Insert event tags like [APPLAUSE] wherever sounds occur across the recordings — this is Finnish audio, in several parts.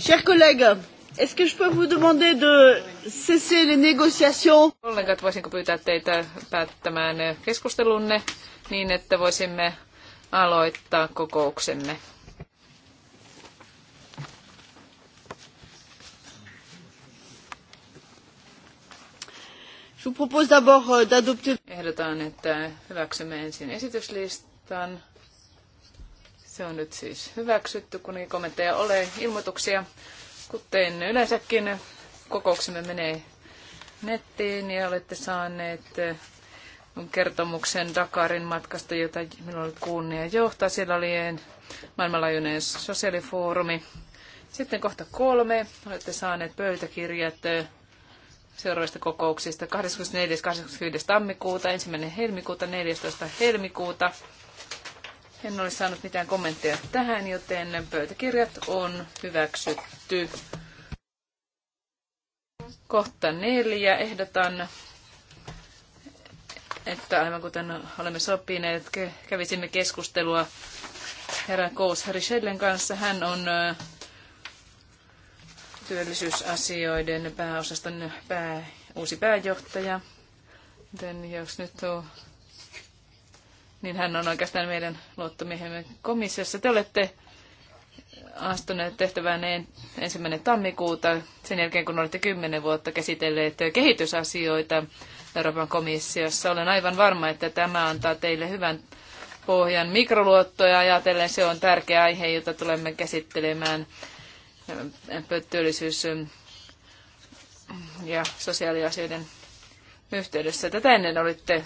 Chers collègues, est-ce que je peux vous demander de cesser les négociations? Kollegat, voisinko pyytää teitä päättämään keskustelunne niin, että voisimme aloittaa kokouksemme? Je vous propose d'abord euh, d'adopter... Ehdotan, että hyväksymme ensin esityslistan se on nyt siis hyväksytty, kun niin kommentteja ole. Ilmoituksia, kuten yleensäkin, kokouksemme menee nettiin ja olette saaneet eh, kertomuksen Dakarin matkasta, jota minulla oli kunnia johtaa. Siellä oli maailmanlaajuinen sosiaalifoorumi. Sitten kohta kolme. Olette saaneet pöytäkirjat eh, seuraavista kokouksista 24.-25. tammikuuta, 1. helmikuuta, 14. helmikuuta, en ole saanut mitään kommentteja tähän, joten pöytäkirjat on hyväksytty. Kohta neljä. Ehdotan, että aivan kuten olemme sopineet, kävisimme keskustelua herra Kous Richellen kanssa. Hän on työllisyysasioiden pääosaston pää, uusi pääjohtaja. Joten jos nyt on niin hän on oikeastaan meidän luottomiehemme komissiossa. Te olette astuneet tehtävään ensimmäinen tammikuuta, sen jälkeen kun olette kymmenen vuotta käsitelleet kehitysasioita Euroopan komissiossa. Olen aivan varma, että tämä antaa teille hyvän pohjan mikroluottoja ajatellen. Se on tärkeä aihe, jota tulemme käsittelemään pöttyöllisyys- ja sosiaaliasioiden yhteydessä. Tätä ennen olitte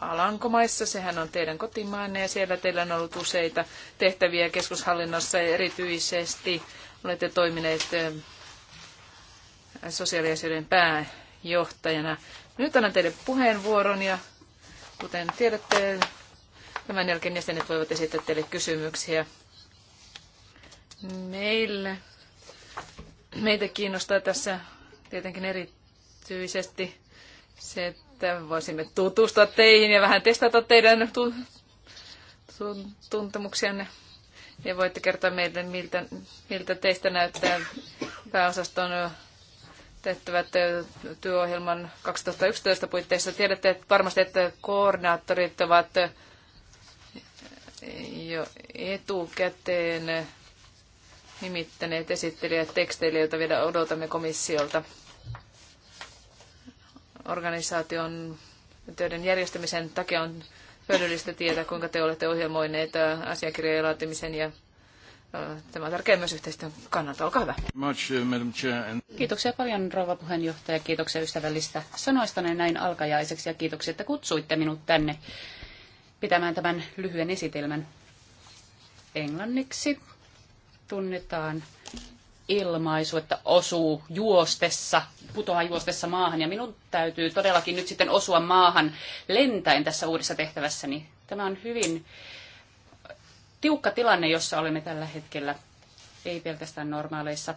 Alankomaissa, sehän on teidän kotimaanne ja siellä teillä on ollut useita tehtäviä keskushallinnossa ja erityisesti olette toimineet eh, sosiaaliasioiden pääjohtajana. Nyt annan teille puheenvuoron ja kuten tiedätte, tämän jälkeen jäsenet voivat esittää teille kysymyksiä. Meille, meitä kiinnostaa tässä tietenkin erityisesti se, että voisimme tutustua teihin ja vähän testata teidän tuntemuksianne. Ja voitte kertoa meille, miltä, miltä teistä näyttää pääosaston tehtävät työohjelman 2011 puitteissa. Tiedätte että varmasti, että koordinaattorit ovat jo etukäteen nimittäneet esittelijät teksteille, joita vielä odotamme komissiolta organisaation töiden järjestämisen takia on hyödyllistä tietää, kuinka te olette ohjelmoineet äh, asiakirjojen laatimisen ja äh, Tämä on tärkeä myös yhteistyön kannalta. Olkaa hyvä. Uh, kiitoksia paljon rouva puheenjohtaja. Kiitoksia ystävällistä sanoistanne näin alkajaiseksi ja kiitoksia, että kutsuitte minut tänne pitämään tämän lyhyen esitelmän. Englanniksi tunnetaan ilmaisu, että osuu juostessa, putoaa juostessa maahan. Ja minun täytyy todellakin nyt sitten osua maahan lentäen tässä uudessa tehtävässäni. Tämä on hyvin tiukka tilanne, jossa olemme tällä hetkellä. Ei pelkästään normaaleissa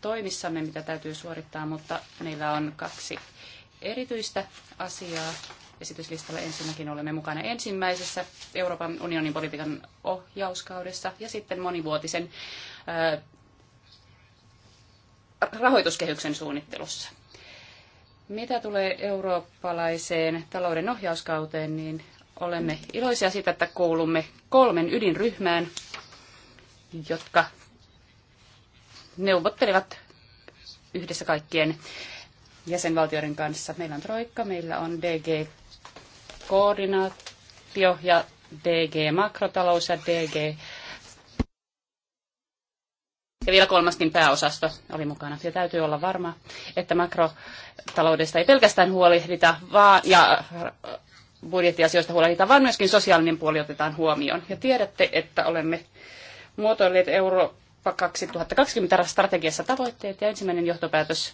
toimissamme, mitä täytyy suorittaa, mutta meillä on kaksi erityistä asiaa esityslistalla. Ensinnäkin olemme mukana ensimmäisessä Euroopan unionin politiikan ohjauskaudessa ja sitten monivuotisen rahoituskehyksen suunnittelussa. Mitä tulee eurooppalaiseen talouden ohjauskauteen, niin olemme iloisia siitä, että kuulumme kolmen ydinryhmään, jotka neuvottelevat yhdessä kaikkien jäsenvaltioiden kanssa. Meillä on Troikka, meillä on DG-koordinaatio ja DG-makrotalous ja DG ja vielä kolmaskin pääosasto oli mukana. Ja täytyy olla varma, että makrotaloudesta ei pelkästään huolehdita vaan, ja äh, budjettiasioista huolehditaan, vaan myöskin sosiaalinen puoli otetaan huomioon. Ja tiedätte, että olemme muotoilleet Eurooppa 2020 strategiassa tavoitteet, ja ensimmäinen johtopäätös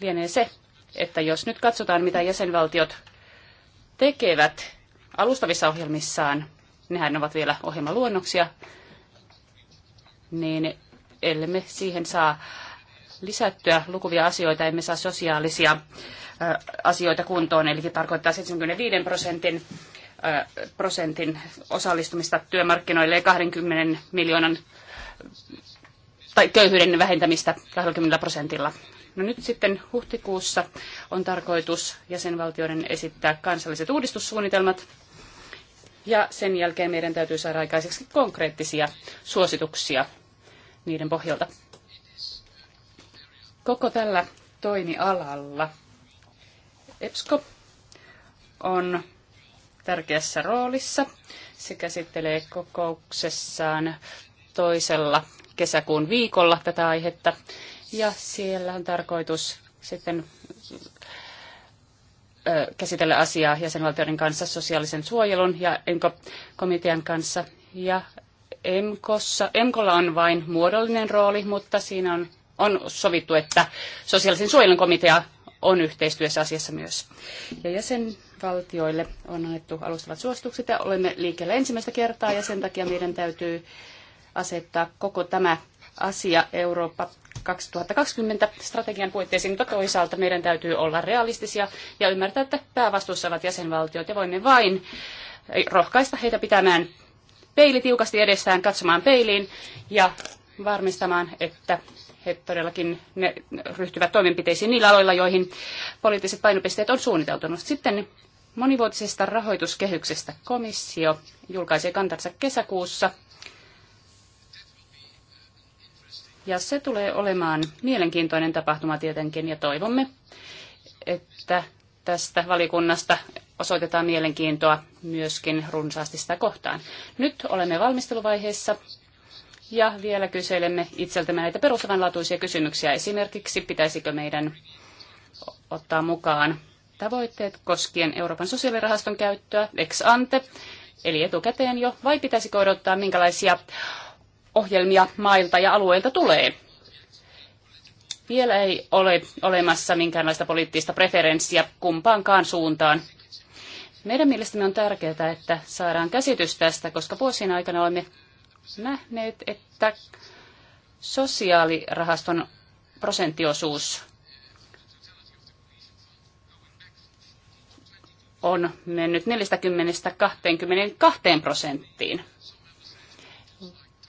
lienee se, että jos nyt katsotaan, mitä jäsenvaltiot tekevät alustavissa ohjelmissaan, nehän ovat vielä ohjelmaluonnoksia, niin ellemme siihen saa lisättyä lukuvia asioita, emme saa sosiaalisia asioita kuntoon, eli tarkoittaa 75 prosentin, prosentin osallistumista työmarkkinoille ja 20 miljoonan tai köyhyyden vähentämistä 20 prosentilla. No nyt sitten huhtikuussa on tarkoitus jäsenvaltioiden esittää kansalliset uudistussuunnitelmat, ja sen jälkeen meidän täytyy saada aikaiseksi konkreettisia suosituksia niiden pohjalta. Koko tällä toimialalla EBSCO on tärkeässä roolissa. Se käsittelee kokouksessaan toisella kesäkuun viikolla tätä aihetta. Ja siellä on tarkoitus sitten käsitellä asiaa jäsenvaltioiden kanssa, sosiaalisen suojelun ja komitean kanssa. Ja EMKossa. EMKolla on vain muodollinen rooli, mutta siinä on, on sovittu, että sosiaalisen suojelun komitea on yhteistyössä asiassa myös. Ja jäsenvaltioille on annettu alustavat suositukset ja olemme liikkeellä ensimmäistä kertaa ja sen takia meidän täytyy asettaa koko tämä asia Eurooppa 2020 strategian puitteisiin, mutta toisaalta meidän täytyy olla realistisia ja ymmärtää, että päävastuussa ovat jäsenvaltiot ja voimme vain rohkaista heitä pitämään peili tiukasti edessään katsomaan peiliin ja varmistamaan, että he todellakin ne ryhtyvät toimenpiteisiin niillä aloilla, joihin poliittiset painopisteet on suunniteltunut. Sitten monivuotisesta rahoituskehyksestä komissio julkaisee kantansa kesäkuussa. Ja se tulee olemaan mielenkiintoinen tapahtuma tietenkin ja toivomme, että tästä valikunnasta osoitetaan mielenkiintoa myöskin runsaasti sitä kohtaan. Nyt olemme valmisteluvaiheessa ja vielä kyselemme itseltämme näitä perustavanlaatuisia kysymyksiä. Esimerkiksi pitäisikö meidän ottaa mukaan tavoitteet koskien Euroopan sosiaalirahaston käyttöä ex ante, eli etukäteen jo, vai pitäisikö odottaa minkälaisia ohjelmia mailta ja alueilta tulee? Vielä ei ole olemassa minkäänlaista poliittista preferenssiä kumpaankaan suuntaan meidän mielestämme on tärkeää, että saadaan käsitys tästä, koska vuosien aikana olemme nähneet, että sosiaalirahaston prosenttiosuus on mennyt 40-22 prosenttiin.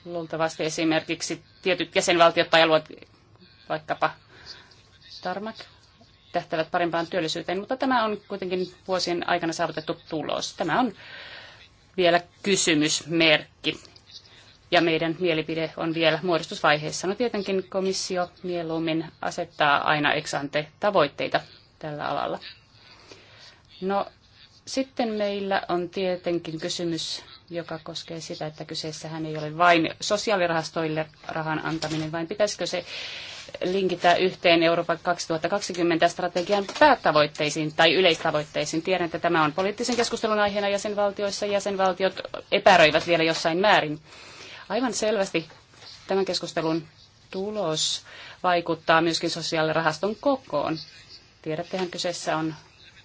Luultavasti esimerkiksi tietyt jäsenvaltiot tai alueet, vaikkapa Tarmak, tähtävät parempaan työllisyyteen, mutta tämä on kuitenkin vuosien aikana saavutettu tulos. Tämä on vielä kysymysmerkki ja meidän mielipide on vielä muodostusvaiheessa. No tietenkin komissio mieluummin asettaa aina eksante tavoitteita tällä alalla. No sitten meillä on tietenkin kysymys, joka koskee sitä, että kyseessähän ei ole vain sosiaalirahastoille rahan antaminen, vaan pitäisikö se linkitä yhteen Euroopan 2020 strategian päätavoitteisiin tai yleistavoitteisiin. Tiedän, että tämä on poliittisen keskustelun aiheena jäsenvaltioissa. Jäsenvaltiot epäröivät vielä jossain määrin. Aivan selvästi tämän keskustelun tulos vaikuttaa myöskin sosiaalirahaston kokoon. Tiedättehän kyseessä on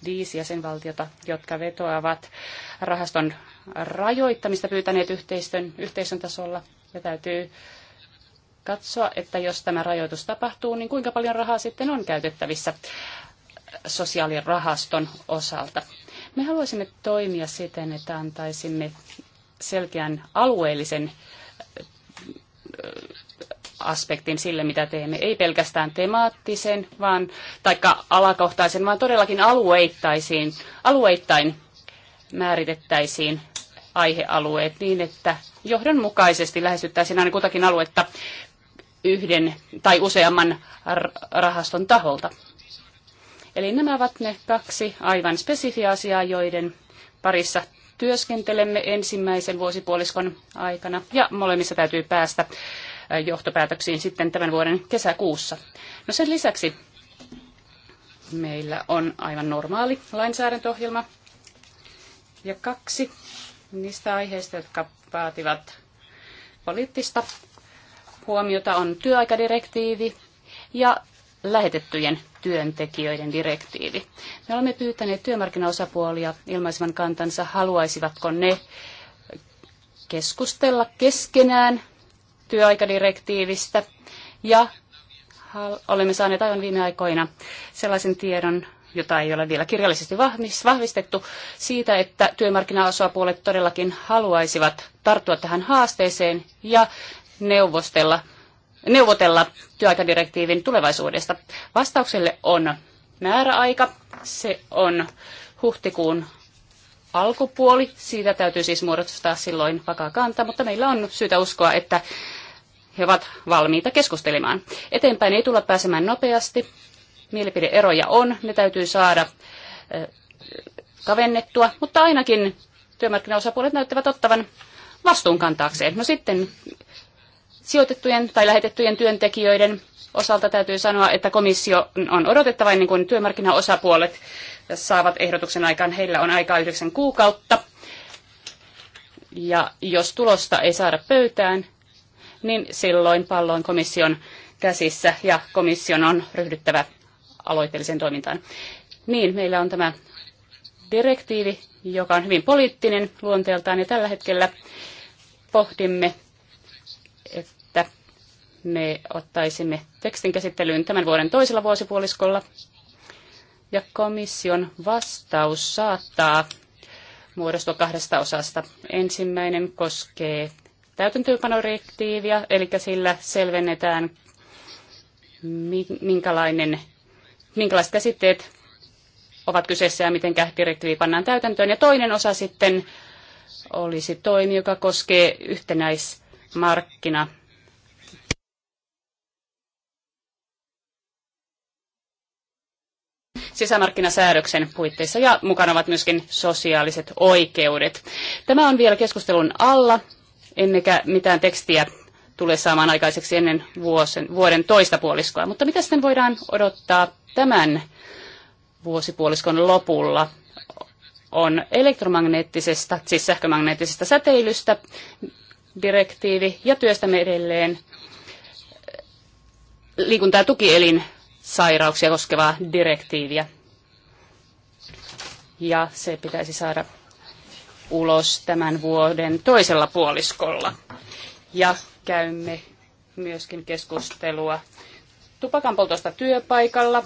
viisi jäsenvaltiota, jotka vetoavat rahaston rajoittamista pyytäneet yhteisön tasolla. Ja täytyy katsoa, että jos tämä rajoitus tapahtuu, niin kuinka paljon rahaa sitten on käytettävissä sosiaalirahaston osalta. Me haluaisimme toimia siten, että antaisimme selkeän alueellisen aspektin sille, mitä teemme. Ei pelkästään temaattisen, vaan, taikka alakohtaisen, vaan todellakin alueittaisiin, alueittain määritettäisiin aihealueet niin, että johdonmukaisesti lähestyttäisiin aina kutakin aluetta yhden tai useamman rahaston taholta. Eli nämä ovat ne kaksi aivan spesifiä asiaa, joiden parissa työskentelemme ensimmäisen vuosipuoliskon aikana ja molemmissa täytyy päästä johtopäätöksiin sitten tämän vuoden kesäkuussa. No sen lisäksi meillä on aivan normaali lainsäädäntöohjelma ja kaksi niistä aiheista, jotka vaativat poliittista huomiota on työaikadirektiivi ja lähetettyjen työntekijöiden direktiivi. Me olemme pyytäneet työmarkkinaosapuolia ilmaisevan kantansa, haluaisivatko ne keskustella keskenään työaikadirektiivistä ja olemme saaneet aivan viime aikoina sellaisen tiedon, jota ei ole vielä kirjallisesti vahvistettu, siitä, että työmarkkinaosapuolet todellakin haluaisivat tarttua tähän haasteeseen ja neuvostella, neuvotella työaikadirektiivin tulevaisuudesta? Vastaukselle on määräaika. Se on huhtikuun alkupuoli. Siitä täytyy siis muodostaa silloin vakaa kanta, mutta meillä on syytä uskoa, että he ovat valmiita keskustelemaan. Eteenpäin ei tulla pääsemään nopeasti. Mielipideeroja on, ne täytyy saada kavennettua, mutta ainakin työmarkkinaosapuolet näyttävät ottavan vastuun kantaakseen. No sitten sijoitettujen tai lähetettyjen työntekijöiden osalta täytyy sanoa, että komissio on odotettava ennen kuin työmarkkinaosapuolet saavat ehdotuksen aikaan. Heillä on aikaa yhdeksän kuukautta. Ja jos tulosta ei saada pöytään, niin silloin pallo on komission käsissä ja komission on ryhdyttävä aloitteelliseen toimintaan. Niin, meillä on tämä direktiivi, joka on hyvin poliittinen luonteeltaan ja tällä hetkellä pohdimme, että me ottaisimme tekstin käsittelyyn tämän vuoden toisella vuosipuoliskolla. Ja komission vastaus saattaa muodostua kahdesta osasta. Ensimmäinen koskee täytäntöönpanorektiiviä, eli sillä selvennetään, minkälainen, minkälaiset käsitteet ovat kyseessä ja miten direktiivi pannaan täytäntöön. Ja toinen osa sitten olisi toimi, joka koskee yhtenäismarkkina sisämarkkinasäädöksen puitteissa ja mukana ovat myöskin sosiaaliset oikeudet. Tämä on vielä keskustelun alla, emmekä mitään tekstiä tule saamaan aikaiseksi ennen vuosen, vuoden toista puoliskoa. Mutta mitä sitten voidaan odottaa tämän vuosipuoliskon lopulla? On elektromagneettisesta, siis sähkömagneettisesta säteilystä direktiivi ja työstämme edelleen liikunta- ja tukielin sairauksia koskevaa direktiiviä. Ja se pitäisi saada ulos tämän vuoden toisella puoliskolla. Ja käymme myöskin keskustelua tupakan poltosta työpaikalla.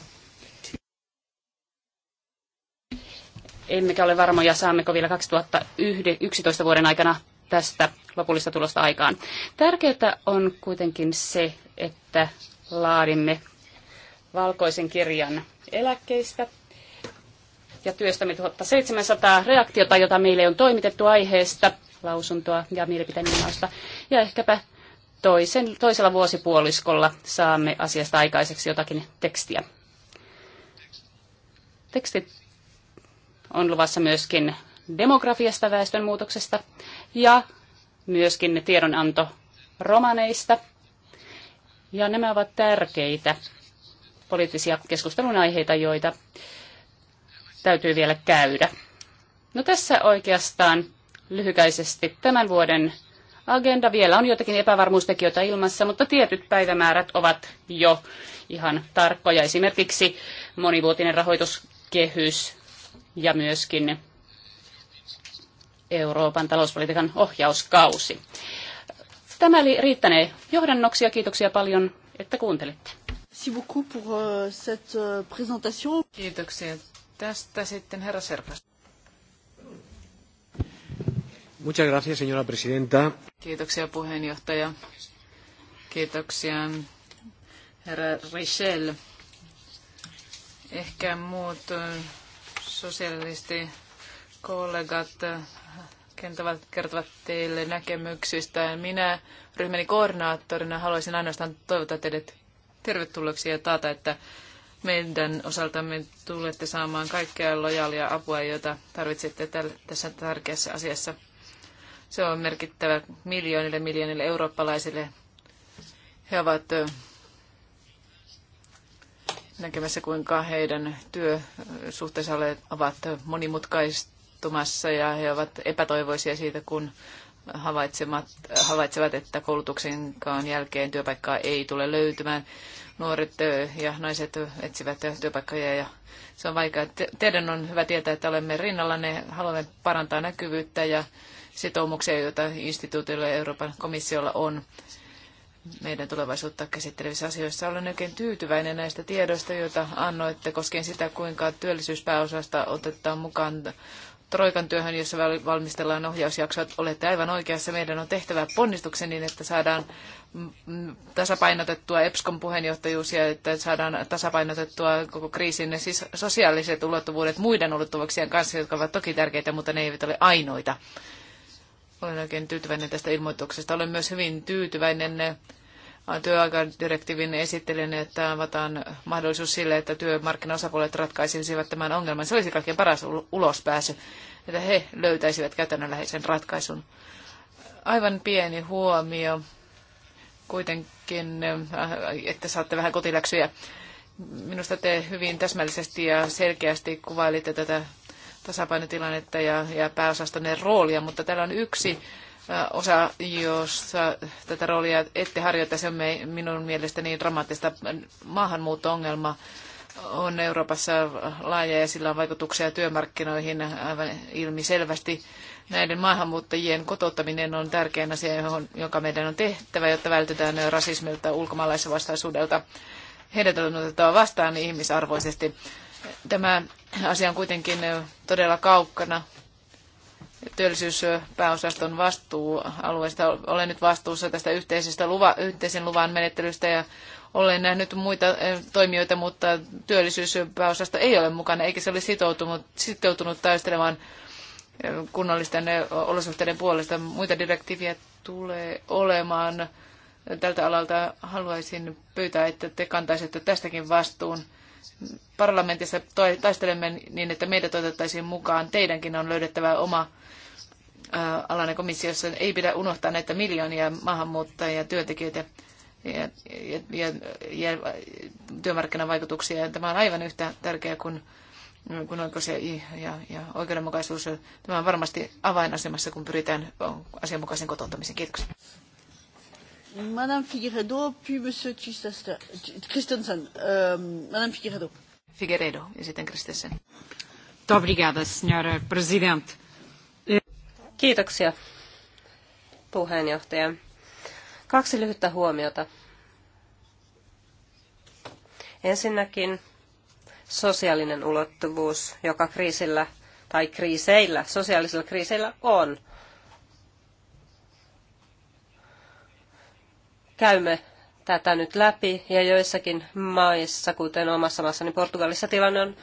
Emmekä ole varmoja, saammeko vielä 2011 vuoden aikana tästä lopullista tulosta aikaan. Tärkeää on kuitenkin se, että laadimme valkoisen kirjan eläkkeistä ja työstämme 1700 reaktiota, jota meille on toimitettu aiheesta, lausuntoa ja mielipiteenilmausta. Ja ehkäpä toisen, toisella vuosipuoliskolla saamme asiasta aikaiseksi jotakin tekstiä. Tekstit on luvassa myöskin demografiasta, väestönmuutoksesta ja myöskin tiedonanto romaneista. Ja nämä ovat tärkeitä poliittisia keskustelun aiheita, joita täytyy vielä käydä. No tässä oikeastaan lyhykäisesti tämän vuoden agenda. Vielä on joitakin epävarmuustekijöitä ilmassa, mutta tietyt päivämäärät ovat jo ihan tarkkoja. Esimerkiksi monivuotinen rahoituskehys ja myöskin Euroopan talouspolitiikan ohjauskausi. Tämä riittänee johdannoksia. ja kiitoksia paljon, että kuuntelitte. Merci beaucoup pour euh, cette euh, présentation. Kiitoksia tästä sitten herra Serkas. Muchas gracias, señora presidenta. Kiitoksia puheenjohtaja. Kiitoksia herra Richel. Ehkä muut kollegat, kertovat, kertovat teille näkemyksistään. Minä ryhmäni koordinaattorina haluaisin ainoastaan toivottaa teidät tervetulleeksi ja taata, että meidän osaltamme tulette saamaan kaikkea lojaalia apua, jota tarvitsette tässä tärkeässä asiassa. Se on merkittävä miljoonille miljoonille eurooppalaisille. He ovat näkemässä, kuinka heidän työsuhteensa ovat monimutkaistumassa ja he ovat epätoivoisia siitä, kun havaitsevat, havaitsevat, että koulutuksenkaan jälkeen työpaikkaa ei tule löytymään. Nuoret ja naiset etsivät työpaikkoja ja se on vaikeaa. Teidän on hyvä tietää, että olemme rinnallanne, haluamme parantaa näkyvyyttä ja sitoumuksia, joita instituutioilla ja Euroopan komissiolla on meidän tulevaisuutta käsittelevissä asioissa. Olen oikein tyytyväinen näistä tiedoista, joita annoitte koskien sitä, kuinka työllisyyspääosasta otetaan mukaan Troikan työhön, jossa valmistellaan ohjausjaksoa. Olette aivan oikeassa. Meidän on tehtävä ponnistuksen niin, että saadaan tasapainotettua EPSCOn puheenjohtajuus ja että saadaan tasapainotettua koko kriisin siis sosiaaliset ulottuvuudet muiden ulottuvuuksien kanssa, jotka ovat toki tärkeitä, mutta ne eivät ole ainoita. Olen oikein tyytyväinen tästä ilmoituksesta. Olen myös hyvin tyytyväinen työaikadirektiivin esittelijänä, että avataan mahdollisuus sille, että työmarkkinaosapuolet ratkaisisivat tämän ongelman. Se olisi kaikkein paras ulospääsy, että he löytäisivät käytännönläheisen ratkaisun. Aivan pieni huomio kuitenkin, äh, että saatte vähän kotiläksyjä. Minusta te hyvin täsmällisesti ja selkeästi kuvailitte tätä tasapainotilannetta ja, ja pääosastonne roolia, mutta täällä on yksi osa, jossa tätä roolia ette harjoita, se on minun mielestäni niin dramaattista. Maahanmuutto-ongelma on Euroopassa laaja ja sillä on vaikutuksia työmarkkinoihin aivan ilmiselvästi. Näiden maahanmuuttajien kotouttaminen on tärkeä asia, johon, joka meidän on tehtävä, jotta vältytään rasismilta vastaisuudelta. Heidät on otettava vastaan ihmisarvoisesti. Tämä asia on kuitenkin todella kaukana työllisyyspääosaston vastuualueesta. Olen nyt vastuussa tästä yhteisestä luva, yhteisen luvan menettelystä ja olen nähnyt muita eh, toimijoita, mutta työllisyyspääosasto ei ole mukana, eikä se ole sitoutunut, sitoutunut taistelemaan eh, kunnallisten eh, olosuhteiden puolesta. Muita direktiiviä tulee olemaan. Tältä alalta haluaisin pyytää, että te kantaisitte tästäkin vastuun parlamentissa taistelemme niin, että meidät otettaisiin mukaan. Teidänkin on löydettävä oma alainen komissiossa. Ei pidä unohtaa näitä miljoonia maahanmuuttajia, työntekijöitä ja, ja, ja, ja työmarkkinavaikutuksia. Tämä on aivan yhtä tärkeää kuin kun oikeus ja, ja, ja oikeudenmukaisuus. Tämä on varmasti avainasemassa, kun pyritään asianmukaisen kotouttamiseen. Kiitoksia. Madame Figueredo, puis Monsieur Christensen. Uh, Madame Figueredo. sitten Christensen. Obrigada, Kiitoksia, puheenjohtaja. Kaksi lyhyttä huomiota. Ensinnäkin sosiaalinen ulottuvuus, joka kriisillä tai kriiseillä, sosiaalisilla kriiseillä on – käymme tätä nyt läpi ja joissakin maissa, kuten omassa maassani Portugalissa, tilanne on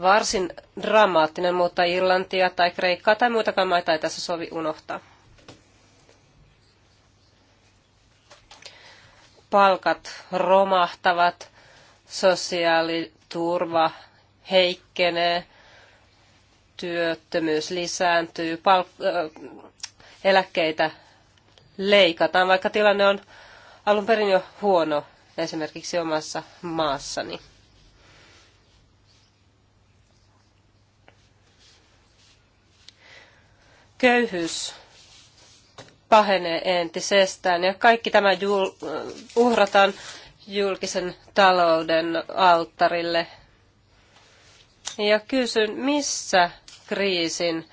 varsin dramaattinen, mutta Irlantia tai Kreikkaa tai muitakaan maita ei tässä sovi unohtaa. Palkat romahtavat, sosiaaliturva heikkenee, työttömyys lisääntyy, palk- eläkkeitä leikataan, vaikka tilanne on alun perin jo huono esimerkiksi omassa maassani. Köyhyys pahenee entisestään ja kaikki tämä uhrataan julkisen talouden alttarille. Ja kysyn, missä kriisin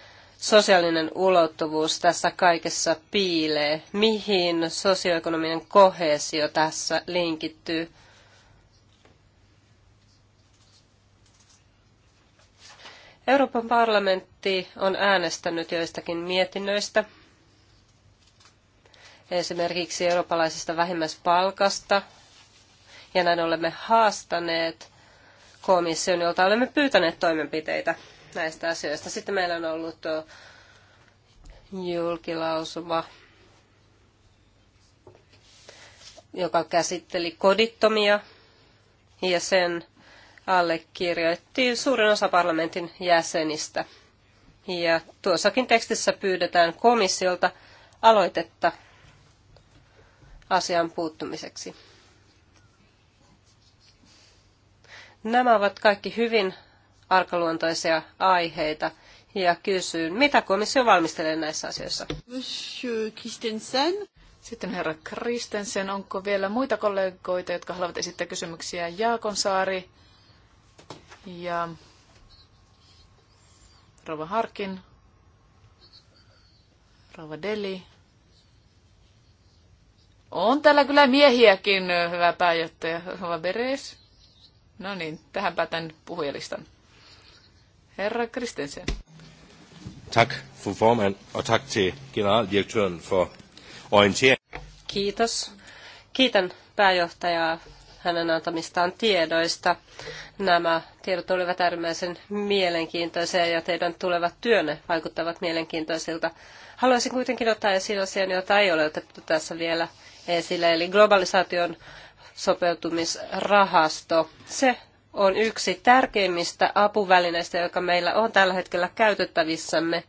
sosiaalinen ulottuvuus tässä kaikessa piilee? Mihin sosioekonominen kohesio tässä linkittyy? Euroopan parlamentti on äänestänyt joistakin mietinnöistä, esimerkiksi eurooppalaisesta vähimmäispalkasta, ja näin olemme haastaneet komission, jolta olemme pyytäneet toimenpiteitä näistä asioista. Sitten meillä on ollut julkilausuma, joka käsitteli kodittomia ja sen allekirjoitti suurin osa parlamentin jäsenistä. Ja tuossakin tekstissä pyydetään komissiolta aloitetta asian puuttumiseksi. Nämä ovat kaikki hyvin arkaluontoisia aiheita ja kysyn, mitä komissio valmistelee näissä asioissa? Monsieur Christensen. Sitten herra Kristensen, onko vielä muita kollegoita, jotka haluavat esittää kysymyksiä? Saari ja Rova Harkin, Rova Deli. On täällä kyllä miehiäkin, hyvä pääjohtaja, Rova Beres. No niin, tähän päätän puhujalistan. Herra Kristensen. Tak, fru formand, og tak til generaldirektøren for orientering. Kiitos. Kiitän pääjohtajaa hänen antamistaan tiedoista. Nämä tiedot olivat äärimmäisen mielenkiintoisia ja teidän tulevat työnne vaikuttavat mielenkiintoisilta. Haluaisin kuitenkin ottaa esiin asian, jota ei ole otettu tässä vielä esille, eli globalisaation sopeutumisrahasto. Se on yksi tärkeimmistä apuvälineistä, joka meillä on tällä hetkellä käytettävissämme,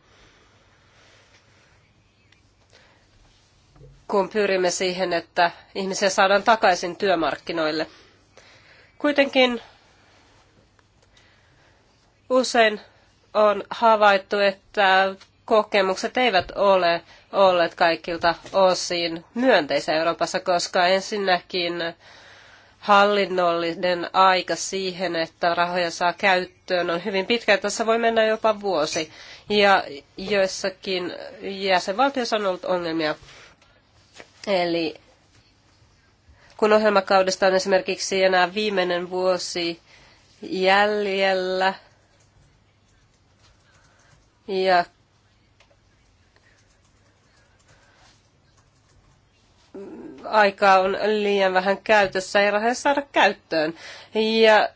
kun pyrimme siihen, että ihmisiä saadaan takaisin työmarkkinoille. Kuitenkin usein on havaittu, että kokemukset eivät ole olleet kaikilta osin myönteisiä Euroopassa, koska ensinnäkin hallinnollinen aika siihen, että rahoja saa käyttöön, on hyvin pitkä. Tässä voi mennä jopa vuosi. Ja joissakin jäsenvaltioissa on ollut ongelmia. Eli kun ohjelmakaudesta on esimerkiksi enää viimeinen vuosi jäljellä, ja aikaa on liian vähän käytössä ja rahoja saada käyttöön. Ja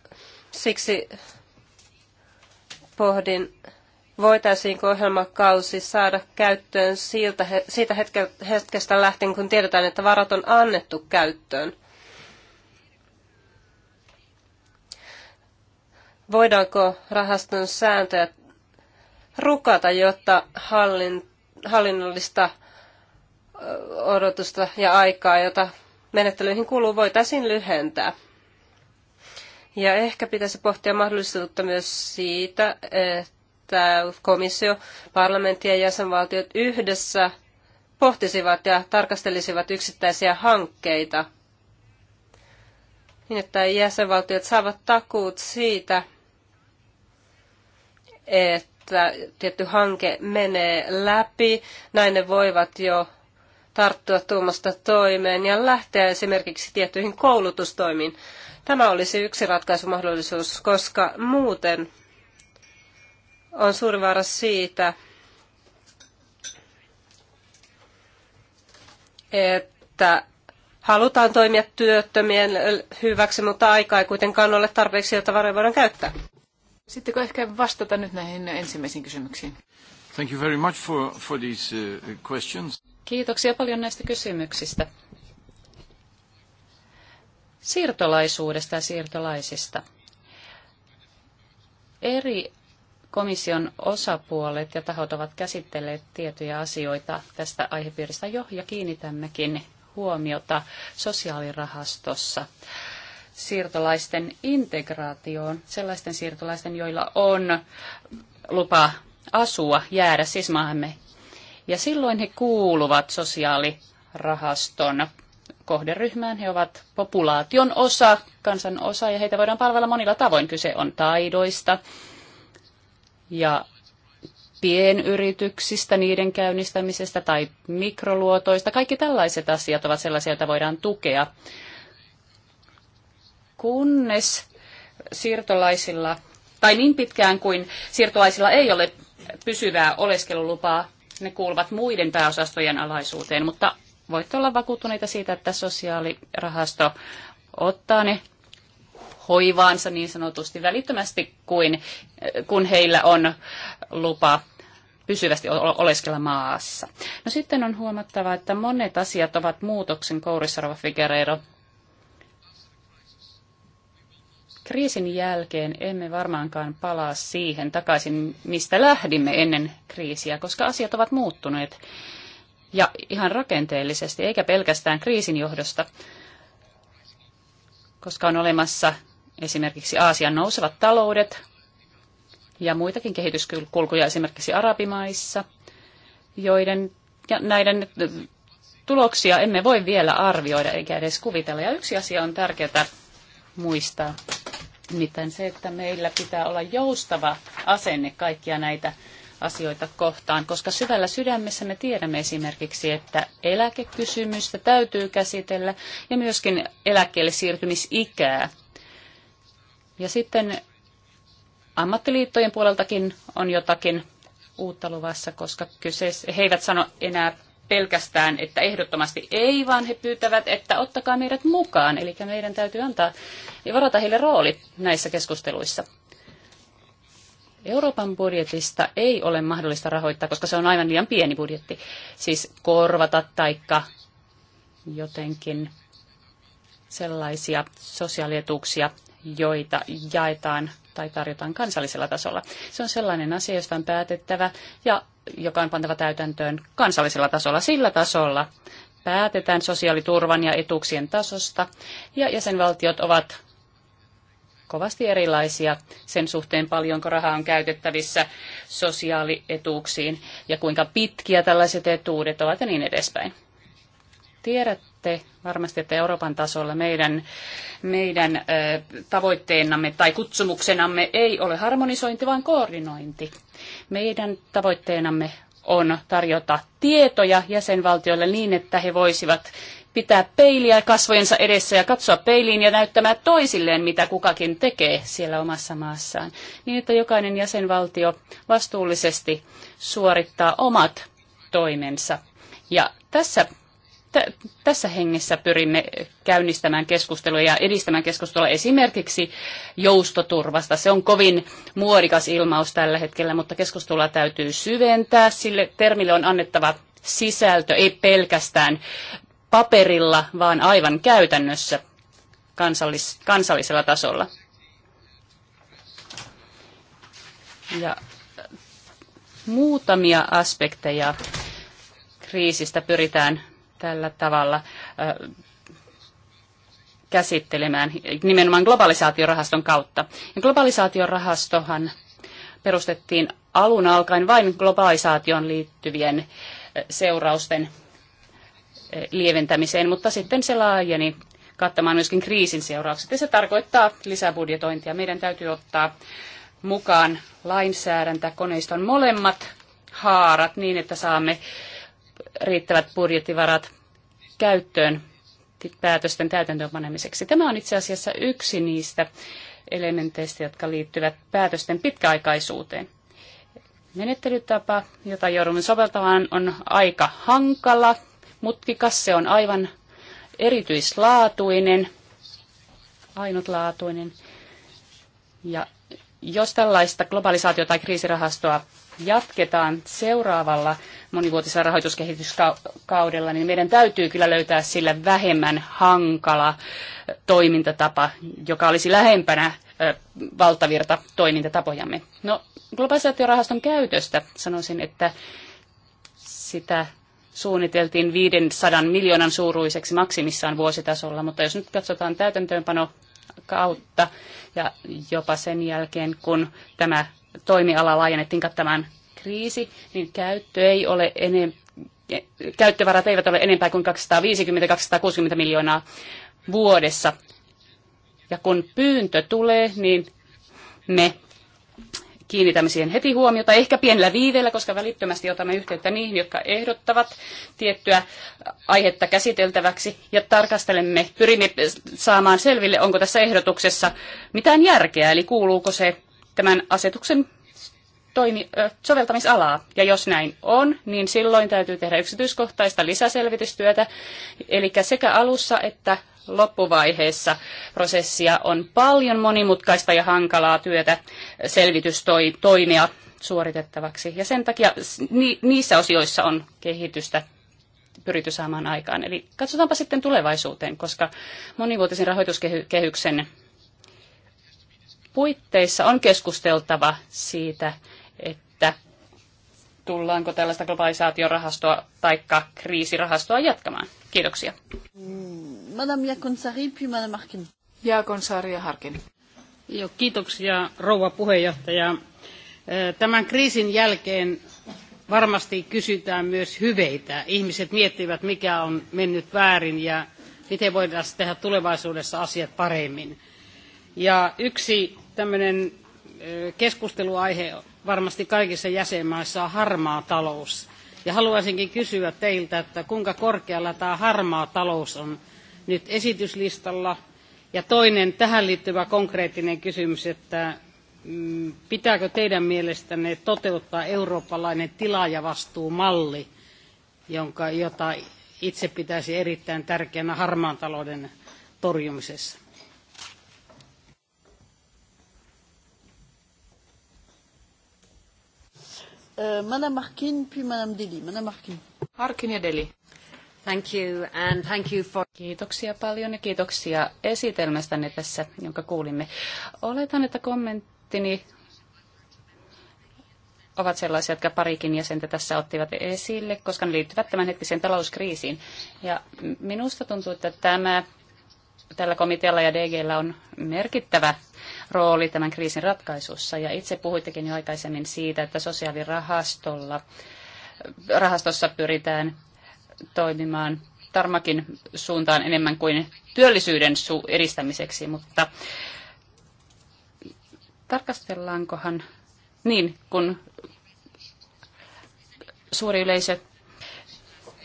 siksi pohdin, voitaisiinko ohjelmakausi saada käyttöön siltä, siitä hetkestä lähtien, kun tiedetään, että varat on annettu käyttöön. Voidaanko rahaston sääntöjä rukata, jotta hallin, hallinnollista odotusta ja aikaa, jota menettelyihin kuluu, voitaisiin lyhentää. Ja ehkä pitäisi pohtia mahdollisuutta myös siitä, että komissio, parlamentti ja jäsenvaltiot yhdessä pohtisivat ja tarkastelisivat yksittäisiä hankkeita, niin että jäsenvaltiot saavat takuut siitä, että tietty hanke menee läpi. Näin ne voivat jo tarttua tuommoista toimeen ja lähteä esimerkiksi tiettyihin koulutustoimiin. Tämä olisi yksi ratkaisumahdollisuus, koska muuten on suuri vaara siitä, että halutaan toimia työttömien hyväksi, mutta aikaa ei kuitenkaan ole tarpeeksi, jota varoja voidaan käyttää. Sittenkö ehkä vastata nyt näihin ensimmäisiin kysymyksiin? Thank you very much for, for these uh, questions. Kiitoksia paljon näistä kysymyksistä. Siirtolaisuudesta ja siirtolaisista. Eri komission osapuolet ja tahot ovat käsitelleet tiettyjä asioita tästä aihepiiristä jo ja kiinnitämmekin huomiota sosiaalirahastossa siirtolaisten integraatioon, sellaisten siirtolaisten, joilla on lupa asua, jäädä siis maahamme ja silloin he kuuluvat sosiaalirahaston kohderyhmään. He ovat populaation osa, kansan osa ja heitä voidaan palvella monilla tavoin. Kyse on taidoista ja pienyrityksistä, niiden käynnistämisestä tai mikroluotoista. Kaikki tällaiset asiat ovat sellaisia, joita voidaan tukea. Kunnes siirtolaisilla, tai niin pitkään kuin siirtolaisilla ei ole pysyvää oleskelulupaa, ne kuuluvat muiden pääosastojen alaisuuteen, mutta voitte olla vakuuttuneita siitä, että sosiaalirahasto ottaa ne hoivaansa niin sanotusti välittömästi, kuin, kun heillä on lupa pysyvästi oleskella maassa. No sitten on huomattava, että monet asiat ovat muutoksen kourissa, Rova Figueiredo. Kriisin jälkeen emme varmaankaan palaa siihen takaisin, mistä lähdimme ennen kriisiä, koska asiat ovat muuttuneet. Ja ihan rakenteellisesti, eikä pelkästään kriisin johdosta, koska on olemassa esimerkiksi Aasian nousevat taloudet ja muitakin kehityskulkuja esimerkiksi arabimaissa, joiden ja näiden tuloksia emme voi vielä arvioida eikä edes kuvitella. Ja yksi asia on tärkeää muistaa. Nimittäin se, että meillä pitää olla joustava asenne kaikkia näitä asioita kohtaan, koska syvällä sydämessä me tiedämme esimerkiksi, että eläkekysymystä täytyy käsitellä ja myöskin eläkkeelle siirtymisikää. Ja sitten ammattiliittojen puoleltakin on jotakin uutta luvassa, koska kyseessä, he eivät sano enää pelkästään, että ehdottomasti ei, vaan he pyytävät, että ottakaa meidät mukaan. Eli meidän täytyy antaa ja varata heille rooli näissä keskusteluissa. Euroopan budjetista ei ole mahdollista rahoittaa, koska se on aivan liian pieni budjetti. Siis korvata taikka jotenkin sellaisia sosiaalietuuksia, joita jaetaan tai tarjotaan kansallisella tasolla. Se on sellainen asia, josta on päätettävä ja joka on pantava täytäntöön kansallisella tasolla. Sillä tasolla päätetään sosiaaliturvan ja etuuksien tasosta, ja jäsenvaltiot ovat kovasti erilaisia sen suhteen, paljonko rahaa on käytettävissä sosiaalietuuksiin ja kuinka pitkiä tällaiset etuudet ovat ja niin edespäin. Tiedät, te varmasti, että Euroopan tasolla meidän, meidän tavoitteenamme tai kutsumuksenamme ei ole harmonisointi, vaan koordinointi. Meidän tavoitteenamme on tarjota tietoja jäsenvaltioille niin, että he voisivat pitää peiliä kasvojensa edessä ja katsoa peiliin ja näyttämään toisilleen, mitä kukakin tekee siellä omassa maassaan, niin että jokainen jäsenvaltio vastuullisesti suorittaa omat toimensa. Ja tässä tässä hengessä pyrimme käynnistämään keskustelua ja edistämään keskustelua esimerkiksi joustoturvasta. Se on kovin muodikas ilmaus tällä hetkellä, mutta keskustelua täytyy syventää. Sille termille on annettava sisältö, ei pelkästään paperilla, vaan aivan käytännössä kansallis- kansallisella tasolla. Ja äh, muutamia aspekteja kriisistä pyritään tällä tavalla käsittelemään nimenomaan globalisaatiorahaston kautta. Ja globalisaatiorahastohan perustettiin alun alkaen vain globalisaation liittyvien seurausten lieventämiseen, mutta sitten se laajeni kattamaan myöskin kriisin seuraukset. Ja se tarkoittaa lisäbudjetointia. Meidän täytyy ottaa mukaan lainsäädäntä koneiston molemmat haarat niin, että saamme riittävät budjettivarat käyttöön päätösten täytäntöönpanemiseksi. Tämä on itse asiassa yksi niistä elementeistä, jotka liittyvät päätösten pitkäaikaisuuteen. Menettelytapa, jota joudumme soveltamaan, on aika hankala, mutkikas, se on aivan erityislaatuinen, ainutlaatuinen. Ja jos tällaista globalisaatio- tai kriisirahastoa jatketaan seuraavalla monivuotisella rahoituskehityskaudella, niin meidän täytyy kyllä löytää sille vähemmän hankala toimintatapa, joka olisi lähempänä valtavirta toimintatapojamme. No, globalisaatiorahaston käytöstä sanoisin, että sitä suunniteltiin 500 miljoonan suuruiseksi maksimissaan vuositasolla, mutta jos nyt katsotaan täytäntöönpano kautta ja jopa sen jälkeen, kun tämä toimiala laajennettiin kattamaan kriisi, niin käyttö ei ole enem, käyttövarat eivät ole enempää kuin 250-260 miljoonaa vuodessa. Ja kun pyyntö tulee, niin me kiinnitämme siihen heti huomiota, ehkä pienellä viiveellä, koska välittömästi otamme yhteyttä niihin, jotka ehdottavat tiettyä aihetta käsiteltäväksi ja tarkastelemme, pyrimme saamaan selville, onko tässä ehdotuksessa mitään järkeä, eli kuuluuko se tämän asetuksen toimi, ö, soveltamisalaa. Ja jos näin on, niin silloin täytyy tehdä yksityiskohtaista lisäselvitystyötä. Eli sekä alussa että loppuvaiheessa prosessia on paljon monimutkaista ja hankalaa työtä selvitystoimia suoritettavaksi. Ja sen takia niissä osioissa on kehitystä pyritty saamaan aikaan. Eli katsotaanpa sitten tulevaisuuteen, koska monivuotisen rahoituskehyksen puitteissa on keskusteltava siitä, että tullaanko tällaista globalisaatiorahastoa tai kriisirahastoa jatkamaan. Kiitoksia. Madame Jakonsari, puis Madame Harkin. Jakonsari ja Harkin. Joo, kiitoksia rouva puheenjohtaja. Tämän kriisin jälkeen varmasti kysytään myös hyveitä. Ihmiset miettivät, mikä on mennyt väärin ja miten voidaan tehdä tulevaisuudessa asiat paremmin. Ja yksi tämmöinen keskusteluaihe varmasti kaikissa jäsenmaissa on harmaa talous. Ja haluaisinkin kysyä teiltä, että kuinka korkealla tämä harmaa talous on nyt esityslistalla. Ja toinen tähän liittyvä konkreettinen kysymys, että mm, pitääkö teidän mielestänne toteuttaa eurooppalainen tilaajavastuumalli, jonka, jota itse pitäisi erittäin tärkeänä harmaan talouden torjumisessa? Euh, Madame Harkin, puis Madame Deli. Madame Harkin. Harkin ja Deli. Thank you and thank you for... Kiitoksia paljon ja kiitoksia esitelmästänne tässä, jonka kuulimme. Oletan, että kommenttini ovat sellaisia, jotka parikin jäsentä tässä ottivat esille, koska ne liittyvät tämänhetkiseen talouskriisiin. Ja minusta tuntuu, että tämä, tällä komitealla ja DGllä on merkittävä rooli tämän kriisin ratkaisussa. Ja itse puhuittekin jo aikaisemmin siitä, että sosiaalirahastolla rahastossa pyritään toimimaan tarmakin suuntaan enemmän kuin työllisyyden edistämiseksi, mutta tarkastellaankohan niin, kun suuri yleisö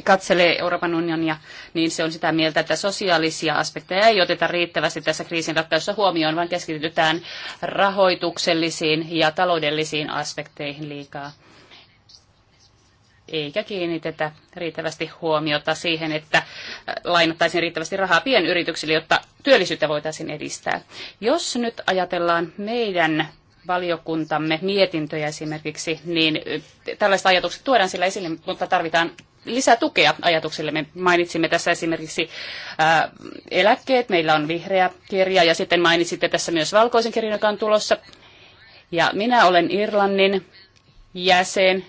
katselee Euroopan unionia, niin se on sitä mieltä, että sosiaalisia aspekteja ei oteta riittävästi tässä kriisin ratkaisussa huomioon, vaan keskitytään rahoituksellisiin ja taloudellisiin aspekteihin liikaa. Eikä kiinnitetä riittävästi huomiota siihen, että lainattaisiin riittävästi rahaa pienyrityksille, jotta työllisyyttä voitaisiin edistää. Jos nyt ajatellaan meidän valiokuntamme mietintöjä esimerkiksi, niin tällaista ajatukset tuodaan sillä esille, mutta tarvitaan lisätukea ajatuksille. Me mainitsimme tässä esimerkiksi ää, eläkkeet, meillä on vihreä kirja ja sitten mainitsitte tässä myös valkoisen kirjan, joka on tulossa. Ja minä olen Irlannin jäsen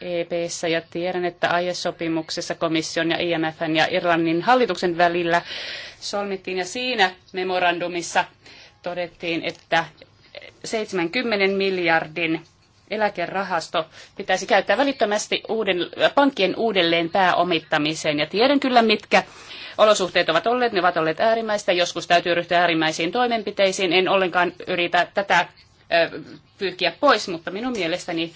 EPssä ja tiedän, että aiesopimuksessa komission ja IMFn ja Irlannin hallituksen välillä solmittiin ja siinä memorandumissa todettiin, että 70 miljardin eläkerahasto pitäisi käyttää välittömästi uuden, pankkien uudelleen pääomittamiseen. Ja tiedän kyllä, mitkä olosuhteet ovat olleet. Ne ovat olleet äärimmäistä. Joskus täytyy ryhtyä äärimmäisiin toimenpiteisiin. En ollenkaan yritä tätä pyyhkiä pois, mutta minun mielestäni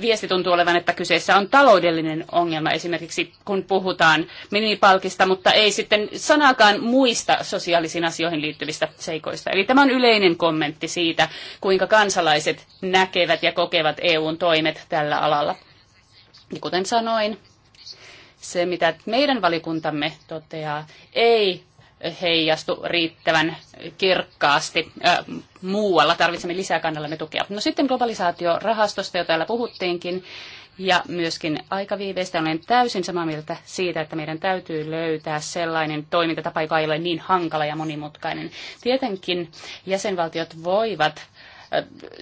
viesti tuntuu olevan, että kyseessä on taloudellinen ongelma esimerkiksi, kun puhutaan minimipalkista, mutta ei sitten sanakaan muista sosiaalisiin asioihin liittyvistä seikoista. Eli tämä on yleinen kommentti siitä, kuinka kansalaiset näkevät ja kokevat EUn toimet tällä alalla. Ja kuten sanoin, se mitä meidän valikuntamme toteaa, ei heijastu riittävän kirkkaasti äh, muualla. Tarvitsemme lisää kannallamme tukea. No sitten globalisaatiorahastosta, jo täällä puhuttiinkin, ja myöskin aikaviiveistä olen täysin samaa mieltä siitä, että meidän täytyy löytää sellainen toimintatapa, joka ei ole niin hankala ja monimutkainen. Tietenkin jäsenvaltiot voivat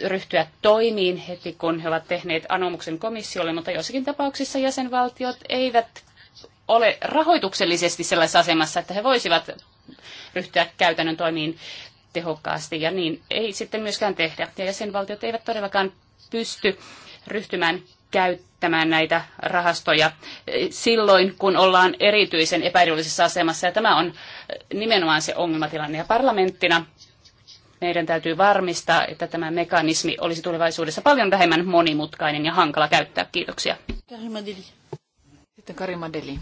ryhtyä toimiin heti, kun he ovat tehneet anomuksen komissiolle, mutta joissakin tapauksissa jäsenvaltiot eivät ole rahoituksellisesti sellaisessa asemassa, että he voisivat ryhtyä käytännön toimiin tehokkaasti, ja niin ei sitten myöskään tehdä. Ja jäsenvaltiot eivät todellakaan pysty ryhtymään käyttämään näitä rahastoja silloin, kun ollaan erityisen epäedullisessa asemassa. Ja tämä on nimenomaan se ongelmatilanne. Ja parlamenttina meidän täytyy varmistaa, että tämä mekanismi olisi tulevaisuudessa paljon vähemmän monimutkainen ja hankala käyttää. Kiitoksia. Sitten Karimadeli.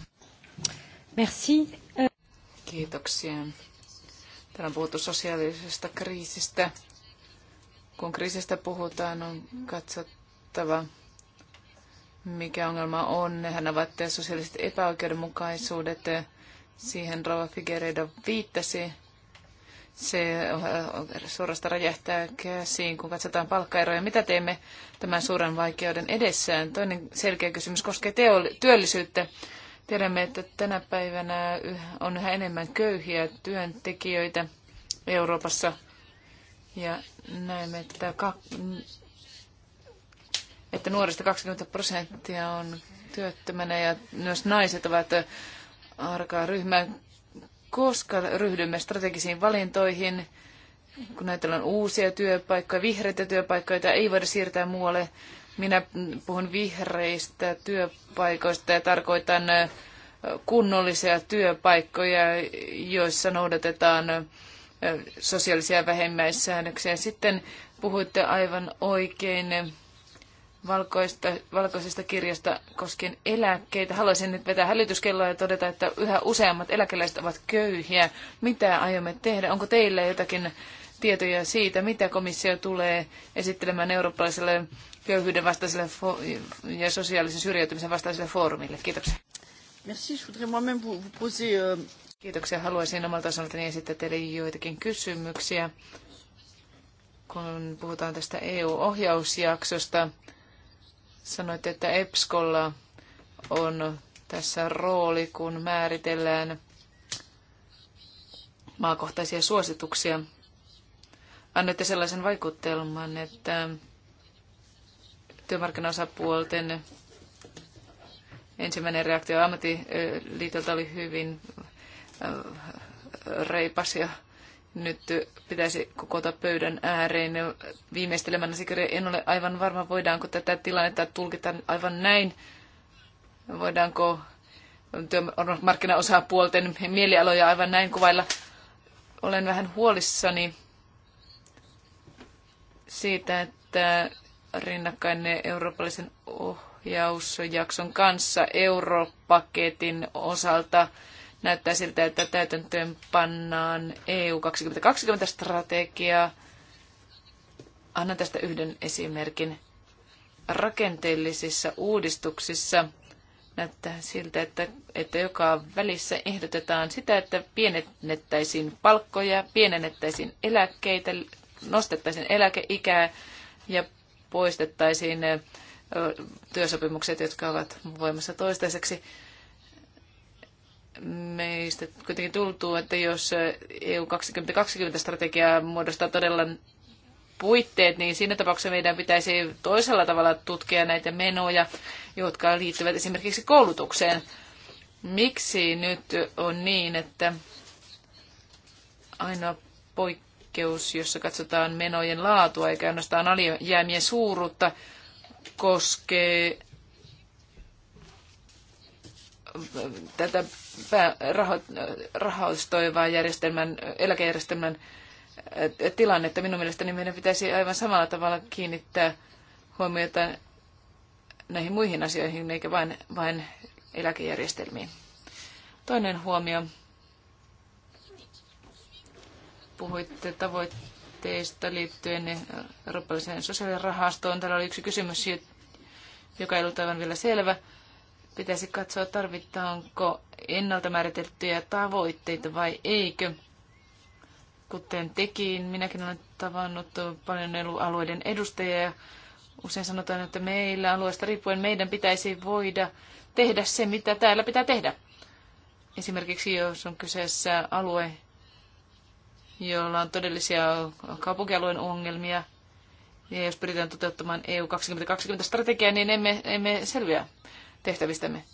Merci. Kiitoksia. Täällä on puhuttu sosiaalisesta kriisistä. Kun kriisistä puhutaan, on katsottava, mikä ongelma on. Nehän ovat sosiaaliset epäoikeudenmukaisuudet. Siihen Rova Figueredo viittasi. Se äh, suorasta räjähtää käsiin, kun katsotaan palkkaeroja. Mitä teemme tämän suuren vaikeuden edessään? Toinen selkeä kysymys koskee teoli- työllisyyttä Tiedämme, että tänä päivänä on yhä enemmän köyhiä työntekijöitä Euroopassa ja näemme, että, ka- että nuorista 20 prosenttia on työttömänä ja myös naiset ovat arkaa ryhmä. Koska ryhdymme strategisiin valintoihin, kun on uusia työpaikkoja, vihreitä työpaikkoja, joita ei voida siirtää muualle, minä puhun vihreistä työpaikoista ja tarkoitan kunnollisia työpaikkoja, joissa noudatetaan sosiaalisia vähemmäissäännöksiä. Sitten puhuitte aivan oikein valkoista, valkoisesta kirjasta koskien eläkkeitä. Haluaisin nyt vetää hälytyskelloa ja todeta, että yhä useammat eläkeläiset ovat köyhiä. Mitä aiomme tehdä? Onko teillä jotakin tietoja siitä, mitä komissio tulee esittelemään eurooppalaiselle köyhyyden vastaiselle ja sosiaalisen syrjäytymisen vastaiselle foorumille. Kiitoksia. Merci, je voudrais moi-même vous, vous poser... Euh, Kiitoksia. Haluaisin omalta osaltani esittää teille joitakin kysymyksiä. Kun puhutaan tästä EU-ohjausjaksosta, sanoitte, että EPSKolla on tässä rooli, kun määritellään maakohtaisia suosituksia. Annoitte sellaisen vaikutelman, että työmarkkinaosapuolten ensimmäinen reaktio ammattiliitolta oli hyvin äh, reipas ja nyt pitäisi kokota pöydän ääreen viimeistelemään sikäli en ole aivan varma, voidaanko tätä tilannetta tulkita aivan näin. Voidaanko työmarkkinaosapuolten mielialoja aivan näin kuvailla. Olen vähän huolissani siitä, että ne eurooppalaisen ohjausjakson kanssa europaketin osalta. Näyttää siltä, että täytäntöön pannaan EU 2020-strategiaa. Annan tästä yhden esimerkin. Rakenteellisissa uudistuksissa näyttää siltä, että, että joka välissä ehdotetaan sitä, että pienennettäisiin palkkoja, pienennettäisiin eläkkeitä, nostettaisiin eläkeikää ja poistettaisiin työsopimukset, jotka ovat voimassa toistaiseksi. Meistä kuitenkin tuntuu, että jos EU 2020-strategia muodostaa todella puitteet, niin siinä tapauksessa meidän pitäisi toisella tavalla tutkia näitä menoja, jotka liittyvät esimerkiksi koulutukseen. Miksi nyt on niin, että ainoa poikkeus poikkeus, jossa katsotaan menojen laatua eikä ainoastaan alijäämien suuruutta, koskee tätä rahoistoivaa järjestelmän, eläkejärjestelmän äh, tilannetta. Minun mielestäni meidän pitäisi aivan samalla tavalla kiinnittää huomiota näihin muihin asioihin, eikä vain, vain eläkejärjestelmiin. Toinen huomio Puhuitte tavoitteista liittyen eurooppalaiseen sosiaalirahastoon. Täällä oli yksi kysymys, joka ei ollut aivan vielä selvä. Pitäisi katsoa, tarvitaanko ennalta määriteltyjä tavoitteita vai eikö. Kuten tekin, minäkin olen tavannut paljon alueiden edustajia ja usein sanotaan, että meillä alueesta riippuen meidän pitäisi voida tehdä se, mitä täällä pitää tehdä. Esimerkiksi jos on kyseessä alue, jolla on todellisia kaupunkialueen ongelmia. Ja jos pyritään toteuttamaan EU 2020-strategiaa, niin emme, emme selviä tehtävistämme.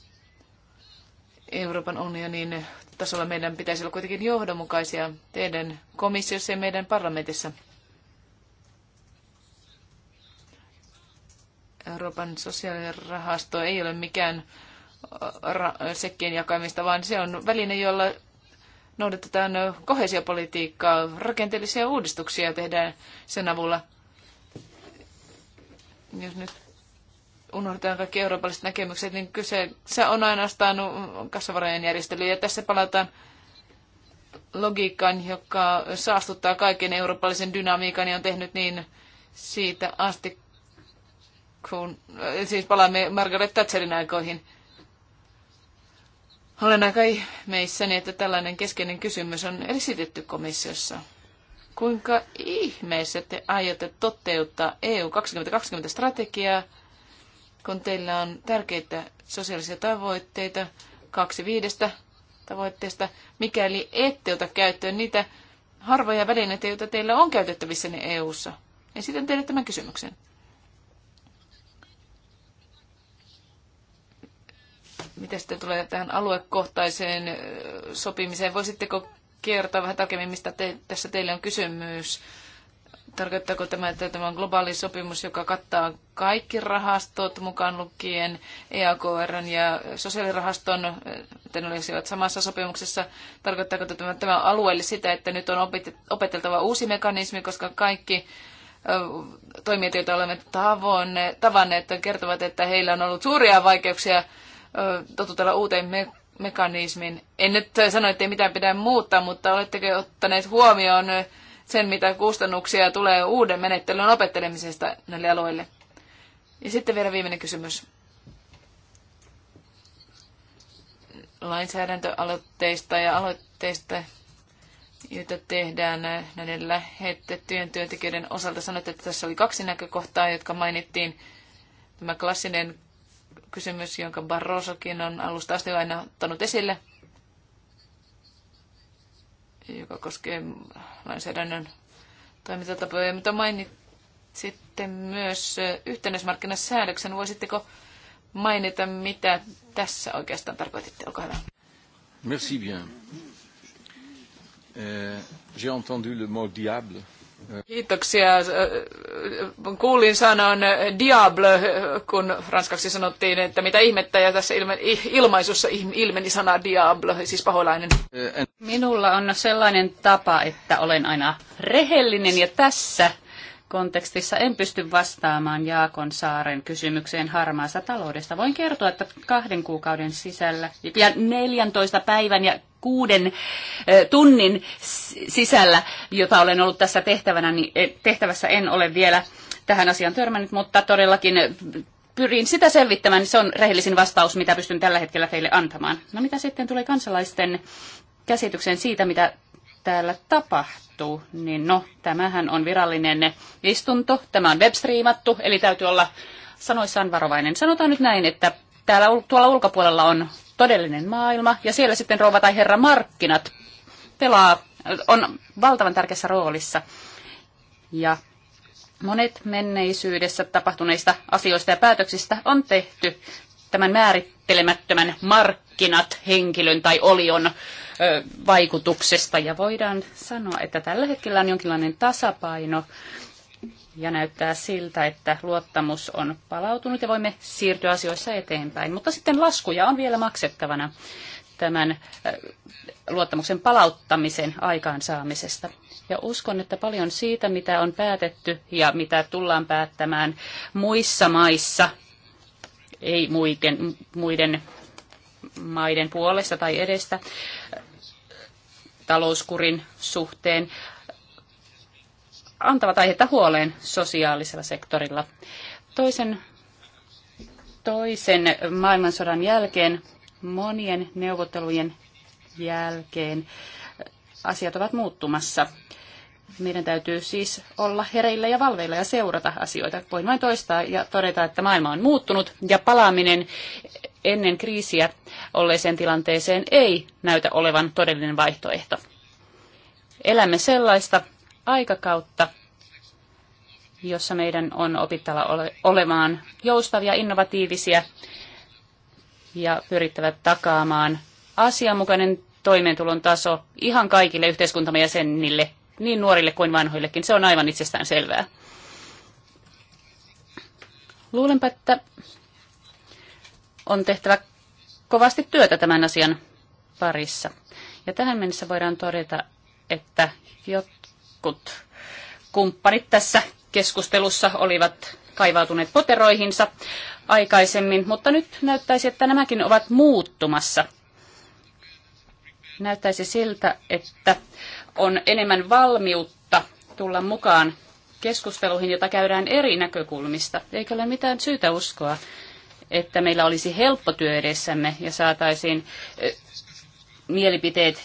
Euroopan unionin tasolla meidän pitäisi olla kuitenkin johdonmukaisia teidän komissiossa ja meidän parlamentissa. Euroopan sosiaalirahasto ei ole mikään sekkien jakamista, vaan se on väline, jolla noudatetaan kohesiopolitiikkaa, rakenteellisia uudistuksia tehdään sen avulla. Jos nyt unohdetaan kaikki eurooppalaiset näkemykset, niin kyseessä on ainoastaan kassavarojen järjestely. Ja tässä palataan logiikkaan, joka saastuttaa kaiken eurooppalaisen dynamiikan ja on tehnyt niin siitä asti, kun siis palaamme Margaret Thatcherin aikoihin – olen aika ihmeissäni, että tällainen keskeinen kysymys on esitetty komissiossa. Kuinka ihmeessä te aiotte toteuttaa EU 2020-strategiaa, kun teillä on tärkeitä sosiaalisia tavoitteita, kaksi viidestä tavoitteesta, mikäli ette ota käyttöön niitä harvoja välineitä, joita teillä on käytettävissä EU:ssa. EU-ssa? Esitän teille tämän kysymyksen. Mitä sitten tulee tähän aluekohtaiseen sopimiseen? Voisitteko kertoa vähän tarkemmin, mistä te, tässä teille on kysymys? Tarkoittaako tämä, että tämä on globaali sopimus, joka kattaa kaikki rahastot mukaan lukien EAKR ja sosiaalirahaston, että ne olisivat samassa sopimuksessa? Tarkoittaako tämä, tämä alueelle sitä, että nyt on opeteltava uusi mekanismi, koska kaikki toimijat, joita olemme tavanneet, kertovat, että heillä on ollut suuria vaikeuksia totutella uuteen me- mekanismiin. En nyt sano, että ei mitään pidä muuttaa, mutta oletteko ottaneet huomioon sen, mitä kustannuksia tulee uuden menettelyn opettelemisesta näille alueille? Ja sitten vielä viimeinen kysymys. Lainsäädäntöaloitteista ja aloitteista, joita tehdään näiden lähetettyjen työntekijöiden osalta. Sanoitte, että tässä oli kaksi näkökohtaa, jotka mainittiin. Tämä klassinen kysymys, jonka Barrosokin on alusta asti aina ottanut esille, joka koskee lainsäädännön toimintatapoja, mutta mainitsitte myös yhtenäismarkkinasäädöksen. Voisitteko mainita, mitä tässä oikeastaan tarkoititte? Olkaa hyvä. Merci bien. Euh, J'ai entendu le mot diable Kiitoksia. Kuulin sanan diable, kun ranskaksi sanottiin, että mitä ihmettä, ja tässä ilme, ilmaisussa ilmeni sana diable, siis paholainen. Minulla on sellainen tapa, että olen aina rehellinen, ja tässä kontekstissa en pysty vastaamaan Jaakon Saaren kysymykseen harmaasta taloudesta. Voin kertoa, että kahden kuukauden sisällä ja 14 päivän ja kuuden tunnin sisällä, jota olen ollut tässä tehtävänä, niin e, tehtävässä en ole vielä tähän asiaan törmännyt, mutta todellakin pyrin sitä selvittämään, niin se on rehellisin vastaus, mitä pystyn tällä hetkellä teille antamaan. No mitä sitten tulee kansalaisten käsitykseen siitä, mitä täällä tapahtuu, niin no, tämähän on virallinen istunto, tämä on webstreamattu, eli täytyy olla sanoissaan varovainen. Sanotaan nyt näin, että täällä tuolla ulkopuolella on todellinen maailma, ja siellä sitten rouva tai herra markkinat pelaa, on valtavan tärkeässä roolissa. Ja monet menneisyydessä tapahtuneista asioista ja päätöksistä on tehty tämän määrittelemättömän markkinat henkilön tai olion vaikutuksesta. Ja voidaan sanoa, että tällä hetkellä on jonkinlainen tasapaino ja näyttää siltä, että luottamus on palautunut ja voimme siirtyä asioissa eteenpäin. Mutta sitten laskuja on vielä maksettavana tämän luottamuksen palauttamisen aikaansaamisesta. Ja uskon, että paljon siitä, mitä on päätetty ja mitä tullaan päättämään muissa maissa, ei muiden, muiden maiden puolesta tai edestä, talouskurin suhteen antavat aihetta huoleen sosiaalisella sektorilla. Toisen, toisen maailmansodan jälkeen, monien neuvottelujen jälkeen, asiat ovat muuttumassa meidän täytyy siis olla hereillä ja valveilla ja seurata asioita. Voin vain toistaa ja todeta, että maailma on muuttunut ja palaaminen ennen kriisiä olleeseen tilanteeseen ei näytä olevan todellinen vaihtoehto. Elämme sellaista aikakautta, jossa meidän on opittava ole, olemaan joustavia, innovatiivisia ja pyrittävä takaamaan asianmukainen toimeentulon taso ihan kaikille yhteiskuntamme jäsenille niin nuorille kuin vanhoillekin. Se on aivan itsestään selvää. Luulenpa, että on tehtävä kovasti työtä tämän asian parissa. Ja tähän mennessä voidaan todeta, että jotkut kumppanit tässä keskustelussa olivat kaivautuneet poteroihinsa aikaisemmin, mutta nyt näyttäisi, että nämäkin ovat muuttumassa. Näyttäisi siltä, että on enemmän valmiutta tulla mukaan keskusteluihin, jota käydään eri näkökulmista. Eikä ole mitään syytä uskoa, että meillä olisi helppo työ edessämme ja saataisiin mielipiteet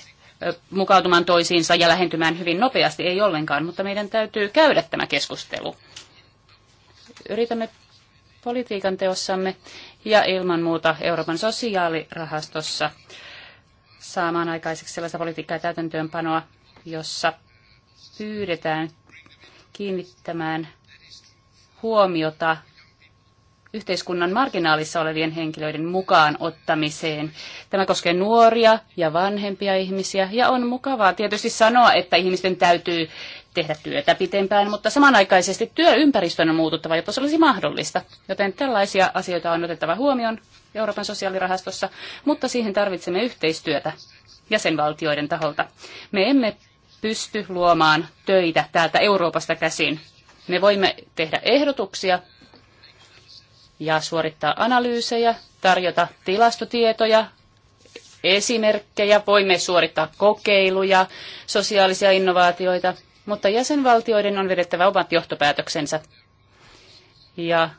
mukautumaan toisiinsa ja lähentymään hyvin nopeasti, ei ollenkaan, mutta meidän täytyy käydä tämä keskustelu. Yritämme politiikan teossamme ja ilman muuta Euroopan sosiaalirahastossa saamaan aikaiseksi sellaista politiikkaa ja täytäntöönpanoa, jossa pyydetään kiinnittämään huomiota yhteiskunnan marginaalissa olevien henkilöiden mukaan ottamiseen. Tämä koskee nuoria ja vanhempia ihmisiä ja on mukavaa tietysti sanoa, että ihmisten täytyy tehdä työtä pitempään, mutta samanaikaisesti työympäristön on muututtava, jotta se olisi mahdollista. Joten tällaisia asioita on otettava huomioon Euroopan sosiaalirahastossa, mutta siihen tarvitsemme yhteistyötä jäsenvaltioiden taholta. Me emme pysty luomaan töitä täältä Euroopasta käsin. Me voimme tehdä ehdotuksia ja suorittaa analyysejä, tarjota tilastotietoja, esimerkkejä, voimme suorittaa kokeiluja, sosiaalisia innovaatioita, mutta jäsenvaltioiden on vedettävä omat johtopäätöksensä ja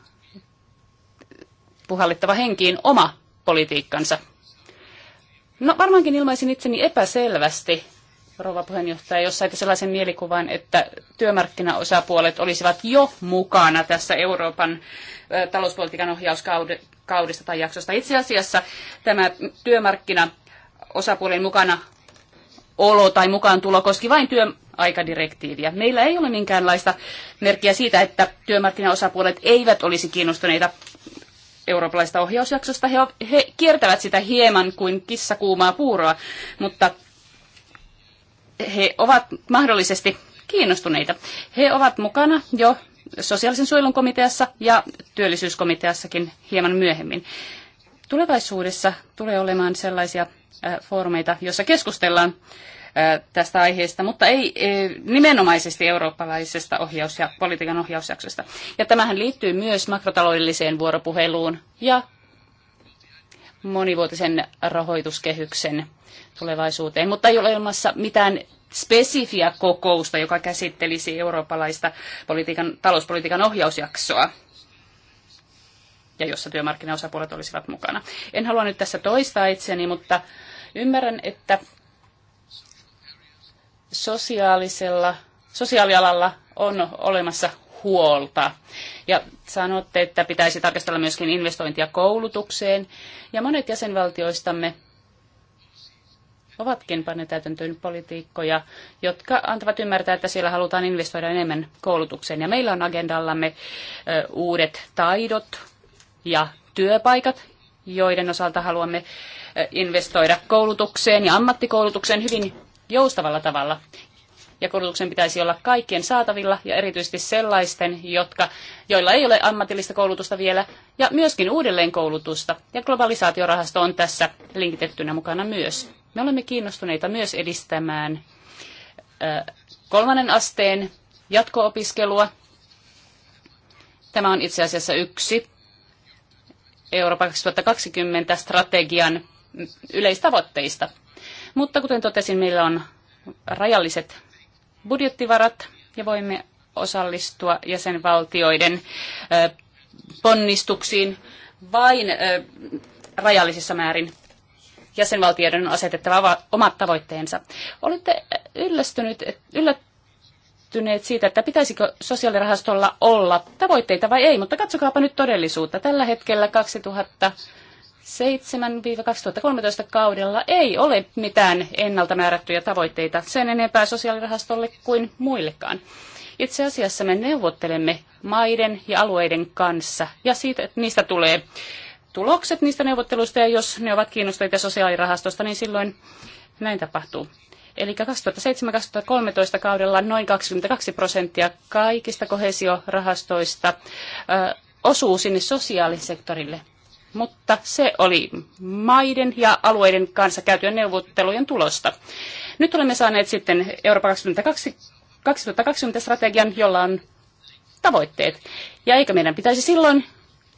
puhallittava henkiin oma politiikkansa. No varmaankin ilmaisin itseni epäselvästi, rouva puheenjohtaja, jos saitte sellaisen mielikuvan, että työmarkkinaosapuolet olisivat jo mukana tässä Euroopan talouspolitiikan ohjauskaudesta tai jaksosta. Itse asiassa tämä työmarkkinaosapuolen mukana olo tai mukaan tulo koski vain työaikadirektiiviä. Meillä ei ole minkäänlaista merkkiä siitä, että työmarkkinaosapuolet eivät olisi kiinnostuneita eurooppalaista ohjausjaksosta. He, he kiertävät sitä hieman kuin kissa kuumaa puuroa, mutta he ovat mahdollisesti kiinnostuneita. He ovat mukana jo sosiaalisen suojelun komiteassa ja työllisyyskomiteassakin hieman myöhemmin. Tulevaisuudessa tulee olemaan sellaisia äh, foorumeita, joissa keskustellaan äh, tästä aiheesta, mutta ei äh, nimenomaisesti eurooppalaisesta ohjaus- ja politiikan ohjausjaksosta. Ja tämähän liittyy myös makrotaloudelliseen vuoropuheluun ja monivuotisen rahoituskehyksen tulevaisuuteen, mutta ei ole olemassa mitään spesifiä kokousta, joka käsittelisi eurooppalaista politiikan, talouspolitiikan ohjausjaksoa ja jossa työmarkkinaosapuolet olisivat mukana. En halua nyt tässä toistaa itseni, mutta ymmärrän, että sosiaalisella, sosiaalialalla on olemassa huolta. Ja sanotte, että pitäisi tarkastella myöskin investointia koulutukseen. Ja monet jäsenvaltioistamme ovatkin panneet täytäntöön politiikkoja, jotka antavat ymmärtää, että siellä halutaan investoida enemmän koulutukseen. Ja meillä on agendallamme uudet taidot ja työpaikat, joiden osalta haluamme investoida koulutukseen ja ammattikoulutukseen hyvin joustavalla tavalla. Ja koulutuksen pitäisi olla kaikkien saatavilla ja erityisesti sellaisten, jotka, joilla ei ole ammatillista koulutusta vielä ja myöskin uudelleenkoulutusta. Ja globalisaatiorahasto on tässä linkitettynä mukana myös. Me olemme kiinnostuneita myös edistämään kolmannen asteen jatko-opiskelua. Tämä on itse asiassa yksi Euroopan 2020 strategian yleistavoitteista. Mutta kuten totesin, meillä on rajalliset budjettivarat ja voimme osallistua jäsenvaltioiden ponnistuksiin vain rajallisissa määrin jäsenvaltioiden on asetettava omat tavoitteensa. Olette yllästynyt, yllättyneet siitä, että pitäisikö sosiaalirahastolla olla tavoitteita vai ei, mutta katsokaapa nyt todellisuutta. Tällä hetkellä 2000 7 2013 kaudella ei ole mitään ennalta määrättyjä tavoitteita sen enempää sosiaalirahastolle kuin muillekaan. Itse asiassa me neuvottelemme maiden ja alueiden kanssa ja siitä, että niistä tulee tulokset niistä neuvotteluista ja jos ne ovat kiinnostuneita sosiaalirahastosta, niin silloin näin tapahtuu. Eli 2007-2013 kaudella noin 22 prosenttia kaikista kohesiorahastoista ö, osuu sinne sosiaalisektorille. Mutta se oli maiden ja alueiden kanssa käytyjen neuvottelujen tulosta. Nyt olemme saaneet sitten Euroopan 2020 strategian, jolla on tavoitteet. Ja eikö meidän pitäisi silloin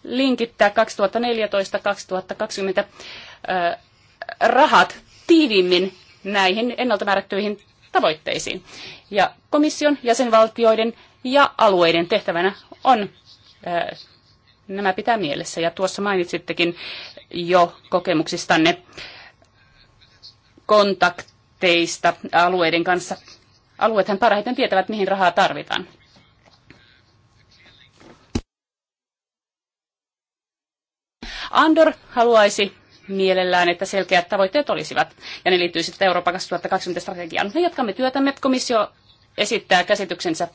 linkittää 2014-2020 rahat tiiviimmin näihin ennalta määrättyihin tavoitteisiin. Ja komission, jäsenvaltioiden ja alueiden tehtävänä on nämä pitää mielessä. Ja tuossa mainitsittekin jo kokemuksistanne kontakteista alueiden kanssa. Alueethan parhaiten tietävät, mihin rahaa tarvitaan. Andor haluaisi mielellään, että selkeät tavoitteet olisivat, ja ne liittyy sitten Euroopan 2020 strategiaan. Me jatkamme työtämme, komissio esittää käsityksensä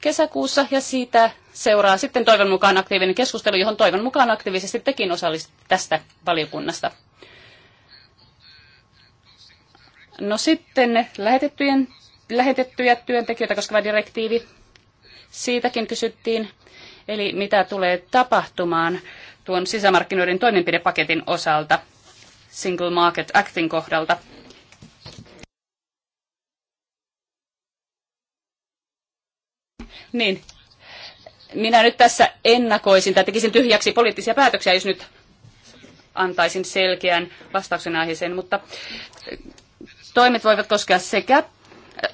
kesäkuussa, ja siitä seuraa sitten toivon mukaan aktiivinen keskustelu, johon toivon mukaan aktiivisesti tekin osallistut tästä valiokunnasta. No sitten lähetettyjen, lähetettyjä työntekijöitä koskeva direktiivi. Siitäkin kysyttiin, eli mitä tulee tapahtumaan tuon sisämarkkinoiden toimenpidepaketin osalta Single Market Actin kohdalta. Niin. Minä nyt tässä ennakoisin tai tekisin tyhjäksi poliittisia päätöksiä, jos nyt antaisin selkeän vastauksen aiheeseen, mutta eh, toimet voivat koskea sekä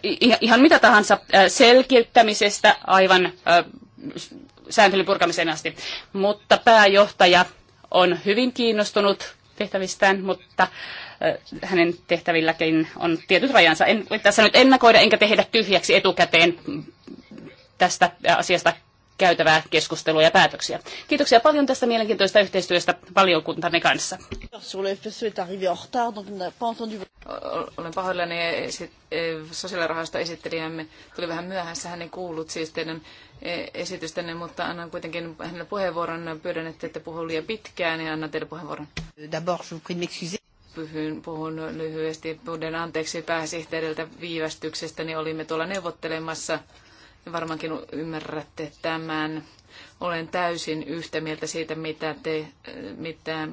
eh, ihan mitä tahansa eh, selkiyttämisestä aivan sääntelyn purkamiseen asti. Mutta pääjohtaja on hyvin kiinnostunut tehtävistään, mutta hänen tehtävilläkin on tietyt rajansa. En tässä nyt ennakoida enkä tehdä tyhjäksi etukäteen tästä asiasta käytävää keskustelua ja päätöksiä. Kiitoksia paljon tästä mielenkiintoista yhteistyöstä valiokuntanne kanssa. Olen pahoillani e, sosiaalirahasta esittelijämme tuli vähän myöhässä. Hän ei kuullut siis teidän e, esitystänne, mutta annan kuitenkin hänelle puheenvuoron. Pyydän, että ette puhu liian pitkään ja annan teille puheenvuoron. Pyhyn, puhun lyhyesti. Pyydän anteeksi pääsihteeriltä viivästyksestä, niin olimme tuolla neuvottelemassa Varmaankin ymmärrätte tämän. Olen täysin yhtä mieltä siitä, mitä te, mitä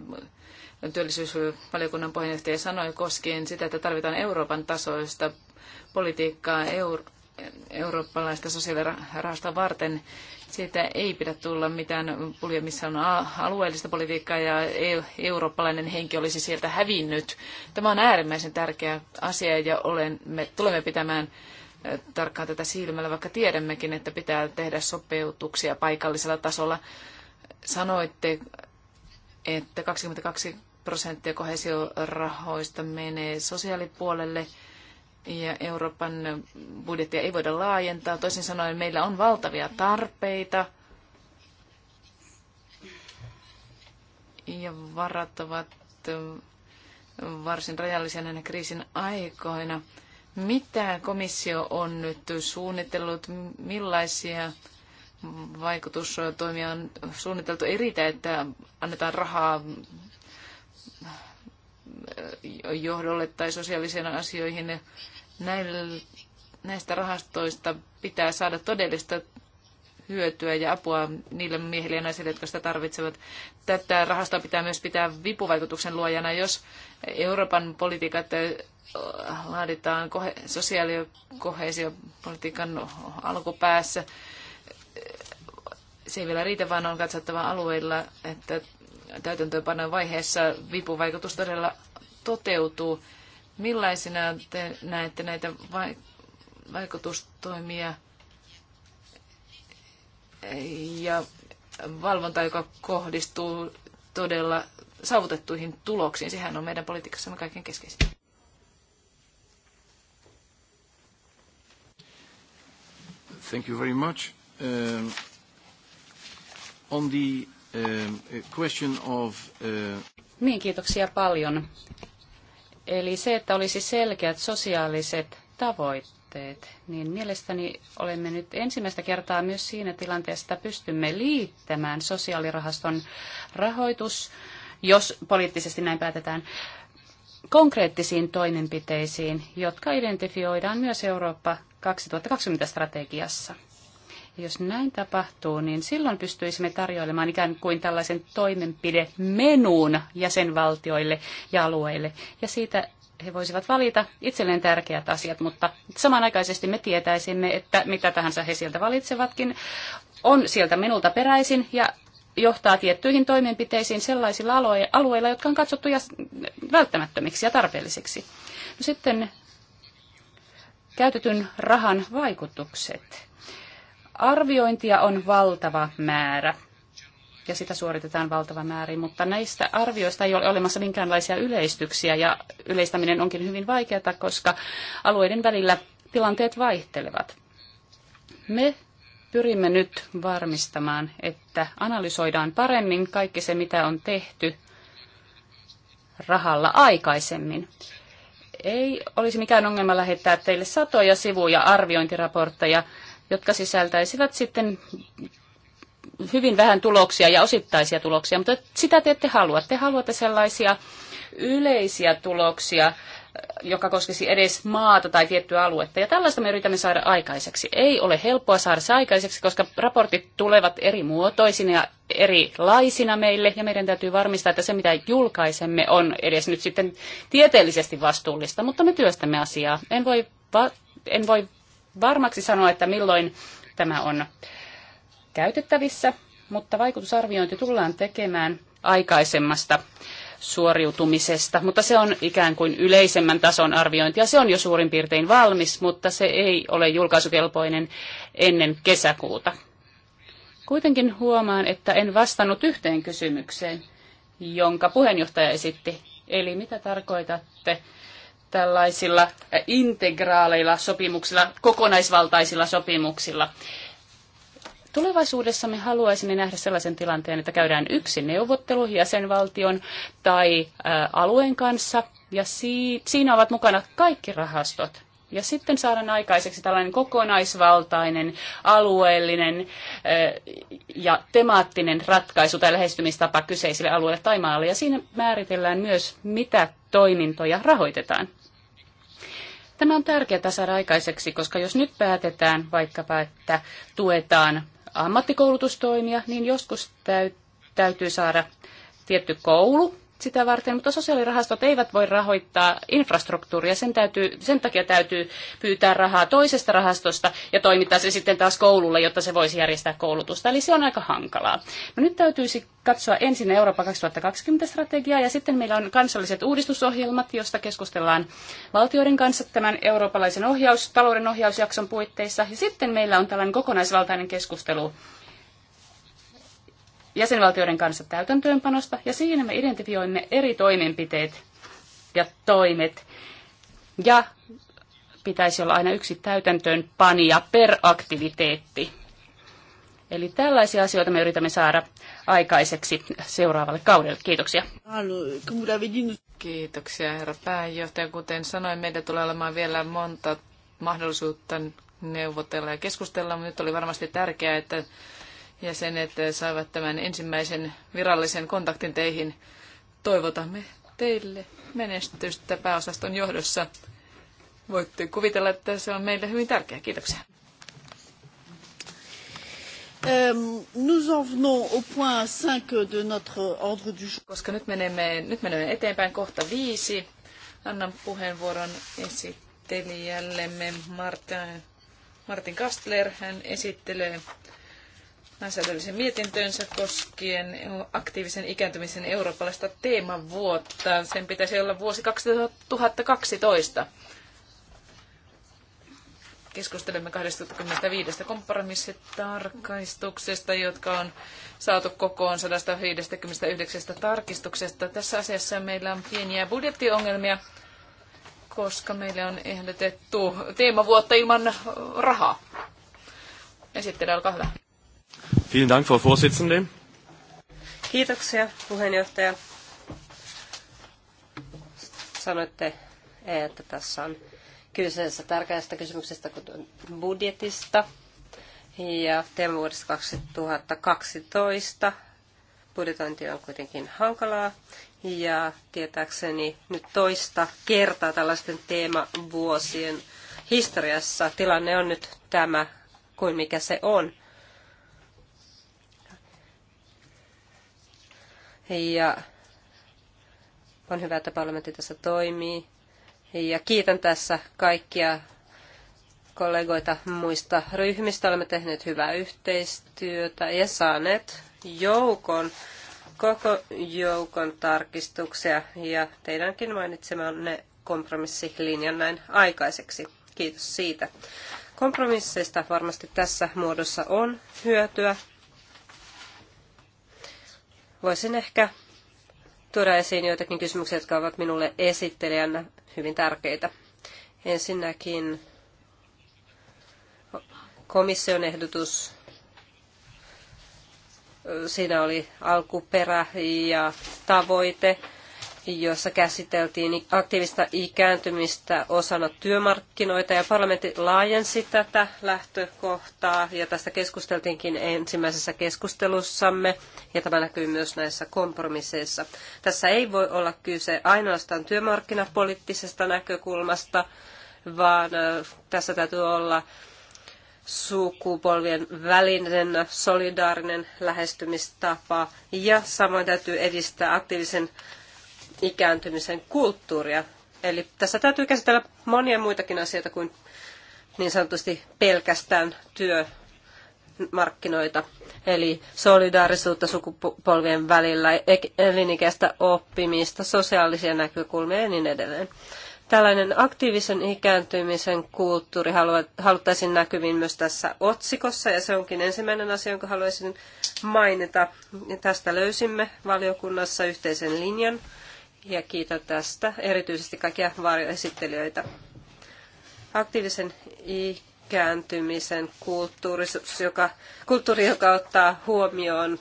työllisyysvaliokunnan puheenjohtaja sanoi koskien sitä, että tarvitaan Euroopan tasoista politiikkaa euro- eurooppalaista sosiaalirahasta varten. Siitä ei pidä tulla mitään pulja, missä on alueellista politiikkaa ja eurooppalainen henki olisi sieltä hävinnyt. Tämä on äärimmäisen tärkeä asia ja olen, me tulemme pitämään tarkkaan tätä silmällä, vaikka tiedämmekin, että pitää tehdä sopeutuksia paikallisella tasolla. Sanoitte, että 22 prosenttia kohesiorahoista menee sosiaalipuolelle ja Euroopan budjettia ei voida laajentaa. Toisin sanoen meillä on valtavia tarpeita ja varat ovat varsin rajallisia näinä kriisin aikoina. Mitä komissio on nyt suunnitellut, millaisia vaikutustoimia on suunniteltu? Ei riitä, että annetaan rahaa äh, johdolle tai sosiaalisiin asioihin. näistä rahastoista pitää saada todellista hyötyä ja apua niille miehille ja naisille, jotka sitä tarvitsevat. Tätä rahastoa pitää myös pitää vipuvaikutuksen luojana. Jos Euroopan politiikat laaditaan sosiaali- ja kohesiopolitiikan alkupäässä. Se ei vielä riitä, vaan on katsottava alueilla, että täytäntöönpanon vaiheessa vipuvaikutus todella toteutuu. Millaisina te näette näitä vaikutustoimia ja valvonta, joka kohdistuu todella saavutettuihin tuloksiin? Sehän on meidän politiikassamme kaiken keskeisin. Thank you very much. Um, on the um, question of... Uh, niin, kiitoksia paljon. Eli se, että olisi selkeät sosiaaliset tavoitteet, niin mielestäni olemme nyt ensimmäistä kertaa myös siinä tilanteessa, että pystymme liittämään sosiaalirahaston rahoitus, jos poliittisesti näin päätetään, konkreettisiin toimenpiteisiin, jotka identifioidaan myös Eurooppa 2020-strategiassa. Ja jos näin tapahtuu, niin silloin pystyisimme tarjoilemaan ikään kuin tällaisen toimenpidemenuun jäsenvaltioille ja alueille. Ja siitä he voisivat valita itselleen tärkeät asiat, mutta samanaikaisesti me tietäisimme, että mitä tahansa he sieltä valitsevatkin, on sieltä menulta peräisin ja johtaa tiettyihin toimenpiteisiin sellaisilla alueilla, jotka on katsottu välttämättömiksi ja tarpeellisiksi. No sitten käytetyn rahan vaikutukset. Arviointia on valtava määrä ja sitä suoritetaan valtava määrin, mutta näistä arvioista ei ole olemassa minkäänlaisia yleistyksiä ja yleistäminen onkin hyvin vaikeaa, koska alueiden välillä tilanteet vaihtelevat. Me pyrimme nyt varmistamaan, että analysoidaan paremmin kaikki se, mitä on tehty rahalla aikaisemmin ei olisi mikään ongelma lähettää teille satoja sivuja arviointiraportteja, jotka sisältäisivät sitten hyvin vähän tuloksia ja osittaisia tuloksia, mutta sitä te ette halua. Te haluatte sellaisia yleisiä tuloksia joka koskisi edes maata tai tiettyä aluetta. Ja tällaista me yritämme saada aikaiseksi. Ei ole helppoa saada se aikaiseksi, koska raportit tulevat eri muotoisina ja erilaisina meille, ja meidän täytyy varmistaa, että se mitä julkaisemme on edes nyt sitten tieteellisesti vastuullista, mutta me työstämme asiaa. En voi, va- en voi varmaksi sanoa, että milloin tämä on käytettävissä, mutta vaikutusarviointi tullaan tekemään aikaisemmasta suoriutumisesta, mutta se on ikään kuin yleisemmän tason arviointi ja se on jo suurin piirtein valmis, mutta se ei ole julkaisukelpoinen ennen kesäkuuta. Kuitenkin huomaan, että en vastannut yhteen kysymykseen, jonka puheenjohtaja esitti. Eli mitä tarkoitatte tällaisilla integraaleilla sopimuksilla, kokonaisvaltaisilla sopimuksilla? Tulevaisuudessa me haluaisimme nähdä sellaisen tilanteen, että käydään yksi neuvottelu jäsenvaltion tai alueen kanssa, ja siinä ovat mukana kaikki rahastot, ja sitten saadaan aikaiseksi tällainen kokonaisvaltainen, alueellinen ja temaattinen ratkaisu tai lähestymistapa kyseisille alueille tai maalle. Ja siinä määritellään myös, mitä toimintoja rahoitetaan. Tämä on tärkeää saada aikaiseksi, koska jos nyt päätetään vaikkapa, että tuetaan ammattikoulutustoimia, niin joskus täytyy saada tietty koulu sitä varten, mutta sosiaalirahastot eivät voi rahoittaa infrastruktuuria. Sen, täytyy, sen takia täytyy pyytää rahaa toisesta rahastosta ja toimittaa se sitten taas koululle, jotta se voisi järjestää koulutusta. Eli se on aika hankalaa. No nyt täytyisi katsoa ensin Eurooppa 2020-strategiaa ja sitten meillä on kansalliset uudistusohjelmat, joista keskustellaan valtioiden kanssa tämän eurooppalaisen ohjaus, talouden ohjausjakson puitteissa. Ja sitten meillä on tällainen kokonaisvaltainen keskustelu jäsenvaltioiden kanssa täytäntöönpanosta, ja siinä me identifioimme eri toimenpiteet ja toimet, ja pitäisi olla aina yksi täytäntöönpanija per aktiviteetti. Eli tällaisia asioita me yritämme saada aikaiseksi seuraavalle kaudelle. Kiitoksia. Kiitoksia herra pääjohtaja. Kuten sanoin, meidän tulee olemaan vielä monta mahdollisuutta neuvotella ja keskustella, mutta nyt oli varmasti tärkeää, että jäsenet saivat tämän ensimmäisen virallisen kontaktin teihin. Toivotamme teille menestystä pääosaston johdossa. Voitte kuvitella, että se on meille hyvin tärkeää. Kiitoksia. Euh, nous en venons au point 5 de notre ordre du jour. Koska nyt menemme, nyt menemme eteenpäin kohta viisi. Annan puheenvuoron esittelijällemme Martin, Martin Kastler. Hän esittelee lainsäädännöllisen mietintönsä koskien aktiivisen ikääntymisen eurooppalaista teemavuotta. Sen pitäisi olla vuosi 2012. Keskustelemme 25 kompromissitarkistuksesta, jotka on saatu kokoon 159 tarkistuksesta. Tässä asiassa meillä on pieniä budjettiongelmia, koska meillä on ehdotettu teemavuotta ilman rahaa. Esittely, olkaa hyvä. Vielen Dank, Frau Vorsitzende. Kiitoksia, puheenjohtaja. Sanoitte, että tässä on kyseessä tärkeästä kysymyksestä kuten budjetista. Ja teemme vuodesta 2012 budjetointi on kuitenkin hankalaa. Ja tietääkseni nyt toista kertaa tällaisten teemavuosien historiassa tilanne on nyt tämä kuin mikä se on. ja on hyvä, että parlamentti tässä toimii. Ja kiitän tässä kaikkia kollegoita muista ryhmistä. Olemme tehneet hyvää yhteistyötä ja saaneet joukon, koko joukon tarkistuksia ja teidänkin mainitsemanne kompromissilinjan näin aikaiseksi. Kiitos siitä. Kompromisseista varmasti tässä muodossa on hyötyä voisin ehkä tuoda esiin joitakin kysymyksiä, jotka ovat minulle esittelijänä hyvin tärkeitä. Ensinnäkin komission ehdotus. Siinä oli alkuperä ja tavoite jossa käsiteltiin aktiivista ikääntymistä osana työmarkkinoita ja parlamentti laajensi tätä lähtökohtaa ja tästä keskusteltiinkin ensimmäisessä keskustelussamme ja tämä näkyy myös näissä kompromisseissa. Tässä ei voi olla kyse ainoastaan työmarkkinapoliittisesta näkökulmasta, vaan tässä täytyy olla sukupolvien välinen solidaarinen lähestymistapa ja samoin täytyy edistää aktiivisen ikääntymisen kulttuuria. Eli tässä täytyy käsitellä monia muitakin asioita kuin niin sanotusti pelkästään työmarkkinoita. Eli solidaarisuutta sukupolvien välillä, elinikäistä oppimista, sosiaalisia näkökulmia ja niin edelleen. Tällainen aktiivisen ikääntymisen kulttuuri haluttaisiin näkyviin myös tässä otsikossa, ja se onkin ensimmäinen asia, jonka haluaisin mainita. Tästä löysimme valiokunnassa yhteisen linjan ja kiitän tästä erityisesti kaikkia varjoesittelijöitä. Aktiivisen ikääntymisen kulttuuri, joka, kulttuuri, joka ottaa huomioon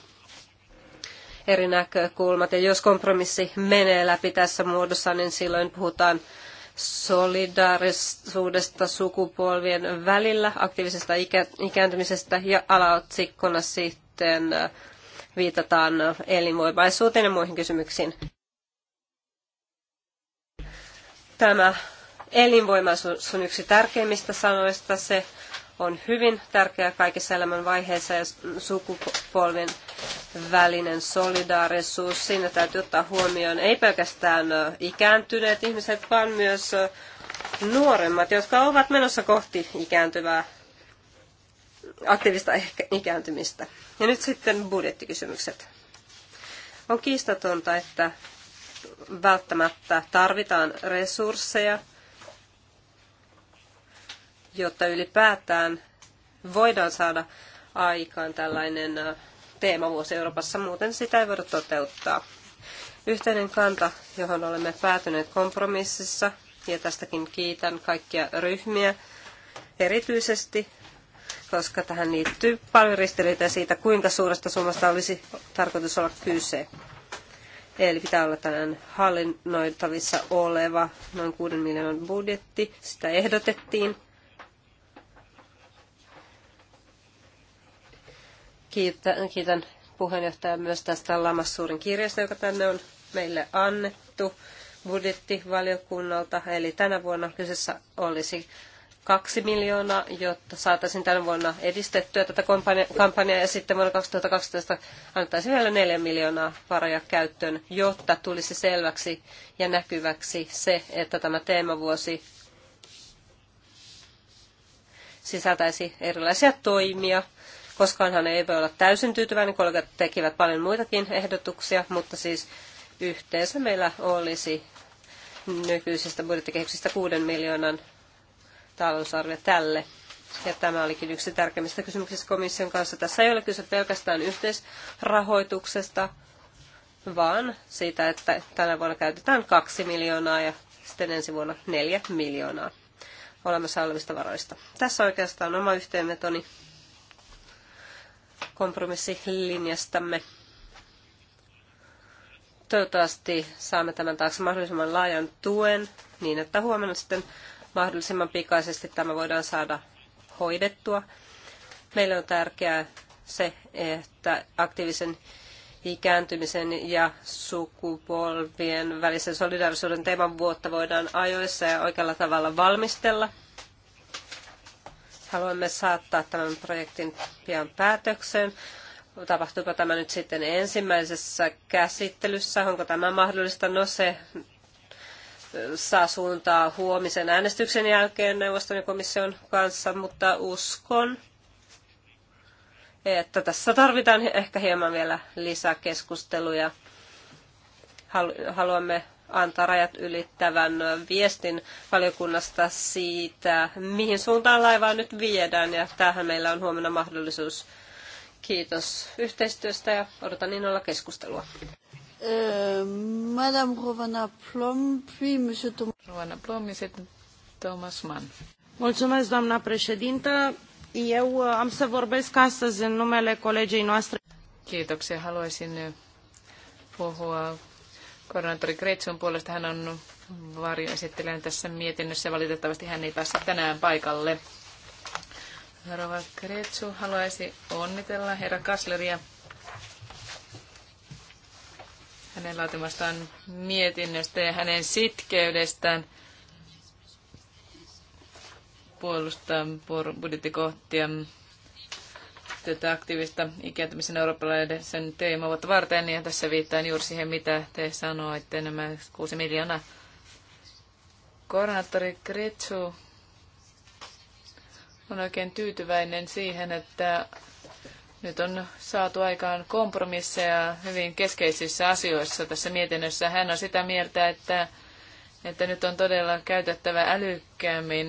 eri näkökulmat. Ja jos kompromissi menee läpi tässä muodossa, niin silloin puhutaan solidaarisuudesta sukupolvien välillä, aktiivisesta ikä, ikääntymisestä ja alaotsikkona sitten äh, viitataan äh, elinvoimaisuuteen ja muihin kysymyksiin. Tämä elinvoimaisuus on yksi tärkeimmistä sanoista. Se on hyvin tärkeää kaikissa elämänvaiheissa vaiheissa ja sukupolven välinen solidaarisuus. Siinä täytyy ottaa huomioon ei pelkästään ikääntyneet ihmiset, vaan myös nuoremmat, jotka ovat menossa kohti ikääntyvää, aktiivista ikääntymistä. Ja nyt sitten budjettikysymykset. On kiistatonta, että välttämättä tarvitaan resursseja, jotta ylipäätään voidaan saada aikaan tällainen äh, teemavuosi Euroopassa, muuten sitä ei voida toteuttaa. Yhteinen kanta, johon olemme päätyneet kompromississa, ja tästäkin kiitän kaikkia ryhmiä erityisesti, koska tähän liittyy paljon ristiriitoja siitä, kuinka suuresta summasta olisi tarkoitus olla kyse. Eli pitää olla tällainen hallinnoitavissa oleva noin 6 miljoonan budjetti. Sitä ehdotettiin. Kiitän, kiitän puheenjohtaja myös tästä Lamassuurin kirjasta, joka tänne on meille annettu budjettivaliokunnalta. Eli tänä vuonna kyseessä olisi kaksi miljoonaa, jotta saataisiin tänä vuonna edistettyä tätä kampanjaa ja sitten vuonna 2012 annettaisiin vielä neljä miljoonaa varoja käyttöön, jotta tulisi selväksi ja näkyväksi se, että tämä teemavuosi sisältäisi erilaisia toimia. Koskaanhan ei voi olla täysin tyytyväinen, kollegat tekivät paljon muitakin ehdotuksia, mutta siis yhteensä meillä olisi nykyisestä budjettikehyksestä kuuden miljoonan talousarvio tälle. Ja tämä olikin yksi tärkeimmistä kysymyksistä komission kanssa. Tässä ei ole kyse pelkästään yhteisrahoituksesta, vaan siitä, että tänä vuonna käytetään kaksi miljoonaa ja sitten ensi vuonna neljä miljoonaa olemassa olevista varoista. Tässä oikeastaan oma yhteenvetoni kompromissilinjastamme. Toivottavasti saamme tämän taakse mahdollisimman laajan tuen niin, että huomenna sitten mahdollisimman pikaisesti tämä voidaan saada hoidettua. Meille on tärkeää se, että aktiivisen ikääntymisen ja sukupolvien välisen solidaarisuuden teeman vuotta voidaan ajoissa ja oikealla tavalla valmistella. Haluamme saattaa tämän projektin pian päätökseen. Tapahtuuko tämä nyt sitten ensimmäisessä käsittelyssä? Onko tämä mahdollista? No se saa suuntaa huomisen äänestyksen jälkeen neuvoston ja komission kanssa, mutta uskon, että tässä tarvitaan ehkä hieman vielä lisää keskusteluja. Haluamme antaa rajat ylittävän viestin valiokunnasta siitä, mihin suuntaan laivaa nyt viedään. Ja tähän meillä on huomenna mahdollisuus. Kiitos yhteistyöstä ja odotan innolla keskustelua. Euh, Madame Rovana Plom, puis Monsieur Thomas. Rovana Plom ja Thomas Mann. Mulțumesc, doamna președintă. Eu uh, am să vorbesc astăzi în numele colegei noastre. Kiitoksia. Haluaisin uh, puhua koronatori Kretsun puolesta. Hän on varjoesittelijän tässä mietinnössä. Valitettavasti hän ei päässyt tänään paikalle. Rova Kretsu haluaisi onnitella herra Kasleria hänen laatimastaan mietinnöstä ja hänen sitkeydestään puolustaa budjettikohtia tätä aktiivista ikääntymisen eurooppalaisen teemavuotta varten, ja tässä viittaan juuri siihen, mitä te sanoitte, nämä kuusi miljoonaa. Koronaattori Kretsu on oikein tyytyväinen siihen, että nyt on saatu aikaan kompromisseja hyvin keskeisissä asioissa tässä mietinnössä. Hän on sitä mieltä, että, että nyt on todella käytettävä älykkäämmin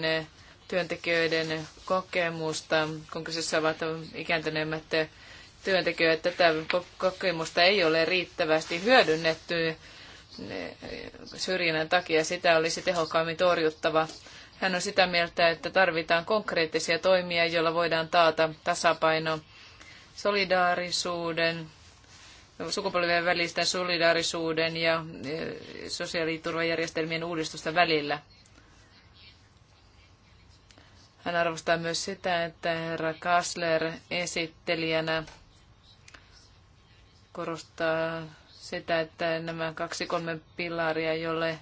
työntekijöiden kokemusta, kun kyseessä ovat ikääntyneemmät työntekijöitä. Tätä kokemusta ei ole riittävästi hyödynnetty syrjinnän takia. Sitä olisi tehokkaammin torjuttava. Hän on sitä mieltä, että tarvitaan konkreettisia toimia, joilla voidaan taata tasapaino solidaarisuuden, sukupolvien välisten solidaarisuuden ja e, sosiaaliturvajärjestelmien uudistusta välillä. Hän arvostaa myös sitä, että herra Kassler esittelijänä korostaa sitä, että nämä kaksi kolme pilaria, jolle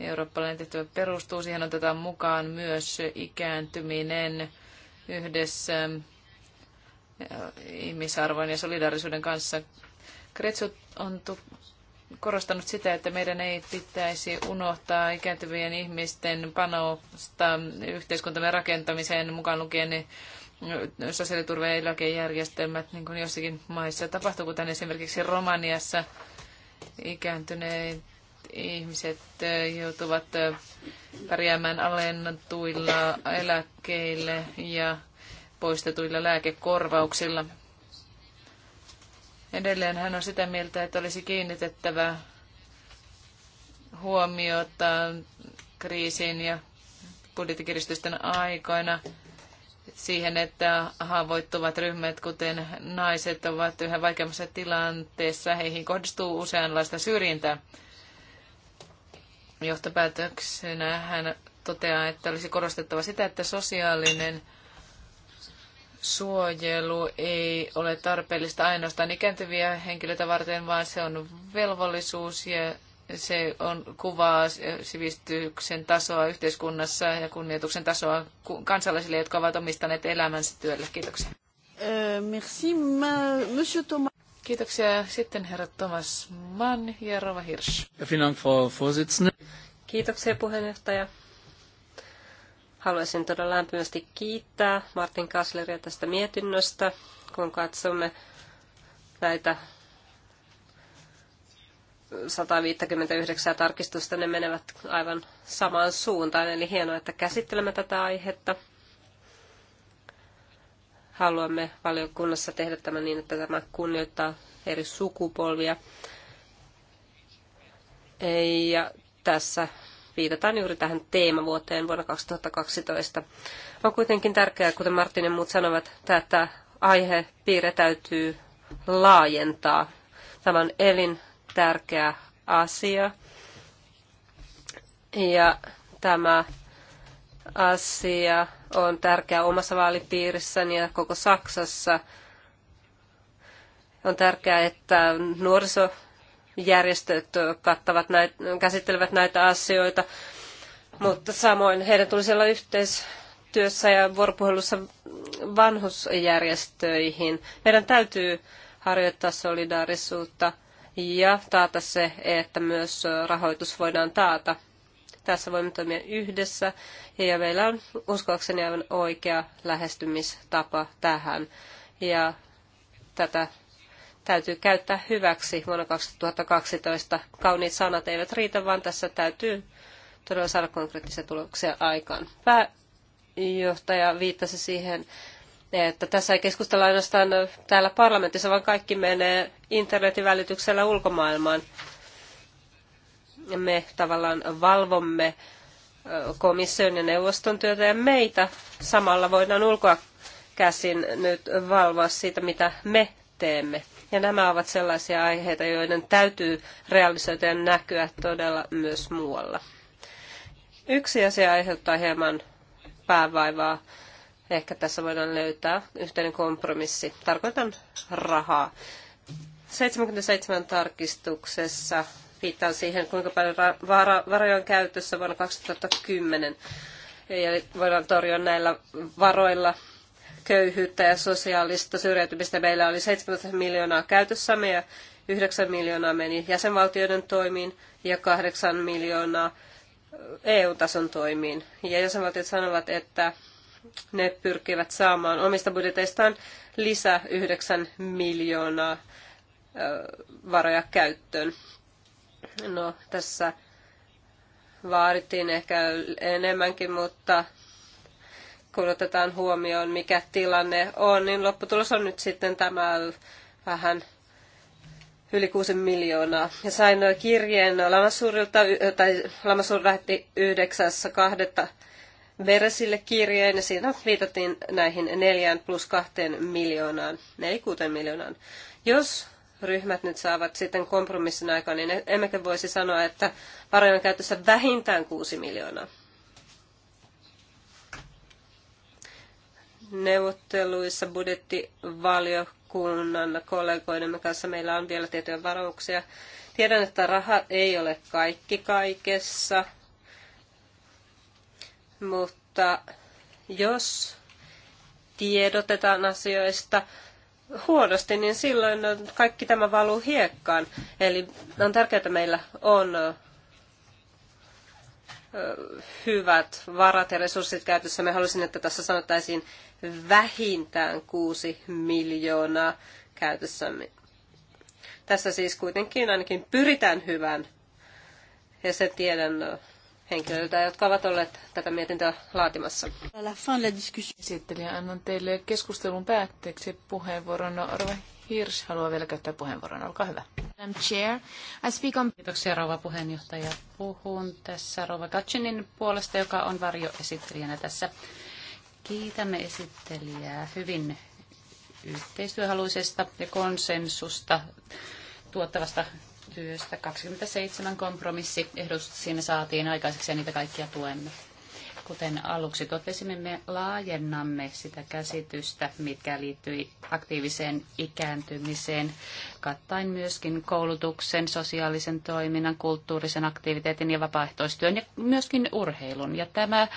eurooppalainen tehtävä perustuu, siihen otetaan mukaan myös ikääntyminen yhdessä ihmisarvon ja solidaarisuuden kanssa. Kretsu on korostanut sitä, että meidän ei pitäisi unohtaa ikääntyvien ihmisten panosta yhteiskuntamme rakentamiseen mukaan lukien sosiaaliturva- ja eläkejärjestelmät, niin kuin jossakin maissa tapahtuu, kuten esimerkiksi Romaniassa ikääntyneet ihmiset joutuvat pärjäämään alennetuilla eläkkeille ja poistetuilla lääkekorvauksilla. Edelleen hän on sitä mieltä, että olisi kiinnitettävä huomiota kriisiin ja budjettikiristysten aikoina siihen, että haavoittuvat ryhmät, kuten naiset, ovat yhä vaikeammassa tilanteessa. Heihin kohdistuu useanlaista syrjintää. Johtopäätöksenä hän toteaa, että olisi korostettava sitä, että sosiaalinen suojelu ei ole tarpeellista ainoastaan ikääntyviä henkilöitä varten, vaan se on velvollisuus ja se on kuvaa sivistyksen tasoa yhteiskunnassa ja kunnioituksen tasoa kansalaisille, jotka ovat omistaneet elämänsä työlle. Kiitoksia. Merci, monsieur Thomas. Kiitoksia. Sitten herra Thomas Mann ja Rova Hirsch. Kiitoksia puheenjohtaja. Haluaisin todella lämpimästi kiittää Martin Kasleria tästä mietinnöstä, kun katsomme näitä 159 tarkistusta, ne menevät aivan samaan suuntaan. Eli hienoa, että käsittelemme tätä aihetta. Haluamme valiokunnassa tehdä tämän niin, että tämä kunnioittaa eri sukupolvia. Ja tässä viitataan juuri tähän teemavuoteen vuonna 2012. On kuitenkin tärkeää, kuten Martin ja muut sanovat, että aihepiirre täytyy laajentaa. Tämä on elintärkeä asia. Ja tämä asia on tärkeä omassa vaalipiirissäni ja koko Saksassa. On tärkeää, että nuoriso järjestöt kattavat näitä, käsittelevät näitä asioita, mutta samoin heidän tulisi olla yhteistyössä ja vuoropuhelussa vanhusjärjestöihin. Meidän täytyy harjoittaa solidaarisuutta ja taata se, että myös rahoitus voidaan taata. Tässä voimme toimia yhdessä ja meillä on uskoakseni aivan oikea lähestymistapa tähän. Ja tätä täytyy käyttää hyväksi vuonna 2012. Kauniit sanat eivät riitä, vaan tässä täytyy todella saada konkreettisia tuloksia aikaan. Pääjohtaja viittasi siihen, että tässä ei keskustella ainoastaan täällä parlamentissa, vaan kaikki menee internetin välityksellä ulkomaailmaan. Me tavallaan valvomme komission ja neuvoston työtä ja meitä samalla voidaan ulkoa käsin nyt valvoa siitä, mitä me teemme. Ja nämä ovat sellaisia aiheita, joiden täytyy realisoida ja näkyä todella myös muualla. Yksi asia aiheuttaa hieman päävaivaa. Ehkä tässä voidaan löytää yhteinen kompromissi. Tarkoitan rahaa. 77 tarkistuksessa viittaan siihen, kuinka paljon varoja on käytössä vuonna 2010. Eli voidaan torjua näillä varoilla köyhyyttä ja sosiaalista syrjäytymistä. Meillä oli 70 miljoonaa käytössämme ja 9 miljoonaa meni jäsenvaltioiden toimiin ja 8 miljoonaa EU-tason eh, e toimiin. Ja jäsenvaltiot sanovat, että ne pyrkivät saamaan omista budjeteistaan lisää 9 miljoonaa eh, varoja käyttöön. No, tässä vaadittiin ehkä enemmänkin, mutta kun otetaan huomioon, mikä tilanne on, niin lopputulos on nyt sitten tämä vähän yli 6 miljoonaa. Ja sain kirjeen Lamassuurilta, tai Lamassuur lähetti 9.2. Veresille kirjeen, ja siinä viitattiin näihin neljään plus 2 miljoonaan, eli miljoonaan. Jos ryhmät nyt saavat sitten kompromissin aikaan, niin e- emmekä voisi sanoa, että varojen käytössä vähintään kuusi miljoonaa. neuvotteluissa budjettivaliokunnan kollegoidemme kanssa meillä on vielä tietoja varauksia. Tiedän, että raha ei ole kaikki kaikessa, mutta jos tiedotetaan asioista huonosti, niin silloin kaikki tämä valuu hiekkaan. Eli on tärkeää, että meillä on hyvät varat ja resurssit käytössä. Me haluaisin, että tässä sanottaisiin vähintään 6 miljoonaa käytössämme. Tässä siis kuitenkin ainakin pyritään hyvän ja sen tiedän henkilöiltä, jotka ovat olleet tätä mietintöä laatimassa. Esittelijä, annan teille keskustelun päätteeksi puheenvuoron. Arve Hirsch haluaa vielä käyttää puheenvuoron. Olkaa hyvä. Chair, I speak on... Kiitoksia rouva puheenjohtaja. Puhun tässä rouva Gatchinin puolesta, joka on varjoesittelijänä tässä Kiitämme esittelijää hyvin yhteistyöhaluisesta ja konsensusta tuottavasta työstä. 27 kompromissiehdotusta siinä saatiin aikaiseksi ja niitä kaikkia tuemme. Kuten aluksi totesimme, me laajennamme sitä käsitystä, mitkä liittyy aktiiviseen ikääntymiseen, kattain myöskin koulutuksen, sosiaalisen toiminnan, kulttuurisen aktiviteetin ja vapaaehtoistyön ja myöskin urheilun. Ja tämä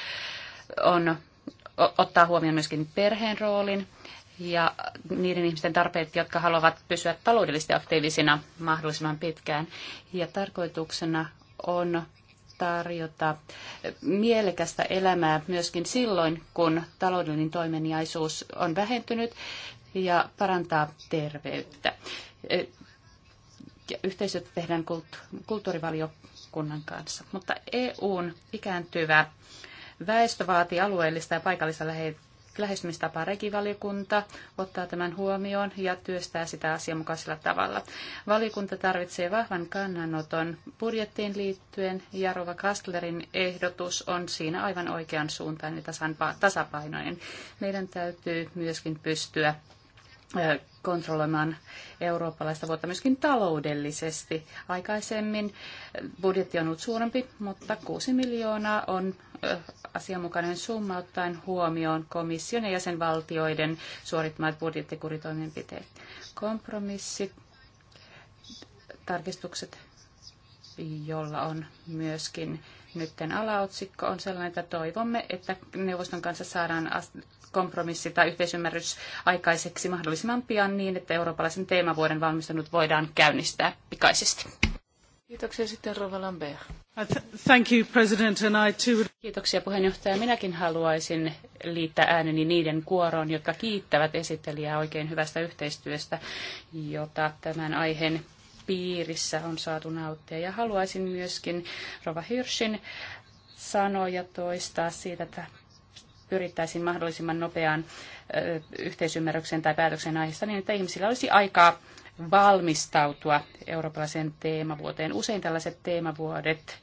on ottaa huomioon myöskin perheen roolin ja niiden ihmisten tarpeet, jotka haluavat pysyä taloudellisesti aktiivisina mahdollisimman pitkään. Ja tarkoituksena on tarjota mielekästä elämää myöskin silloin, kun taloudellinen toimeniaisuus on vähentynyt ja parantaa terveyttä. E, ja yhteisöt tehdään kulttuurivaliokunnan kanssa. Mutta EUn ikääntyvä Väestö vaatii alueellista ja paikallista lähestymistapaa. Rekivaliokunta ottaa tämän huomioon ja työstää sitä asianmukaisella tavalla. Valiokunta tarvitsee vahvan kannanoton budjettiin liittyen. Jarova Kastlerin ehdotus on siinä aivan oikean suuntaan ja tasapainoinen. Meidän täytyy myöskin pystyä kontrolloimaan eurooppalaista vuotta myöskin taloudellisesti. Aikaisemmin budjetti on ollut suurempi, mutta 6 miljoonaa on asianmukainen summa ottaen huomioon komission ja jäsenvaltioiden suorittamat budjettikuritoimenpiteet. Kompromissi, tarkistukset, jolla on myöskin Nytten alaotsikko on sellainen, että toivomme, että neuvoston kanssa saadaan kompromissi tai yhteisymmärrys aikaiseksi mahdollisimman pian niin, että eurooppalaisen teemavuoden valmistelut voidaan käynnistää pikaisesti. Kiitoksia sitten Rova Lambert. Uh, thank you, President, and I too. Kiitoksia puheenjohtaja. Minäkin haluaisin liittää ääneni niiden kuoroon, jotka kiittävät esittelijää oikein hyvästä yhteistyöstä, jota tämän aiheen piirissä on saatu nauttia. Ja haluaisin myöskin Rova Hirschin sanoa ja toistaa siitä, että pyrittäisiin mahdollisimman nopeaan yhteisymmärrykseen tai päätöksen aiheesta niin, että ihmisillä olisi aikaa valmistautua eurooppalaiseen teemavuoteen. Usein tällaiset teemavuodet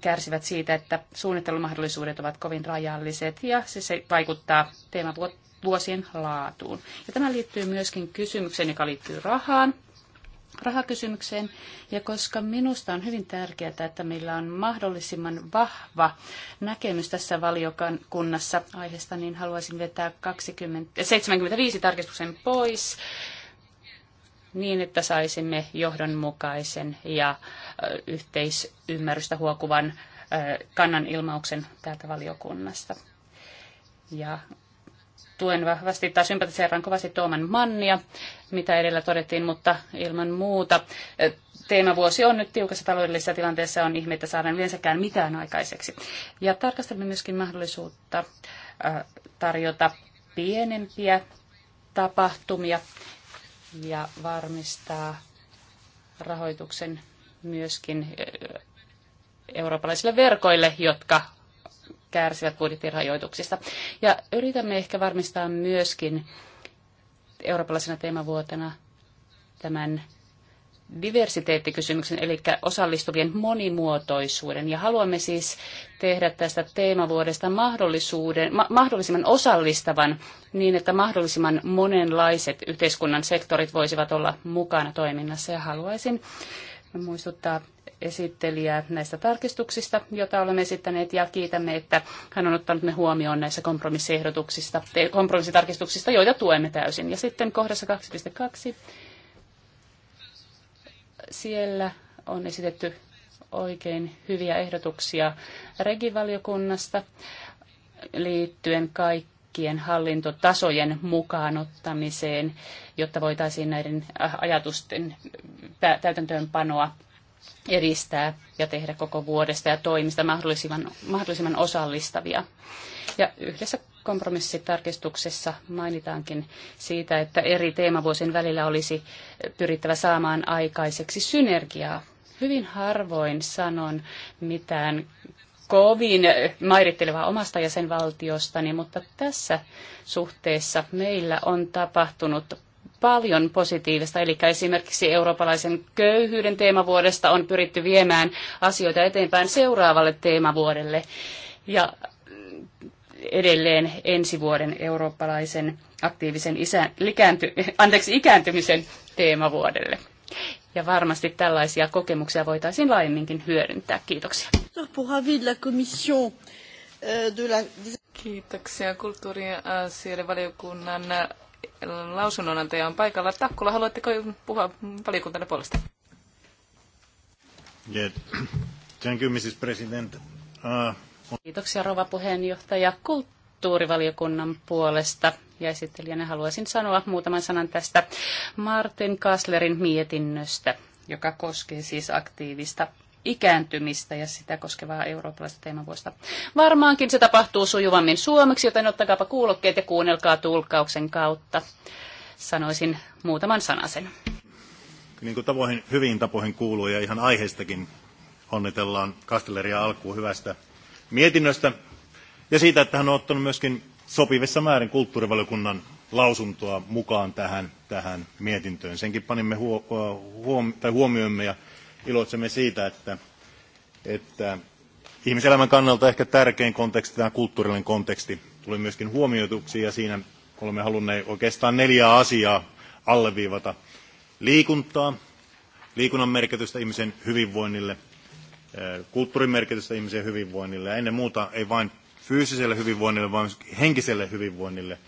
kärsivät siitä, että suunnittelumahdollisuudet ovat kovin rajalliset ja se, se vaikuttaa teemavuosien laatuun. Ja tämä liittyy myöskin kysymykseen, joka liittyy rahaan rahakysymykseen. Ja koska minusta on hyvin tärkeää, että meillä on mahdollisimman vahva näkemys tässä valiokunnassa aiheesta, niin haluaisin vetää 20, 75 tarkistuksen pois niin, että saisimme johdonmukaisen ja yhteisymmärrystä huokuvan kannan ilmauksen täältä valiokunnasta. Ja tuen vahvasti tai sympatiseeraan kovasti Tuoman Mannia, mitä edellä todettiin, mutta ilman muuta teemavuosi on nyt tiukassa taloudellisessa tilanteessa, on ihme, että saadaan yleensäkään mitään aikaiseksi. Ja tarkastelemme myöskin mahdollisuutta tarjota pienempiä tapahtumia ja varmistaa rahoituksen myöskin eurooppalaisille verkoille, jotka kärsivät budjettirajoituksista. Ja yritämme ehkä varmistaa myöskin eurooppalaisena teemavuotena tämän diversiteettikysymyksen, eli osallistuvien monimuotoisuuden. Ja haluamme siis tehdä tästä teemavuodesta mahdollisuuden, ma- mahdollisimman osallistavan niin, että mahdollisimman monenlaiset yhteiskunnan sektorit voisivat olla mukana toiminnassa. Ja haluaisin muistuttaa esittelijää näistä tarkistuksista, joita olemme esittäneet, ja kiitämme, että hän on ottanut ne huomioon näissä kompromissiehdotuksista, kompromissitarkistuksista, joita tuemme täysin. Ja sitten kohdassa 2.2 siellä on esitetty oikein hyviä ehdotuksia regivaliokunnasta liittyen kaikkien hallintotasojen mukaanottamiseen, jotta voitaisiin näiden äh, ajatusten äh, täytäntöönpanoa edistää ja tehdä koko vuodesta ja toimista mahdollisimman, mahdollisimman osallistavia. Ja yhdessä kompromissitarkistuksessa mainitaankin siitä, että eri teemavuosien välillä olisi pyrittävä saamaan aikaiseksi synergiaa. Hyvin harvoin sanon mitään kovin mairittelevaa omasta jäsenvaltiostani, mutta tässä suhteessa meillä on tapahtunut paljon positiivista. Eli esimerkiksi eurooppalaisen köyhyyden teemavuodesta on pyritty viemään asioita eteenpäin seuraavalle teemavuodelle. Ja edelleen ensi vuoden eurooppalaisen aktiivisen isä, likäänty, anteeksi, ikääntymisen teemavuodelle. Ja varmasti tällaisia kokemuksia voitaisiin laajemminkin hyödyntää. Kiitoksia. Euh, Kiitoksia kulttuuri- ja asioiden äh, valiokunnan lausunnonantaja on paikalla. Takkula, haluatteko puhua valiokuntanne puolesta? Thank you, Mrs. President. Uh, Kiitoksia rouva puheenjohtaja kulttuurivaliokunnan puolesta ja esittelijänä haluaisin sanoa muutaman sanan tästä Martin Kaslerin mietinnöstä, joka koskee siis aktiivista ikääntymistä ja sitä koskevaa eurooppalaista teemavuosta. Varmaankin se tapahtuu sujuvammin suomeksi, joten ottakaapa kuulokkeet ja kuunnelkaa tulkkauksen kautta. Sanoisin muutaman sanasen. Niin kuin tavoihin, hyviin tapoihin kuuluu ja ihan aiheestakin onnitellaan Kastelleria alkuun hyvästä mietinnöstä ja siitä, että hän on ottanut myöskin sopivissa määrin kulttuurivaliokunnan lausuntoa mukaan tähän, tähän mietintöön. Senkin panimme huo, huom, tai huomioimme ja iloitsemme siitä, että, että ihmiselämän kannalta ehkä tärkein konteksti, tämä kulttuurinen konteksti, tuli myöskin huomioituksi ja siinä olemme halunneet oikeastaan neljää asiaa alleviivata. Liikuntaa, liikunnan merkitystä ihmisen hyvinvoinnille, kulttuurin merkitystä ihmisen hyvinvoinnille ja ennen muuta ei vain fyysiselle hyvinvoinnille, vaan henkiselle hyvinvoinnille.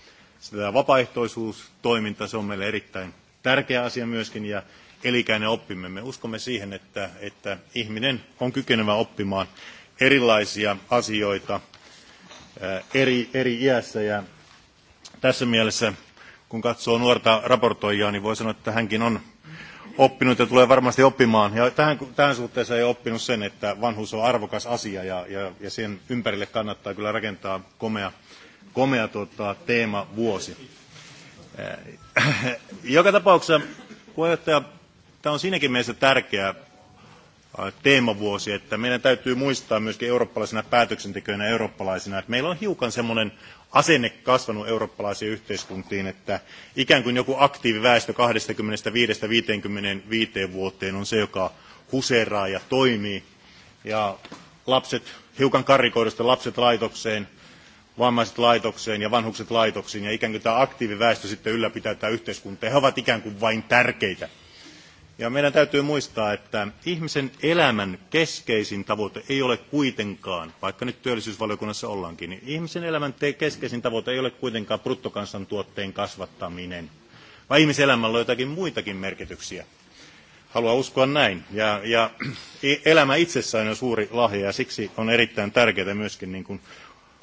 Sitä vapaaehtoisuustoiminta, se on meille erittäin tärkeä asia myöskin ja elikäinen oppimme. Me uskomme siihen, että, että ihminen on kykenevä oppimaan erilaisia asioita eri, eri iässä. Ja tässä mielessä, kun katsoo nuorta raportoijaa, niin voi sanoa, että hänkin on oppinut ja tulee varmasti oppimaan. Ja tähän, tähän suhteessa ei oppinut sen, että vanhuus on arvokas asia ja, ja, ja sen ympärille kannattaa kyllä rakentaa komea, komea tota, teema vuosi. [CLEARS THROAT] Joka tapauksessa puheenjohtaja Tämä on siinäkin mielessä tärkeä äh, teemavuosi, että meidän täytyy muistaa myöskin eurooppalaisina päätöksentekijöinä ja eurooppalaisina, että meillä on hiukan semmoinen asenne kasvanut eurooppalaisiin yhteiskuntiin, että ikään kuin joku aktiiviväestö 25-55 vuoteen on se, joka huseraa ja toimii. Ja lapset, hiukan karrikoidusta lapset laitokseen, vammaiset laitokseen ja vanhukset laitoksiin, ja ikään kuin tämä aktiiviväestö sitten ylläpitää tätä yhteiskuntaa. He ovat ikään kuin vain tärkeitä ja meidän täytyy muistaa, että ihmisen elämän keskeisin tavoite ei ole kuitenkaan, vaikka nyt työllisyysvaliokunnassa ollaankin, niin ihmisen elämän keskeisin tavoite ei ole kuitenkaan bruttokansantuotteen kasvattaminen, vaan ihmisen elämällä on jotakin muitakin merkityksiä. Haluan uskoa näin. Ja, ja [CLEARS THROAT] e- elämä itsessään on suuri lahja ja siksi on erittäin tärkeää myöskin niin kuin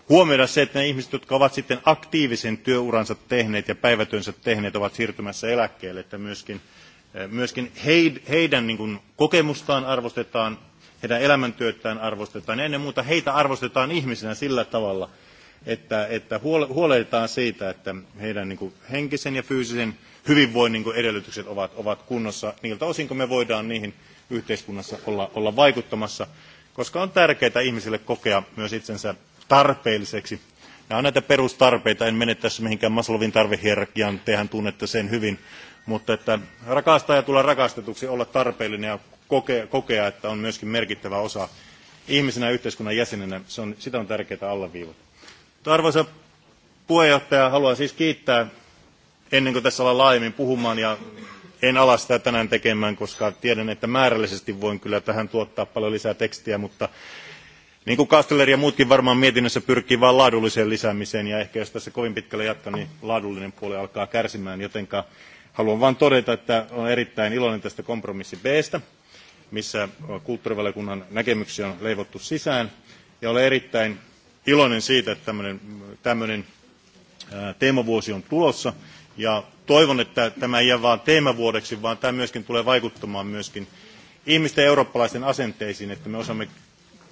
huomioida se, että ne ihmiset, jotka ovat sitten aktiivisen työuransa tehneet ja päivätyönsä tehneet, ovat siirtymässä eläkkeelle, että myöskin myöskin heidän niin kuin, kokemustaan arvostetaan, heidän elämäntyötään arvostetaan ja ennen muuta heitä arvostetaan ihmisinä sillä tavalla, että, että huolehditaan siitä, että heidän niin kuin, henkisen ja fyysisen hyvinvoinnin niin edellytykset ovat, ovat kunnossa niiltä osin, kun me voidaan niihin yhteiskunnassa olla, olla vaikuttamassa, koska on tärkeää ihmisille kokea myös itsensä tarpeelliseksi. Nämä on näitä perustarpeita, en mene tässä mihinkään Maslovin tarvehierarkiaan, tehän tunnette sen hyvin, mutta että rakastaa ja tulla rakastetuksi, olla tarpeellinen ja kokea, kokea että on myöskin merkittävä osa ihmisenä ja yhteiskunnan jäsenenä, se on, sitä on tärkeää alleviivata. Mutta arvoisa puheenjohtaja, haluan siis kiittää ennen kuin tässä ollaan laajemmin puhumaan ja en ala sitä tänään tekemään, koska tiedän, että määrällisesti voin kyllä tähän tuottaa paljon lisää tekstiä, mutta niin kuin Kasteller ja muutkin varmaan mietinnössä pyrkii vain laadulliseen lisäämiseen ja ehkä jos tässä kovin pitkälle jatkaa niin laadullinen puoli alkaa kärsimään, jotenka Haluan vain todeta, että olen erittäin iloinen tästä kompromissi Bstä, missä kulttuurivaliokunnan näkemyksiä on leivottu sisään. Ja olen erittäin iloinen siitä, että tämmöinen, teemavuosi on tulossa. Ja toivon, että tämä ei jää vain teemavuodeksi, vaan tämä myöskin tulee vaikuttamaan myöskin ihmisten ja eurooppalaisten asenteisiin, että me osaamme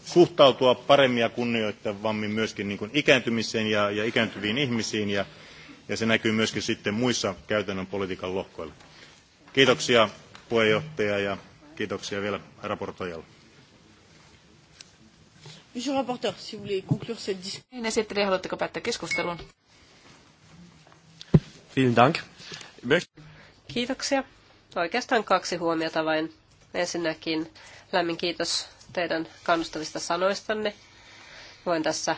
suhtautua paremmin ja kunnioittavammin myöskin niin ikääntymiseen ja, ja ikääntyviin ihmisiin ja ja se näkyy myöskin sitten muissa käytännön politiikan lohkoilla. Kiitoksia puheenjohtaja ja kiitoksia vielä raportoijalle. Monsieur le rapporteur, si vous voulez conclure cette discussion. Niin, esittelijä, haluatteko päättää keskustelun? Vielen Dank. Kiitoksia. Oikeastaan kaksi huomiota vain. Ensinnäkin lämmin kiitos teidän kannustavista sanoistanne. Voin tässä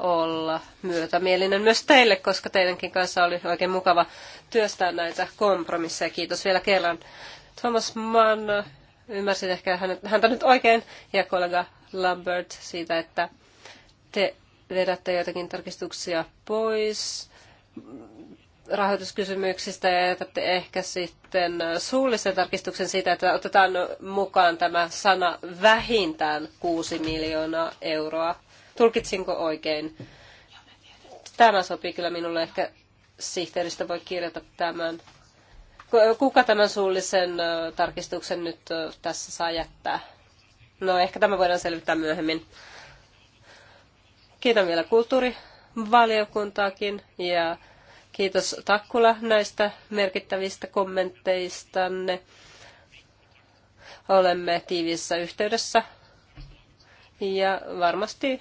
olla myötämielinen myös teille, koska teidänkin kanssa oli oikein mukava työstää näitä kompromisseja. Kiitos vielä kerran. Thomas Mann, ymmärsin ehkä häntä nyt oikein, ja kollega Lambert siitä, että te vedätte jotakin tarkistuksia pois rahoituskysymyksistä ja jätätte ehkä sitten suullisen tarkistuksen siitä, että otetaan mukaan tämä sana vähintään 6 miljoonaa euroa. Tulkitsinko oikein? Tämä sopii kyllä minulle. Ehkä sihteeristä voi kirjata tämän. Kuka tämän suullisen tarkistuksen nyt tässä saa jättää? No ehkä tämä voidaan selvittää myöhemmin. Kiitän vielä kulttuurivaliokuntaakin ja kiitos Takkula näistä merkittävistä kommentteistanne. Olemme tiiviissä yhteydessä ja varmasti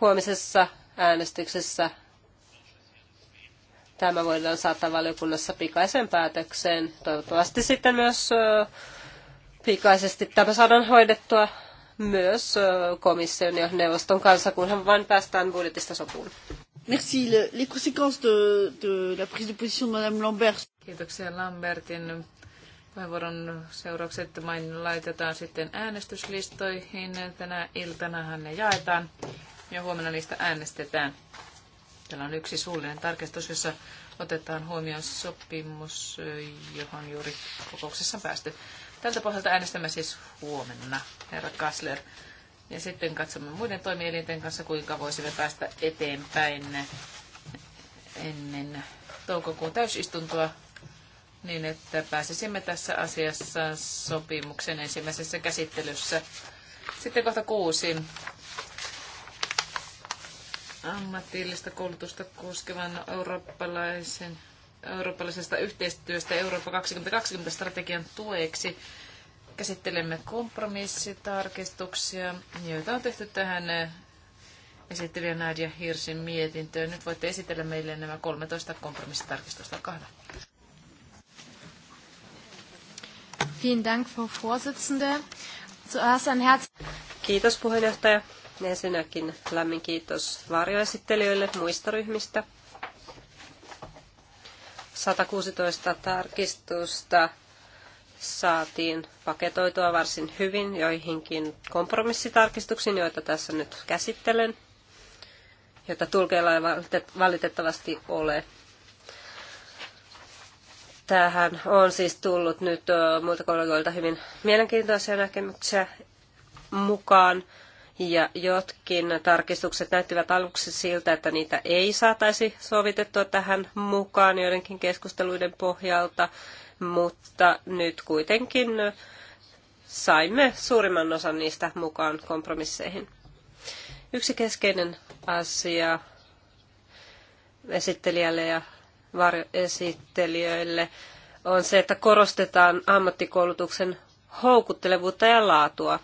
huomisessa äänestyksessä tämä voidaan saattaa valiokunnassa pikaisen päätökseen. Toivottavasti sitten myös pikaisesti tämä saadaan hoidettua myös komission ja neuvoston kanssa, kunhan vain päästään budjetista sopuun. Merci. Les conséquences de, de la prise de position de Madame Lambert. Kiitoksia Lambertin puheenvuoron seuraukset main laitetaan sitten äänestyslistoihin. Tänä iltana ne jaetaan ja huomenna niistä äänestetään. Täällä on yksi suullinen tarkistus, jossa otetaan huomioon sopimus, johon juuri kokouksessa on päästy. Tältä pohjalta äänestämme siis huomenna, herra Kassler. Ja sitten katsomme muiden toimielinten kanssa, kuinka voisimme päästä eteenpäin ennen toukokuun täysistuntoa niin, että pääsisimme tässä asiassa sopimuksen ensimmäisessä käsittelyssä. Sitten kohta kuusi ammatillista koulutusta koskevan eurooppalaisen, eurooppalaisesta yhteistyöstä Eurooppa 2020 strategian tueksi. Käsittelemme kompromissitarkistuksia, joita on tehty tähän esittelijä Nadia Hirsin mietintöön. Nyt voitte esitellä meille nämä 13 kompromissitarkistusta. kahden. Vielen Dank, Frau Vorsitzende. Kiitos puheenjohtaja. Ensinnäkin lämmin kiitos varjoesittelijöille muista ryhmistä. 116 tarkistusta saatiin paketoitua varsin hyvin joihinkin kompromissitarkistuksiin, joita tässä nyt käsittelen, jota tulkeilla ei valitettavasti ole. Tähän on siis tullut nyt muilta kollegoilta hyvin mielenkiintoisia näkemyksiä mukaan. Ja jotkin tarkistukset näyttivät aluksi siltä, että niitä ei saataisi sovitettua tähän mukaan joidenkin keskusteluiden pohjalta, mutta nyt kuitenkin saimme suurimman osan niistä mukaan kompromisseihin. Yksi keskeinen asia esittelijälle ja varjoesittelijöille on se, että korostetaan ammattikoulutuksen houkuttelevuutta ja laatua.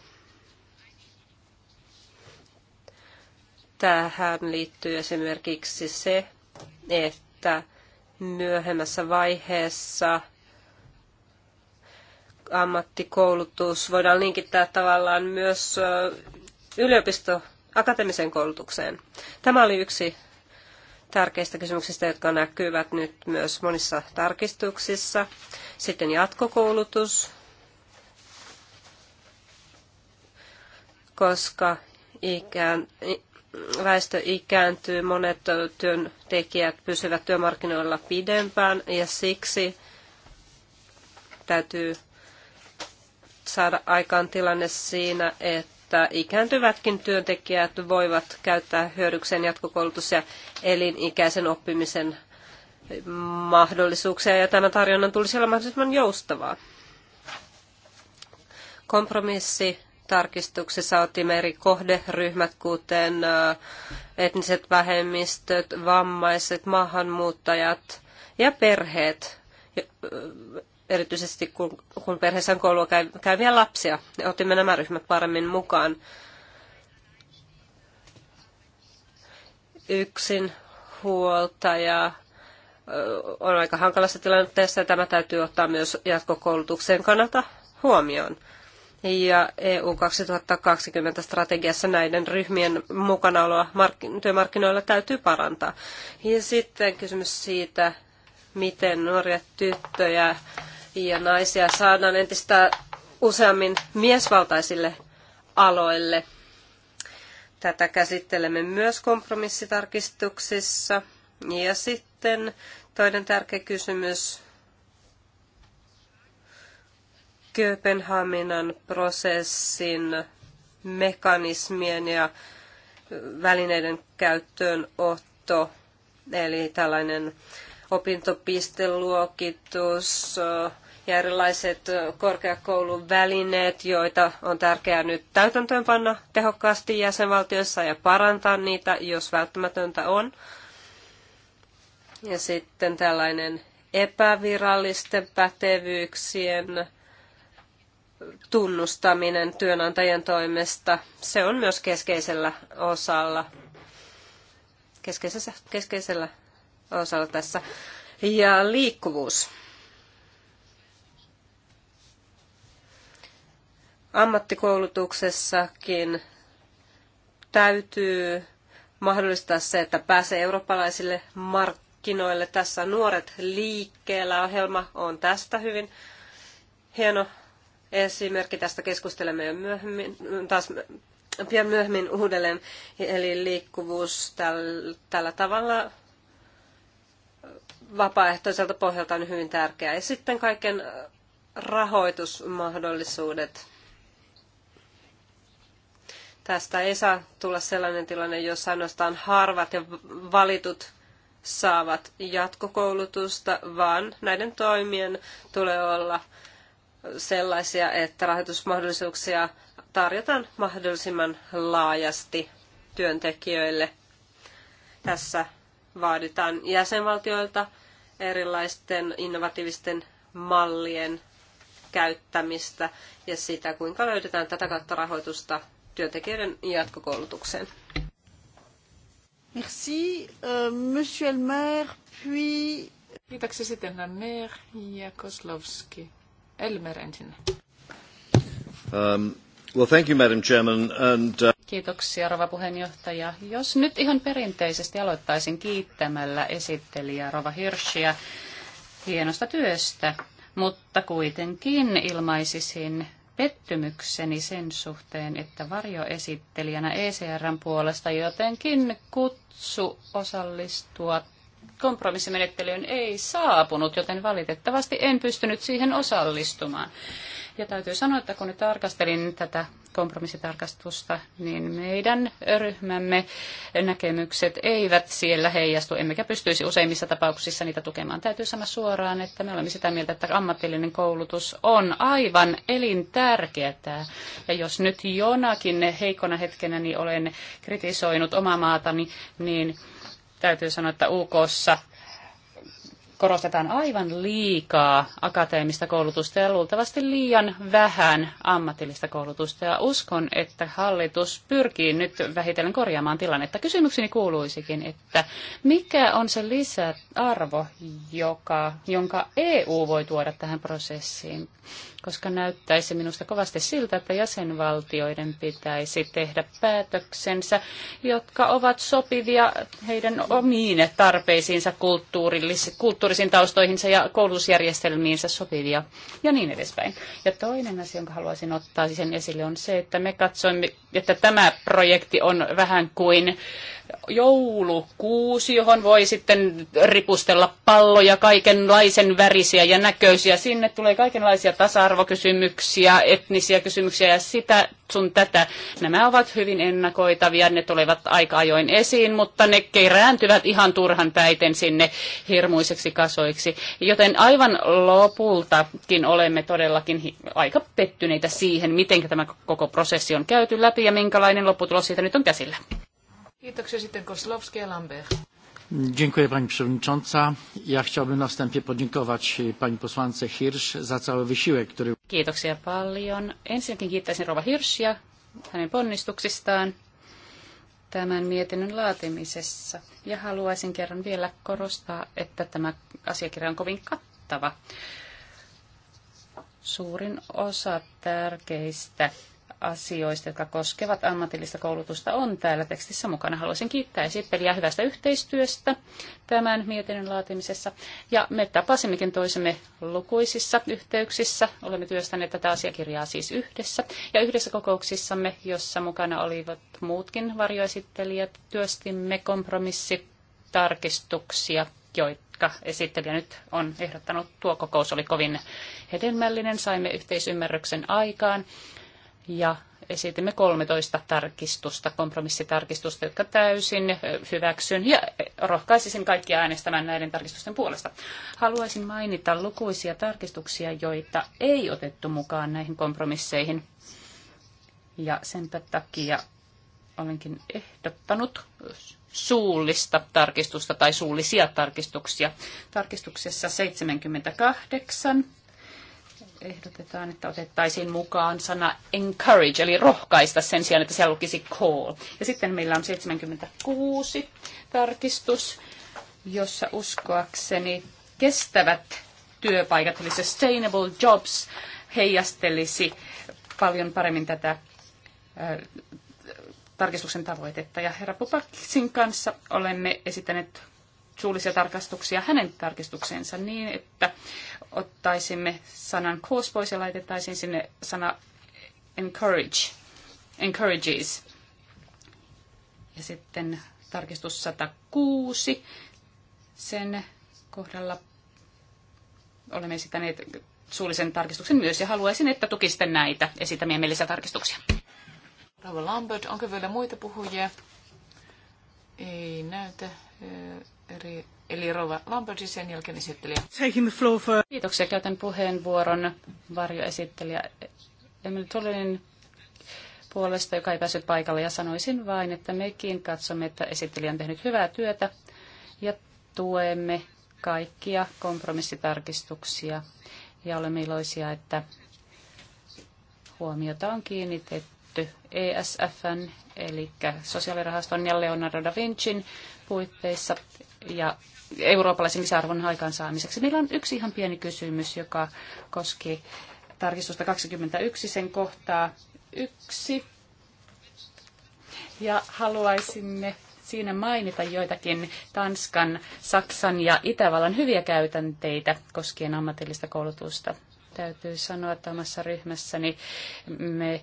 Tähän liittyy esimerkiksi se, että myöhemmässä vaiheessa ammattikoulutus voidaan linkittää tavallaan myös yliopisto akateemiseen koulutukseen. Tämä oli yksi tärkeistä kysymyksistä, jotka näkyvät nyt myös monissa tarkistuksissa. Sitten jatkokoulutus, koska ikään, väestö ikääntyy, monet työntekijät pysyvät työmarkkinoilla pidempään ja siksi täytyy saada aikaan tilanne siinä, että ikääntyvätkin työntekijät voivat käyttää hyödykseen jatkokoulutus- ja elinikäisen oppimisen mahdollisuuksia ja tämän tarjonnan tulisi olla mahdollisimman joustavaa. Kompromissi tarkistuksessa otimme eri kohderyhmät, kuten etniset vähemmistöt, vammaiset, maahanmuuttajat ja perheet, erityisesti kun perheessä on koulua käyviä lapsia. Otimme nämä ryhmät paremmin mukaan. Yksin huoltaja on aika hankalassa tilanteessa ja tämä täytyy ottaa myös jatkokoulutuksen kannalta huomioon ja EU 2020 strategiassa näiden ryhmien mukanaoloa työmarkkinoilla täytyy parantaa. Ja sitten kysymys siitä, miten nuoria tyttöjä ja naisia saadaan entistä useammin miesvaltaisille aloille. Tätä käsittelemme myös kompromissitarkistuksissa. Ja sitten toinen tärkeä kysymys Kööpenhaminan prosessin mekanismien ja välineiden käyttöönotto, eli tällainen opintopisteluokitus ja erilaiset korkeakoulun välineet, joita on tärkeää nyt täytäntöönpanna tehokkaasti jäsenvaltioissa ja parantaa niitä, jos välttämätöntä on. Ja sitten tällainen epävirallisten pätevyyksien tunnustaminen työnantajien toimesta, se on myös keskeisellä osalla, keskeisessä, keskeisellä osalla tässä. Ja liikkuvuus. Ammattikoulutuksessakin täytyy mahdollistaa se, että pääsee eurooppalaisille markkinoille. Tässä nuoret liikkeellä ohjelma on tästä hyvin hieno esimerkki. Tästä keskustelemme jo myöhemmin, taas pian myöhemmin uudelleen. Eli liikkuvuus tällä tavalla vapaaehtoiselta pohjalta on hyvin tärkeää. Ja sitten kaiken rahoitusmahdollisuudet. Tästä ei saa tulla sellainen tilanne, jossa ainoastaan harvat ja valitut saavat jatkokoulutusta, vaan näiden toimien tulee olla – sellaisia, että rahoitusmahdollisuuksia tarjotaan mahdollisimman laajasti työntekijöille. Tässä vaaditaan jäsenvaltioilta erilaisten innovatiivisten mallien käyttämistä ja sitä, kuinka löydetään tätä kautta rahoitusta työntekijöiden jatkokoulutukseen. Merci, euh, Monsieur le Maire, puis... Kiitoksia sitten ja Koslovski. Elmer ensin. Um, well, thank you, Madam Chairman, and, uh... Kiitoksia, rouva puheenjohtaja. Jos nyt ihan perinteisesti aloittaisin kiittämällä esittelijä Rova Hirschia hienosta työstä, mutta kuitenkin ilmaisisin pettymykseni sen suhteen, että varjoesittelijänä ECRn puolesta jotenkin kutsu osallistua kompromissimenettelyyn ei saapunut, joten valitettavasti en pystynyt siihen osallistumaan. Ja täytyy sanoa, että kun nyt tarkastelin tätä kompromissitarkastusta, niin meidän ryhmämme näkemykset eivät siellä heijastu, emmekä pystyisi useimmissa tapauksissa niitä tukemaan. Täytyy sanoa suoraan, että me olemme sitä mieltä, että ammatillinen koulutus on aivan elintärkeää. Ja jos nyt jonakin heikona hetkenä niin olen kritisoinut omaa maatani, niin Täytyy sanoa, että UKssa korostetaan aivan liikaa akateemista koulutusta ja luultavasti liian vähän ammatillista koulutusta. Ja uskon, että hallitus pyrkii nyt vähitellen korjaamaan tilannetta. Kysymykseni kuuluisikin, että mikä on se lisäarvo, joka, jonka EU voi tuoda tähän prosessiin? koska näyttäisi minusta kovasti siltä, että jäsenvaltioiden pitäisi tehdä päätöksensä, jotka ovat sopivia heidän omiin tarpeisiinsa, kulttuurisiin taustoihinsa ja koulutusjärjestelmiinsä sopivia ja niin edespäin. Ja toinen asia, jonka haluaisin ottaa sen esille, on se, että me katsoimme, että tämä projekti on vähän kuin joulukuusi, johon voi sitten ripustella palloja kaikenlaisen värisiä ja näköisiä. Sinne tulee kaikenlaisia tasa-arvokysymyksiä, etnisiä kysymyksiä ja sitä sun tätä. Nämä ovat hyvin ennakoitavia, ne tulevat aika ajoin esiin, mutta ne kerääntyvät ihan turhan päiten sinne hirmuiseksi kasoiksi. Joten aivan lopultakin olemme todellakin aika pettyneitä siihen, miten tämä koko prosessi on käyty läpi ja minkälainen lopputulos siitä nyt on käsillä. Kiitoksia sitten Koslovski ja Lambert. Dziękuję Pani Przewodnicząca. Ja chciałbym na wstępie podziękować Pani posłance Hirsch za cały wysiłek, który... Kiitoksia paljon. Ensinnäkin kiittäisin Rova Hirschia hänen ponnistuksistaan tämän mietinnön laatimisessa. Ja haluaisin kerran vielä korostaa, että tämä asiakirja on kovin kattava. Suurin osa tärkeistä asioista, jotka koskevat ammatillista koulutusta, on täällä tekstissä mukana. Haluaisin kiittää esittelijää hyvästä yhteistyöstä tämän mietinnön laatimisessa. Ja me tapasimmekin toisemme lukuisissa yhteyksissä. Olemme työstäneet tätä asiakirjaa siis yhdessä. Ja yhdessä kokouksissamme, jossa mukana olivat muutkin varjoesittelijät, työstimme kompromissitarkistuksia joita esittelijä nyt on ehdottanut. Tuo kokous oli kovin hedelmällinen, saimme yhteisymmärryksen aikaan ja esitimme 13 tarkistusta, kompromissitarkistusta, jotka täysin hyväksyn ja rohkaisisin kaikkia äänestämään näiden tarkistusten puolesta. Haluaisin mainita lukuisia tarkistuksia, joita ei otettu mukaan näihin kompromisseihin. Ja sen takia olenkin ehdottanut suullista tarkistusta tai suullisia tarkistuksia. Tarkistuksessa 78 ehdotetaan, että otettaisiin mukaan sana encourage, eli rohkaista sen sijaan, että siellä lukisi call. Ja sitten meillä on 76 tarkistus, jossa uskoakseni kestävät työpaikat, eli sustainable jobs, heijastelisi paljon paremmin tätä tarkistuksen tavoitetta. Ja herra Pupaksin kanssa olemme esittäneet suullisia tarkastuksia hänen tarkistukseensa niin, että ottaisimme sanan cause pois ja laitettaisiin sinne sana encourage, encourages. Ja sitten tarkistus 106, sen kohdalla olemme esittäneet suullisen tarkistuksen myös ja haluaisin, että tukisitte näitä esittämiä mielisiä tarkistuksia. Rauha Lambert, onko vielä muita puhujia? Ei näytä Eli, eli Rova Lambertsi sen jälkeen esittelijä. Taking the floor for... Kiitoksia. Käytän puheenvuoron varjoesittelijä Emil Tolinin puolesta, joka ei päässyt paikalle, ja sanoisin vain, että mekin katsomme, että esittelijä on tehnyt hyvää työtä ja tuemme kaikkia kompromissitarkistuksia. Ja olemme iloisia, että huomiota on kiinnitetty ESFn, eli sosiaalirahaston ja Leonardo da Vincin puitteissa ja eurooppalaisen lisäarvon aikaansaamiseksi. Meillä on yksi ihan pieni kysymys, joka koski tarkistusta 21, sen kohtaa yksi. Ja haluaisimme siinä mainita joitakin Tanskan, Saksan ja Itävallan hyviä käytänteitä koskien ammatillista koulutusta Täytyy sanoa, että omassa ryhmässäni me eh,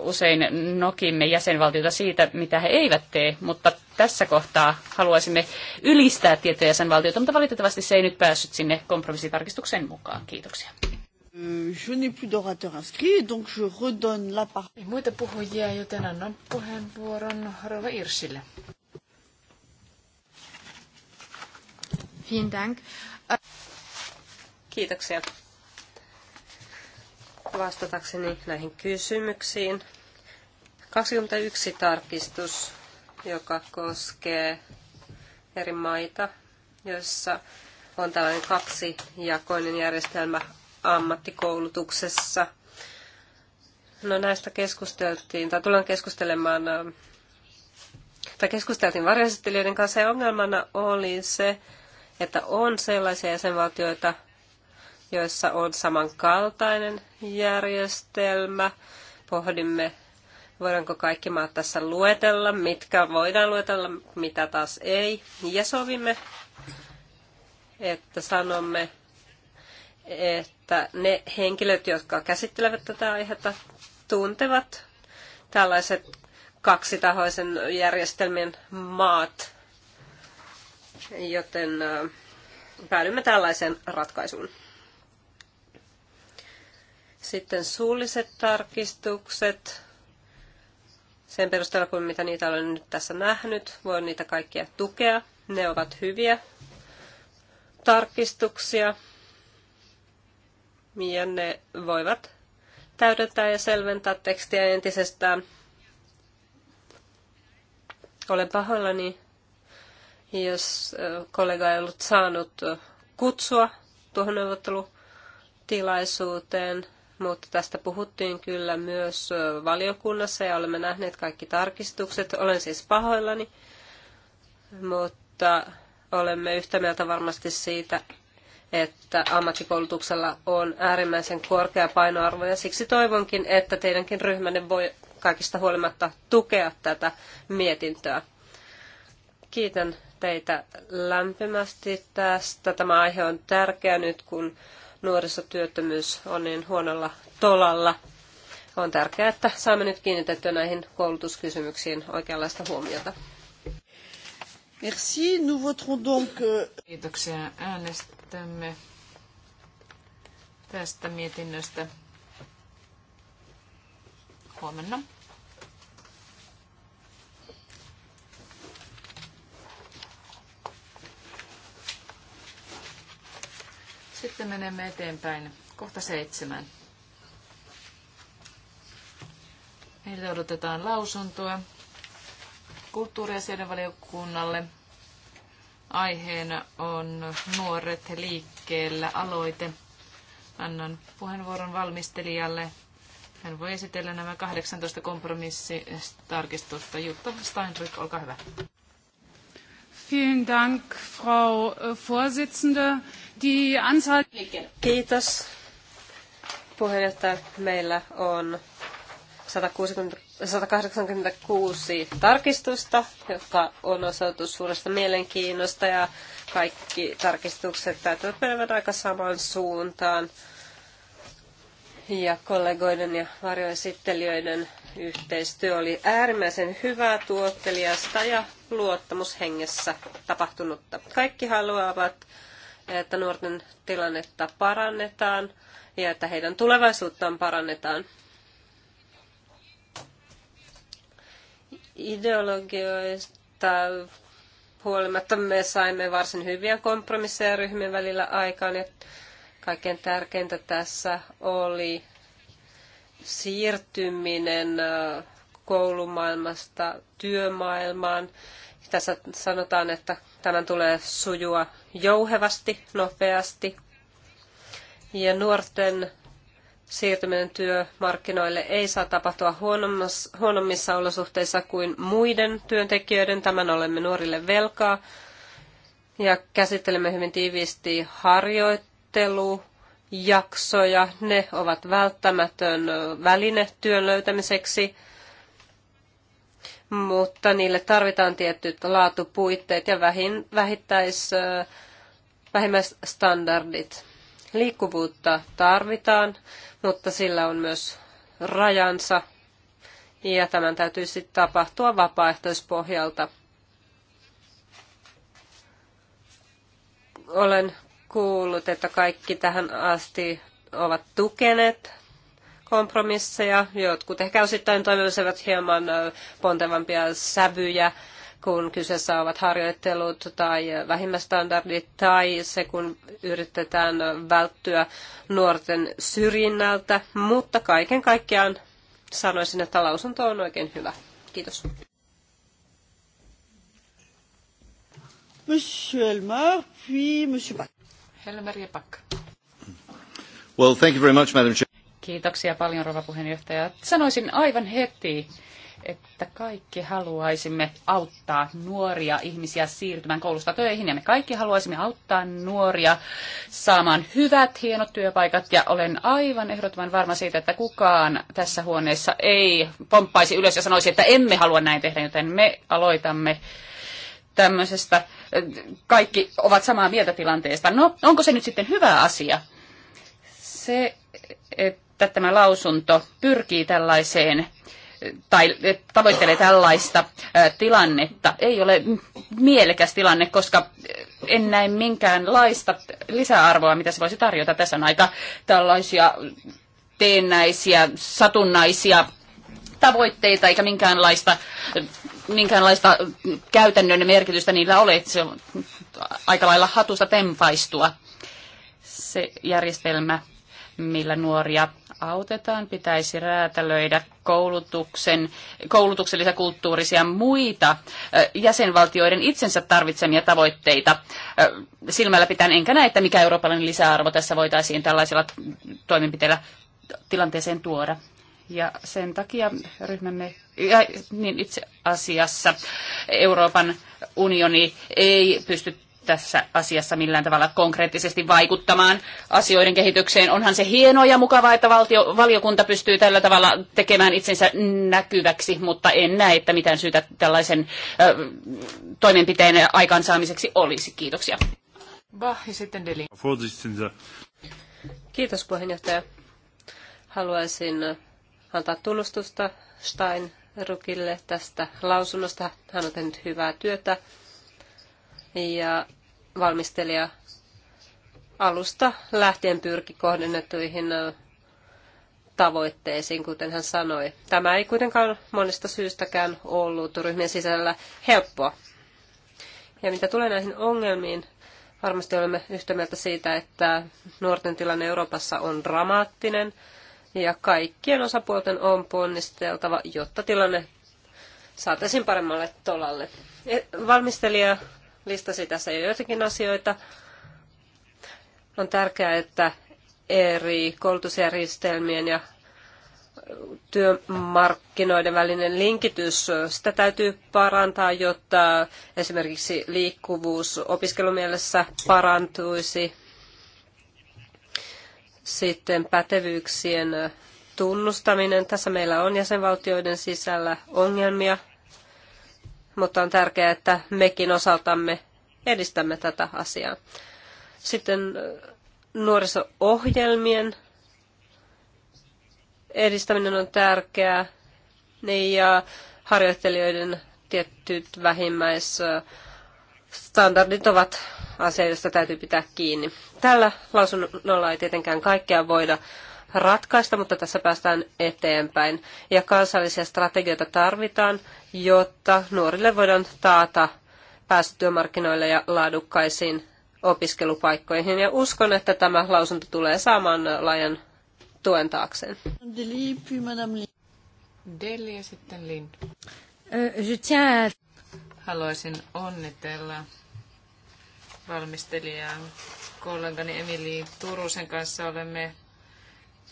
usein nokimme jäsenvaltiota siitä, mitä he eivät tee, mutta tässä kohtaa haluaisimme ylistää tiettyjä jäsenvaltioita, mutta valitettavasti se ei nyt päässyt sinne kompromissitarkistuksen mukaan. Kiitoksia. Euh, je n'ai plus d'orateur inscrit, donc je redonne la parole. Muita puhujia, joten annan puheenvuoron Rova Irsille. Vielen Dank. Kiitoksia vastatakseni näihin kysymyksiin. 21 tarkistus, joka koskee eri maita, joissa on tällainen kaksijakoinen järjestelmä ammattikoulutuksessa. No näistä keskusteltiin, tai tullaan keskustelemaan, tai keskusteltiin varjoesittelijöiden kanssa, ja ongelmana oli se, että on sellaisia jäsenvaltioita, joissa on samankaltainen järjestelmä. Pohdimme, voidaanko kaikki maat tässä luetella, mitkä voidaan luetella, mitä taas ei. Ja sovimme, että sanomme, että ne henkilöt, jotka käsittelevät tätä aihetta, tuntevat tällaiset kaksitahoisen järjestelmien maat, joten äh, päädymme tällaiseen ratkaisuun. Sitten suulliset tarkistukset. Sen perusteella, kun mitä niitä olen nyt tässä nähnyt, voin niitä kaikkia tukea. Ne ovat hyviä tarkistuksia ja ne voivat täydentää ja selventää tekstiä entisestään. Olen pahoillani, jos kollega ei ollut saanut kutsua tuohon neuvottelutilaisuuteen mutta tästä puhuttiin kyllä myös valiokunnassa ja olemme nähneet kaikki tarkistukset. Olen siis pahoillani, mutta olemme yhtä mieltä varmasti siitä, että ammattikoulutuksella on äärimmäisen korkea painoarvo ja siksi toivonkin, että teidänkin ryhmänne voi kaikista huolimatta tukea tätä mietintöä. Kiitän teitä lämpimästi tästä. Tämä aihe on tärkeä nyt, kun nuorisotyöttömyys on niin huonolla tolalla. On tärkeää, että saamme nyt kiinnitettyä näihin koulutuskysymyksiin oikeanlaista huomiota. Merci, nous voterons donc... Euh, Kiitoksia. Äänestämme tästä mietinnöstä huomenna. Sitten menemme eteenpäin. Kohta seitsemän. Meiltä odotetaan lausuntoa ja valiokunnalle. Aiheena on Nuoret liikkeellä aloite. Annan puheenvuoron valmistelijalle. Hän voi esitellä nämä 18 kompromissitarkistusta. Jutta Steinrück, olkaa hyvä. Vielen Dank, Frau äh, Vorsitzende. Die Anzahl... Kiitos. Puheenjohtaja, meillä on 186 tarkistusta, joka on osoitus suuresta mielenkiinnosta ja kaikki tarkistukset täytyvät menevät aika samaan suuntaan ja kollegoiden ja varjoesittelijöiden yhteistyö oli äärimmäisen hyvää, tuottelijasta ja luottamushengessä tapahtunutta. Kaikki haluavat, että nuorten tilannetta parannetaan ja että heidän tulevaisuuttaan parannetaan. Ideologioista huolimatta me saimme varsin hyviä kompromisseja ryhmien välillä aikaan ja Kaikkein tärkeintä tässä oli siirtyminen äh, koulumaailmasta työmaailmaan. Tässä sanotaan, että tämän tulee sujua jouhevasti, nopeasti. Ja nuorten siirtyminen työmarkkinoille ei saa tapahtua huonommissa olosuhteissa kuin muiden työntekijöiden. Tämän olemme nuorille velkaa. Ja käsittelemme hyvin tiiviisti harjoittelua neuvottelujaksoja. Ne ovat välttämätön väline työn löytämiseksi, mutta niille tarvitaan tietyt laatupuitteet ja vähin, vähittäis, vähimmäisstandardit. Liikkuvuutta tarvitaan, mutta sillä on myös rajansa ja tämän sitten tapahtua vapaaehtoispohjalta. Olen kuullut, että kaikki tähän asti ovat tukeneet kompromisseja. Jotkut ehkä osittain toivoisivat hieman pontevampia sävyjä, kun kyseessä ovat harjoittelut tai vähimmästandardit tai se, kun yritetään välttyä nuorten syrjinnältä. Mutta kaiken kaikkiaan sanoisin, että lausunto on oikein hyvä. Kiitos. Monsieur Elmer, puis Monsieur Bat. Helmer ja Well, thank you very much, Madam Chair. Kiitoksia paljon, rouva puheenjohtaja. Sanoisin aivan heti, että kaikki haluaisimme auttaa nuoria ihmisiä siirtymään koulusta töihin ja me kaikki haluaisimme auttaa nuoria saamaan hyvät, hienot työpaikat ja olen aivan ehdottoman varma siitä, että kukaan tässä huoneessa ei pomppaisi ylös ja sanoisi, että emme halua näin tehdä, joten me aloitamme tämmöisestä, kaikki ovat samaa mieltä tilanteesta. No, onko se nyt sitten hyvä asia? Se, että tämä lausunto pyrkii tällaiseen tai tavoittelee tällaista tilannetta, ei ole mielekäs tilanne, koska en näe minkäänlaista lisäarvoa, mitä se voisi tarjota. Tässä on aika tällaisia teennäisiä, satunnaisia tavoitteita eikä minkäänlaista, minkäänlaista käytännön merkitystä niillä ole. Se on aika lailla hatusta tempaistua se järjestelmä, millä nuoria autetaan, pitäisi räätälöidä koulutuksen, koulutuksellisia kulttuurisia muita jäsenvaltioiden itsensä tarvitsemia tavoitteita silmällä pitäen. Enkä näe, että mikä eurooppalainen lisäarvo tässä voitaisiin tällaisella toimenpiteellä tilanteeseen tuoda. Ja sen takia ryhmämme, ja niin itse asiassa Euroopan unioni ei pysty tässä asiassa millään tavalla konkreettisesti vaikuttamaan asioiden kehitykseen. Onhan se hienoa ja mukavaa, että valtio, valiokunta pystyy tällä tavalla tekemään itsensä näkyväksi, mutta en näe, että mitään syytä tällaisen ö, toimenpiteen aikaansaamiseksi olisi. Kiitoksia. Bah, ja sitten Deli. Eh, Kiitos puheenjohtaja. Haluaisin antaa tunnustusta Steinrukille tästä lausunnosta. Hän on tehnyt hyvää työtä ja valmistelija alusta lähtien pyrki kohdennettuihin äh, tavoitteisiin, kuten hän sanoi. Tämä ei kuitenkaan monesta syystäkään ollut ryhmien sisällä helppoa. Ja mitä tulee näihin ongelmiin, varmasti olemme yhtä mieltä siitä, että nuorten tilanne Euroopassa on dramaattinen – ja kaikkien osapuolten on ponnisteltava, jotta tilanne saataisiin paremmalle tolalle. E, valmistelija listasi tässä jo joitakin asioita. On tärkeää, että eri koulutusjärjestelmien ja työmarkkinoiden välinen linkitys, sitä täytyy parantaa, jotta esimerkiksi liikkuvuus opiskelumielessä parantuisi sitten pätevyyksien tunnustaminen. Tässä meillä on jäsenvaltioiden sisällä ongelmia, mutta on tärkeää, että mekin osaltamme edistämme tätä asiaa. Sitten nuoriso-ohjelmien edistäminen on tärkeää ja harjoittelijoiden tietyt vähimmäis- standardit ovat asia, josta täytyy pitää kiinni. Tällä lausunnolla ei tietenkään kaikkea voida ratkaista, mutta tässä päästään eteenpäin. Ja kansallisia strategioita tarvitaan, jotta nuorille voidaan taata pääsy työmarkkinoille ja laadukkaisiin opiskelupaikkoihin. Ja uskon, että tämä lausunto tulee saamaan laajan tuen taakseen. Deli, puis Madame Deli ja sitten Lin. Euh, je tiens Haluaisin onnitella valmistelijaa kollegani Emili Turusen kanssa. Olemme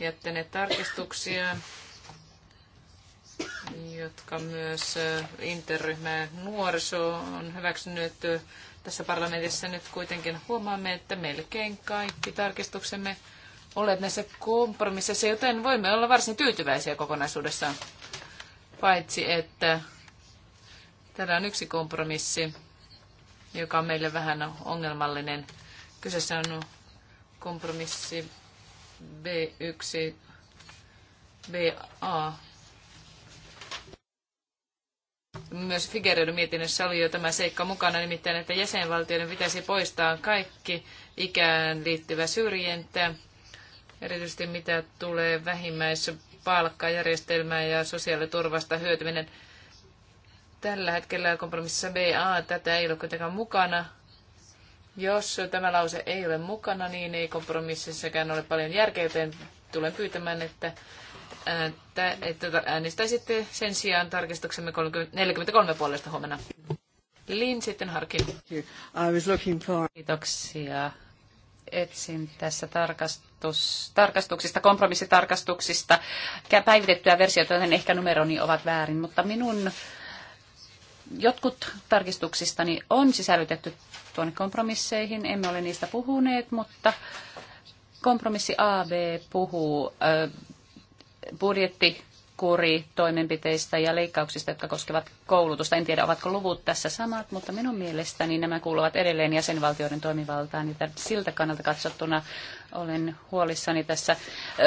jättäneet tarkistuksia, jotka myös interryhmä nuoriso on hyväksynyt tässä parlamentissa. Nyt kuitenkin huomaamme, että melkein kaikki tarkistuksemme olet näissä kompromisseissa, joten voimme olla varsin tyytyväisiä kokonaisuudessaan. Paitsi, että Täällä on yksi kompromissi, joka on meille vähän ongelmallinen. Kyseessä on kompromissi B1, BA. Myös Figereidon mietinnössä oli jo tämä seikka mukana, nimittäin, että jäsenvaltioiden pitäisi poistaa kaikki ikään liittyvä syrjintä, erityisesti mitä tulee vähimmäispalkkajärjestelmään ja sosiaaliturvasta hyötyminen – Tällä hetkellä kompromississa BA tätä ei ole kuitenkaan mukana. Jos tämä lause ei ole mukana, niin ei kompromississakään ole paljon järkeä, joten tulen pyytämään, että, että, että äänestäisitte sen sijaan tarkistuksemme 43 puolesta huomenna. Lin sitten harkin. I was looking for... Kiitoksia. Etsin tässä tarkastus, tarkastuksista, kompromissitarkastuksista. Päivitettyä versiota, joten ehkä numeroni ovat väärin, mutta minun jotkut tarkistuksistani on sisällytetty tuonne kompromisseihin. Emme ole niistä puhuneet, mutta kompromissi AB puhuu ö, budjetti kuri toimenpiteistä ja leikkauksista, jotka koskevat koulutusta. En tiedä, ovatko luvut tässä samat, mutta minun mielestäni nämä kuuluvat edelleen jäsenvaltioiden toimivaltaan. Ja siltä kannalta katsottuna olen huolissani tässä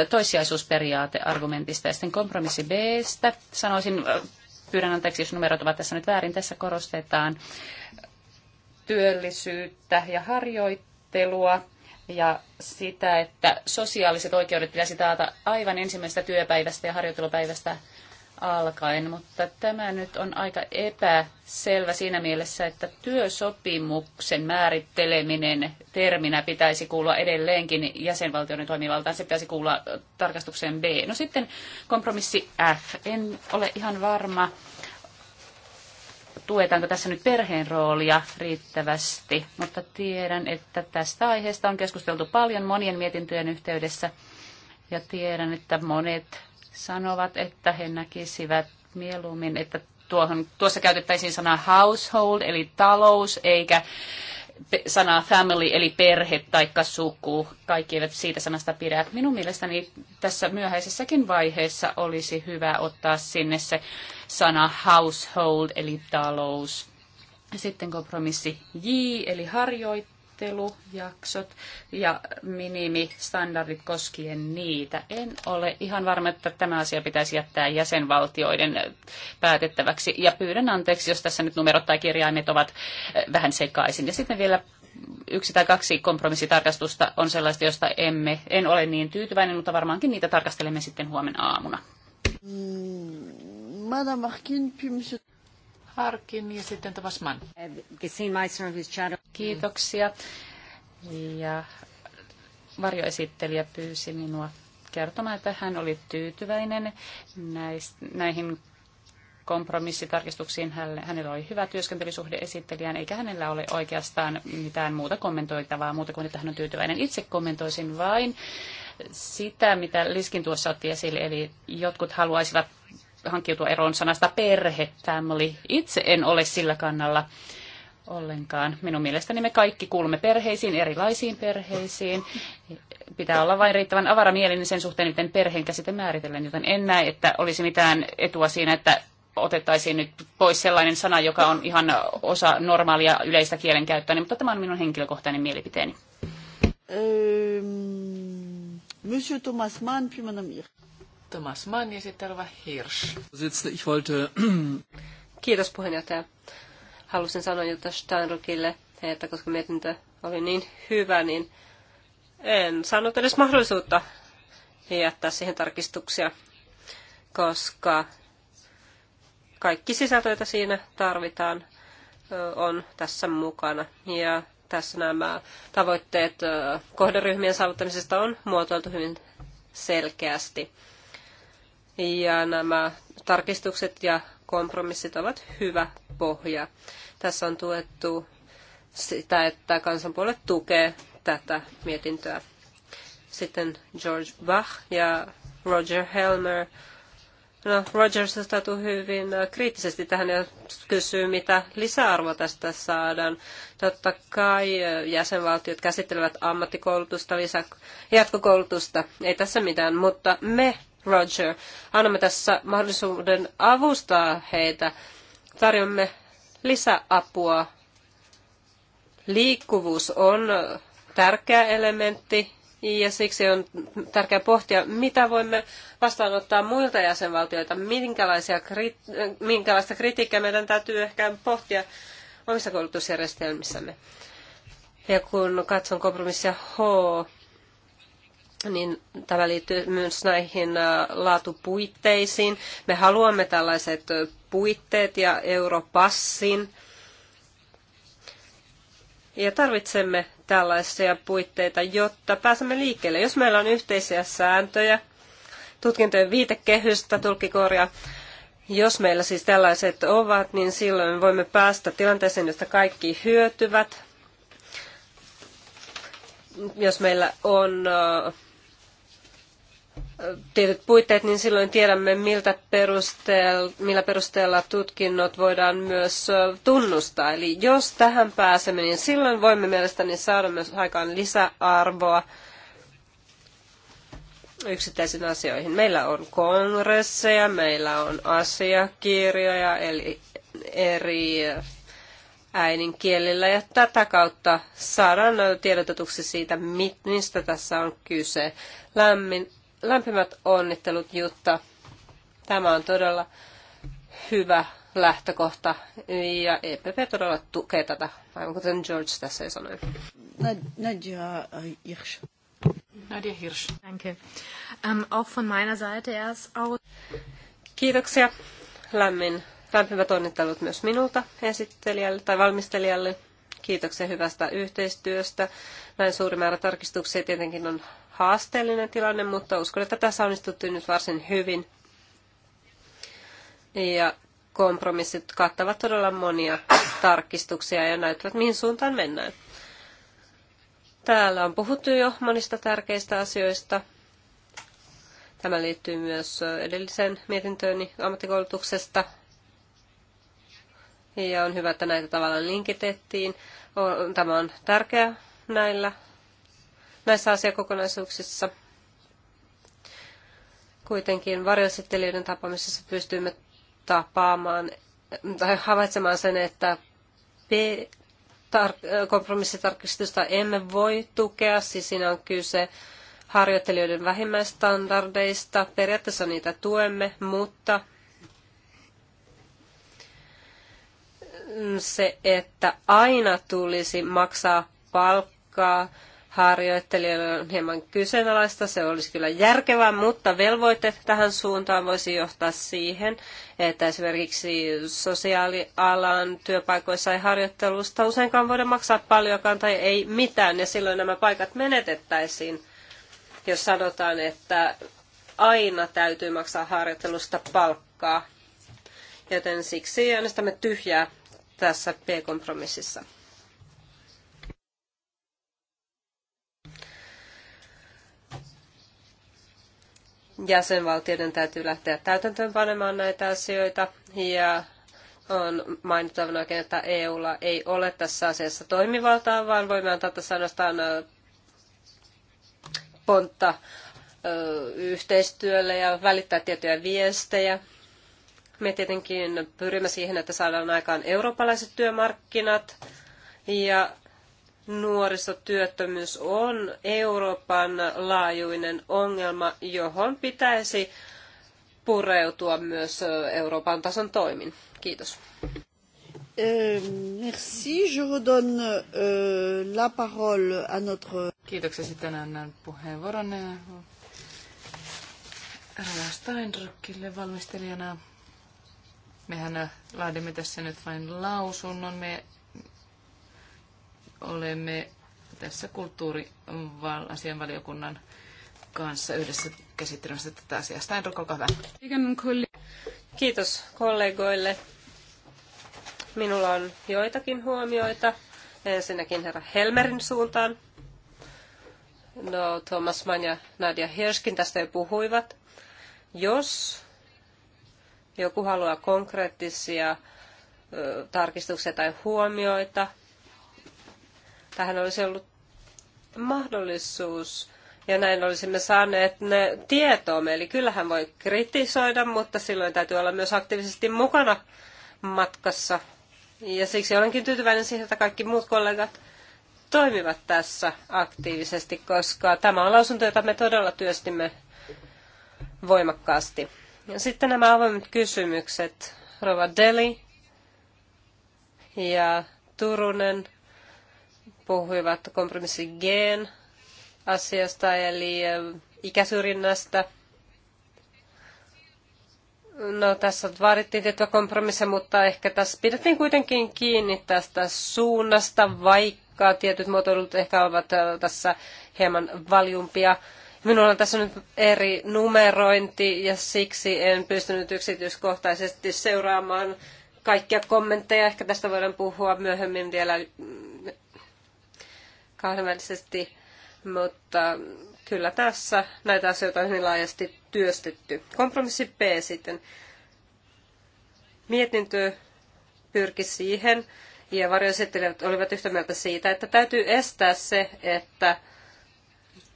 toissijaisuusperiaateargumentista. Ja sitten kompromissi Bstä sanoisin pyydän anteeksi, jos numerot ovat tässä nyt väärin, tässä korostetaan työllisyyttä ja harjoittelua ja sitä, että sosiaaliset oikeudet pitäisi taata aivan ensimmäisestä työpäivästä ja harjoittelupäivästä alkaen, mutta tämä nyt on aika epäselvä siinä mielessä, että työsopimuksen määritteleminen terminä pitäisi kuulua edelleenkin jäsenvaltioiden toimivaltaan, se pitäisi kuulua tarkastukseen B. No sitten kompromissi F. En ole ihan varma, tuetaanko tässä nyt perheen roolia riittävästi, mutta tiedän, että tästä aiheesta on keskusteltu paljon monien mietintöjen yhteydessä ja tiedän, että monet sanovat, että he näkisivät mieluummin, että tuohon, tuossa käytettäisiin sanaa household eli talous, eikä sanaa family eli perhe tai suku. Kaikki eivät siitä sanasta pidä. Minun mielestäni tässä myöhäisessäkin vaiheessa olisi hyvä ottaa sinne se sana household eli talous. Sitten kompromissi J eli harjoittaa haastattelujaksot ja minimistandardit koskien niitä. En ole ihan varma, että tämä asia pitäisi jättää jäsenvaltioiden päätettäväksi. Ja pyydän anteeksi, jos tässä nyt numerot tai kirjaimet ovat eh, vähän sekaisin. Ja sitten vielä yksi tai kaksi kompromissitarkastusta on sellaista, josta emme, en ole niin tyytyväinen, mutta varmaankin niitä tarkastelemme sitten huomenna aamuna. Mm, Madame Harkin, puis Monsieur... Harkin ja sitten Thomas Mann. Kiitoksia. Ja varjoesittelijä pyysi minua kertomaan, että hän oli tyytyväinen näihin kompromissitarkistuksiin. Hänellä oli hyvä työskentelysuhde esittelijään, eikä hänellä ole oikeastaan mitään muuta kommentoitavaa, muuta kuin että hän on tyytyväinen. Itse kommentoisin vain sitä, mitä Liskin tuossa otti esille, eli jotkut haluaisivat hankkiutua eroon sanasta perhe, family. Itse en ole sillä kannalla ollenkaan. Minun mielestäni me kaikki kuulumme perheisiin, erilaisiin perheisiin. Pitää olla vain riittävän avaramielinen sen suhteen, miten perheen käsite määritellään, joten en näe, että olisi mitään etua siinä, että otettaisiin nyt pois sellainen sana, joka on ihan osa normaalia yleistä kielenkäyttöä, mutta tämä on minun henkilökohtainen mielipiteeni. Monsieur Thomas Mann, puis Madame Thomas Mann ja sitten Alva Hirsch. Kiitos puheenjohtaja. Halusin sanoa Jutta Steinrukille, että koska mietintö oli niin hyvä, niin en saanut edes mahdollisuutta jättää siihen tarkistuksia, koska kaikki sisältö, siinä tarvitaan, on tässä mukana. Ja tässä nämä tavoitteet kohderyhmien saavuttamisesta on muotoiltu hyvin selkeästi ja nämä tarkistukset ja kompromissit ovat hyvä pohja. Tässä on tuettu sitä, että kansanpuolue tukee tätä mietintöä. Sitten George Bach ja Roger Helmer. No, Roger suhtautuu hyvin kriittisesti tähän ja kysyy, mitä lisäarvoa tästä saadaan. Totta kai jäsenvaltiot käsittelevät ammattikoulutusta, lisä, jatkokoulutusta, ei tässä mitään, mutta me Roger. Annamme tässä mahdollisuuden avustaa heitä. Tarjomme lisäapua. Liikkuvuus on tärkeä elementti ja siksi on tärkeää pohtia, mitä voimme vastaanottaa muilta jäsenvaltioilta, minkälaisia, minkälaista kritiikkiä meidän täytyy ehkä pohtia omissa koulutusjärjestelmissämme. Ja kun katson kompromissia H, niin tämä liittyy myös näihin äh, laatupuitteisiin. Me haluamme tällaiset äh, puitteet ja europassin. Ja tarvitsemme tällaisia puitteita, jotta pääsemme liikkeelle. Jos meillä on yhteisiä sääntöjä, tutkintojen viitekehystä, tulkikorja, jos meillä siis tällaiset ovat, niin silloin voimme päästä tilanteeseen, josta kaikki hyötyvät. Jos meillä on äh, tietyt puitteet, niin silloin tiedämme, miltä perusteella, millä perusteella tutkinnot voidaan myös tunnustaa. Eli jos tähän pääsemme, niin silloin voimme mielestäni saada myös aikaan lisäarvoa yksittäisiin asioihin. Meillä on kongresseja, meillä on asiakirjoja, eli eri äidinkielillä ja tätä kautta saadaan tiedotetuksi siitä, mistä tässä on kyse. Lämmin Lämpimät onnittelut Jutta. Tämä on todella hyvä lähtökohta ja EPP todella tukee tätä, aivan kuten George tässä ei sanoi. Nadja Hirsch. Nadja Hirsch. Danke. Um, auch von meiner Seite erst Kiitoksia. Lämmin, lämpimät onnittelut myös minulta esittelijälle tai valmistelijalle. Kiitoksia hyvästä yhteistyöstä. Näin suuri määrä tarkistuksia tietenkin on haasteellinen tilanne, mutta uskon, että tässä onnistuttiin nyt varsin hyvin. Ja kompromissit kattavat todella monia tarkistuksia ja näyttävät, mihin suuntaan mennään. Täällä on puhuttu jo monista tärkeistä asioista. Tämä liittyy myös edelliseen mietintööni ammattikoulutuksesta. Ja on hyvä, että näitä tavallaan linkitettiin. Tämä on tärkeä näillä näissä asiakokonaisuuksissa. Kuitenkin varjoesittelijöiden tapaamisessa pystyimme tapaamaan tai havaitsemaan sen, että P tar- kompromissitarkistusta emme voi tukea, siis siinä on kyse harjoittelijoiden vähimmäistandardeista. Periaatteessa niitä tuemme, mutta se, että aina tulisi maksaa palkkaa harjoittelijoille on hieman kyseenalaista. Se olisi kyllä järkevää, mutta velvoite tähän suuntaan voisi johtaa siihen, että esimerkiksi sosiaalialan työpaikoissa ei harjoittelusta useinkaan voida maksaa paljonkaan tai ei mitään, ja silloin nämä paikat menetettäisiin, jos sanotaan, että aina täytyy maksaa harjoittelusta palkkaa. Joten siksi äänestämme tyhjää tässä P-kompromississa. jäsenvaltioiden täytyy lähteä täytäntöönpanemaan näitä asioita ja on oikein, että EUlla ei ole tässä asiassa toimivaltaa, vaan voimme antaa tässä ainoastaan pontta yhteistyölle ja välittää tiettyjä viestejä. Me tietenkin pyrimme siihen, että saadaan aikaan eurooppalaiset työmarkkinat ja nuorisotyöttömyys on Euroopan laajuinen ongelma, johon pitäisi pureutua myös Euroopan tason toimin. Kiitos. Eh, merci. Je redonne eh, la parole à notre... Kiitoksia. Sitten annan puheenvuoron eh, Rala Steinrückille valmistelijana. Mehän laadimme tässä nyt vain lausunnon. Me olemme tässä kulttuuriasianvaliokunnan kanssa yhdessä käsittelemässä tätä asiaa. Steinruck, olkaa hyvä. Kiitos kollegoille. Minulla on joitakin huomioita. Ensinnäkin herra Helmerin suuntaan. No, Thomas Mann ja Nadia Hirschkin tästä jo puhuivat. Jos joku haluaa konkreettisia tarkistuksia tai huomioita, Tähän olisi ollut mahdollisuus ja näin olisimme saaneet ne tietoomme. Eli kyllähän voi kritisoida, mutta silloin täytyy olla myös aktiivisesti mukana matkassa. Ja siksi olenkin tyytyväinen siihen, että kaikki muut kollegat toimivat tässä aktiivisesti, koska tämä on lausunto, jota me todella työstimme voimakkaasti. Ja sitten nämä avoimet kysymykset. Rova Deli ja Turunen puhuivat kompromissi G asiasta eli eh, ikäsyrjinnästä. No tässä vaadittiin tiettyä kompromissia, mutta ehkä tässä pidettiin kuitenkin kiinni tästä suunnasta, vaikka tietyt muotoilut ehkä ovat eh, tässä hieman valjumpia. Minulla on tässä nyt eri numerointi ja siksi en pystynyt yksityiskohtaisesti seuraamaan kaikkia kommentteja. Ehkä tästä voidaan puhua myöhemmin vielä mm, kahdenvälisesti, mutta kyllä tässä näitä asioita on hyvin laajasti työstetty. Kompromissi B sitten. Mietintö pyrki siihen, ja varjoesittelijät olivat yhtä mieltä siitä, että täytyy estää se, että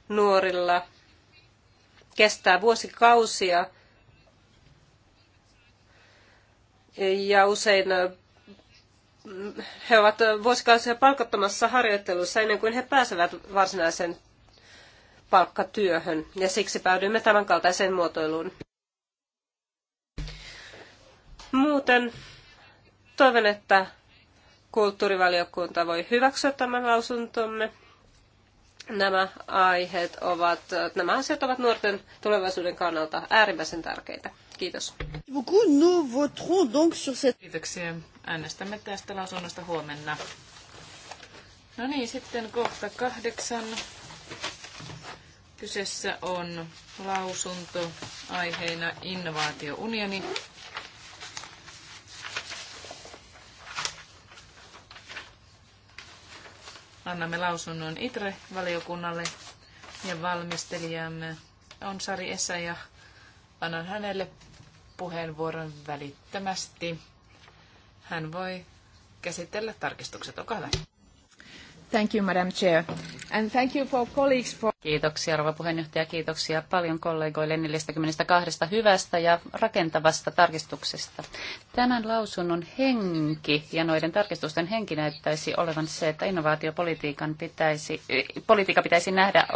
nuorilla kestää vuosikausia ja usein he ovat vuosikausia palkattomassa harjoittelussa ennen kuin he pääsevät varsinaiseen palkkatyöhön, ja siksi päädyimme tämän kaltaiseen muotoiluun. Muuten toivon, että kulttuurivaliokunta voi hyväksyä tämän lausuntomme. Nämä aiheet ovat, nämä asiat ovat nuorten tulevaisuuden kannalta äärimmäisen tärkeitä. Kiitos. Kiitoksia. Äänestämme tästä lausunnosta huomenna. No niin, sitten kohta kahdeksan. Kyseessä on lausunto aiheena innovaatiounioni. Annamme lausunnon ITRE-valiokunnalle ja valmistelijamme on Sari Essayah. Annan hänelle puheenvuoron välittömästi. Hän voi käsitellä tarkistukset. Olkaa hyvä. Thank you, Madam Chair. And thank you for colleagues for... Kiitoksia, rouva puheenjohtaja. Kiitoksia paljon kollegoille 42 hyvästä ja rakentavasta tarkistuksesta. Tämän lausunnon henki ja noiden tarkistusten henki näyttäisi olevan se, että innovaatiopolitiikan pitäisi, politiikka pitäisi nähdä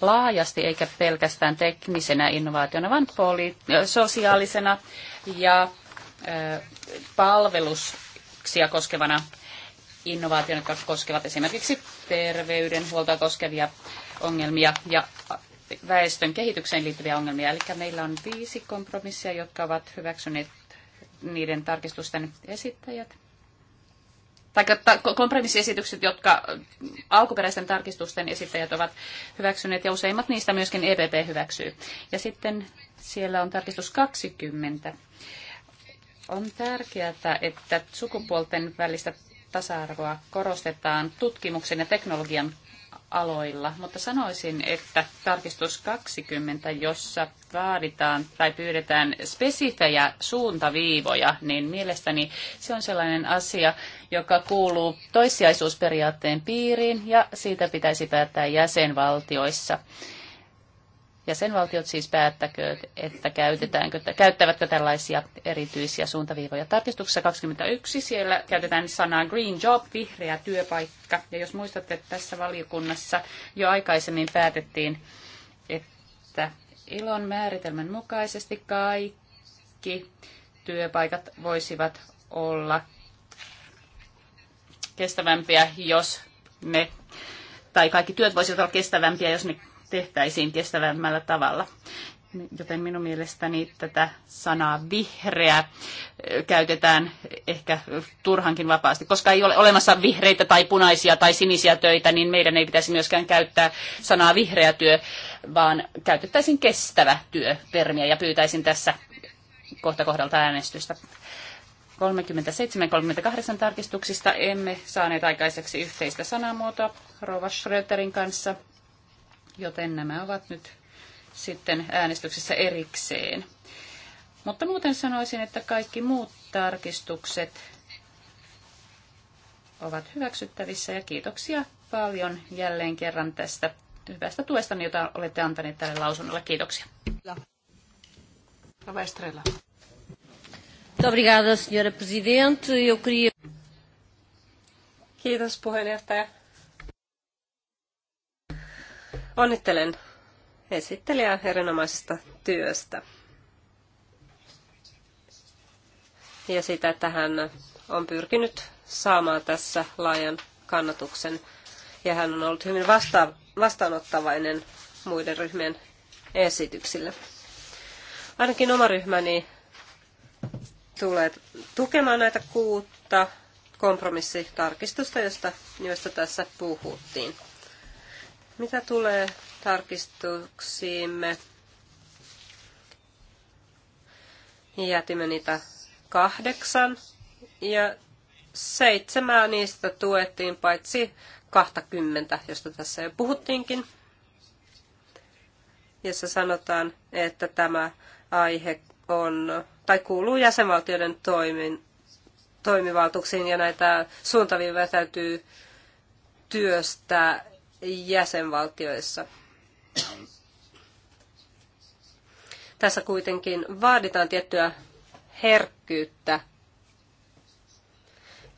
laajasti eikä pelkästään teknisenä innovaationa, vaan poli- sosiaalisena ja palveluksia koskevana innovaation, jotka koskevat esimerkiksi terveydenhuoltoa koskevia ongelmia ja väestön kehitykseen liittyviä ongelmia. Eli meillä on viisi kompromissia, jotka ovat hyväksyneet niiden tarkistusten esittäjät. Tai kompromissiesitykset, jotka alkuperäisten tarkistusten esittäjät ovat hyväksyneet, ja useimmat niistä myöskin EPP hyväksyy. Ja sitten siellä on tarkistus 20. On tärkeää, että sukupuolten välistä tasa-arvoa korostetaan tutkimuksen ja teknologian aloilla, mutta sanoisin, että tarkistus 20, jossa vaaditaan tai pyydetään spesifejä suuntaviivoja, niin mielestäni se on sellainen asia, joka kuuluu toissijaisuusperiaatteen piiriin ja siitä pitäisi päättää jäsenvaltioissa. Jäsenvaltiot siis päättäkööt, että käytetäänkö, käyttävätkö tällaisia erityisiä suuntaviivoja. Tarkistuksessa 21 siellä käytetään sanaa green job, vihreä työpaikka. Ja jos muistatte, että tässä valiokunnassa jo aikaisemmin päätettiin, että ilon määritelmän mukaisesti kaikki työpaikat voisivat olla kestävämpiä, jos ne, tai kaikki työt voisivat olla kestävämpiä, jos ne tehtäisiin kestävämmällä tavalla. Joten minun mielestäni tätä sanaa vihreä käytetään ehkä turhankin vapaasti. Koska ei ole olemassa vihreitä tai punaisia tai sinisiä töitä, niin meidän ei pitäisi myöskään käyttää sanaa vihreä työ, vaan käytettäisiin kestävä työ-termiä ja pyytäisin tässä kohta kohdalta äänestystä. 37-38 tarkistuksista emme saaneet aikaiseksi yhteistä sanamuotoa Rova Schröterin kanssa joten nämä ovat nyt sitten äänestyksessä erikseen. Mutta muuten sanoisin, että kaikki muut tarkistukset ovat hyväksyttävissä ja kiitoksia paljon jälleen kerran tästä hyvästä tuesta, jota olette antaneet tälle lausunnolle. Kiitoksia. Kiitos puheenjohtaja. Onnittelen esittelijää erinomaisesta työstä. Ja sitä, että hän on pyrkinyt saamaan tässä laajan kannatuksen. Ja hän on ollut hyvin vasta- vastaanottavainen muiden ryhmien esityksille. Ainakin oma ryhmäni tulee tukemaan näitä kuutta kompromissitarkistusta, josta, josta tässä puhuttiin. Mitä tulee tarkistuksiimme? Niin jätimme niitä kahdeksan ja seitsemää niistä tuettiin paitsi 20, josta tässä jo puhuttiinkin, jossa sanotaan, että tämä aihe on tai kuuluu jäsenvaltioiden toimin, toimivaltuuksiin ja näitä suuntaviivoja täytyy työstää jäsenvaltioissa. Tässä kuitenkin vaaditaan tiettyä herkkyyttä,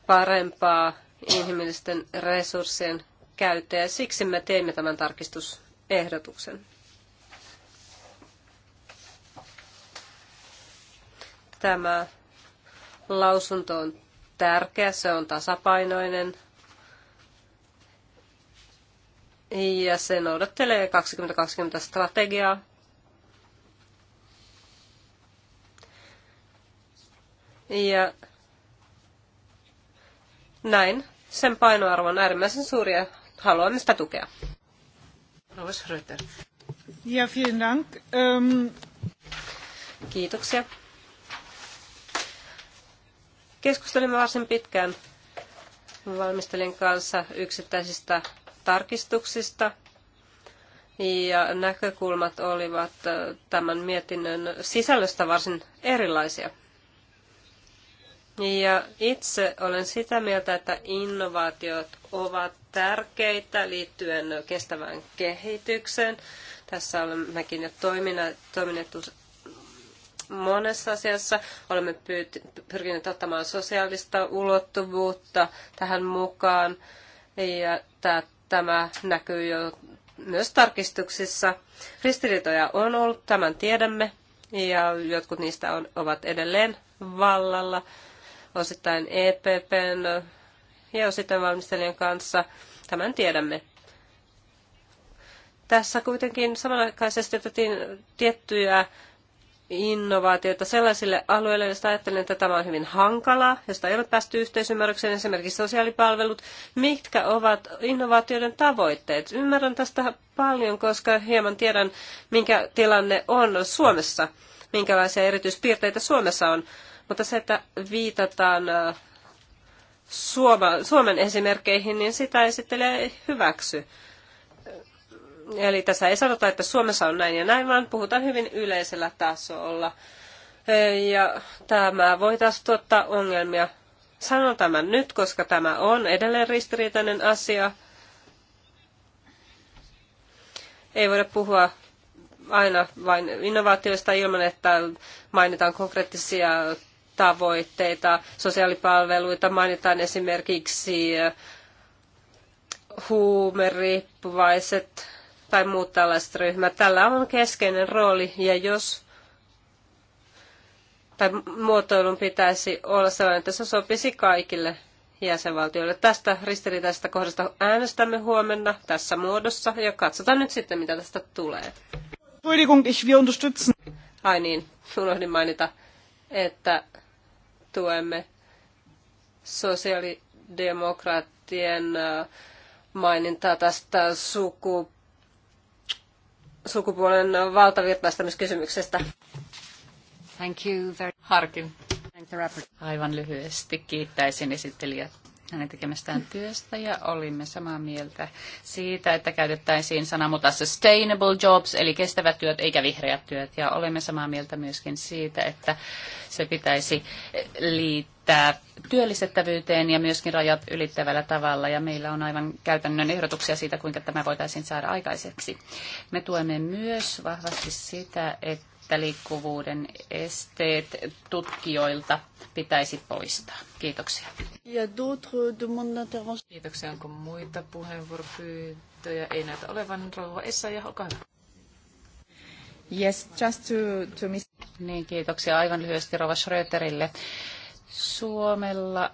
parempaa inhimillisten resurssien käyttöä siksi me teimme tämän tarkistusehdotuksen. Tämä lausunto on tärkeä, se on tasapainoinen – ja se noudattelee 2020 strategiaa. Ja näin sen painoarvo on äärimmäisen suuri ja haluamme sitä tukea. Ja, vielen dank. Um... Kiitoksia. Keskustelimme varsin pitkään valmistelin kanssa yksittäisistä tarkistuksista. Ja näkökulmat olivat tämän mietinnön sisällöstä varsin erilaisia. Ja itse olen sitä mieltä, että innovaatiot ovat tärkeitä liittyen kestävään kehitykseen. Tässä olemmekin jo toimineet monessa asiassa. Olemme pyrkineet ottamaan sosiaalista ulottuvuutta tähän mukaan. Ja tämä Tämä näkyy jo myös tarkistuksissa. Ristiriitoja on ollut, tämän tiedämme, ja jotkut niistä on, ovat edelleen vallalla, osittain EPPn ja osittain valmistelijan kanssa. Tämän tiedämme. Tässä kuitenkin samanaikaisesti otettiin tiettyjä innovaatioita sellaisille alueille, joista ajattelen, että tämä on hyvin hankalaa, josta ei ole päästy yhteisymmärrykseen, esimerkiksi sosiaalipalvelut. Mitkä ovat innovaatioiden tavoitteet? Ymmärrän tästä paljon, koska hieman tiedän, minkä tilanne on Suomessa, minkälaisia erityispiirteitä Suomessa on. Mutta se, että viitataan äh, Suoma, Suomen esimerkkeihin, niin sitä ei sitten hyväksy. Eli tässä ei sanota, että Suomessa on näin ja näin, vaan puhutaan hyvin yleisellä tasolla. E, ja tämä voi taas tuottaa ongelmia. Sanon tämän nyt, koska tämä on edelleen ristiriitainen asia. Ei voida puhua aina vain innovaatioista ilman, että mainitaan konkreettisia tavoitteita, sosiaalipalveluita, mainitaan esimerkiksi huumeriippuvaiset tai muut tällaiset ryhmät. Tällä on keskeinen rooli ja jos tai muotoilun pitäisi olla sellainen, että se sopisi kaikille jäsenvaltioille. Tästä ristiriitaisesta kohdasta äänestämme huomenna tässä muodossa ja katsotaan nyt sitten, mitä tästä tulee. Ai niin, unohdin mainita, että tuemme sosiaalidemokraattien äh, mainintaa tästä suku sukupuolen valtavirtaistamiskysymyksestä. Thank you very Harkin. Aivan lyhyesti kiittäisin esittelijät hänen tekemästään työstä ja olimme samaa mieltä siitä, että käytettäisiin mutta sustainable jobs, eli kestävät työt eikä vihreät työt. Ja olemme samaa mieltä myöskin siitä, että se pitäisi liittää työllistettävyyteen ja myöskin rajat ylittävällä tavalla. Ja meillä on aivan käytännön ehdotuksia siitä, kuinka tämä voitaisiin saada aikaiseksi. Me tuemme myös vahvasti sitä, että että liikkuvuuden esteet tutkijoilta pitäisi poistaa. Kiitoksia. Kiitoksia. Onko muita puheenvuoropyyntöjä? Ei näitä olevan. Rouva Essa ja olkaa Yes, just to, to miss... Niin, kiitoksia aivan lyhyesti Rova Schröterille. Suomella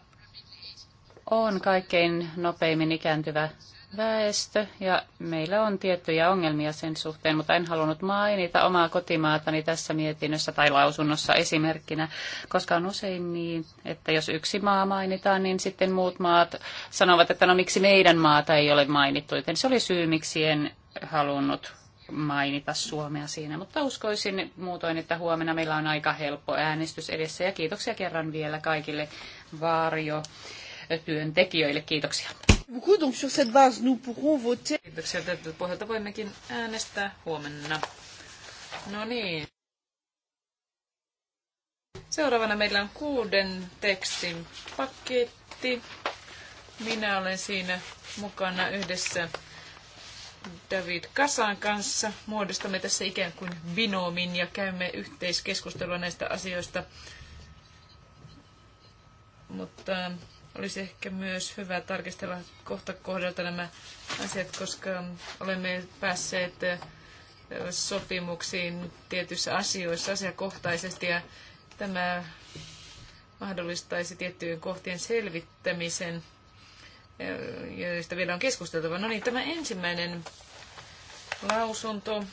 on kaikkein nopeimmin ikääntyvä väestö ja meillä on tiettyjä ongelmia sen suhteen, mutta en halunnut mainita omaa kotimaatani tässä mietinnössä tai lausunnossa esimerkkinä, koska on usein niin, että jos yksi maa mainitaan, niin sitten muut maat sanovat, että no miksi meidän maata ei ole mainittu, joten se oli syy, miksi en halunnut mainita Suomea siinä, mutta uskoisin muutoin, että huomenna meillä on aika helppo äänestys edessä ja kiitoksia kerran vielä kaikille varjo työntekijöille. Kiitoksia beaucoup. Donc sur cette base, nous pourrons voter. Kiitoksia. Tältä pohjalta voimmekin äänestää huomenna. No niin. Seuraavana meillä on kuuden tekstin paketti. Minä olen siinä mukana yhdessä David Kasan kanssa. Muodostamme tässä ikään kuin binomin ja käymme yhteiskeskustelua näistä asioista. Mutta olisi ehkä myös hyvä tarkistella kohta kohdalta nämä asiat, koska olemme päässeet sopimuksiin tietyissä asioissa asiakohtaisesti ja tämä mahdollistaisi tiettyjen kohtien selvittämisen, joista vielä on keskusteltava. No niin, tämä ensimmäinen lausunto.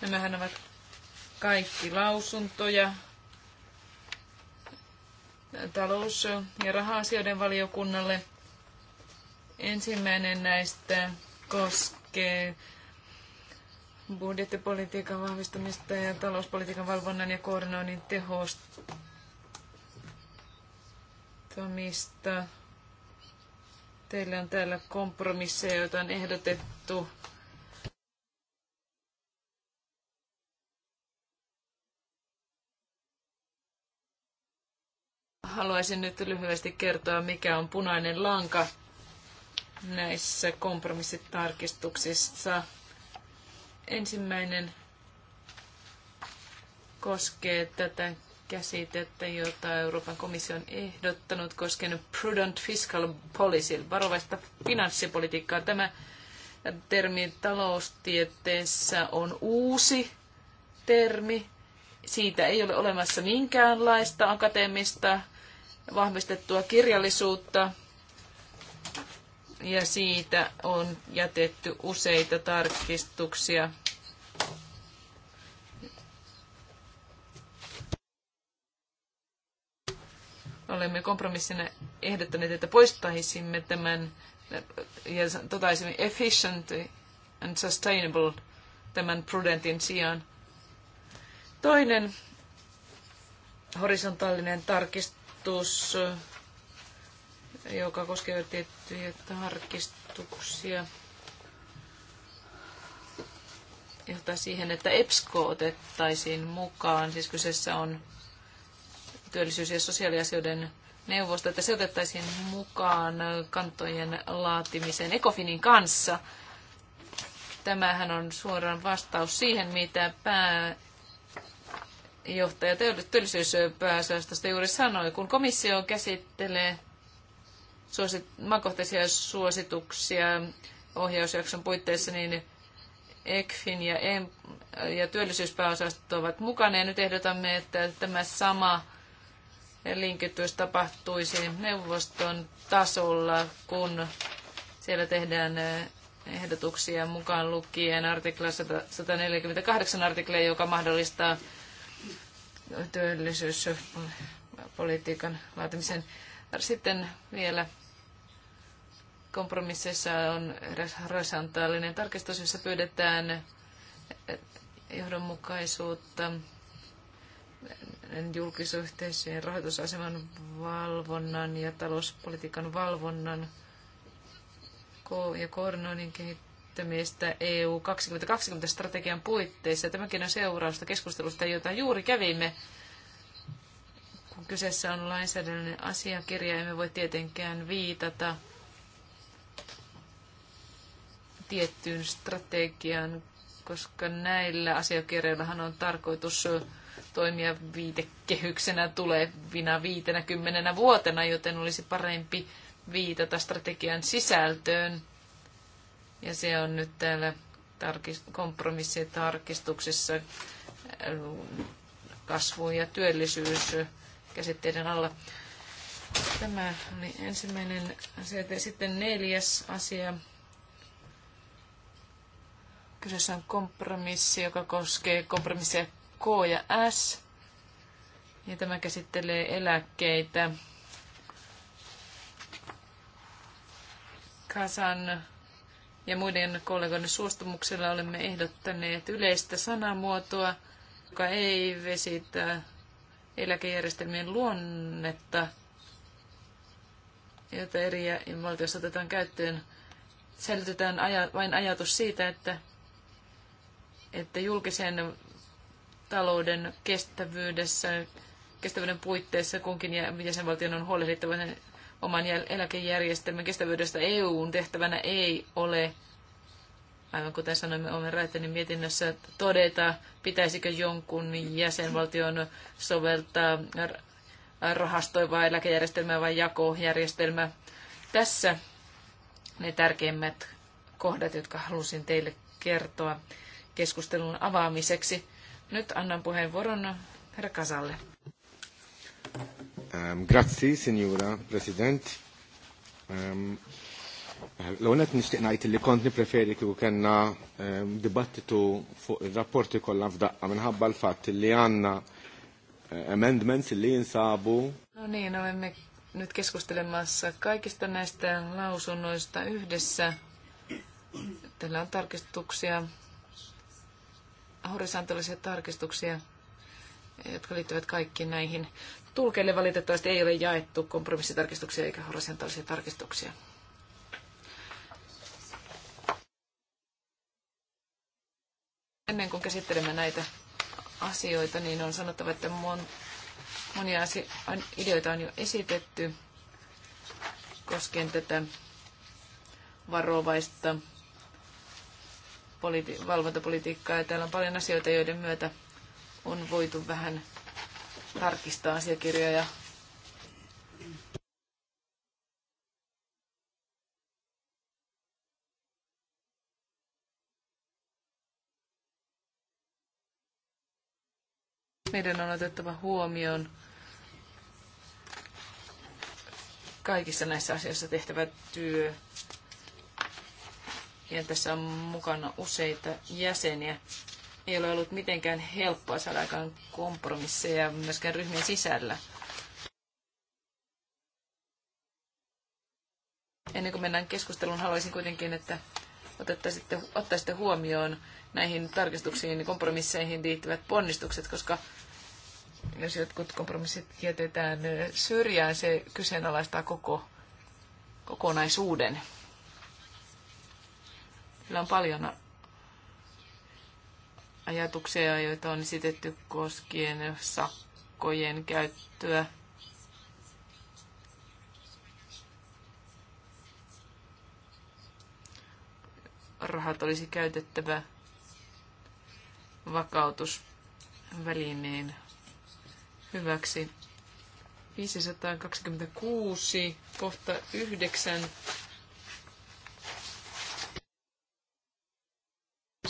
Nämähän ovat kaikki lausuntoja talous- ja raha-asioiden valiokunnalle. Ensimmäinen näistä koskee budjettipolitiikan vahvistamista ja talouspolitiikan valvonnan ja koordinoinnin tehostamista. Teillä on täällä kompromisseja, joita on ehdotettu Haluaisin nyt lyhyesti kertoa, mikä on punainen lanka näissä kompromissitarkistuksissa. Ensimmäinen koskee tätä käsitettä, jota Euroopan komissio on ehdottanut koskien prudent fiscal policy, varovaista finanssipolitiikkaa. Tämä termi taloustieteessä on uusi termi. Siitä ei ole olemassa minkäänlaista akateemista vahvistettua kirjallisuutta ja siitä on jätetty useita tarkistuksia. Olemme kompromissina ehdottaneet, että poistaisimme tämän ja totaisimme efficient and sustainable tämän prudentin sijaan. Toinen horisontaalinen tarkistus ehdotus, joka koskee tiettyjä tarkistuksia, johtaa siihen, että EPSCO otettaisiin mukaan. Siis kyseessä on työllisyys- ja sosiaaliasioiden neuvosto, että se otettaisiin mukaan kantojen laatimiseen Ecofinin kanssa. Tämähän on suoraan vastaus siihen, mitä pää johtaja työllisyyspääsäästöstä juuri sanoi, kun komissio käsittelee suosit, maakohtaisia suosituksia ohjausjakson puitteissa, niin ECFIN ja, e- ja työllisyyspääosasto ovat mukana. Ja nyt ehdotamme, että tämä sama linkitys tapahtuisi neuvoston tasolla, kun siellä tehdään eh, ehdotuksia mukaan lukien artikla 148 artikla, joka mahdollistaa työllisyyspolitiikan laatimisen. Sitten vielä kompromisseissa on eräs horisontaalinen tarkistus, jossa pyydetään johdonmukaisuutta julkisyhteisöjen rahoitusaseman valvonnan ja talouspolitiikan valvonnan ja koordinoinnin kehittämisen kehittämistä EU 2020-strategian puitteissa. Tämäkin on seurausta keskustelusta, jota juuri kävimme. Kun kyseessä on lainsäädännön asiakirja, emme voi tietenkään viitata tiettyyn strategiaan, koska näillä asiakirjoillahan on tarkoitus toimia viitekehyksenä tulevina 50 kymmenenä vuotena, joten olisi parempi viitata strategian sisältöön ja se on nyt täällä tarkist- kompromissitarkistuksessa äh, kasvu- ja työllisyys äh, käsitteiden alla. Tämä oli ensimmäinen asia. Sitten neljäs asia. Kyseessä on kompromissi, joka koskee kompromisseja K ja S. Ja tämä käsittelee eläkkeitä. Kasan ja muiden kollegoiden suostumuksella olemme ehdottaneet yleistä sanamuotoa, joka ei vesitä eläkejärjestelmien luonnetta, jota eri valtioissa otetaan käyttöön. Säilytetään aja, vain ajatus siitä, että, että julkisen talouden kestävyydessä, kestävyyden puitteissa kunkin jäsenvaltion on huolehdittava oman eläkejärjestelmän kestävyydestä EUn tehtävänä ei ole, aivan kuten sanoimme Omen Raitenin mietinnössä, todeta, pitäisikö jonkun jäsenvaltion soveltaa rahastoivaa eläkejärjestelmää vai jakojärjestelmää. Tässä ne tärkeimmät kohdat, jotka halusin teille kertoa keskustelun avaamiseksi. Nyt annan puheenvuoron herra Kasalle. Um, grazzi, Signora President. Um, L-għonet nishtiq najt li kont nipreferi kiku kena um, dibattitu fuq il-rapporti kollha f'daqqa minħabba l-fatt li għanna uh, amendments li jinsabu. No niin, olemme no, nyt keskustelemassa kaikista näistä lausunnoista yhdessä. Tällä on tarkistuksia, horisontaalisia tarkistuksia, jotka liittyvät kaikkiin näihin Tulkeille valitettavasti ei ole jaettu kompromissitarkistuksia eikä horisontaalisia tarkistuksia. Ennen kuin käsittelemme näitä asioita, niin on sanottava, että mon, monia asio- ideoita on jo esitetty koskien tätä varovaista politi- valvontapolitiikkaa. Ja täällä on paljon asioita, joiden myötä on voitu vähän tarkistaa asiakirjoja. Meidän on otettava huomioon kaikissa näissä asioissa tehtävä työ. Ja tässä on mukana useita jäseniä. Ei ole ollut mitenkään helppoa saada aikaan kompromisseja myöskään ryhmien sisällä. Ennen kuin mennään keskusteluun, haluaisin kuitenkin, että ottaisitte, ottaisitte huomioon näihin tarkistuksiin niin kompromisseihin liittyvät ponnistukset, koska jos jotkut kompromissit jätetään syrjään, se kyseenalaistaa koko kokonaisuuden. Sillä on paljon ajatuksia, joita on esitetty koskien sakkojen käyttöä. Rahat olisi käytettävä vakautusvälineen hyväksi. 526 kohta 9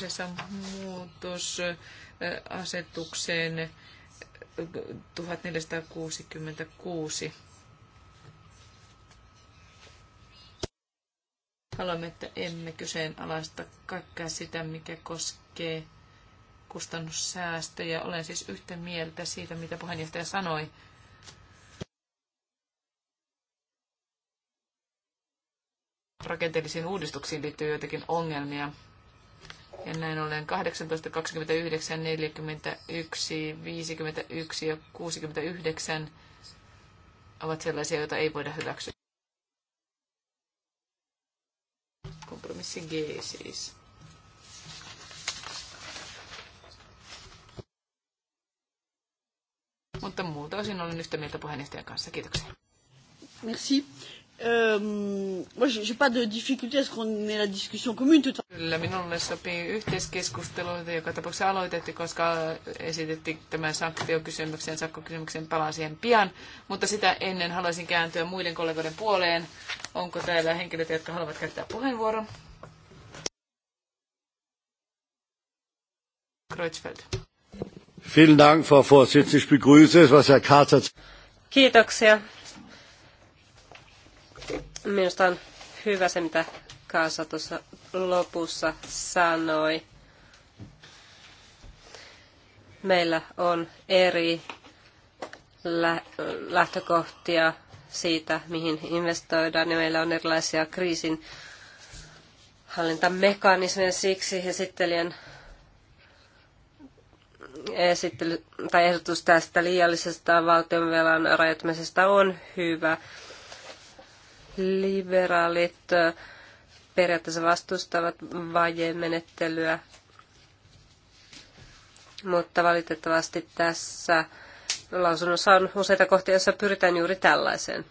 Kyseessä muutosasetukseen 1466. Haluamme, että emme kyseenalaista kaikkea sitä, mikä koskee kustannussäästöjä. Olen siis yhtä mieltä siitä, mitä puheenjohtaja sanoi. Rakenteellisiin uudistuksiin liittyy joitakin ongelmia, ja näin ollen 18, 29, 41, 51 ja 69 ovat sellaisia, joita ei voida hyväksyä. Kompromissi G siis. Mutta muuta osin olen yhtä mieltä puheenjohtajan kanssa. Kiitoksia. Merci. Euh, moi, je n'ai pas de difficulté à ce qu'on ait la discussion commune tout à l'heure. Kyllä minulle sopii yhteiskeskustelu, joka tapauksessa aloitettiin, koska esitettiin tämän sanktiokysymyksen, sakkokysymyksen palaan siihen pian. Mutta sitä ennen haluaisin kääntyä muiden kollegoiden puoleen. Onko täällä henkilöitä, jotka haluavat käyttää puheenvuoron? Kreuzfeld. Vielen Dank, Frau Vorsitz. Ich begrüße es, was Herr Karzer... Kiitoksia, Minusta on hyvä se, mitä Kaasa tuossa lopussa sanoi. Meillä on eri lähtökohtia siitä, mihin investoidaan, ja meillä on erilaisia kriisin hallintamekanismeja siksi esittelijän esittely, tai ehdotus tästä liiallisesta valtionvelan rajoittamisesta on hyvä liberaalit periaatteessa vastustavat vajeen menettelyä, mutta valitettavasti tässä lausunnossa on useita kohtia, joissa pyritään juuri tällaiseen.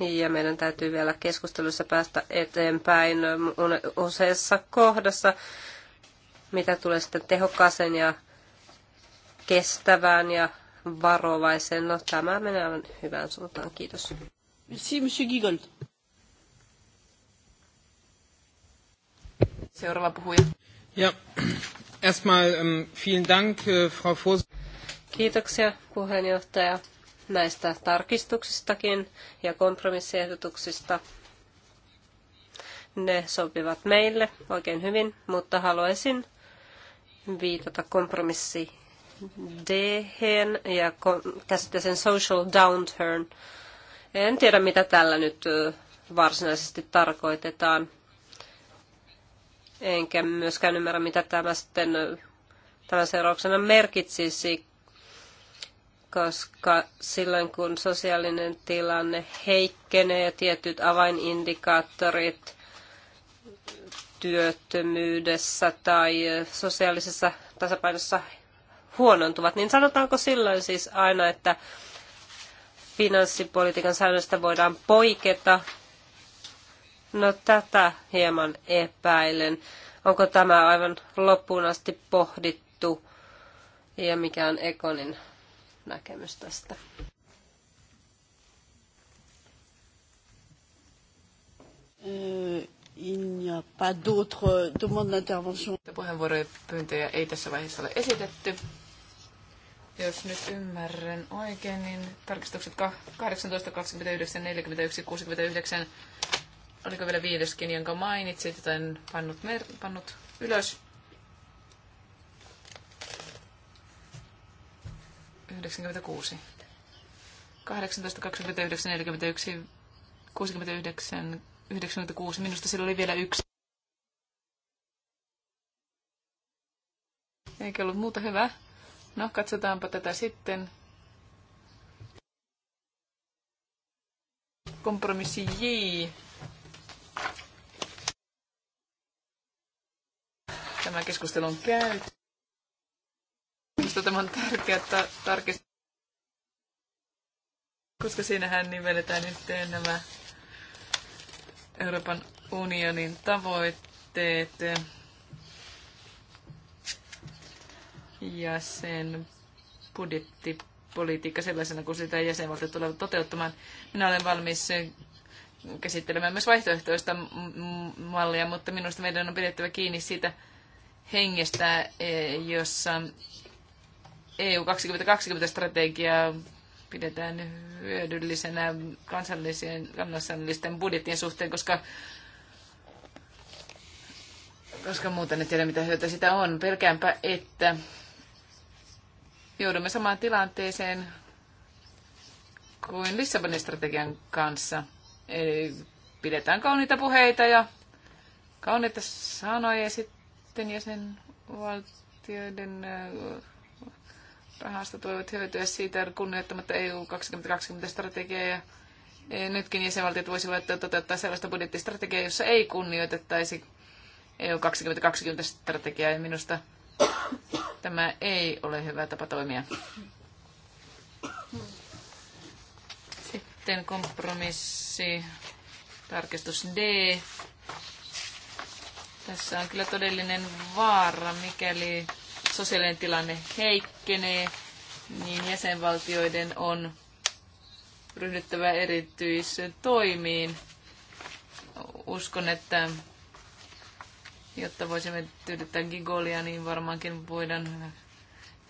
Ja meidän täytyy vielä keskustelussa päästä eteenpäin useassa kohdassa, mitä tulee sitten tehokkaaseen ja kestävään ja varovaiseen. No tämä menee aivan hyvään suuntaan. Kiitos. Merci, Monsieur Seuraava puhuja. Ja, erstmal ähm, vielen Dank, äh, Frau Vos. Kiitoksia puheenjohtaja näistä tarkistuksistakin ja kompromissiehdotuksista. Ne sopivat meille oikein hyvin, mutta haluaisin viitata kompromissi d ja käsitteeseen social downturn. En tiedä, mitä tällä nyt varsinaisesti tarkoitetaan enkä myöskään ymmärrä, mitä tämä sitten tämän seurauksena merkitsisi, koska silloin kun sosiaalinen tilanne heikkenee ja tietyt avainindikaattorit työttömyydessä tai sosiaalisessa tasapainossa huonontuvat, niin sanotaanko silloin siis aina, että finanssipolitiikan säännöstä voidaan poiketa No tätä hieman epäilen. Onko tämä aivan loppuun asti pohdittu ja mikä on Ekonin näkemys tästä? Euh, pyyntöjä ei tässä vaiheessa ole esitetty. Jos nyt ymmärrän oikein, niin tarkistukset 18, 29, 41, 69 Oliko vielä viideskin, jonka mainitsit, jota en pannut, mer- pannut ylös? 96. Minusta sillä oli vielä yksi. Eikä ollut muuta hyvää. No, katsotaanpa tätä sitten. Kompromissi J tämän keskustelun käyty. Minusta tämä on tärkeää tarkistaa, koska siinähän nimeletään yhteen nämä Euroopan unionin tavoitteet ja sen budjettipolitiikka sellaisena kuin sitä jäsenvaltio tulee toteuttamaan. Minä olen valmis käsittelemään myös vaihtoehtoista mallia, mutta minusta meidän on pidettävä kiinni siitä hengestä, e, jossa EU 2020-strategiaa pidetään hyödyllisenä kansallisen, kansallisten budjettien suhteen, koska, koska muuten en tiedä, mitä hyötyä sitä on. Pelkäänpä, että joudumme samaan tilanteeseen kuin Lissabonin strategian kanssa. Eli pidetään kauniita puheita ja kauniita sanoja ja sitten sitten jäsenvaltioiden äh, rahasta voivat hyötyä siitä kunnioittamatta EU 2020-strategiaa ja nytkin jäsenvaltiot voisivat toteuttaa sellaista budjettistrategiaa, jossa ei kunnioitettaisi EU 2020-strategiaa ja minusta tämä ei ole hyvä tapa toimia. Sitten kompromissi, tarkistus D tässä on kyllä todellinen vaara, mikäli sosiaalinen tilanne heikkenee, niin jäsenvaltioiden on ryhdyttävä erityistoimiin. Uskon, että jotta voisimme tyydyttää Gigolia, niin varmaankin voidaan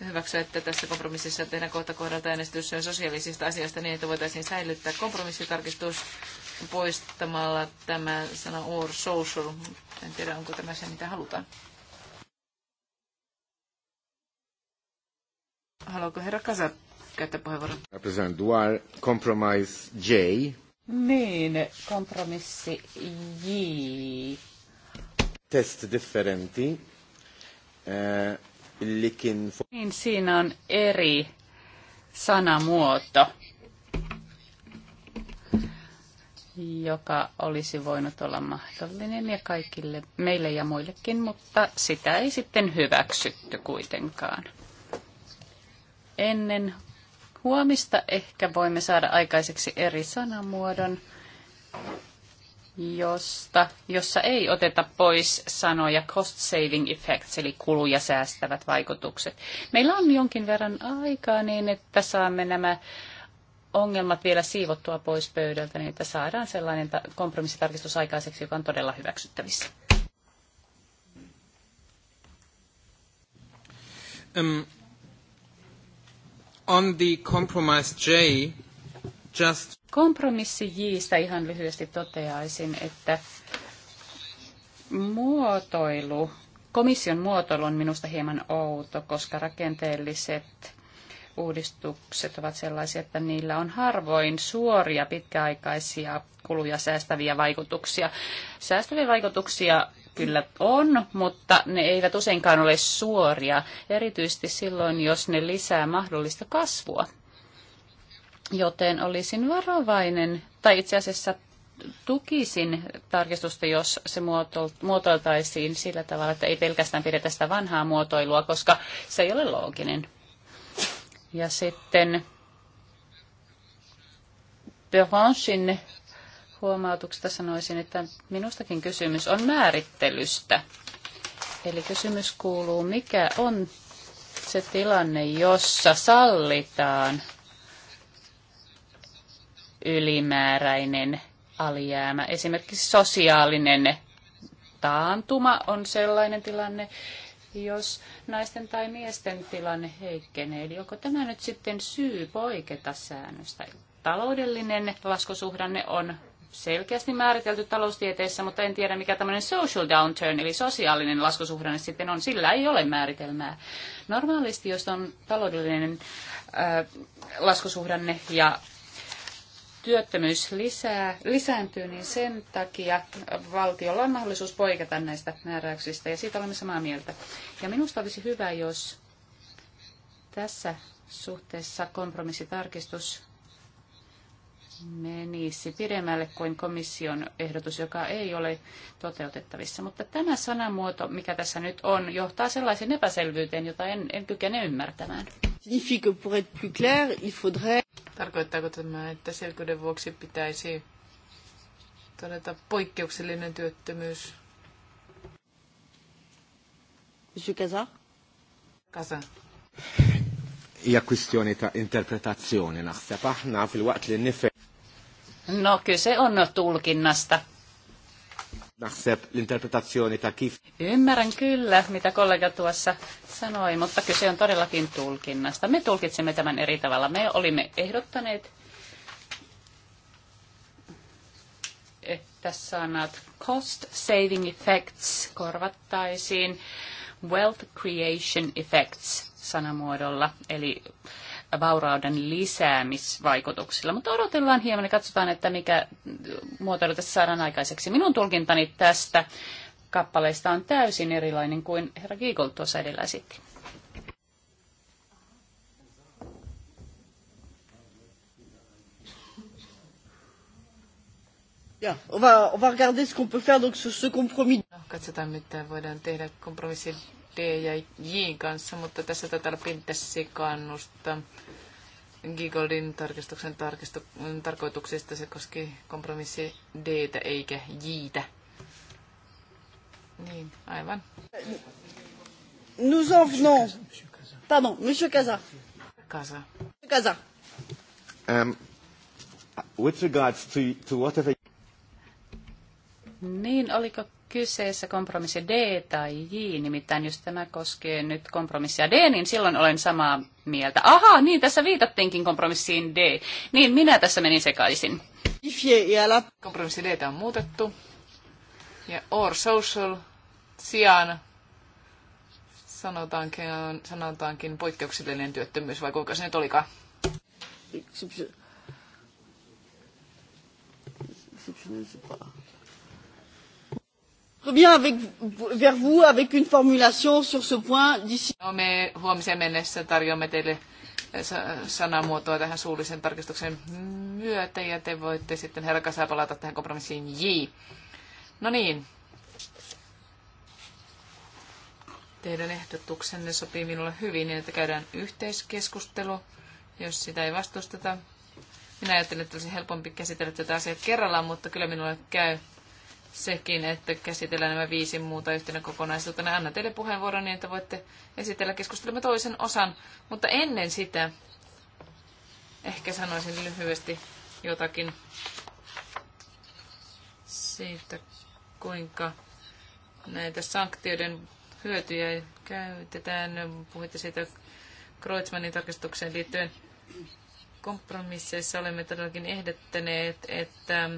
hyväksyä, että tässä kompromississa tehdään kohta kohdalta äänestys sosiaalisista asioista niin, että voitaisiin säilyttää kompromissitarkistus poistamalla tämä sana or social. En tiedä, onko tämä se, mitä halutaan. Haluaako herra Kasa käyttää puheenvuoron? Represent Duar, compromise J. Niin, kompromissi J. Test differenti. Uh, for... Niin, siinä on eri sanamuoto joka olisi voinut olla mahdollinen ja kaikille meille ja muillekin, mutta sitä ei sitten hyväksytty kuitenkaan. Ennen huomista ehkä voimme saada aikaiseksi eri sanamuodon, josta, jossa ei oteta pois sanoja cost saving effects, eli kuluja säästävät vaikutukset. Meillä on jonkin verran aikaa niin, että saamme nämä ongelmat vielä siivottua pois pöydältä, niin että saadaan sellainen kompromissitarkistus aikaiseksi, joka on todella hyväksyttävissä. Um, on the compromise J, just... Kompromissi Jistä ihan lyhyesti toteaisin, että muotoilu, komission muotoilu on minusta hieman outo, koska rakenteelliset uudistukset ovat sellaisia, että niillä on harvoin suoria pitkäaikaisia kuluja säästäviä vaikutuksia. Säästäviä vaikutuksia kyllä on, mutta ne eivät useinkaan ole suoria, erityisesti silloin, jos ne lisää mahdollista kasvua. Joten olisin varovainen, tai itse asiassa tukisin tarkistusta, jos se muotoiltaisiin sillä tavalla, että ei pelkästään pidetä sitä vanhaa muotoilua, koska se ei ole looginen. Ja sitten Berangein huomautuksesta sanoisin, että minustakin kysymys on määrittelystä. Eli kysymys kuuluu, mikä on se tilanne, jossa sallitaan ylimääräinen alijäämä. Esimerkiksi sosiaalinen taantuma on sellainen tilanne, jos naisten tai miesten tilanne heikkenee. Eli onko tämä nyt sitten syy poiketa säännöstä? Taloudellinen laskusuhdanne on selkeästi määritelty taloustieteessä, mutta en tiedä mikä tämmöinen social downturn, eli sosiaalinen laskusuhdanne sitten on. Sillä ei ole määritelmää. Normaalisti, jos on taloudellinen äh, laskusuhdanne ja työttömyys lisää, lisääntyy, niin sen takia valtiolla on mahdollisuus poiketa näistä määräyksistä ja siitä olemme samaa mieltä. Ja minusta olisi hyvä, jos tässä suhteessa kompromissitarkistus menisi pidemmälle kuin komission ehdotus, joka ei ole toteutettavissa. Mutta tämä sanamuoto, mikä tässä nyt on, johtaa sellaisen epäselvyyteen, jota en, en kykene ymmärtämään. Signifie que pour être plus clair, il faudrait Tarkoittaako tämä, että selkyyden vuoksi pitäisi todeta poikkeuksellinen työttömyys? Monsieur Casa? Casa. Ja kwistjoni ta' interpretazzjoni naħseb No, kyse on tulkinnasta. Ymmärrän kyllä, mitä kollega tuossa sanoi, mutta kyse on todellakin tulkinnasta. Me tulkitsemme tämän eri tavalla. Me olimme ehdottaneet, että sanat cost saving effects korvattaisiin wealth creation effects sanamuodolla, eli vaurauden lisäämisvaikutuksilla. Mutta odotellaan hieman ja katsotaan, että mikä muotoilu tässä saadaan aikaiseksi. Minun tulkintani tästä kappaleesta on täysin erilainen kuin herra Giegel tuossa edellä esitti. Bien, on va, on va regarder ce qu'on peut faire donc sur ce compromis. Katsotaan, mitä voidaan tehdä kompromissin D ja J kanssa, mutta tässä taitaa olla pientä sekannusta. Gigoldin tarkistuksen tarkistu, tarkoituksista se koski kompromissi d eikä J-tä. Niin, aivan. Nous en venons. Pardon, Monsieur Kaza. Kaza. Kaza. Um, with regards to, to whatever... Niin, oliko kyseessä kompromissi D tai J, nimittäin jos tämä koskee nyt kompromissia D, niin silloin olen samaa mieltä. Aha, niin tässä viitattiinkin kompromissiin D. Niin, minä tässä menin sekaisin. Kompromissi D on muutettu. Ja or social sijaan sanotaankin, sanotaankin poikkeuksellinen työttömyys, vai kuinka se nyt olikaan? Exceptionnel, c'est pas reviens avec, vers vous avec une formulation sur ce point d'ici. No, me huomiseen mennessä tarjoamme teille eh, sanamuotoa tähän suullisen tarkistuksen myötä ja te voitte sitten herra palata tähän kompromissiin J. No niin. Teidän ehdotuksenne sopii minulle hyvin niin, että käydään yhteiskeskustelu, jos sitä ei vastusteta. Minä ajattelin, että olisi helpompi käsitellä tätä asiaa kerrallaan, mutta kyllä minulle käy sekin, että käsitellään nämä viisi muuta yhtenä kokonaisuutena. Anna teille puheenvuoron niin, että voitte esitellä keskustelemme toisen osan. Mutta ennen sitä ehkä sanoisin lyhyesti jotakin siitä, kuinka näitä sanktioiden hyötyjä käytetään. Puhuitte siitä Kreutzmannin tarkistukseen liittyen kompromisseissa olemme todellakin ehdottaneet, että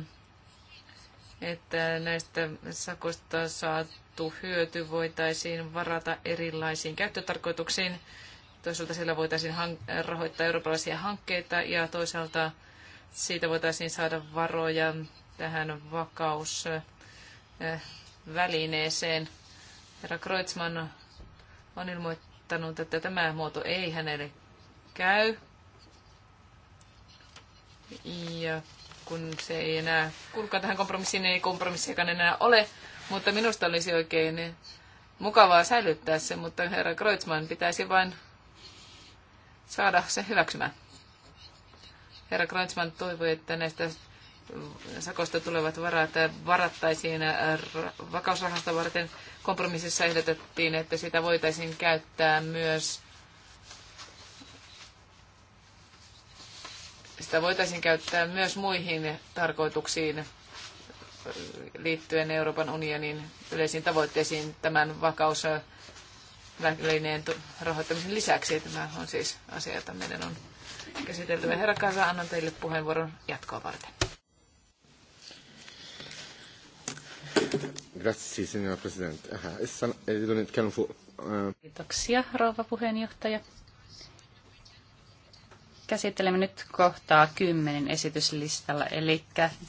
että näistä sakoista saatu hyöty voitaisiin varata erilaisiin käyttötarkoituksiin. Toisaalta sillä voitaisiin rahoittaa eurooppalaisia hankkeita ja toisaalta siitä voitaisiin saada varoja tähän vakausvälineeseen. Eh, Herra Kreutzmann on ilmoittanut, että tämä muoto ei hänelle käy. Ja kun se ei enää kuulukaan tähän kompromissiin, ei kompromissiakaan enää ole, mutta minusta olisi oikein mukavaa säilyttää se, mutta herra Kreutzmann pitäisi vain saada se hyväksymään. Herra Kreutzmann toivoi, että näistä sakosta tulevat varat varattaisiin vakausrahasta varten. Kompromississa ehdotettiin, että sitä voitaisiin käyttää myös Sitä voitaisiin käyttää myös muihin tarkoituksiin liittyen Euroopan unionin yleisiin tavoitteisiin tämän vakaus välineen rahoittamisen lisäksi. Tämä on siis asia, jota meidän on käsitelty. Herra Kansa, annan teille puheenvuoron jatkoa varten. Grazie, signora Presidente. Aha, essa, eh, eh Kiitoksia, rouva puheenjohtaja käsittelemme nyt kohtaa 10 esityslistalla, eli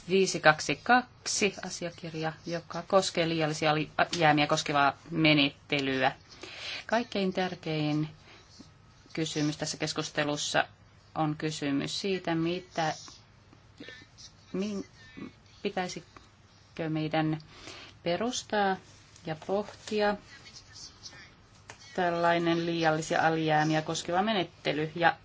522 asiakirja, joka koskee liiallisia jäämiä koskevaa menettelyä. Kaikkein tärkein kysymys tässä keskustelussa on kysymys siitä, mitä min, pitäisikö meidän perustaa ja pohtia tällainen liiallisia alijäämiä koskeva menettely ja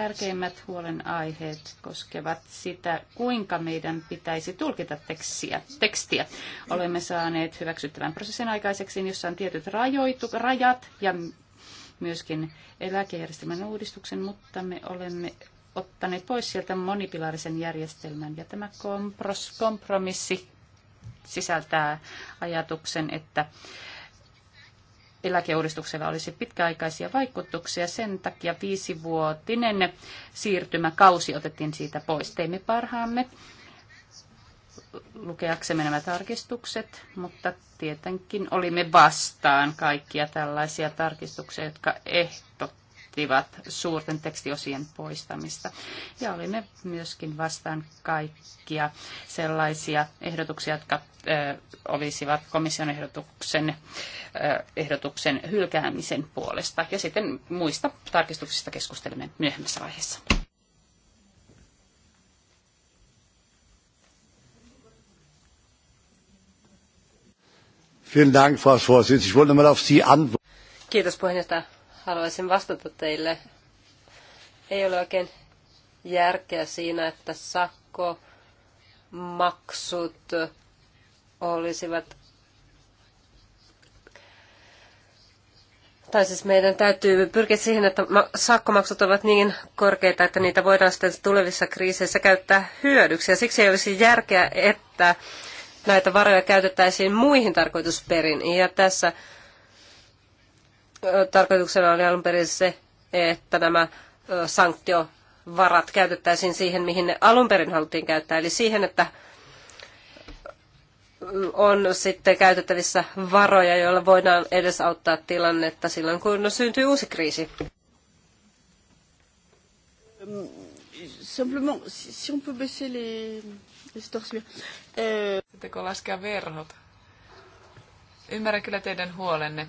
tärkeimmät huolenaiheet koskevat sitä, kuinka meidän pitäisi tulkita tekstiä. tekstiä. Olemme saaneet hyväksyttävän prosessin aikaiseksi, jossa on tietyt rajoitu, rajat ja myöskin eläkejärjestelmän uudistuksen, mutta me olemme ottaneet pois sieltä monipilarisen järjestelmän. Ja tämä kompros, kompromissi sisältää ajatuksen, että eläkeuudistuksella olisi pitkäaikaisia vaikutuksia. Sen takia viisivuotinen siirtymäkausi otettiin siitä pois. Teimme parhaamme lukeaksemme nämä tarkistukset, mutta tietenkin olimme vastaan kaikkia tällaisia tarkistuksia, jotka ehtoivat vaativat suurten tekstiosien poistamista. Ja olimme myöskin vastaan kaikkia sellaisia ehdotuksia, jotka olisivat komission ehdotuksen, ehdotuksen hylkäämisen puolesta. Ja sitten muista tarkistuksista keskustelemme myöhemmässä vaiheessa. Vielen Dank, Frau Schwarz. Ich wollte mal auf Sie antworten. Kiitos puheenjohtaja haluaisin vastata teille. Ei ole oikein järkeä siinä, että maksut olisivat Tai siis meidän täytyy pyrkiä siihen, että sakkomaksut ovat niin korkeita, että niitä voidaan sitten tulevissa kriiseissä käyttää hyödyksi. Ja siksi ei olisi järkeä, että näitä varoja käytettäisiin muihin tarkoitusperin Ja tässä tarkoituksena oli alun perin se, että nämä sanktiovarat käytettäisiin siihen, mihin ne alun perin haluttiin käyttää, eli siihen, että on sitten käytettävissä varoja, joilla voidaan edesauttaa tilannetta silloin, kun syntyy uusi kriisi. Simplement, si on peut baisser les, les torsions. Euh, Sittenkö laskea verhot? Ymmärrän kyllä teidän huolenne.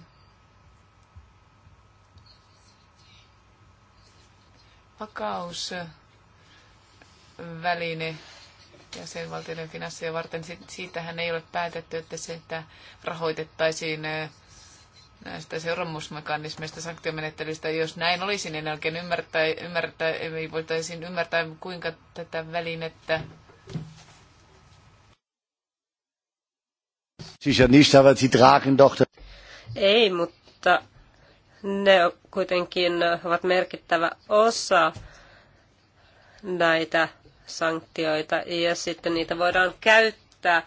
vakausväline jäsenvaltioiden finanssia varten, siitähän ei ole päätetty, että että rahoitettaisiin näistä seuraamusmekanismeista, sanktiomenettelystä. Jos näin olisi, niin oikein ymmärtää, ymmärtää, ei voitaisiin ymmärtää, kuinka tätä välinettä Sicher nicht, aber sie tragen doch... Ei, mutta ne kuitenkin ovat merkittävä osa näitä sanktioita ja sitten niitä voidaan käyttää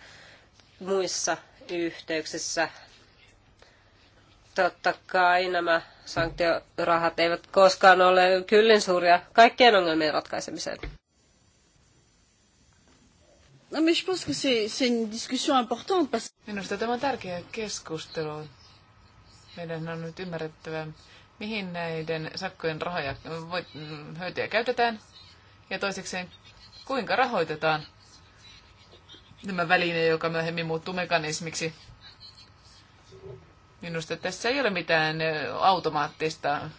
muissa yhteyksissä. Totta kai nämä sanktiorahat eivät koskaan ole kyllin suuria kaikkien ongelmien ratkaisemiseen. No, Minusta tämä on tärkeä keskustelu meidän on nyt ymmärrettävä, mihin näiden sakkojen rahoja hyötyjä käytetään ja toisekseen, kuinka rahoitetaan tämä väline, joka myöhemmin muuttuu mekanismiksi. Minusta tässä ei ole mitään automaattista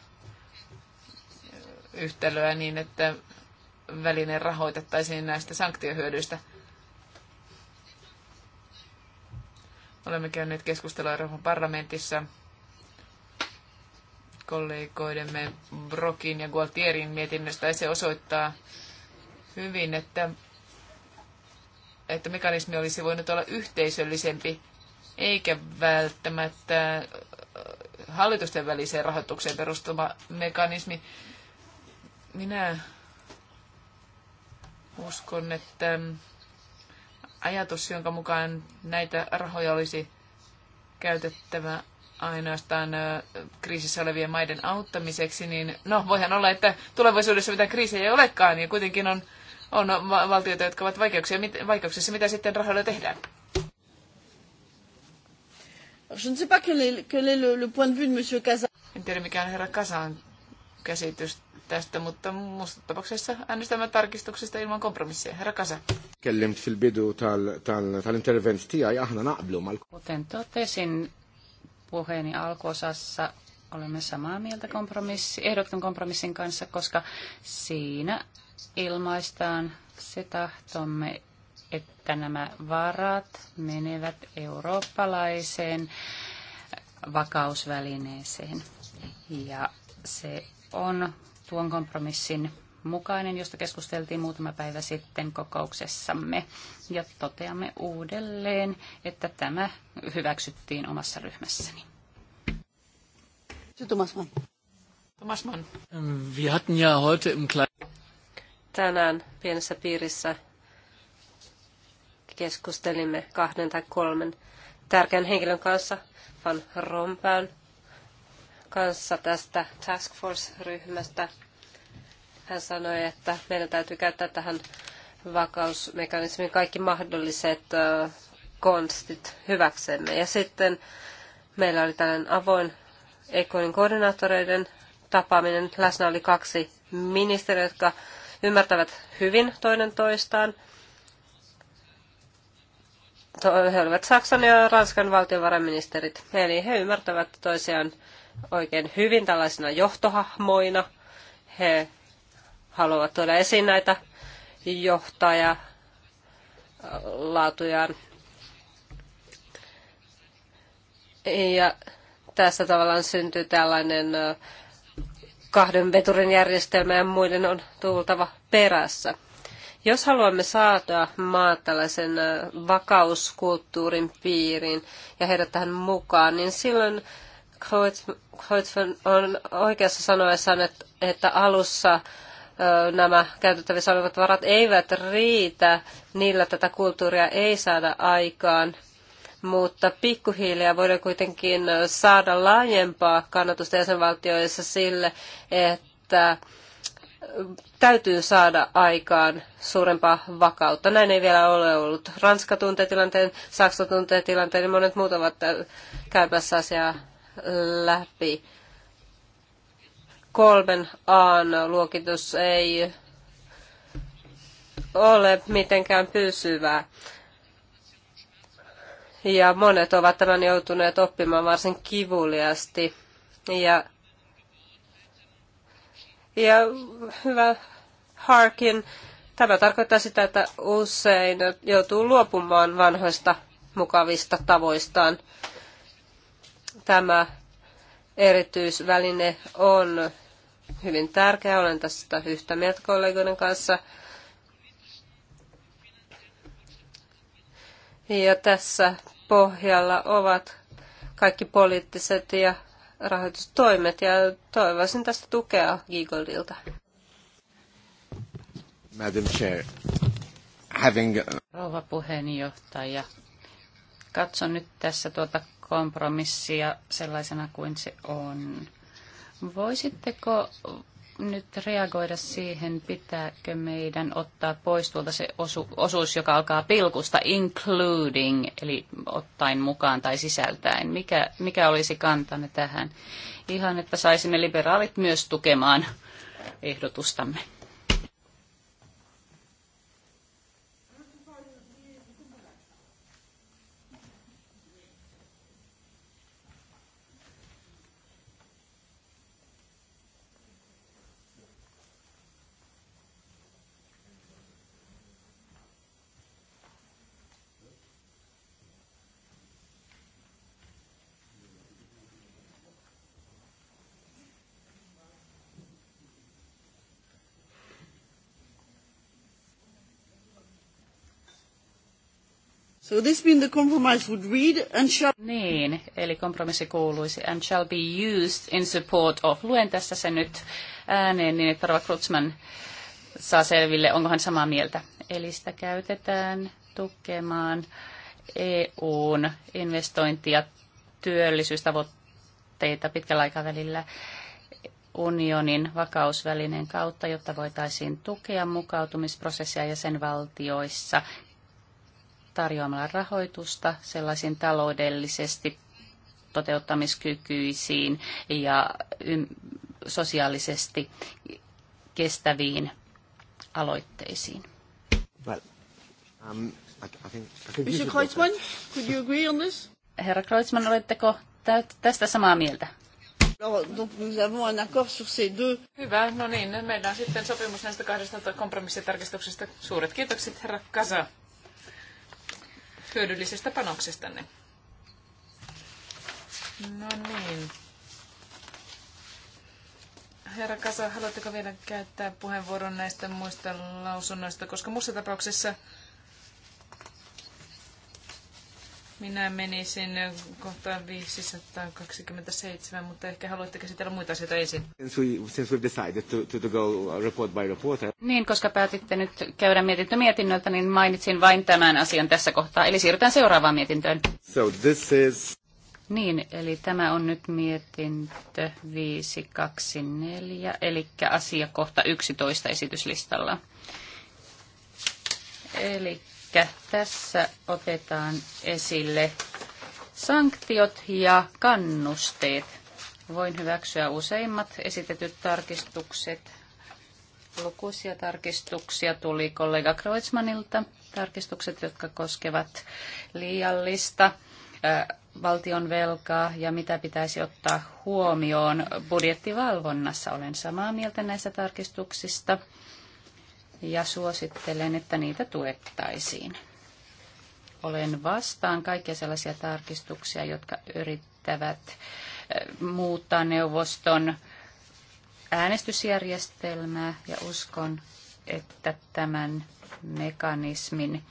yhtälöä niin, että väline rahoitettaisiin näistä sanktiohyödyistä. Olemme käyneet keskustelua Euroopan parlamentissa kollegoidemme Brokin ja Gualtierin mietinnöstä ja se osoittaa hyvin, että, että mekanismi olisi voinut olla yhteisöllisempi eikä välttämättä äh, hallitusten väliseen rahoitukseen perustuva mekanismi. Minä uskon, että mm, ajatus, jonka mukaan näitä rahoja olisi käytettävä ainoastaan kriisissä olevien maiden auttamiseksi, niin no voihan olla, että tulevaisuudessa mitään kriisejä ei olekaan ja kuitenkin on, on valtioita, jotka ovat vaikeuksia, vaikeuksissa. Mitä sitten rahoilla tehdään? Je ne sais pas quel est, quel est le, le point de vue de Monsieur Kazan. En tiedä mikä on herra Kasan käsitys tästä, mutta muussa tapauksessa äänestämme tarkistuksesta ilman kompromisseja. Herra Kasa. Kellimt fil bidu tal-intervent tal, tal tiegħi aħna naqblu mal Kuten totesin, puheeni alkuosassa olemme samaa mieltä kompromissi, ehdotun kompromissin kanssa, koska siinä ilmaistaan se tahtomme, että nämä varat menevät eurooppalaiseen vakausvälineeseen. Ja se on tuon kompromissin mukainen, josta keskusteltiin muutama päivä sitten kokouksessamme. Ja toteamme uudelleen, että tämä hyväksyttiin omassa ryhmässäni. Thomas Mann. Thomas Mann. Wir hatten ja heute im Tänään pienessä piirissä keskustelimme kahden tai kolmen tärkeän henkilön kanssa, Van Rompäyn kanssa tästä Task Force-ryhmästä – hän sanoi, että meidän täytyy käyttää tähän vakausmekanismiin kaikki mahdolliset konstit hyväksemme. Ja sitten meillä oli tällainen avoin Ekonin koordinaattoreiden tapaaminen. Läsnä oli kaksi ministeriä, jotka ymmärtävät hyvin toinen toistaan. He olivat Saksan ja Ranskan valtiovarainministerit. Eli he ymmärtävät toisiaan oikein hyvin tällaisina johtohahmoina. He haluavat tuoda esiin näitä johtajalaatujaan. Äh, ja tässä tavallaan syntyy tällainen äh, kahden veturin järjestelmä ja muiden on tultava perässä. Jos haluamme saada maat tällaisen äh, vakauskulttuurin piiriin ja heidät tähän mukaan, niin silloin Kreutzmann on oikeassa sanoessaan, että alussa nämä käytettävissä olevat varat eivät riitä, niillä tätä kulttuuria ei saada aikaan. Mutta pikkuhiljaa voidaan kuitenkin saada laajempaa kannatusta jäsenvaltioissa sille, että täytyy saada aikaan suurempaa vakautta. Näin ei vielä ole ollut. Ranska tuntee tilanteen, Saksa tuntee tilanteen ja monet muut ovat käymässä asiaa läpi kolmen aan luokitus ei ole mitenkään pysyvää. Ja monet ovat tämän joutuneet oppimaan varsin kivuliasti. Ja, ja hyvä Harkin, tämä tarkoittaa sitä, että usein joutuu luopumaan vanhoista mukavista tavoistaan. Tämä erityisväline on hyvin tärkeä. Olen tästä yhtä mieltä kollegoiden kanssa. Ja tässä pohjalla ovat kaikki poliittiset ja rahoitustoimet ja toivoisin tästä tukea Giegoldilta. Madam Chair, having... Rouva puheenjohtaja, katson nyt tässä tuota kompromissia sellaisena kuin se on. Voisitteko nyt reagoida siihen, pitääkö meidän ottaa pois tuolta se osu, osuus, joka alkaa pilkusta, including, eli ottaen mukaan tai sisältäen. Mikä, mikä olisi kantanne tähän? Ihan, että saisimme liberaalit myös tukemaan ehdotustamme. So this means the compromise would read and shall... Niin, eli kompromissi kuuluisi and shall be used in support of. Luen tässä sen nyt ääneen niin, että Rava Krutsman saa selville, onko hän samaa mieltä. Eli sitä käytetään tukemaan EUn investointia työllisyystavoitteita pitkällä aikavälillä unionin vakausvälineen kautta, jotta voitaisiin tukea mukautumisprosessia jäsenvaltioissa tarjoamalla rahoitusta sellaisiin taloudellisesti toteuttamiskykyisiin ja sosiaalisesti kestäviin aloitteisiin. Well, um, I think, I think Mr. Kreutzmann, could you agree on this? Herra Kreutzmann, oletteko tästä samaa mieltä? Hyvä, no niin, meillä on sitten sopimus näistä kahdesta kompromissitarkistuksesta. Suuret kiitokset, herra Kasa hyödyllisestä panoksestanne. No niin. Herra Kasa, haluatteko vielä käyttää puheenvuoron näistä muista lausunnoista, koska muussa tapauksessa Minä menisin kohtaan 527, mutta ehkä haluatte käsitellä muita asioita ensin. Since we've decided to, to go report by report. Eh? Niin, koska päätitte nyt käydä mietintö mietinnöltä, niin mainitsin vain tämän asian tässä kohtaa. Eli siirrytään seuraavaan mietintöön. So this is... Niin, eli tämä on nyt mietintö 524, eli asiakohta 11 esityslistalla. Eli tässä otetaan esille sanktiot ja kannusteet. Voin hyväksyä useimmat esitetyt tarkistukset. Lukuisia tarkistuksia tuli kollega Kreutzmannilta. Tarkistukset, jotka koskevat liiallista valtion velkaa ja mitä pitäisi ottaa huomioon budjettivalvonnassa. Olen samaa mieltä näistä tarkistuksista ja suosittelen, että niitä tuettaisiin. Olen vastaan kaikkia sellaisia tarkistuksia, jotka yrittävät muuttaa neuvoston äänestysjärjestelmää ja uskon, että tämän mekanismin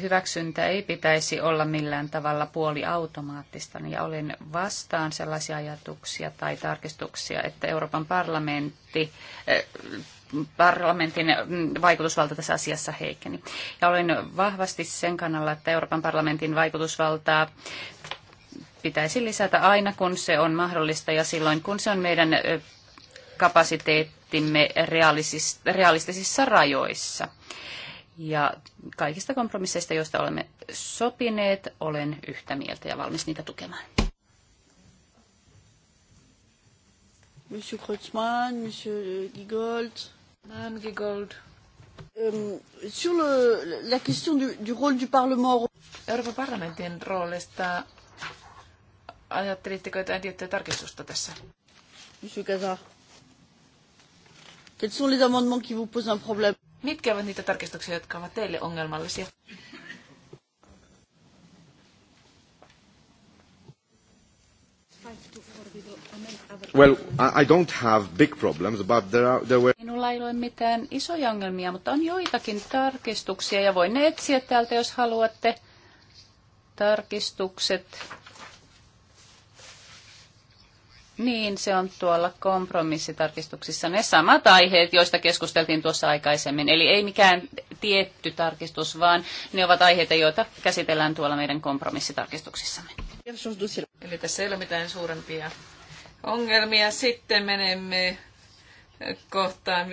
hyväksyntä ei pitäisi olla millään tavalla puoliautomaattista, ja olen vastaan sellaisia ajatuksia tai tarkistuksia, että Euroopan parlamentti parlamentin mm, vaikutusvalta tässä asiassa heikkeni. Ja olen vahvasti sen kannalla, että Euroopan parlamentin vaikutusvaltaa pitäisi lisätä aina, kun se on mahdollista ja silloin, kun se on meidän kapasiteettimme realistisissa rajoissa. Ja kaikista kompromisseista, joista olemme sopineet, olen yhtä mieltä ja valmis niitä tukemaan. Monsieur Kreutzmann, Monsieur Gigold. Anne Gigold. Euh, sur le, la question du, du rôle du Parlement... Euroopan parlamentin roolista ajattelitteko jotain tiettyä tarkistusta tässä? Monsieur Cazard. Quels sont les amendements qui vous posent un problème? Mitkä ovat niitä tarkistuksia, jotka ovat teille ongelmallisia? Well, I don't have big problems, but there are, there were... Minulla ei ole mitään isoja ongelmia, mutta on joitakin tarkistuksia ja voin ne etsiä täältä, jos haluatte. Tarkistukset. Niin, se on tuolla kompromissitarkistuksissa ne samat aiheet, joista keskusteltiin tuossa aikaisemmin. Eli ei mikään tietty tarkistus, vaan ne ovat aiheita, joita käsitellään tuolla meidän kompromissitarkistuksissamme. Eli tässä ei ole mitään suurempia ongelmia. Sitten menemme kohtaan 5.2.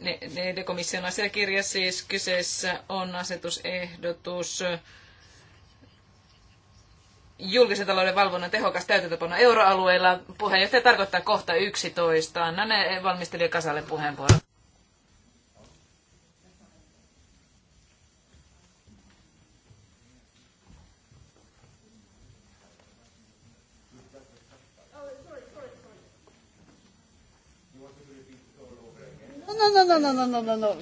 Ne, ne komission asiakirja siis kyseessä on asetusehdotus julkisen talouden valvonnan tehokas täytäntöpano euroalueella. Puheenjohtaja tarkoittaa kohta 11. Anna ne valmistelija Kasalle puheenvuoron. non, non, non, non, non, non.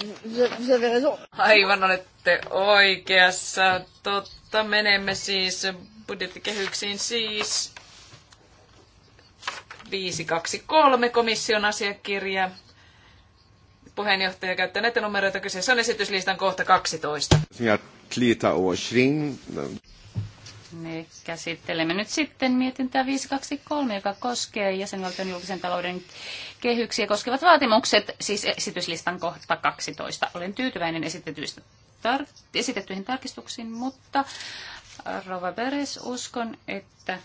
Vous avez raison. Aivan olette oikeassa. Totta, menemme siis budjettikehyksiin siis 523 komission asiakirja. Puheenjohtaja käyttää näitä numeroita. Kyseessä on esityslistan kohta 12. Ja 23. Me käsittelemme nyt sitten mietintää 523, joka koskee jäsenvaltion julkisen talouden kehyksiä koskevat vaatimukset, siis esityslistan kohta 12. Olen tyytyväinen tar- esitettyihin tarkistuksiin, mutta äh, Rova Beres, uskon, että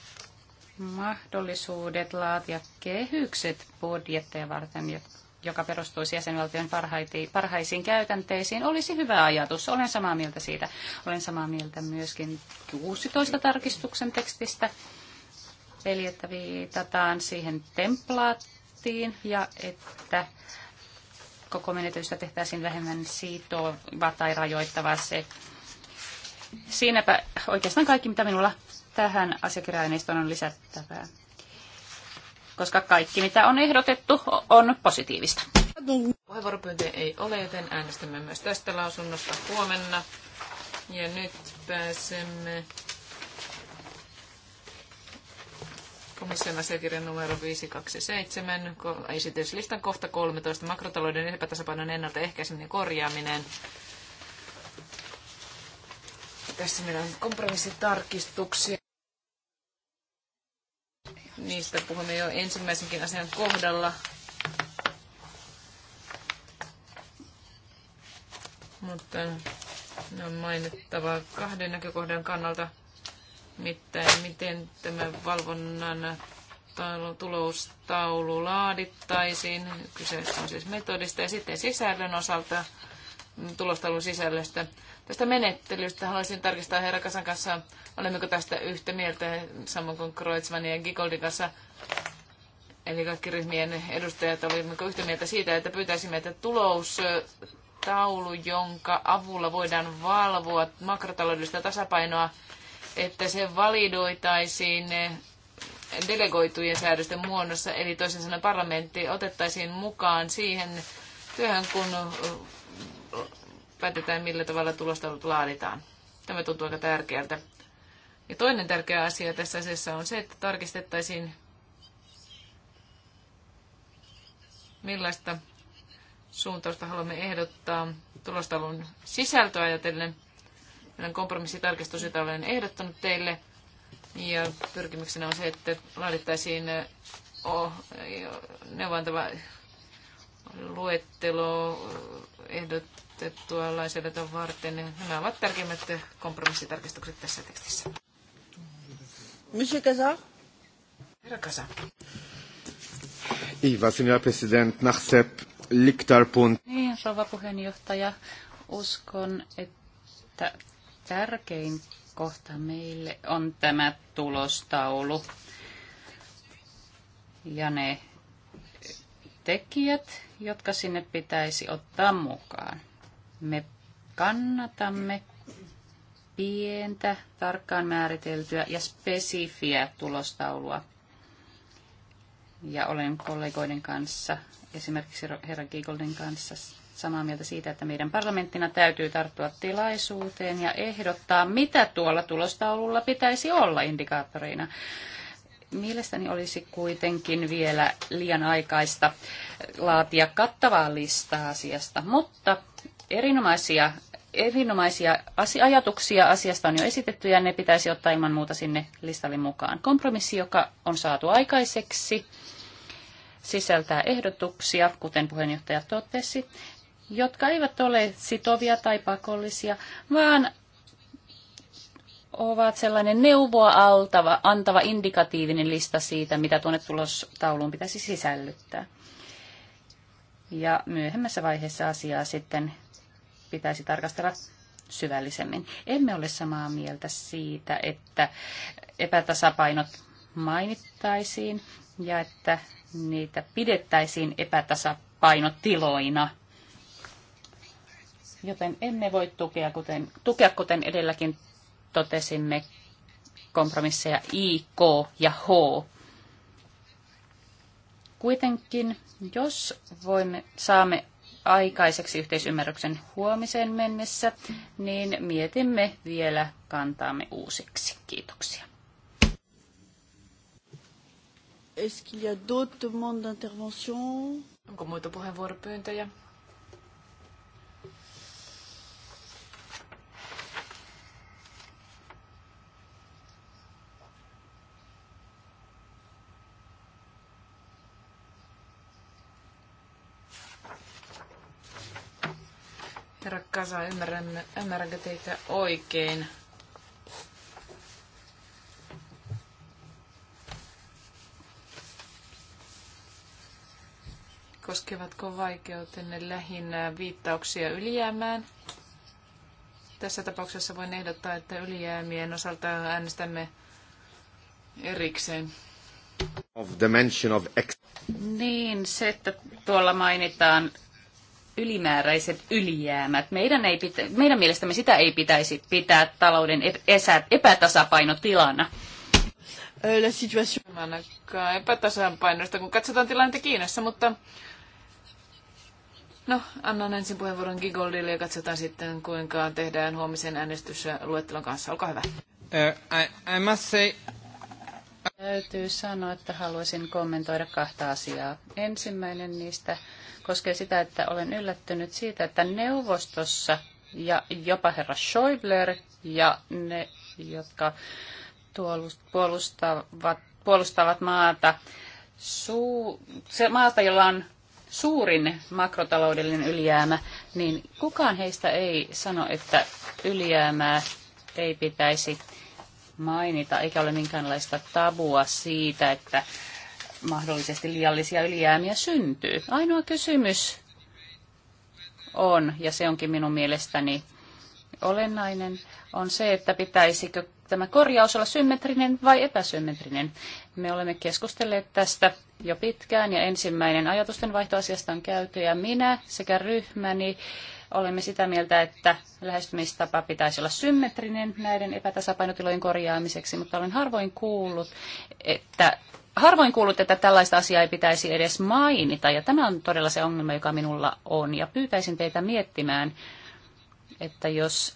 mahdollisuudet laatia kehykset budjetteja varten, jotka joka perustuisi jäsenvaltion parhaisiin käytänteisiin, olisi hyvä ajatus. Olen samaa mieltä siitä. Olen samaa mieltä myöskin 16 tarkistuksen tekstistä. Eli että viitataan siihen templaattiin ja että koko menetystä tehtäisiin vähemmän siitova tai rajoittavaa se. Siinäpä oikeastaan kaikki, mitä minulla tähän asiakirjaineistoon on lisättävää koska kaikki mitä on ehdotettu on positiivista. Puheenvuoropyyntöjä ei ole, joten äänestämme myös tästä lausunnosta huomenna. Ja nyt pääsemme komission asiakirjan numero 527, esityslistan kohta 13, makrotalouden epätasapainon ennaltaehkäiseminen ja korjaaminen. Tässä meillä on kompromissitarkistuksia. Niistä puhumme jo ensimmäisenkin asian kohdalla. Mutta ne on mainittava kahden näkökohdan kannalta, mitään, miten tämä valvonnan tuloustaulu laadittaisiin. Kyseessä on siis metodista ja sitten sisällön osalta mm, tulostaulun sisällöstä. Tästä menettelystä haluaisin tarkistaa herra Kasan kanssa Olemmeko tästä yhtä mieltä, samoin kuin Kreutzmann ja Gigoldin kanssa, eli kaikki ryhmien edustajat, olivat yhtä mieltä siitä, että pyytäisimme, että tulous-taulu, jonka avulla voidaan valvoa makrotaloudellista tasapainoa, että se validoitaisiin delegoitujen säädösten muodossa, eli toisin sanoen parlamentti otettaisiin mukaan siihen työhön, kun päätetään millä tavalla tulosta laaditaan. Tämä tuntuu aika tärkeältä. Ja toinen tärkeä asia tässä asiassa on se, että tarkistettaisiin, millaista suuntausta haluamme ehdottaa tulostalun sisältöä ajatellen. Meidän kompromissitarkistus, jota olen ehdottanut teille. Ja pyrkimyksenä on se, että laadittaisiin oh, neuvontava luettelo ehdotettua lainsäädäntöä varten. Nämä ovat tärkeimmät kompromissitarkistukset tässä tekstissä. Monsieur Kazar Herra Iva, sinä president, naħseb liktar punt. Niin, rouva puheenjohtaja, uskon, että tärkein kohta meille on tämä tulostaulu ja ne tekijät, jotka sinne pitäisi ottaa mukaan. Me kannatamme pientä, tarkkaan määriteltyä ja spesifiä tulostaulua. Ja olen kollegoiden kanssa, esimerkiksi herra Giegoldin kanssa, samaa mieltä siitä, että meidän parlamenttina täytyy tarttua tilaisuuteen ja ehdottaa, mitä tuolla tulostaululla pitäisi olla indikaattoreina. Mielestäni olisi kuitenkin vielä liian aikaista laatia kattavaa listaa asiasta, mutta erinomaisia erinomaisia ajatuksia asiasta on jo esitetty ja ne pitäisi ottaa ilman muuta sinne listalle mukaan. Kompromissi, joka on saatu aikaiseksi, sisältää ehdotuksia, kuten puheenjohtaja totesi, jotka eivät ole sitovia tai pakollisia, vaan ovat sellainen neuvoa altava, antava indikatiivinen lista siitä, mitä tuonne tulostauluun pitäisi sisällyttää. Ja myöhemmässä vaiheessa asiaa sitten pitäisi tarkastella syvällisemmin. Emme ole samaa mieltä siitä, että epätasapainot mainittaisiin ja että niitä pidettäisiin epätasapainotiloina. Joten emme voi tukea, kuten, tukea, kuten edelläkin totesimme, kompromisseja I, K ja H. Kuitenkin, jos voimme, saamme aikaiseksi yhteisymmärryksen huomiseen mennessä, niin mietimme vielä kantaamme uusiksi. Kiitoksia. Onko muita puheenvuoropyyntöjä? osaa, ymmärrän, ymmärränkö teitä oikein. Koskevatko vaikeutenne lähinnä viittauksia ylijäämään? Tässä tapauksessa voin ehdottaa, että ylijäämien osalta äänestämme erikseen. Of dimension of Niin, se, että tuolla mainitaan ylimääräiset ylijäämät. Meidän, ei pitä, meidän mielestämme sitä ei pitäisi pitää talouden epätasapainotilana. La situation. Ainakaan epätasapainosta, kun katsotaan tilannetta Kiinassa, mutta No, annan ensin puheenvuoron Gigoldille ja katsotaan sitten, kuinka tehdään huomisen äänestys luettelon kanssa. Olkaa hyvä. Uh, I, I must say Täytyy sanoa, että haluaisin kommentoida kahta asiaa. Ensimmäinen niistä koskee sitä, että olen yllättynyt siitä, että neuvostossa ja jopa herra Schäubler ja ne, jotka puolustavat, puolustavat maata, suu, se maata, jolla on suurin makrotaloudellinen ylijäämä, niin kukaan heistä ei sano, että ylijäämää ei pitäisi mainita, eikä ole minkäänlaista tabua siitä, että mahdollisesti liiallisia ylijäämiä syntyy. Ainoa kysymys on, ja se onkin minun mielestäni olennainen, on se, että pitäisikö tämä korjaus olla symmetrinen vai epäsymmetrinen. Me olemme keskustelleet tästä jo pitkään ja ensimmäinen ajatusten vaihtoasiasta on käyty ja minä sekä ryhmäni Olemme sitä mieltä, että lähestymistapa pitäisi olla symmetrinen näiden epätasapainotilojen korjaamiseksi, mutta olen harvoin kuullut, että harvoin kuullut, että tällaista asiaa ei pitäisi edes mainita, ja tämä on todella se ongelma, joka minulla on, ja pyytäisin teitä miettimään, että jos,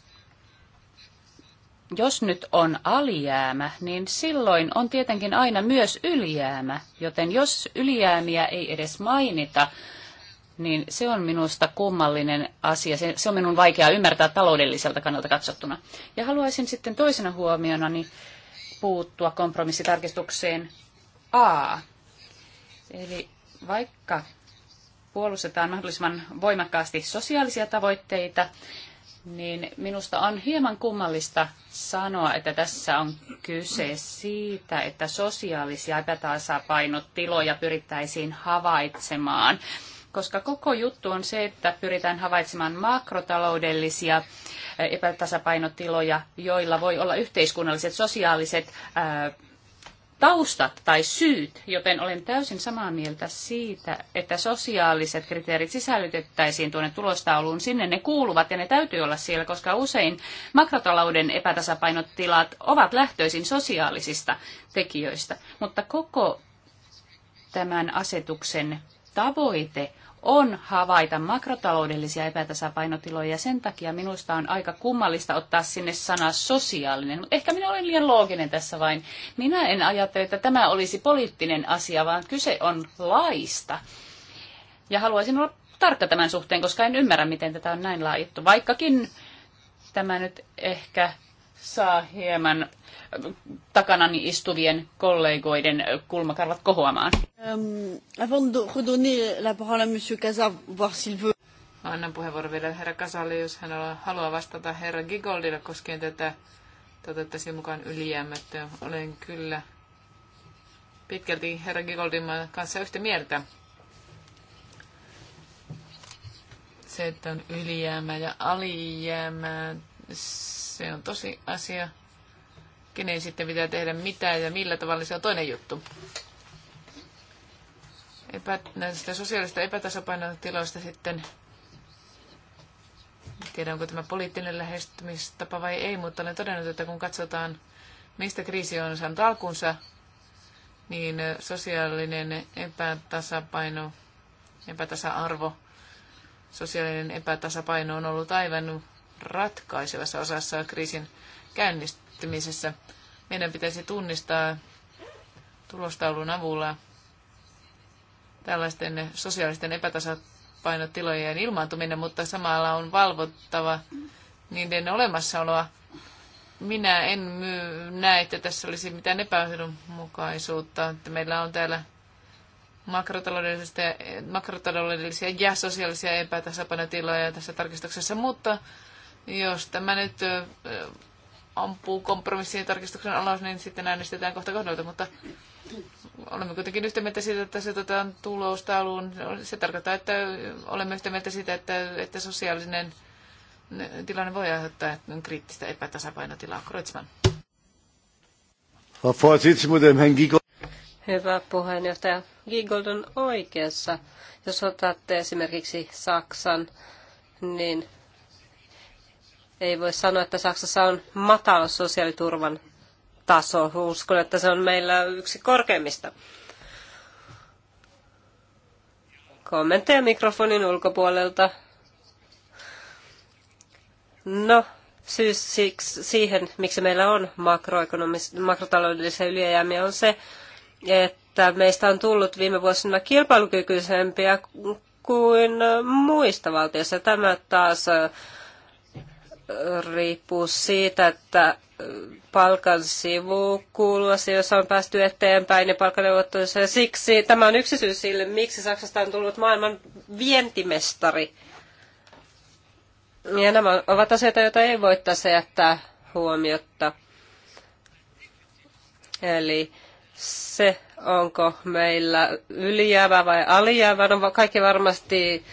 jos nyt on alijäämä, niin silloin on tietenkin aina myös ylijäämä, joten jos ylijäämiä ei edes mainita, niin se on minusta kummallinen asia. Se, se on minun vaikea ymmärtää taloudelliselta kannalta katsottuna. Ja haluaisin sitten toisena niin puuttua kompromissitarkistukseen A. Eli vaikka puolustetaan mahdollisimman voimakkaasti sosiaalisia tavoitteita, niin minusta on hieman kummallista sanoa, että tässä on kyse siitä, että sosiaalisia epätasapainotiloja pyrittäisiin havaitsemaan koska koko juttu on se, että pyritään havaitsemaan makrotaloudellisia eh, epätasapainotiloja, joilla voi olla yhteiskunnalliset, sosiaaliset ää, eh, taustat tai syyt, joten olen täysin samaa mieltä siitä, että sosiaaliset kriteerit sisällytettäisiin tuonne tulostauluun. Sinne ne kuuluvat ja ne täytyy olla siellä, koska usein makrotalouden epätasapainotilat ovat lähtöisin sosiaalisista tekijöistä. Mutta koko tämän asetuksen tavoite on havaita makrotaloudellisia epätasapainotiloja ja sen takia minusta on aika kummallista ottaa sinne sana sosiaalinen, mutta ehkä minä olen liian looginen tässä vain. Minä en ajattele, että tämä olisi poliittinen asia, vaan kyse on laista. Ja haluaisin olla tarkka tämän suhteen, koska en ymmärrä, miten tätä on näin laajittu, vaikkakin tämä nyt ehkä saa hieman takanani istuvien kollegoiden kulmakarvat kohoamaan. Ähm, Annan puheenvuoron vielä herra Kasalle, jos hän haluaa vastata herra Gigoldille koskien tätä toteuttaisiin mukaan ylijäämättä. Olen kyllä pitkälti herra Gigoldin kanssa yhtä mieltä. Se, että on ylijäämä ja alijäämä, se on tosi asia. Kenen sitten pitää tehdä mitä ja millä tavalla, se on toinen juttu. Epä, näistä sosiaalista epätasapainotiloista sitten tiedä, onko tämä poliittinen lähestymistapa vai ei, mutta olen todennut, että kun katsotaan, mistä kriisi on saanut alkunsa, niin sosiaalinen epätasapaino, epätasa-arvo, sosiaalinen epätasapaino on ollut aivan ratkaisevassa osassa kriisin käynnistymisessä. Meidän pitäisi tunnistaa tulostaulun avulla tällaisten sosiaalisten epätasapainotilojen ilmaantuminen, mutta samalla on valvottava niiden olemassaoloa. Minä en myy, näe, että tässä olisi mitään epäyhdenmukaisuutta, että meillä on täällä makrotaloudellisia, makrotaloudellisia ja sosiaalisia epätasapainotiloja tässä tarkistuksessa, mutta jos tämä nyt ampuu kompromissien tarkistuksen alas, niin sitten äänestetään kohta kohdalta, mutta olemme kuitenkin yhtä mieltä siitä, että se otetaan alun. Se tarkoittaa, että olemme yhtä mieltä siitä, että, että sosiaalinen tilanne voi aiheuttaa kriittistä epätasapainotilaa. Kreutzmann. Hyvä puheenjohtaja. Giegold on oikeassa. Jos otatte esimerkiksi Saksan, niin ei voi sanoa, että Saksassa on matala sosiaaliturvan taso. Uskon, että se on meillä yksi korkeimmista. Kommentteja mikrofonin ulkopuolelta. No, syy siksi, siihen, miksi meillä on makrotaloudellisia ylijäämiä, on se, että meistä on tullut viime vuosina kilpailukykyisempiä kuin muista valtioista. Tämä taas riippuu siitä, että palkan sivukuluessa, jossa on päästy eteenpäin ja palkaneuvotteluissa. Ja siksi tämä on yksi syy sille, miksi Saksasta on tullut maailman vientimestari. Ja nämä ovat asioita, joita ei voi tässä jättää huomiota. Eli se, onko meillä ylijäävä vai alijäävä, no kaikki varmasti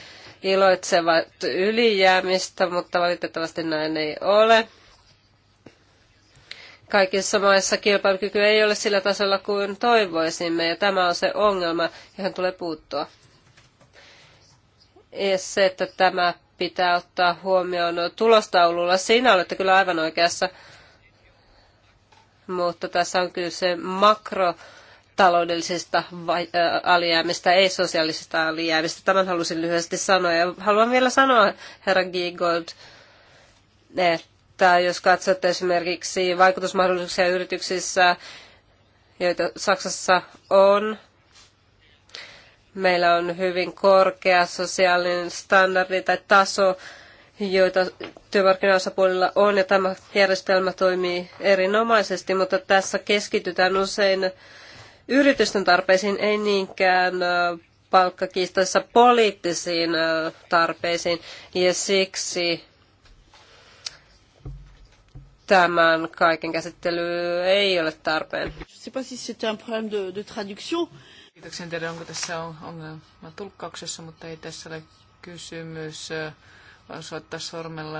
iloitsevat ylijäämistä, mutta valitettavasti näin ei ole. Kaikissa maissa kilpailukyky ei ole sillä tasolla kuin toivoisimme, ja tämä on se ongelma, johon tulee puuttua. Ja se, että tämä pitää ottaa huomioon tulostaululla, siinä olette kyllä aivan oikeassa, mutta tässä on kyse makro- taloudellisesta alijäämistä, ei sosiaalisesta alijäämistä. Tämän halusin lyhyesti sanoa. Ja haluan vielä sanoa, herra Giegold, että jos katsotte esimerkiksi vaikutusmahdollisuuksia yrityksissä, joita Saksassa on, meillä on hyvin korkea sosiaalinen standardi tai taso, joita työmarkkinaosapuolilla on, ja tämä järjestelmä toimii erinomaisesti, mutta tässä keskitytään usein yritysten tarpeisiin, ei niinkään palkkakiistoissa poliittisiin tarpeisiin. Ja siksi tämän kaiken käsittely ei ole tarpeen. Kiitoksia, en tiedä onko tässä ongelma tulkkauksessa, mutta ei tässä ole kysymys osoittaa sormella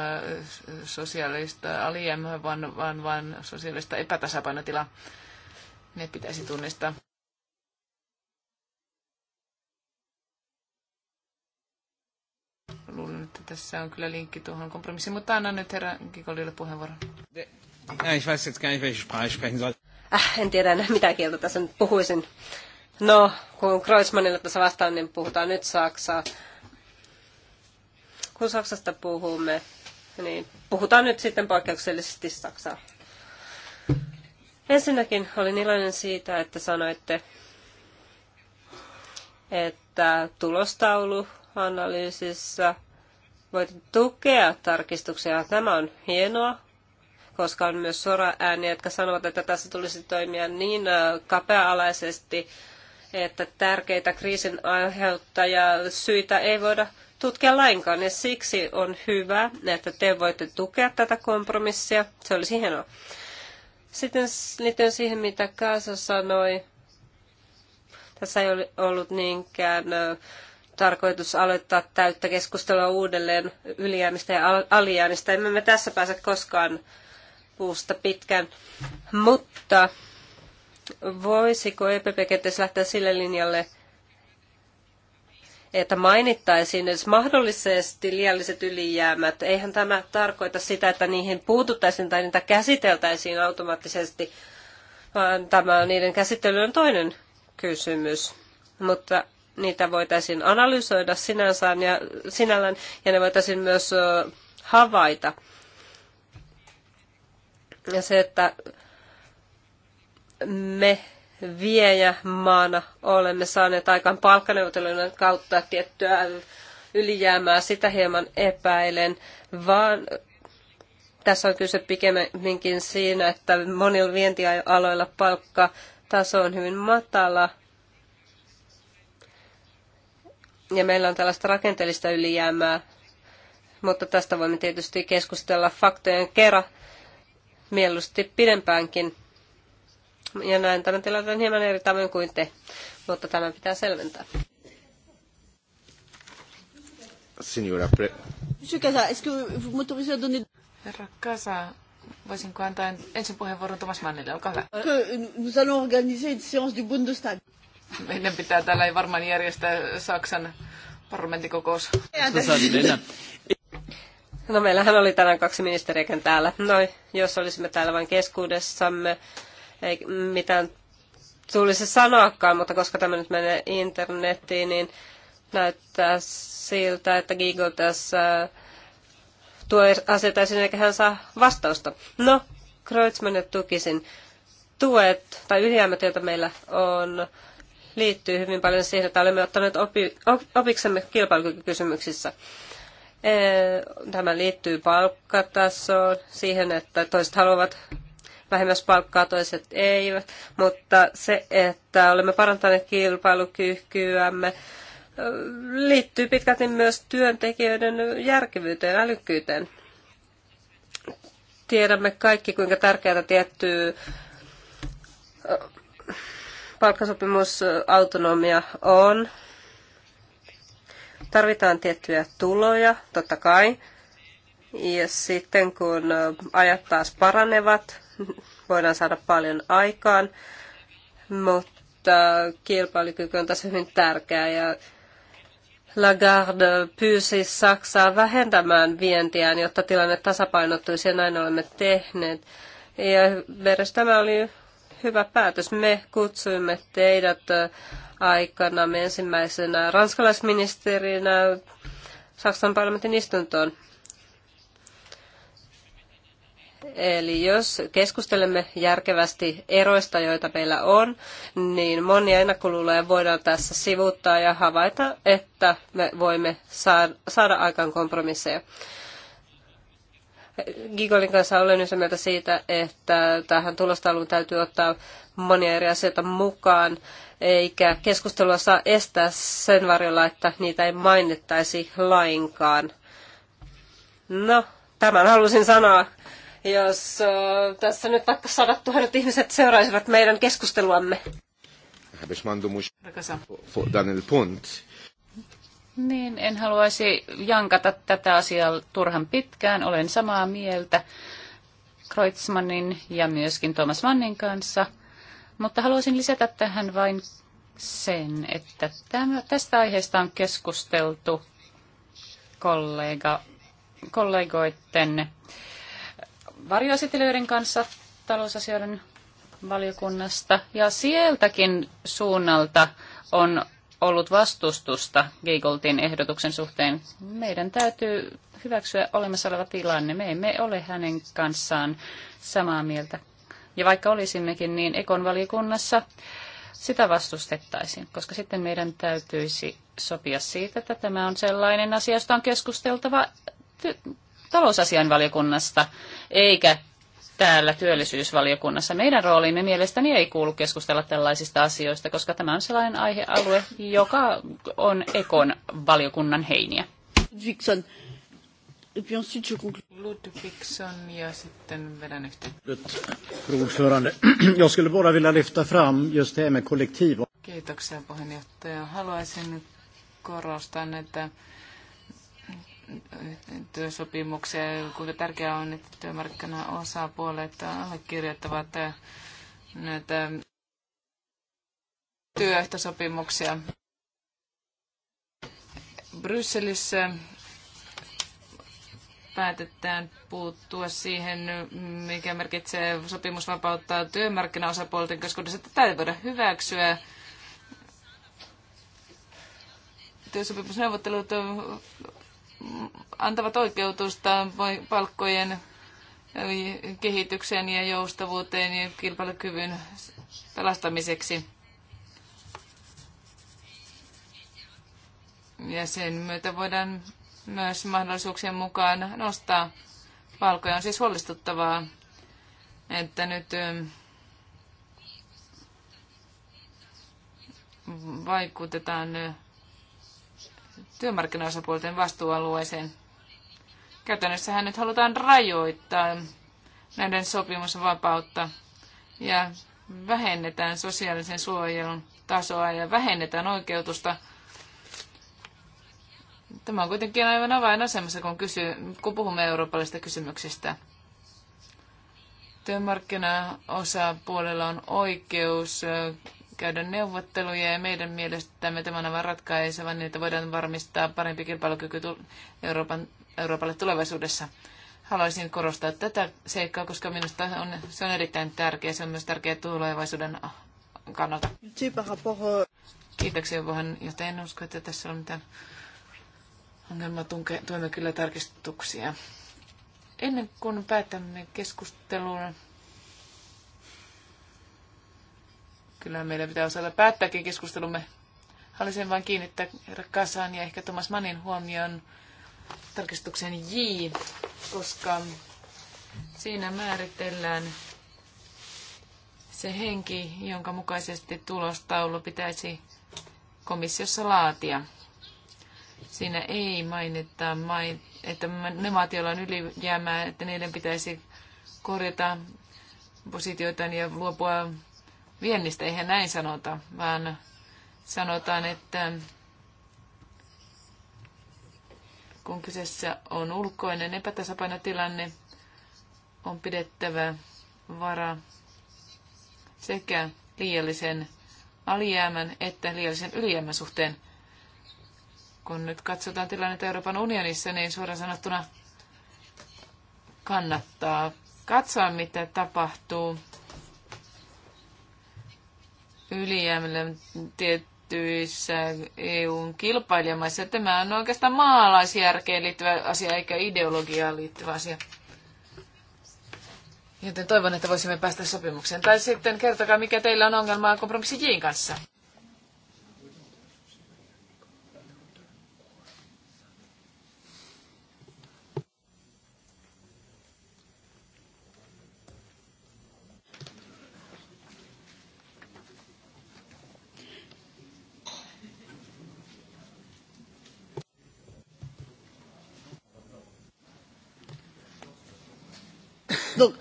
sosiaalista alijäämää, vaan, vaan, vaan sosiaalista epätasapainotilaa. Ne pitäisi tunnistaa. Luulen, että tässä on kyllä linkki tuohon kompromissiin, mutta annan nyt herra Kikolille puheenvuoron. Äh, en tiedä enää mitä kieltä tässä nyt puhuisin. No, kun Kreuzmannille tässä vastaan, niin puhutaan nyt Saksaa. Kun Saksasta puhumme, niin puhutaan nyt sitten poikkeuksellisesti Saksaa. Ensinnäkin olin iloinen siitä, että sanoitte, että tulostauluanalyysissä voit tukea tarkistuksia. Tämä on hienoa, koska on myös sora ääniä, jotka sanovat, että tässä tulisi toimia niin äh, kapea-alaisesti, että tärkeitä kriisin aiheuttajia syitä ei voida tutkia lainkaan. Ja siksi on hyvä, että te voitte tukea tätä kompromissia. Se olisi hienoa. Sitten liittyen siihen, mitä Kaasa sanoi, tässä ei ole ollut niinkään tarkoitus aloittaa täyttä keskustelua uudelleen ylijäämistä ja alijäämistä. Emme me tässä pääse koskaan puusta pitkään. Mutta voisiko EPP kenties lähteä sille linjalle, että mainittaisiin edes mahdollisesti liialliset ylijäämät. Eihän tämä tarkoita sitä, että niihin puututtaisiin tai niitä käsiteltäisiin automaattisesti, vaan tämä on niiden käsittelyyn toinen kysymys. Mutta niitä voitaisiin analysoida sinänsä ja, sinällään ja ne voitaisiin myös havaita. Ja se, että me viejämaana olemme saaneet aikaan palkkaneuvottelujen kautta tiettyä ylijäämää, sitä hieman epäilen, vaan tässä on kyse pikemminkin siinä, että monilla vientialoilla palkkataso on hyvin matala. Ja meillä on tällaista rakenteellista ylijäämää, mutta tästä voimme tietysti keskustella faktojen kerran mieluusti pidempäänkin ja näen tämän tilanteen hieman eri tavoin kuin te, mutta tämä pitää selventää. Signora Pre... Monsieur est-ce que vous m'autorisez à donner... Herra Kasa, voisinko antaa ensin puheenvuoron Thomas Mannille, olkaa hyvä. Que nous allons organiser une séance du Bundestag. Meidän pitää täällä varmaan järjestää Saksan parlamenttikokous. No meillähän oli tänään kaksi ministeriäkin täällä. No, jos olisimme täällä vain keskuudessamme, ei mitään tulisi sanoakaan, mutta koska tämä nyt menee internettiin, niin näyttää siltä, että Google tässä tuo asiat esiin, eikä hän saa vastausta. No, Kreutzmann tukisin. Tuet tai ylijäämät, joita meillä on, liittyy hyvin paljon siihen, että olemme ottaneet opi, opiksemme kilpailukykykysymyksissä. Tämä liittyy palkkatasoon, siihen, että toiset haluavat vähimmäispalkkaa, toiset eivät, mutta se, että olemme parantaneet kilpailukykyämme, liittyy pitkälti myös työntekijöiden järkevyyteen, älykkyyteen. Tiedämme kaikki, kuinka tärkeää tietty palkkasopimusautonomia on. Tarvitaan tiettyjä tuloja, totta kai. Ja sitten kun ajat taas paranevat, voidaan saada paljon aikaan, mutta kilpailukyky on tässä hyvin tärkeää ja Lagarde pyysi Saksaa vähentämään vientiään, jotta tilanne tasapainottuisi ja näin olemme tehneet. Ja mielestäni tämä oli hyvä päätös. Me kutsuimme teidät aikana ensimmäisenä ranskalaisministerinä Saksan parlamentin istuntoon. Eli jos keskustelemme järkevästi eroista, joita meillä on, niin monia ennakkoluuloja voidaan tässä sivuuttaa ja havaita, että me voimme saada aikaan kompromisseja. Gigolin kanssa olen yhtä mieltä siitä, että tähän tulostaluun täytyy ottaa monia eri asioita mukaan, eikä keskustelua saa estää sen varjolla, että niitä ei mainittaisi lainkaan. No, tämän halusin sanoa jos tässä nyt vaikka sadat tuhannet ihmiset seuraisivat meidän keskusteluamme. Niin, en haluaisi jankata tätä asiaa turhan pitkään. Olen samaa mieltä Kreutzmannin ja myöskin Thomas Mannin kanssa. Mutta haluaisin lisätä tähän vain sen, että tämä, tästä aiheesta on keskusteltu kollega, kollegoiden varjoesittelijöiden kanssa talousasioiden valiokunnasta ja sieltäkin suunnalta on ollut vastustusta Giegoldin ehdotuksen suhteen. Meidän täytyy hyväksyä olemassa oleva tilanne. Me emme ole hänen kanssaan samaa mieltä. Ja vaikka olisimmekin, niin Ekon valiokunnassa sitä vastustettaisiin, koska sitten meidän täytyisi sopia siitä, että tämä on sellainen asia, josta on keskusteltava talousasianvaliokunnasta, eikä täällä työllisyysvaliokunnassa. Meidän rooliimme mielestäni ei kuulu keskustella tällaisista asioista, koska tämä on sellainen aihealue, joka on Ekon valiokunnan heiniä. Ludvigson. Ludvigsson ja sitten vedän yhteen. jag skulle bara vilja lyfta fram just det med kollektiv. Kiitoksia puheenjohtaja. Haluaisin korostaa, että työsopimuksia. Kuinka tärkeää on, että työmarkkinaosapuolet allekirjoittavat näitä työehtosopimuksia. Brysselissä päätetään puuttua siihen, mikä merkitsee sopimusvapauttaa työmarkkinaosapuolten keskuudessa. Tätä ei voida hyväksyä. Työsopimusneuvottelut antavat oikeutusta palkkojen kehitykseen ja joustavuuteen ja kilpailukyvyn pelastamiseksi. Ja sen myötä voidaan myös mahdollisuuksien mukaan nostaa palkoja. On siis huolestuttavaa, että nyt ähm, vaikutetaan äh, työmarkkinaosapuolten vastuualueeseen. Käytännössähän nyt halutaan rajoittaa näiden sopimusvapautta ja vähennetään sosiaalisen suojelun tasoa ja vähennetään oikeutusta. Tämä on kuitenkin aivan avainasemassa, kun, kysy, kun puhumme eurooppalaisista kysymyksistä. Työmarkkinaosapuolella on oikeus käydä neuvotteluja ja meidän mielestämme tämä on aivan ratkaiseva, niin että voidaan varmistaa parempi kilpailukyky Euroopan, Euroopalle tulevaisuudessa. Haluaisin korostaa tätä seikkaa, koska minusta on, se on erittäin tärkeä. Se on myös tärkeä tulevaisuuden kannalta. Kiitoksia vähän, joten en usko, että tässä on mitään ongelmaa. Tuemme kyllä tarkistuksia. Ennen kuin päätämme keskustelua, Kyllä meidän pitää osata päättääkin keskustelumme. Haluaisin vain kiinnittää herra Kasan ja ehkä Thomas Mannin huomioon tarkistuksen J, koska siinä määritellään se henki, jonka mukaisesti tulostaulu pitäisi komissiossa laatia. Siinä ei mainita, että ne maat, joilla on ylijäämää, että niiden pitäisi korjata positioitaan ja luopua Viennistä eihän näin sanota, vaan sanotaan, että kun kyseessä on ulkoinen epätasapainotilanne, on pidettävä vara sekä liiallisen alijäämän että liiallisen ylijäämän suhteen. Kun nyt katsotaan tilannetta Euroopan unionissa, niin suoraan sanottuna kannattaa katsoa, mitä tapahtuu ylijäämille tiettyissä EUn kilpailijamaissa. Tämä on oikeastaan maalaisjärkeen liittyvä asia eikä ideologiaan liittyvä asia. Joten toivon, että voisimme päästä sopimukseen. Tai sitten kertokaa, mikä teillä on ongelmaa kompromissi Jin kanssa. Donc,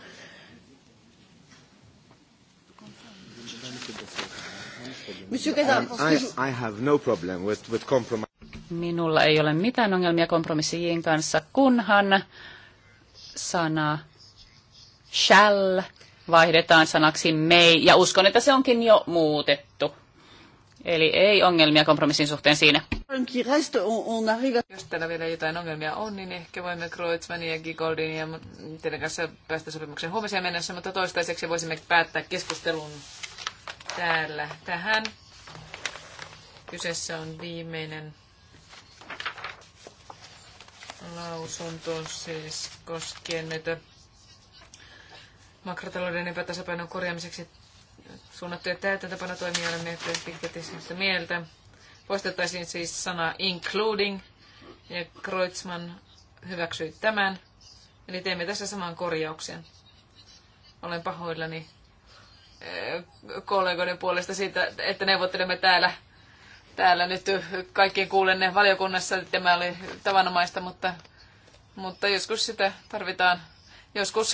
Monsieur um, I, I have no problem with, with compromise. Minulla ei ole mitään ongelmia kompromissiin kanssa, kunhan sana shall vaihdetaan sanaksi may, ja uskon, että se onkin jo muutettu. Eli ei ongelmia kompromissin suhteen siinä. Jos täällä vielä jotain ongelmia on, niin ehkä voimme Kreutzmanin ja Gigoldin ja teidän kanssa päästä sopimuksen huomiseen mennessä, mutta toistaiseksi voisimme päättää keskustelun täällä tähän. Kyseessä on viimeinen lausunto siis koskien näitä makrotalouden epätasapainon korjaamiseksi suunnattuja toimia olemme pitkälti sitä mieltä. Poistettaisiin siis sana including, ja Kreutzmann hyväksyi tämän. Eli teemme tässä saman korjauksen. Olen pahoillani eh, kollegoiden puolesta siitä, että neuvottelemme täällä, täällä nyt kaikkien kuulenne valiokunnassa. Tämä oli tavanomaista, mutta, mutta joskus sitä tarvitaan Joskus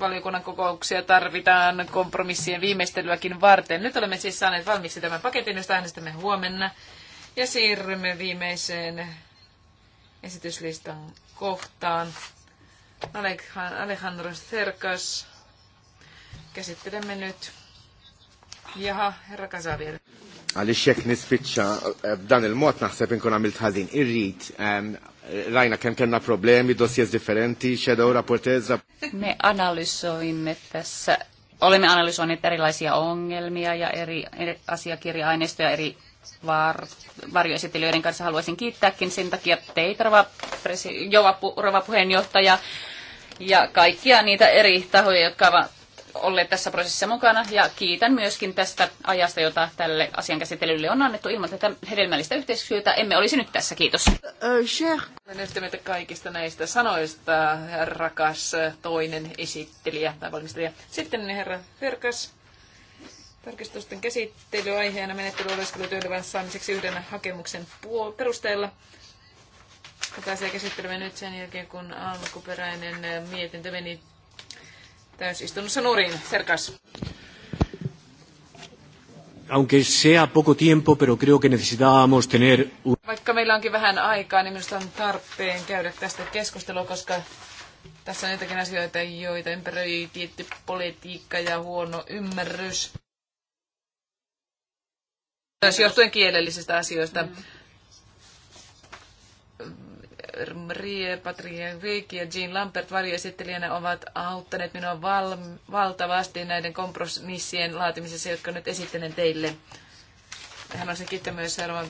valiokunnan kokouksia tarvitaan kompromissien viimeistelyäkin varten. Nyt olemme siis saaneet valmiiksi tämän paketin, josta äänestämme huomenna. Ja siirrymme viimeiseen esityslistan kohtaan. Alejandro Cercas. Käsittelemme nyt. Jaha, herra Kasavir. vielä. Għalix jekk nispiċċa eh, il-mod naħseb inkun għamilt Raina eh, Kenkenna problemi, dossiers differenti, shadow raporteza. Me analysoimme tässä, olemme analysoineet erilaisia ongelmia ja eri, eri asiakirja-aineistoja eri var, varjoesittelijöiden kanssa haluaisin kiittääkin sen takia teitä, rova, presi, jova, rova puheenjohtaja, ja kaikkia niitä eri tahoja, jotka ovat olleet tässä prosessissa mukana ja kiitän myöskin tästä ajasta, jota tälle asian käsittelylle on annettu. Ilman tätä hedelmällistä yhteistyötä emme olisi nyt tässä. Kiitos. Olen yhtä mieltä kaikista näistä sanoista, rakas toinen esittelijä tai valmistelija. Sitten herra Verkas. Tarkistusten käsittely aiheena menettely oleskelutyöluvan saamiseksi yhden hakemuksen perusteella. Tätä asiaa käsittelemme nyt sen jälkeen, kun alkuperäinen mietintö meni täysistunnossa nurin. Serkas. Aunque sea poco tiempo, pero creo que necesitábamos tener... Vaikka meillä onkin vähän aikaa, niin minusta on tarpeen käydä tästä keskustelua, koska tässä on jotakin asioita, joita ympäröi tietty politiikka ja huono ymmärrys. Tässä johtuen kielellisistä asioista. Mm. Rie, Patrien Veiki ja Jean Lambert varjoesittelijänä ovat auttaneet minua val- valtavasti näiden kompromissien laatimisessa, jotka nyt esittelen teille. Hän on se kiittää myös seuraava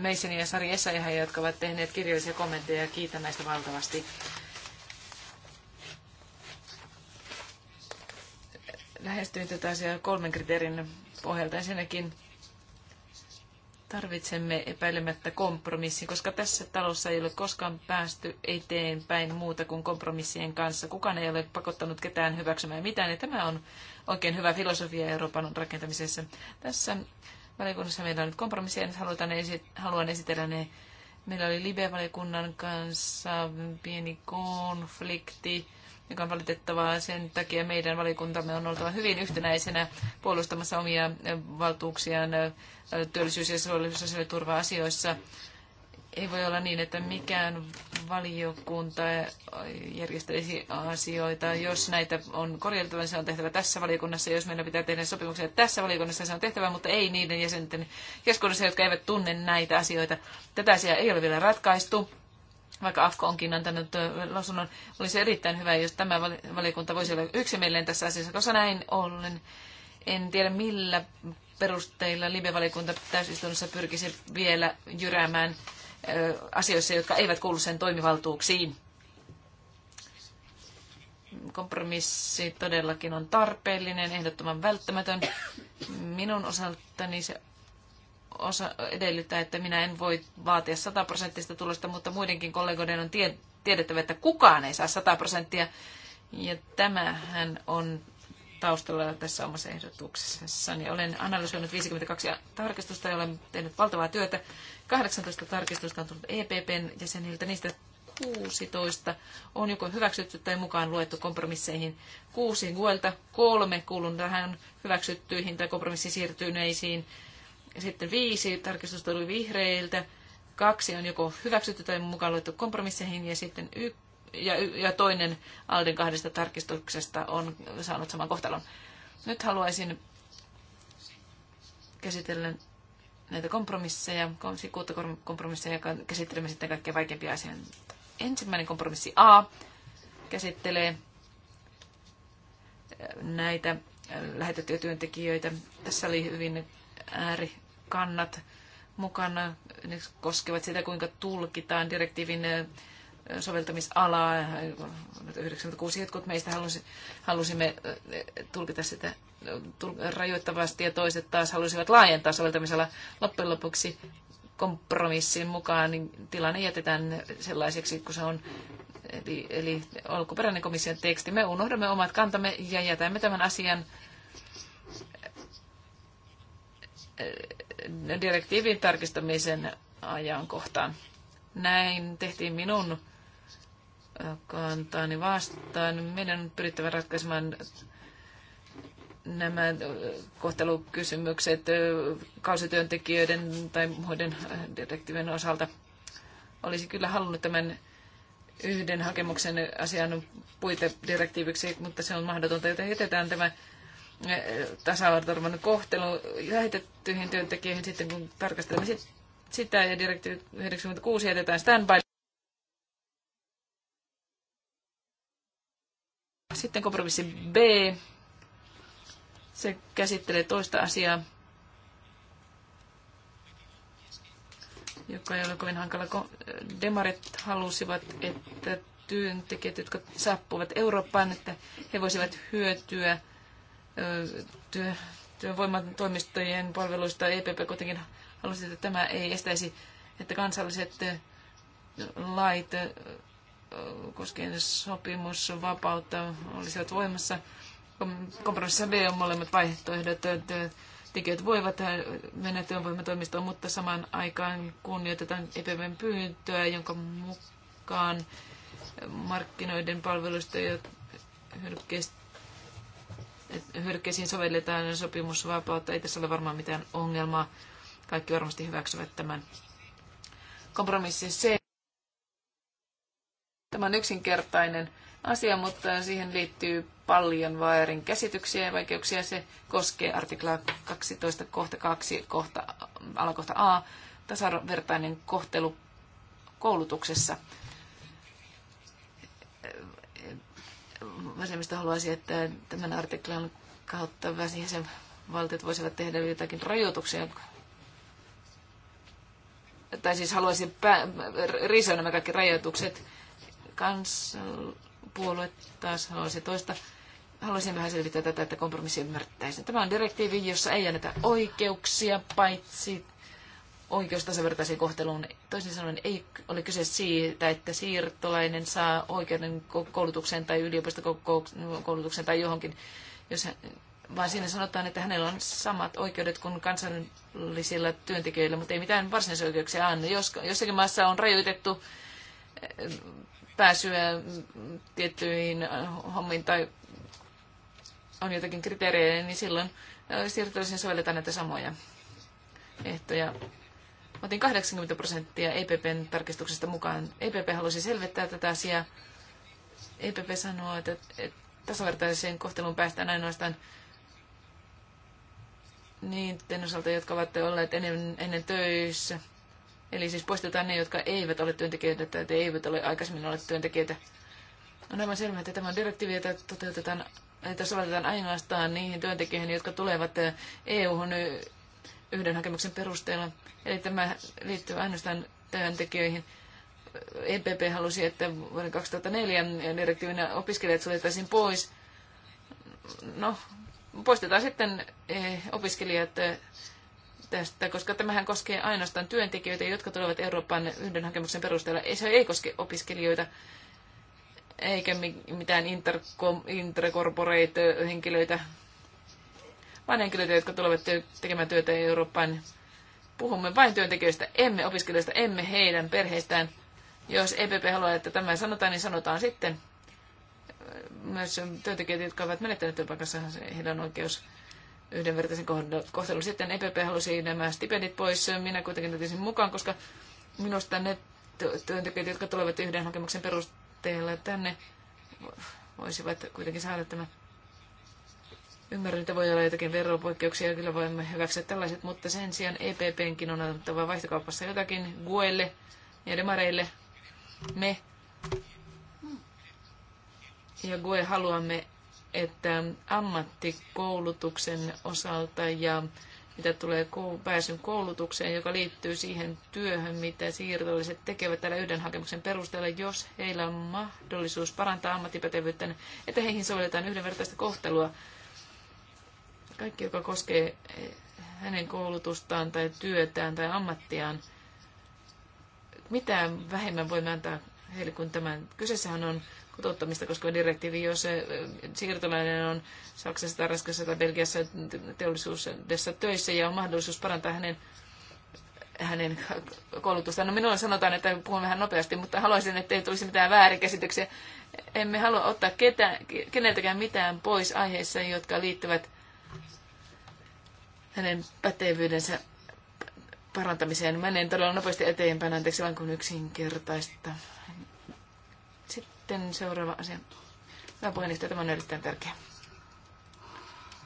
Meiseni ja Sari Essayhan, jotka ovat tehneet kirjallisia kommentteja ja kiitän näistä valtavasti. Lähestyin tätä asiaa kolmen kriteerin pohjalta. Ensinnäkin Tarvitsemme epäilemättä kompromissin, koska tässä talossa ei ole koskaan päästy eteenpäin muuta kuin kompromissien kanssa. Kukaan ei ole pakottanut ketään hyväksymään mitään, ja tämä on oikein hyvä filosofia Euroopan rakentamisessa. Tässä valiokunnassa meillä on nyt kompromissia, nyt haluan esitellä ne. Meillä oli Libe-valiokunnan kanssa pieni konflikti joka on valitettavaa. Sen takia meidän valikuntamme on oltava hyvin yhtenäisenä puolustamassa omia valtuuksiaan työllisyys- ja sosiaaliturva-asioissa. Ei voi olla niin, että mikään valiokunta järjestäisi asioita. Jos näitä on korjattava, niin se on tehtävä tässä valiokunnassa. Jos meidän pitää tehdä sopimuksia tässä valiokunnassa, se on tehtävä, mutta ei niiden jäsenten keskuudessa, jotka eivät tunne näitä asioita. Tätä asiaa ei ole vielä ratkaistu vaikka AFKO onkin antanut lausunnon, olisi erittäin hyvä, jos tämä valiokunta voisi olla yksimielinen tässä asiassa, koska näin ollen en tiedä millä perusteilla libe valiokunta täysistunnossa pyrkisi vielä jyräämään asioissa, jotka eivät kuulu sen toimivaltuuksiin. Kompromissi todellakin on tarpeellinen, ehdottoman välttämätön. Minun osaltani se osa, edellytä, että minä en voi vaatia sataprosenttista tulosta, mutta muidenkin kollegoiden on tie, tiedettävä, että kukaan ei saa 100 prosenttia. Ja tämähän on taustalla tässä omassa ehdotuksessani. Olen analysoinut 52 tarkistusta ja olen tehnyt valtavaa työtä. 18 tarkistusta on tullut EPPn jäseniltä, niistä 16 on joko hyväksytty tai mukaan luettu kompromisseihin. Kuusi Guelta, kolme kuulun tähän hyväksyttyihin tai kompromissiin siirtyneisiin sitten viisi tarkistusta tuli vihreiltä. Kaksi on joko hyväksytty tai mukaan luettu kompromisseihin ja sitten y- ja, ja toinen Alden kahdesta tarkistuksesta on saanut saman kohtalon. Nyt haluaisin käsitellä näitä kompromisseja, kuutta kompromisseja, käsittelemme sitten kaikkein vaikeimpia asioita. Ensimmäinen kompromissi A käsittelee äh, näitä äh, lähetettyjä työntekijöitä. Tässä oli hyvin äärikannat mukana. Ne koskevat sitä, kuinka tulkitaan direktiivin soveltamisalaa. 96 jotkut meistä halusi, halusimme tulkita sitä rajoittavasti ja toiset taas halusivat laajentaa soveltamisella loppujen lopuksi kompromissin mukaan, niin tilanne jätetään sellaiseksi kuin se on. Eli, eli alkuperäinen komission teksti. Me unohdamme omat kantamme ja jätämme tämän asian direktiivin tarkistamisen ajankohtaan. Näin tehtiin minun kantaani vastaan. Meidän on pyrittävä ratkaisemaan nämä kohtelukysymykset kausityöntekijöiden tai muiden direktiivien osalta. Olisi kyllä halunnut tämän yhden hakemuksen asian puitedirektiiviksi, mutta se on mahdotonta, joten jätetään tämä tasa-arvoinen kohtelu lähetettyihin työntekijöihin sitten, kun tarkastelemme sit, sitä ja direktiivi 96 jätetään standby. Sitten kompromissi B. Se käsittelee toista asiaa, joka ei ole kovin hankala. demaret halusivat, että työntekijät, jotka saapuvat Eurooppaan, että he voisivat hyötyä työ, työvoimatoimistojen palveluista EPP kuitenkin halusi, että tämä ei estäisi, että kansalliset lait koskien sopimusvapautta olisivat voimassa. Kompromississa B on molemmat vaihtoehdot. Tekijät voivat mennä työvoimatoimistoon, mutta samaan aikaan kunnioitetaan EPVn pyyntöä, jonka mukaan markkinoiden palveluista ja hyödykkeistä hyödykkeisiin sovelletaan sopimusvapautta. Ei tässä ole varmaan mitään ongelmaa. Kaikki varmasti hyväksyvät tämän kompromissi C. Tämä on yksinkertainen asia, mutta siihen liittyy paljon vaarin käsityksiä ja vaikeuksia. Se koskee artiklaa 12 kohta 2 kohta, alakohta A, tasavertainen kohtelu koulutuksessa. vasemmista haluaisi, että tämän artiklan kautta väsihäisen valtiot voisivat tehdä jotakin rajoituksia. Tai siis haluaisi pää, risoa nämä kaikki rajoitukset. Kansanpuolue taas haluaisi toista. Haluaisin vähän selvittää tätä, että kompromissi ymmärtäisi. Tämä on direktiivi, jossa ei anneta oikeuksia, paitsi oikeus tasavertaiseen kohteluun. Toisin sanoen ei ole kyse siitä, että siirtolainen saa oikeuden koulutukseen tai yliopistokoulutukseen tai johonkin, jos hän, vaan siinä sanotaan, että hänellä on samat oikeudet kuin kansallisilla työntekijöillä, mutta ei mitään varsinaisia oikeuksia anna. Jos, jossakin maassa on rajoitettu eh, pääsyä tiettyihin hommiin tai on jotakin kriteerejä, niin silloin eh, siirtolaisiin sovelletaan näitä samoja ehtoja. Otin 80 prosenttia EPPn tarkistuksesta mukaan. EPP halusi selvittää tätä asiaa. EPP sanoo, että, että tasavertaiseen kohteluun päästään ainoastaan niiden osalta, jotka ovat olleet ennen, ennen töissä. Eli siis poistetaan ne, jotka eivät ole työntekijöitä tai eivät ole aikaisemmin olleet työntekijöitä. On aivan selvää, että tämä on direktiivi, jota toteutetaan, että sovelletaan ainoastaan niihin työntekijöihin, jotka tulevat eh, EU-hun yhden hakemuksen perusteella. Eli tämä liittyy ainoastaan työntekijöihin. EPP halusi, että vuoden 2004 direktiivinä opiskelijat suljettaisiin pois. No, poistetaan sitten e, opiskelijat e, tästä, koska tämähän koskee ainoastaan työntekijöitä, jotka tulevat Euroopan yhden hakemuksen perusteella. Se ei koske opiskelijoita eikä mitään intercorporate-henkilöitä vain henkilöitä, jotka tulevat tekemään työtä Eurooppaan. Puhumme vain työntekijöistä, emme opiskelijoista, emme heidän perheistään. Jos EPP haluaa, että tämä sanotaan, niin sanotaan sitten. Myös työntekijät, jotka ovat menettäneet työpaikassa, heillä on oikeus yhdenvertaisen kohtelun. Sitten EPP halusi nämä stipendit pois. Minä kuitenkin otin mukaan, koska minusta ne työntekijät, jotka tulevat yhden hakemuksen perusteella tänne, voisivat kuitenkin saada tämän Ymmärrän, että voi olla jotakin veropoikkeuksia, kyllä voimme hyväksyä tällaiset, mutta sen sijaan EPPnkin on otettava vaihtokaupassa jotakin Guelle ja Demareille. Me ja Gue haluamme, että ammattikoulutuksen osalta ja mitä tulee pääsyn koulutukseen, joka liittyy siihen työhön, mitä siirtolaiset tekevät täällä yhden hakemuksen perusteella, jos heillä on mahdollisuus parantaa ammattipätevyyttä, että heihin sovelletaan yhdenvertaista kohtelua kaikki, joka koskee eh, hänen koulutustaan tai työtään tai ammattiaan, mitään vähemmän voimme antaa heille kuin tämän. Kyseessähän on kotouttamista koskeva direktiivi, jos eh, siirtolainen on Saksassa tai Raskassa tai Belgiassa teollisuudessa töissä ja on mahdollisuus parantaa hänen hänen koulutustaan. No minulle sanotaan, että puhun vähän nopeasti, mutta haluaisin, että ei tulisi mitään väärinkäsityksiä. Emme halua ottaa ketään, keneltäkään mitään pois aiheissa, jotka liittyvät hänen pätevyydensä parantamiseen. Menen todella nopeasti eteenpäin, anteeksi vaan kun yksinkertaista. Sitten seuraava asia. Hyvä puheenjohtaja, tämä on erittäin tärkeä.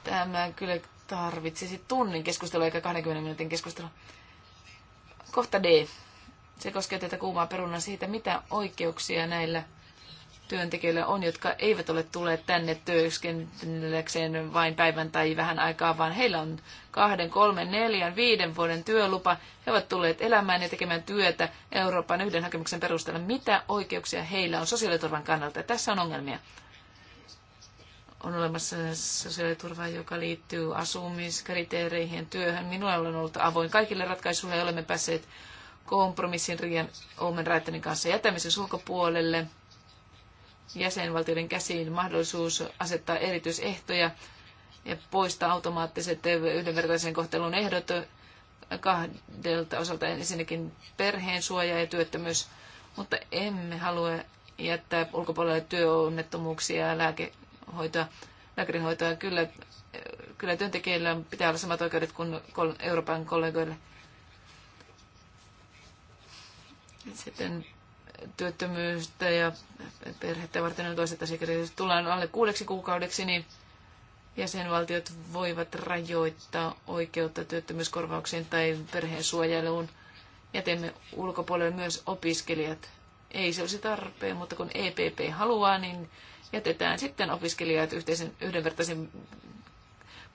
Tämä kyllä tarvitsisi tunnin keskustelua eikä 20 minuutin keskustelua. Kohta D. Se koskee tätä kuumaa perunaa siitä, mitä oikeuksia näillä työntekijöillä on, jotka eivät ole tulleet tänne työskennellekseen vain päivän tai vähän aikaa, vaan heillä on kahden, kolmen, neljän, viiden vuoden työlupa. He ovat tulleet elämään ja tekemään työtä Euroopan yhden hakemuksen perusteella. Mitä oikeuksia heillä on sosiaaliturvan kannalta? Tässä on ongelmia. On olemassa sosiaaliturva, joka liittyy asumiskriteereihin, työhön. Minulla on ollut avoin kaikille ratkaisuille ja olemme päässeet kompromissin Rian Omen Raittanin kanssa jätämisen ulkopuolelle jäsenvaltioiden käsiin mahdollisuus asettaa erityisehtoja ja poistaa automaattiset yhdenvertaisen kohtelun ehdot kahdelta osalta ensinnäkin perheen suoja ja työttömyys, mutta emme halua jättää ulkopuolelle työonnettomuuksia ja lääkehoitoa, lääkärihoitoa. Kyllä, kyllä työntekijöillä pitää olla samat oikeudet kuin Euroopan kollegoilla. Sitten työttömyyttä ja perhettä varten on toiset asiakirjat. tullaan alle kuudeksi kuukaudeksi, niin jäsenvaltiot voivat rajoittaa oikeutta työttömyyskorvaukseen tai perheen suojeluun. Jätemme ulkopuolelle myös opiskelijat. Ei se olisi tarpeen, mutta kun EPP haluaa, niin jätetään sitten opiskelijat yhteisen yhdenvertaisen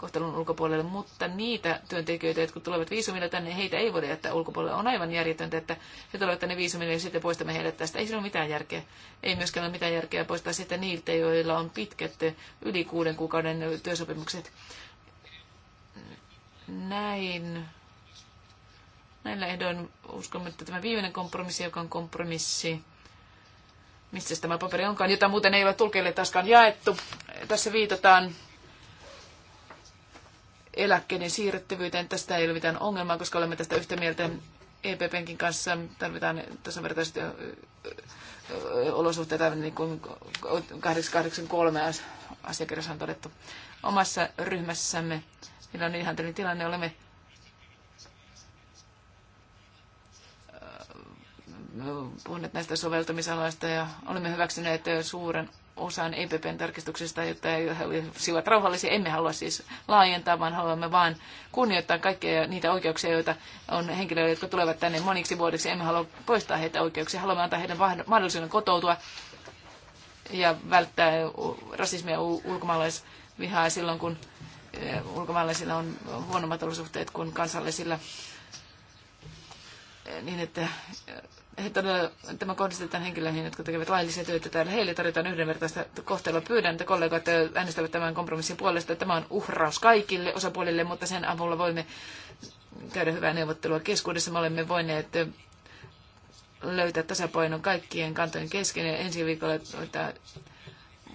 kohtelun ulkopuolelle, mutta niitä työntekijöitä, jotka tulevat viisumilla tänne, heitä ei voida jättää ulkopuolelle. On aivan järjetöntä, että he tulevat tänne viisumilla ja sitten poistamme heidät tästä. Ei sillä ole mitään järkeä. Ei myöskään ole mitään järkeä poistaa sitä niiltä, joilla on pitkät yli kuuden kuukauden työsopimukset. Näin. Näillä ehdoin uskomme, että tämä viimeinen kompromissi, joka on kompromissi, missä tämä paperi onkaan, jota muuten ei ole tulkeille taaskaan jaettu. Tässä viitataan eläkkeiden siirrettävyyteen. Tästä ei ole mitään ongelmaa, koska olemme tästä yhtä mieltä EPPnkin kanssa. Tarvitaan tasavertaiset olosuhteita, niin kuin 883 asiakirjassa on todettu. Omassa ryhmässämme meillä on ihan tällainen tilanne, olemme puhuneet näistä soveltamisaloista ja olemme hyväksyneet suuren osan EPPn tarkistuksesta, jotta he olisivat rauhallisia. Emme halua siis laajentaa, vaan haluamme vain kunnioittaa kaikkia niitä oikeuksia, joita on henkilöitä, jotka tulevat tänne moniksi vuodeksi. Emme halua poistaa heitä oikeuksia, haluamme antaa heidän mahdollisuuden kotoutua ja välttää rasismia ja ulkomaalaisvihaa silloin, kun eh, ulkomaalaisilla on huonommat olosuhteet kuin kansallisilla eh, niin, että eh, he todella, tämä kohdistetaan henkilöihin, jotka tekevät laillisia töitä täällä. Heille tarjotaan yhdenvertaista kohtelua. Pyydän, että kollegat äänestävät tämän kompromissin puolesta. Tämä on uhraus kaikille osapuolille, mutta sen avulla voimme käydä hyvää neuvottelua keskuudessa. Me olemme voineet löytää tasapainon kaikkien kantojen kesken ja ensi viikolla että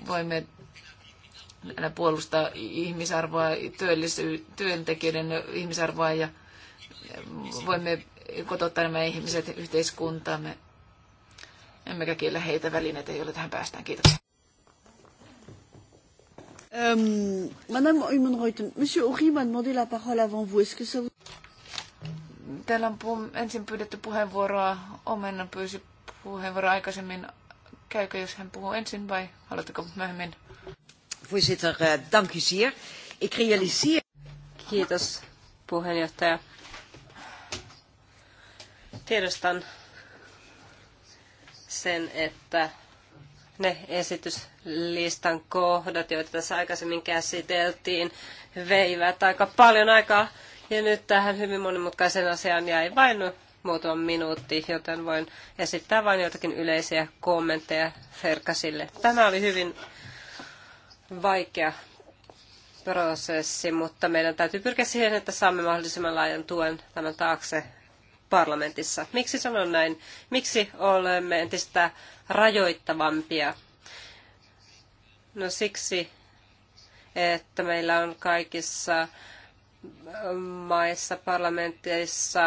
voimme puolustaa ihmisarvoa, työntekijöiden ihmisarvoa ja voimme kotouttaa nämä ihmiset yhteiskuntaamme, emmekä kiellä heitä välineitä, joilla tähän päästään. Kiitos. Ähm, Madame Monsieur la Täällä on ensin pyydetty puheenvuoroa. Omen pyysi puheenvuoroa aikaisemmin. Käykö, jos hän puhuu ensin vai haluatteko myöhemmin? Voorzitter, eh, dank Ik realiseer... Kiitos, puheenjohtaja. Tiedostan sen, että ne esityslistan kohdat, joita tässä aikaisemmin käsiteltiin, veivät aika paljon aikaa. Ja nyt tähän hyvin monimutkaisen asiaan jäi vain muutama minuutti, joten voin esittää vain joitakin yleisiä kommentteja Ferkasille. Tämä oli hyvin vaikea prosessi, mutta meidän täytyy pyrkiä siihen, että saamme mahdollisimman laajan tuen tämän taakse parlamentissa. Miksi sanon näin? Miksi olemme entistä rajoittavampia? No siksi, että meillä on kaikissa ähm, maissa parlamenteissa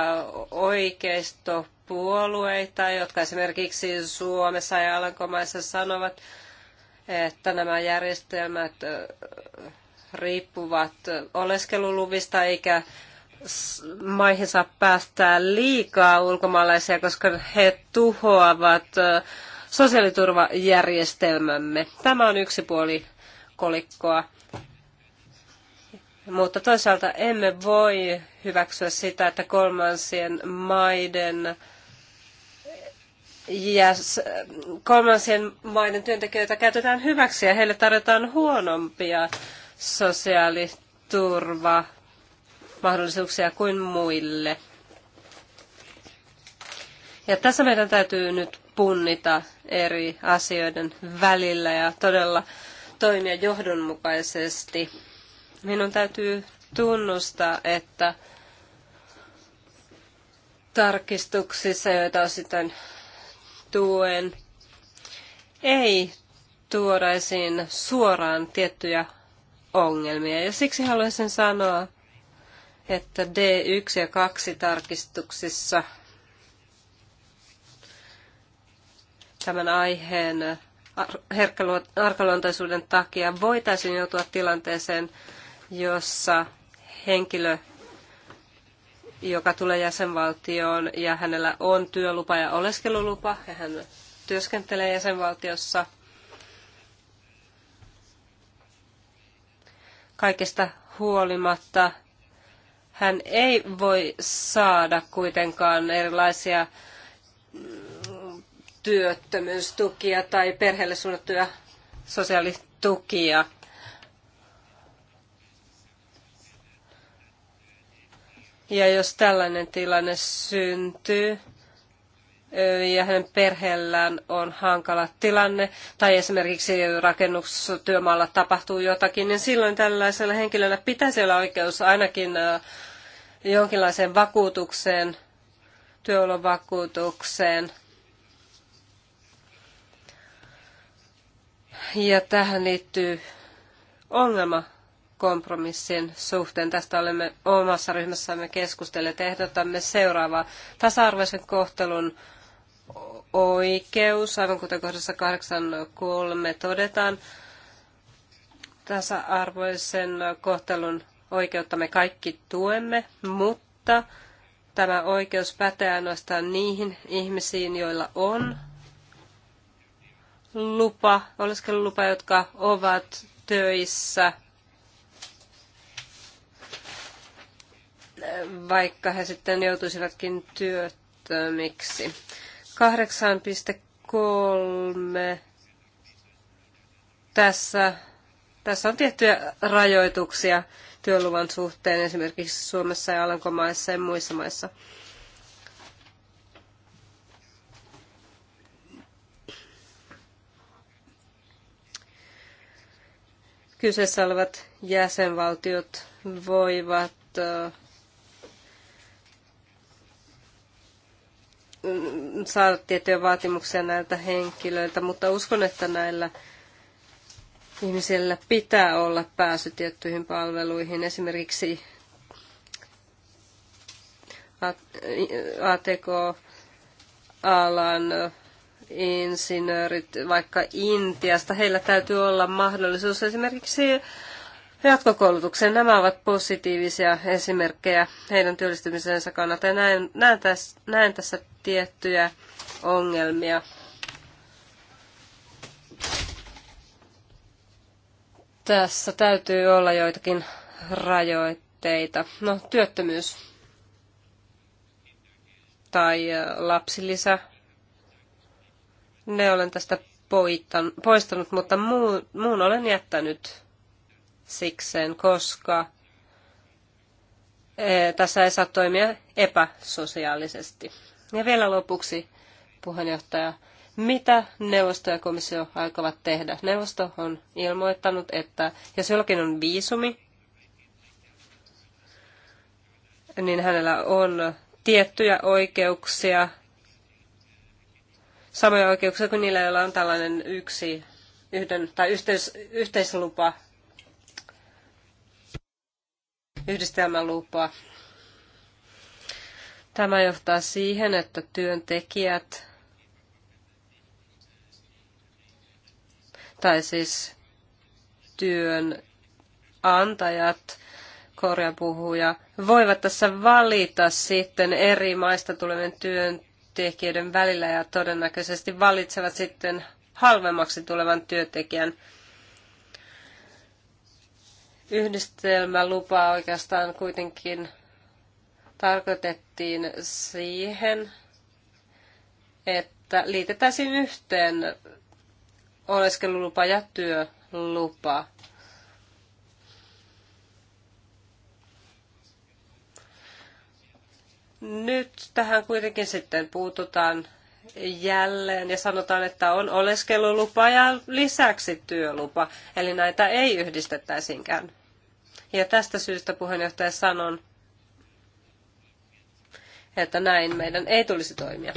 oikeistopuolueita, jotka esimerkiksi Suomessa ja Alankomaissa sanovat, että nämä järjestelmät äh, riippuvat oleskeluluvista eikä maihin saa päästää liikaa ulkomaalaisia, koska he tuhoavat sosiaaliturvajärjestelmämme. Tämä on yksi puoli kolikkoa. Mutta toisaalta emme voi hyväksyä sitä, että kolmansien maiden ja kolmansien maiden työntekijöitä käytetään hyväksi ja heille tarjotaan huonompia sosiaaliturva mahdollisuuksia kuin muille. Ja tässä meidän täytyy nyt punnita eri asioiden välillä ja todella toimia johdonmukaisesti. Minun täytyy tunnustaa, että tarkistuksissa, joita osittain tuen, ei tuoda esiin suoraan tiettyjä ongelmia. Ja siksi haluaisin sanoa, että D1 ja 2 tarkistuksissa tämän aiheen herkkäluontoisuuden takia voitaisiin joutua tilanteeseen, jossa henkilö, joka tulee jäsenvaltioon ja hänellä on työlupa ja oleskelulupa ja hän työskentelee jäsenvaltiossa, kaikesta huolimatta – hän ei voi saada kuitenkaan erilaisia työttömyystukia tai perheelle suunnattuja sosiaalitukia. Ja jos tällainen tilanne syntyy, ja hänen perheellään on hankala tilanne, tai esimerkiksi rakennustyömaalla tapahtuu jotakin, niin silloin tällaisella henkilöllä pitäisi olla oikeus ainakin jonkinlaiseen vakuutukseen, työolovakuutukseen. Ja tähän liittyy ongelma kompromissin suhteen. Tästä olemme omassa ryhmässämme keskustelleet. Ehdotamme seuraavaa tasa-arvoisen kohtelun oikeus, aivan kuten kohdassa 8.3 todetaan, tasa-arvoisen kohtelun oikeutta me kaikki tuemme, mutta tämä oikeus pätee ainoastaan niihin ihmisiin, joilla on lupa, oleskelulupa, jotka ovat töissä, vaikka he sitten joutuisivatkin työttömiksi. 8.3. Tässä, tässä on tiettyjä rajoituksia työluvan suhteen esimerkiksi Suomessa ja Alankomaissa ja muissa maissa. Kyseessä olevat jäsenvaltiot voivat saada tiettyjä vaatimuksia näiltä henkilöiltä, mutta uskon, että näillä ihmisillä pitää olla pääsy tiettyihin palveluihin, esimerkiksi ATK-alan insinöörit vaikka Intiasta, heillä täytyy olla mahdollisuus esimerkiksi jatkokoulutukseen. Nämä ovat positiivisia esimerkkejä heidän työllistymisensä kannalta ja näen, näen, tässä, näen tässä tiettyjä ongelmia. Tässä täytyy olla joitakin rajoitteita. No, työttömyys tai lapsilisä. Ne olen tästä poistanut, mutta muun olen jättänyt sikseen, koska eh, tässä ei saa toimia epäsosiaalisesti. Ja vielä lopuksi, puheenjohtaja, mitä neuvosto ja komissio aikovat tehdä? Neuvosto on ilmoittanut, että jos jollakin on viisumi, niin hänellä on tiettyjä oikeuksia, samoja oikeuksia kuin niillä, joilla on tällainen yksi, yhden tai yhteis, yhteislupa yhdistelmälupaa. Tämä johtaa siihen, että työntekijät tai siis työnantajat, korjapuhuja, voivat tässä valita sitten eri maista tulevien työntekijöiden välillä ja todennäköisesti valitsevat sitten halvemmaksi tulevan työntekijän yhdistelmälupa oikeastaan kuitenkin tarkoitettiin siihen, että liitettäisiin yhteen oleskelulupa ja työlupa. Nyt tähän kuitenkin sitten puututaan jälleen ja sanotaan, että on oleskelulupa ja lisäksi työlupa. Eli näitä ei yhdistettäisiinkään. Ja tästä syystä puheenjohtaja sanon, että näin meidän ei tulisi toimia.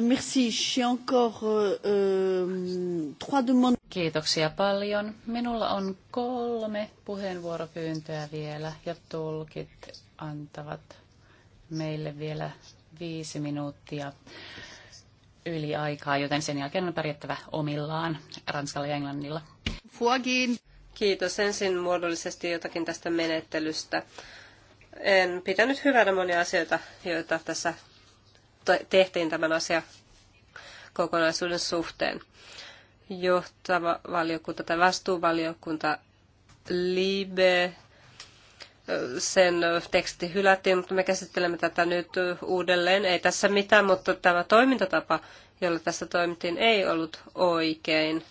Merci. J'ai encore trois demandes. Kiitoksia paljon. Minulla on kolme puheenvuoropyyntöä vielä ja tulkit antavat meille vielä viisi minuuttia yli aikaa, joten sen jälkeen on pärjättävä omillaan Ranskalla ja Englannilla. Kiitos ensin muodollisesti jotakin tästä menettelystä. En pitänyt hyvänä monia asioita, joita tässä tehtiin tämän asia kokonaisuuden suhteen. Johtava valiokunta tai vastuuvaliokunta Libe, sen teksti hylättiin, mutta me käsittelemme tätä nyt uudelleen. Ei tässä mitään, mutta tämä toimintatapa, jolla tässä toimittiin, ei ollut oikein.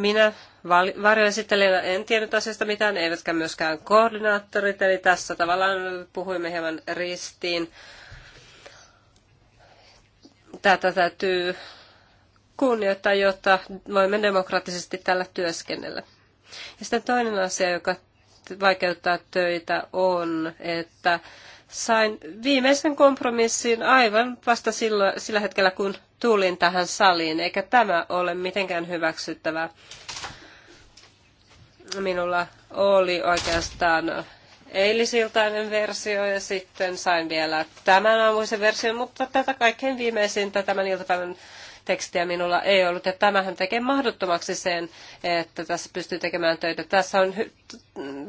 Minä varjoesittelijänä en tiennyt asiasta mitään, eivätkä myöskään koordinaattorit, eli tässä tavallaan puhuimme hieman ristiin. Tätä täytyy kunnioittaa, jotta voimme demokraattisesti tällä työskennellä. Ja sitten toinen asia, joka vaikeuttaa töitä, on, että sain viimeisen kompromissin aivan vasta sillä, sillä hetkellä, kun tulin tähän saliin, eikä tämä ole mitenkään hyväksyttävää. Minulla oli oikeastaan eilisiltainen versio ja sitten sain vielä tämän aamuisen version, mutta tätä kaikkein viimeisintä tämän iltapäivän tekstiä minulla ei ollut. Ja tämähän tekee mahdottomaksi sen, että tässä pystyy tekemään töitä. Tässä on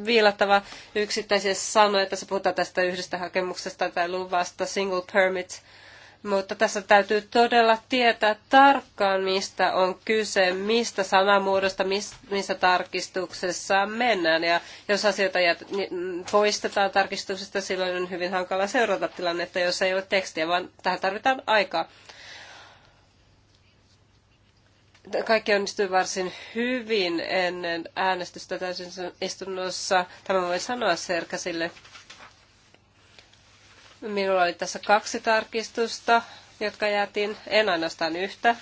viilattava yksittäisiä sanoja. Tässä puhutaan tästä yhdestä hakemuksesta tai luvasta, single permit mutta tässä täytyy todella tietää tarkkaan, mistä on kyse, mistä sanamuodosta, missä tarkistuksessa mennään. Ja jos asioita poistetaan tarkistuksesta, silloin on hyvin hankala seurata tilannetta, jos ei ole tekstiä, vaan tähän tarvitaan aikaa. Kaikki onnistui varsin hyvin ennen äänestystä täysin istunnossa. Tämä voi sanoa Serkasille. Minulla oli tässä kaksi tarkistusta, jotka jätin, en ainoastaan yhtä,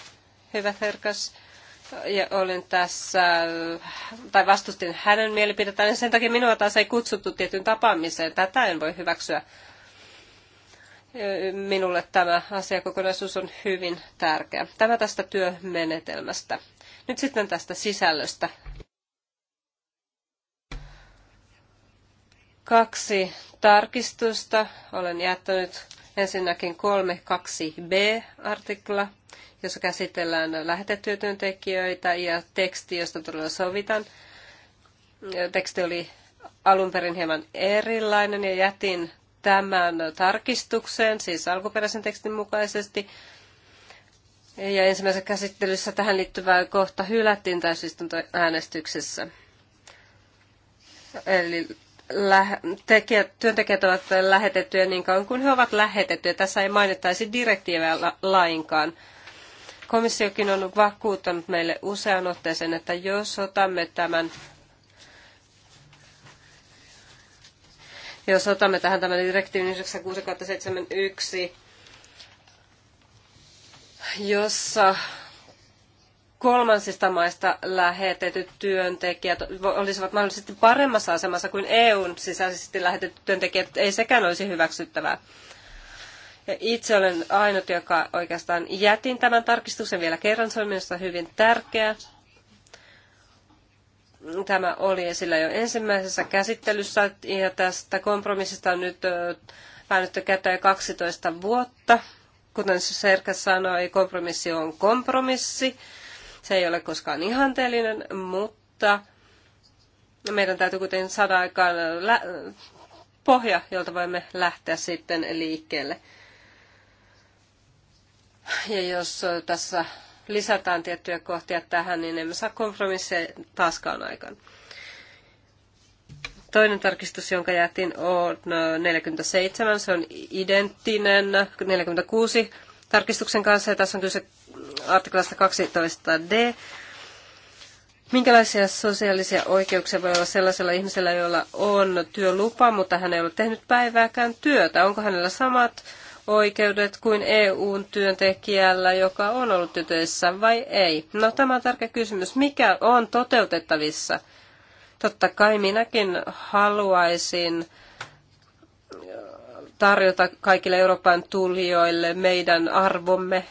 hyvä herkas. Ja olin tässä, tai vastustin hänen mielipidettään, niin sen takia minua taas ei kutsuttu tietyn tapaamiseen. Tätä en voi hyväksyä. Minulle tämä asiakokonaisuus on hyvin tärkeä. Tämä tästä työmenetelmästä. Nyt sitten tästä sisällöstä. kaksi tarkistusta. Olen jättänyt ensinnäkin 3.2b artikla, jossa käsitellään lähetettyjä työntekijöitä ja teksti, josta todella sovitan. Teksti oli alun perin hieman erilainen ja jätin tämän tarkistukseen, siis alkuperäisen tekstin mukaisesti. Ja ensimmäisessä käsittelyssä tähän liittyvää kohta hylättiin täysistuntoäänestyksessä. Eli tekijät, työntekijät ovat lähetettyjä niin kauan kuin he ovat lähetettyjä. Tässä ei mainittaisi direktiivejä lainkaan. Komissiokin on vakuuttanut meille usean otteeseen, että jos otamme tämän jos otamme tähän tämän direktiivin 9671, jossa kolmansista maista lähetetyt työntekijät olisivat mahdollisesti paremmassa asemassa kuin EUn sisäisesti lähetetyt työntekijät, ei sekään olisi hyväksyttävää. Ja itse olen ainut, joka oikeastaan jätin tämän tarkistuksen vielä kerran. Se on minusta hyvin tärkeä. Tämä oli esillä jo ensimmäisessä käsittelyssä ja tästä kompromissista on nyt päänytty käyttää jo 12 vuotta. Kuten Serkas sanoi, kompromissi on kompromissi se ei ole koskaan ihanteellinen, mutta meidän täytyy kuitenkin saada aikaan pohja, jolta voimme lähteä sitten liikkeelle. Ja jos tässä lisätään tiettyjä kohtia tähän, niin emme saa kompromisseja taaskaan aikaan. Toinen tarkistus, jonka jätin, on 47. Se on identtinen 46 tarkistuksen kanssa. Ja tässä on kyse artiklasta 12d. Minkälaisia sosiaalisia oikeuksia voi olla sellaisella ihmisellä, jolla on työlupa, mutta hän ei ole tehnyt päivääkään työtä? Onko hänellä samat oikeudet kuin eu työntekijällä, joka on ollut tytöissä vai ei? No tämä on tärkeä kysymys. Mikä on toteutettavissa? Totta kai minäkin haluaisin tarjota kaikille Euroopan tulijoille meidän arvomme,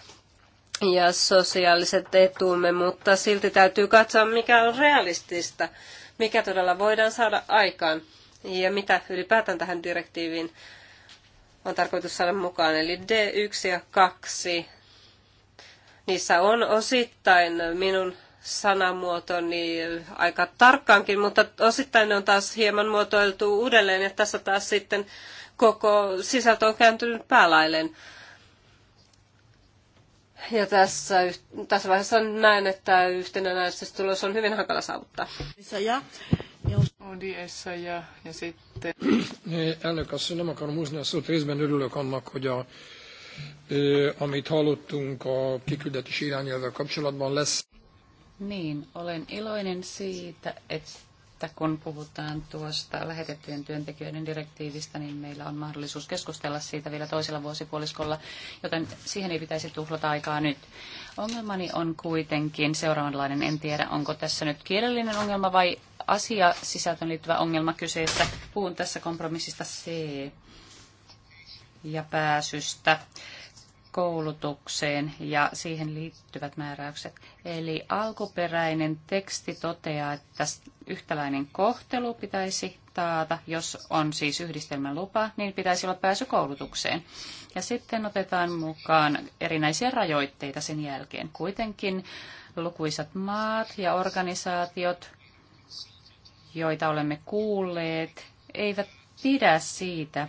ja sosiaaliset etumme, mutta silti täytyy katsoa, mikä on realistista, mikä todella voidaan saada aikaan ja mitä ylipäätään tähän direktiiviin on tarkoitus saada mukaan. Eli D1 ja 2, niissä on osittain minun sanamuotoni aika tarkkaankin, mutta osittain ne on taas hieman muotoiltu uudelleen ja tässä taas sitten koko sisältö on kääntynyt päälailleen. Ja tässä, tässä vaiheessa näen, että yhtenä näistä yhtenäistystulos on hyvin hankala saavuttaa. Ja, ja, ja, ja sitten... Elnök asszony, nem akarom húzni a szót, részben örülök annak, hogy a, amit hallottunk a kiküldetés irányelvvel kapcsolatban lesz. Niin, olen iloinen siitä, että että kun puhutaan tuosta lähetettyjen työntekijöiden direktiivistä, niin meillä on mahdollisuus keskustella siitä vielä toisella vuosipuoliskolla, joten siihen ei pitäisi tuhlata aikaa nyt. Ongelmani on kuitenkin seuraavanlainen. En tiedä, onko tässä nyt kielellinen ongelma vai asia sisältöön liittyvä ongelma kyseessä. Puhun tässä kompromissista C ja pääsystä koulutukseen ja siihen liittyvät määräykset. Eli alkuperäinen teksti toteaa, että yhtäläinen kohtelu pitäisi taata. Jos on siis yhdistelmän lupa, niin pitäisi olla pääsy koulutukseen. Ja sitten otetaan mukaan erinäisiä rajoitteita sen jälkeen. Kuitenkin lukuisat maat ja organisaatiot, joita olemme kuulleet, eivät pidä siitä,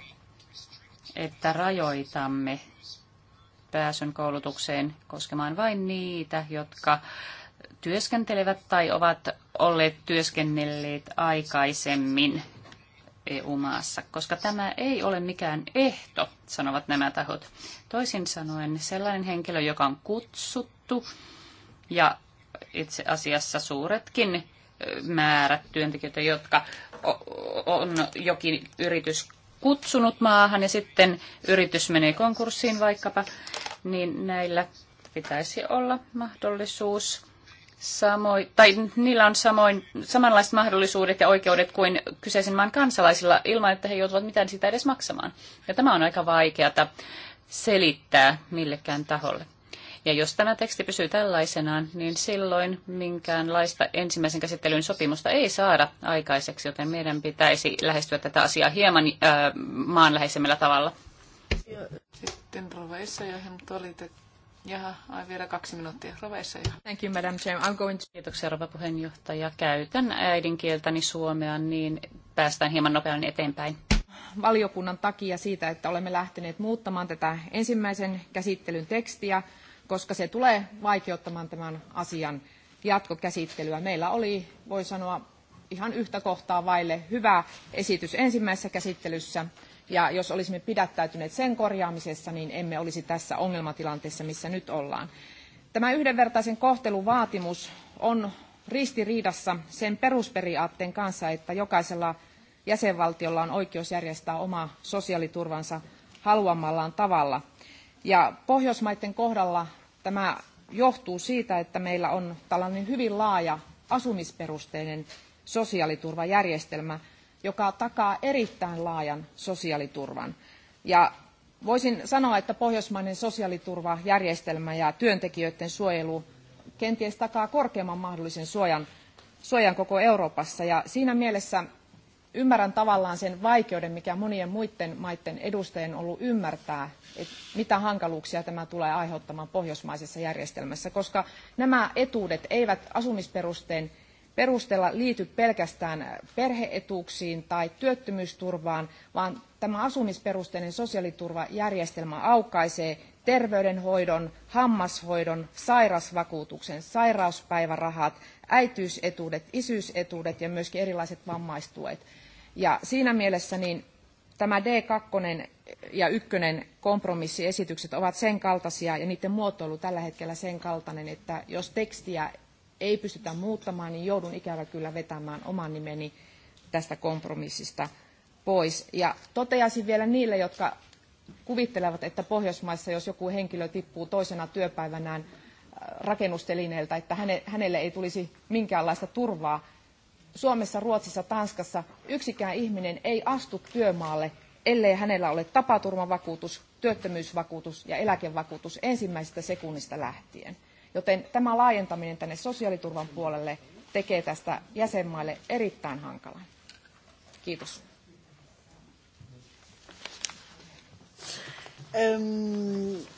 että rajoitamme pääsyn koulutukseen koskemaan vain niitä, jotka työskentelevät tai ovat olleet työskennelleet aikaisemmin EU-maassa, koska tämä ei ole mikään ehto, sanovat nämä tahot. Toisin sanoen sellainen henkilö, joka on kutsuttu ja itse asiassa suuretkin määrät työntekijöitä, jotka on jokin yritys kutsunut maahan ja sitten yritys menee konkurssiin vaikkapa, niin näillä pitäisi olla mahdollisuus samoin, tai niillä on samoin, samanlaiset mahdollisuudet ja oikeudet kuin kyseisen maan kansalaisilla ilman, että he joutuvat mitään sitä edes maksamaan. Ja tämä on aika vaikeata selittää millekään taholle. Ja jos tämä teksti pysyy tällaisenaan, niin silloin minkäänlaista ensimmäisen käsittelyn sopimusta ei saada aikaiseksi, joten meidän pitäisi lähestyä tätä asiaa hieman äh, maanläheisemmällä tavalla. Sitten Rova Essa, johon Jaha, ai vielä kaksi minuuttia. Roveissa jo. Thank you, Madam Chair. I'm going to... Kiitoksia, rouva puheenjohtaja. Käytän äidinkieltäni suomea, niin päästään hieman nopeammin eteenpäin. Valiokunnan takia siitä, että olemme lähteneet muuttamaan tätä ensimmäisen käsittelyn tekstiä, koska se tulee vaikeuttamaan tämän asian jatkokäsittelyä. Meillä oli, voi sanoa, ihan yhtä kohtaa vaille hyvä esitys ensimmäisessä käsittelyssä, ja jos olisimme pidättäytyneet sen korjaamisessa, niin emme olisi tässä ongelmatilanteessa, missä nyt ollaan. Tämä yhdenvertaisen kohtelun vaatimus on ristiriidassa sen perusperiaatteen kanssa, että jokaisella jäsenvaltiolla on oikeus järjestää oma sosiaaliturvansa haluamallaan tavalla. Ja Pohjoismaiden kohdalla tämä johtuu siitä, että meillä on tällainen hyvin laaja asumisperusteinen sosiaaliturvajärjestelmä, joka takaa erittäin laajan sosiaaliturvan. Ja voisin sanoa, että pohjoismainen sosiaaliturvajärjestelmä ja työntekijöiden suojelu kenties takaa korkeamman mahdollisen suojan, suojan koko Euroopassa. Ja siinä mielessä ymmärrän tavallaan sen vaikeuden, mikä monien muiden maiden edustajien on ollut ymmärtää, että mitä hankaluuksia tämä tulee aiheuttamaan pohjoismaisessa järjestelmässä, koska nämä etuudet eivät asumisperusteen perusteella liity pelkästään perheetuuksiin tai työttömyysturvaan, vaan tämä asumisperusteinen sosiaaliturvajärjestelmä aukaisee terveydenhoidon, hammashoidon, sairasvakuutuksen, sairauspäivärahat, äitiysetuudet, isyysetuudet ja myöskin erilaiset vammaistuet. Ja siinä mielessä niin tämä D2 ja 1 kompromissiesitykset ovat sen kaltaisia ja niiden muotoilu tällä hetkellä sen kaltainen, että jos tekstiä ei pystytä muuttamaan, niin joudun ikävä kyllä vetämään oman nimeni tästä kompromissista pois. Ja toteaisin vielä niille, jotka kuvittelevat, että Pohjoismaissa, jos joku henkilö tippuu toisena työpäivänään äh, rakennustelineeltä, että hänelle ei tulisi minkäänlaista turvaa. Suomessa, Ruotsissa, Tanskassa yksikään ihminen ei astu työmaalle, ellei hänellä ole tapaturmavakuutus, työttömyysvakuutus ja eläkevakuutus ensimmäisestä sekunnista lähtien. Joten tämä laajentaminen tänne sosiaaliturvan puolelle tekee tästä jäsenmaille erittäin hankalan. Kiitos.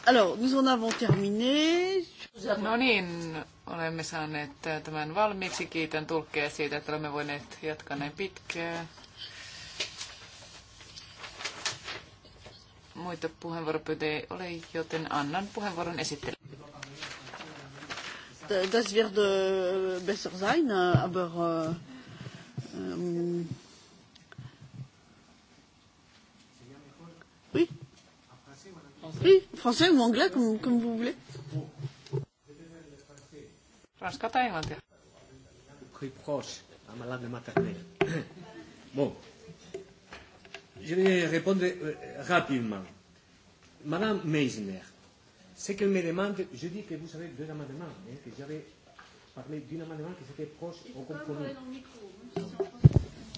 alors, nous en avons terminé. No niin, olemme saaneet tämän valmiiksi. Kiitän tulkkeja siitä, että olemme voineet jatkaa näin pitkään. Muita puheenvuoropyyntöjä ei ole, joten annan puheenvuoron esittelyyn das wird äh, besser sein, aber äh, ähm, euh, euh, oui. Oui, français ou anglais, comme, comme vous voulez. Très proche, à ma [COUGHS] Bon, je vais répondre euh, rapidement. Madame Meisner, Ce qu'elle me demande, je dis que vous avez deux amendements, hein, que j'avais parlé d'un amendement qui c'était proche au compromis. micro,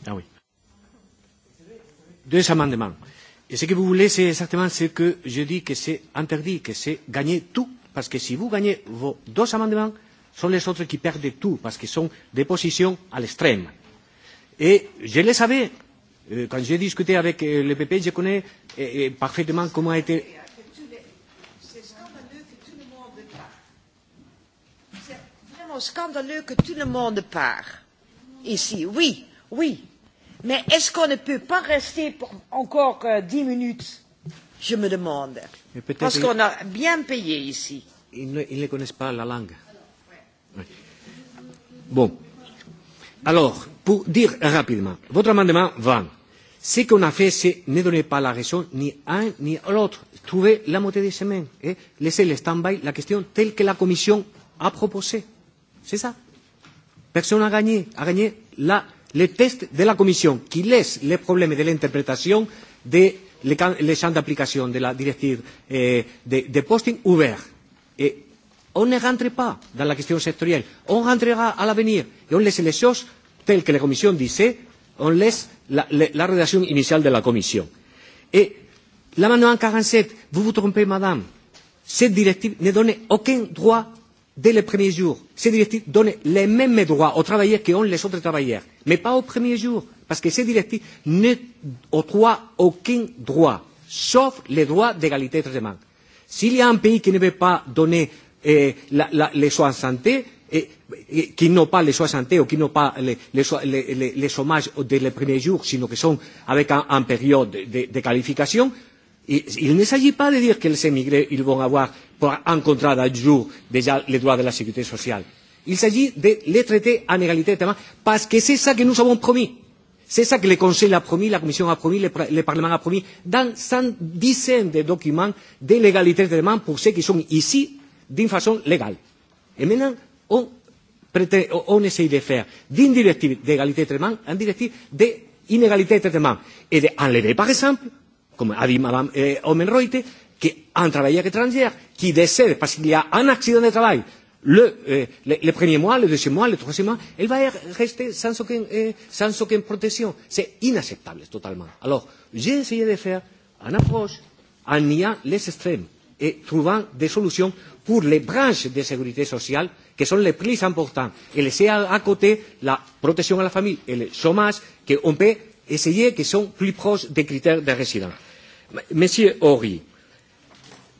Ah oui. Deux amendements. Et ce que vous voulez, c'est exactement ce que je dis que c'est interdit, que c'est gagner tout. Parce que si vous gagnez vos deux amendements, ce sont les autres qui perdent tout, parce qu'ils sont des positions à l'extrême. Et je le savais, euh, quand j'ai discuté avec euh, le PP, je connais parfaitement comment a été extrêmement scandaleux que tout le monde part ici. Oui, oui. Mais est-ce qu'on ne peut pas rester pour encore euh, dix minutes Je me demande. Parce qu'on a bien payé ici. Ils ne, ils ne connaissent pas la langue. Bon. Alors, pour dire rapidement, votre amendement va. Ce qu'on a fait, c'est ne donner pas la raison ni à un ni à l'autre. Trouver la moitié des semaines. Eh? Laisser le stand-by la question telle que la Commission a proposée. C'est ça. Personne n'a gagné, a gagné la, le test de la Commission qui laisse les problèmes de l'interprétation des les, les champs d'application de la directive euh, de, de posting ouverts. Et on ne rentre pas dans la question sectorielle. On rentrera à l'avenir et on laisse les choses telles que la Commission disait, on laisse la, la, la rédaction initiale de la Commission. Et l'amendement 47, vous vous trompez, madame, cette directive ne donne aucun droit dès les premiers jours. Ces directives donnent les mêmes droits aux travailleurs qu'ont les autres travailleurs, mais pas au premier jour, parce que ces directives n'octroient aucun droit, sauf les droits d'égalité de traitement. S'il y a un pays qui ne veut pas donner eh, la, la, les soins de santé, et, eh, et, eh, qui n'ont pas les soins de santé ou qui n'ont pas les, les, les, les chômages dès les premiers jours, sinon qui sont avec un, un période de, de, de qualification, eh, Il ne s'agit pas de dire que les émigrés ils vont avoir encadrera à jour déjà les droits de la sécurité sociale. Il s'agit de les traiter en égalité de termes parce que c'est ça que nous avons promis. C'est ça que le Conseil a promis, la Commission a promis, le, le Parlement a promis, dans 110 dizaines de documents de l'égalité de demande pour ceux qui sont ici d'une façon légale. Et maintenant, on, prétend, on essaye de faire d'une directive d'égalité de traitement en directive d'inégalité de traitement et d'enlever, par exemple, comme a dit Mme eh, Omenreuter, que un travailleur étranger qui décède parce qu'il y a un accident de travail le, euh, le, le premier mois, le deuxième mois, le troisième mois, elle va er-, rester sans aucune, euh, sans aucune protection. C'est inacceptable totalement. Alors, j'ai essayé de faire une approche en niant les extrêmes et trouvant des solutions pour les branches de sécurité sociale qui sont les plus importantes et laisser à, à côté la protection à la famille et le chômage qu'on peut essayer qui sont plus proches des critères de résidence. Monsieur Horry, euh,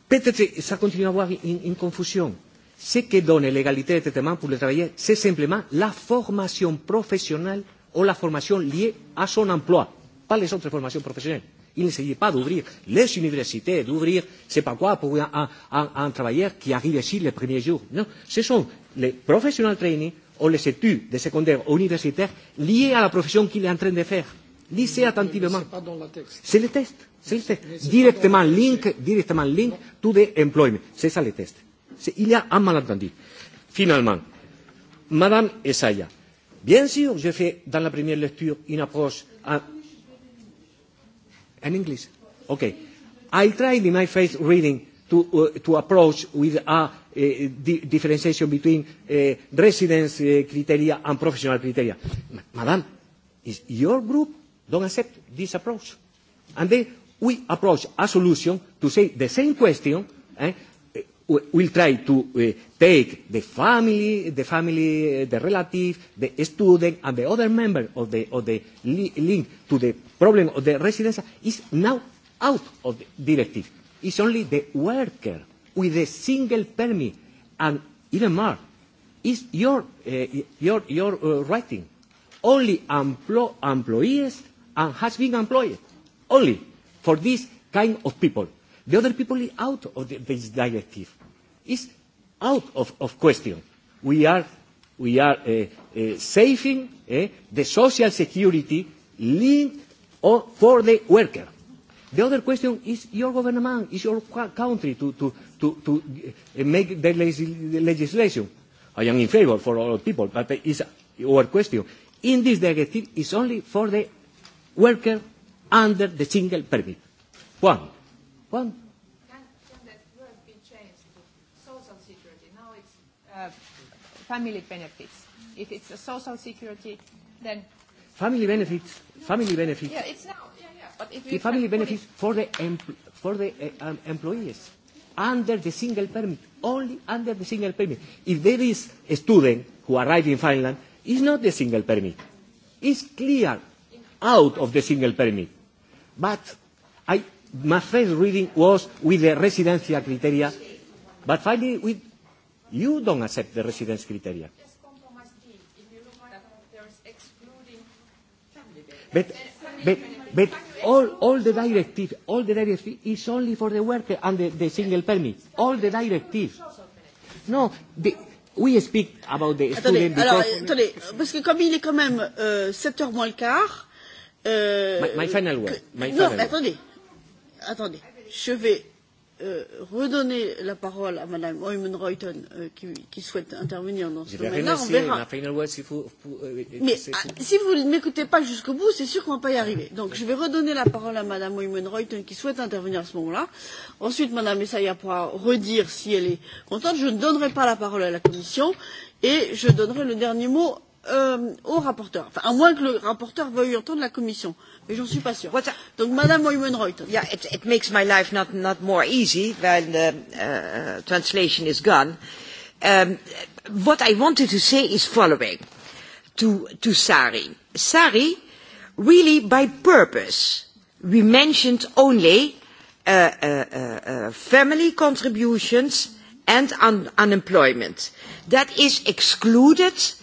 Peut-être que ça continue à avoir une, une confusion. Ce que donne l'égalité de traitement pour le travailleur, c'est simplement la formation professionnelle ou la formation liée à son emploi, pas les autres formations professionnelles. Il ne s'agit pas d'ouvrir les universités, d'ouvrir, c'est pas quoi, pour un, un, un, un travailleur qui arrive ici le premier jour, Non, ce sont les ¿no? professionnels training ou les études de secondaire universitaire liées à la profession qu'il est en train de faire lycée attentivement. C'est le test. C'est le test. Directement link, directement link to the employment. C'est ça le test. Il y a un malentendu. Finalement, Madame Esaya, bien sûr, je fais dans la première lecture une approche en, en anglais. Okay. I tried in my first reading to, uh, to approach with a uh, di differentiation between uh, residence uh, criteria and professional criteria. Madame, Madam, is your group don't accept this approach. And then we approach a solution to say the same question, eh, we'll try to uh, take the family, the family, uh, the relative, the student, and the other member of the, of the li- link to the problem of the residence is now out of the directive. It's only the worker with a single permit, and even more, it's your, uh, your, your uh, writing. Only employees and has been employed only for this kind of people. The other people are out of the, this directive. It's out of, of question. We are, we are uh, uh, saving uh, the social security linked or uh, for the worker. The other question is your government, is your country to, to, to, to uh, make the legislation. I am in favor for all people, but it's our question. In this directive, it's only for the worker under the single permit. One. One. that changed to social security? Now it's family benefits. If it's a social security, then... Family benefits. No. Family benefits. Yeah, it's now. Yeah, yeah. But if the family benefits for the, empl- for the uh, um, employees under the single permit, only under the single permit. If there is a student who arrives in Finland, it's not the single permit. It's clear out of the single permit. But I, my first reading was with the residencia criteria, but finally we, you don't accept the residence criteria. But, but, but all, all the directive, all the directive is only for the worker and the, the single permit. All the directive. No, the, we speak about the attendez, student because... alors, attendez, parce que comme il est quand même euh, 7h moins le quart, Euh, my, my final word. My non, final attendez. Word. Attendez. Je vais euh, redonner la parole à Mme Oyman Reuton euh, qui, qui souhaite intervenir dans ce domaine-là. On verra. Final word, si vous, vous, euh, Mais ah, si vous ne m'écoutez pas jusqu'au bout, c'est sûr qu'on ne va pas y arriver. Donc je vais redonner la parole à Mme Oyman Reuton qui souhaite intervenir à ce moment-là. Ensuite, Mme Essaya pourra redire si elle est contente. Je ne donnerai pas la parole à la Commission et je donnerai le dernier mot euh, au rapporteur, enfin, à moins que le rapporteur veuille entendre la commission, mais j'en suis pas sûre. What Donc Madame Oymenreuter. Yeah, it, it makes my life not, not more easy when the uh, translation is gone. Um, what I wanted to say is following to, to Sari. Sari, really by purpose, we mentioned only uh, uh, uh, uh family contributions and un unemployment. That is excluded uh,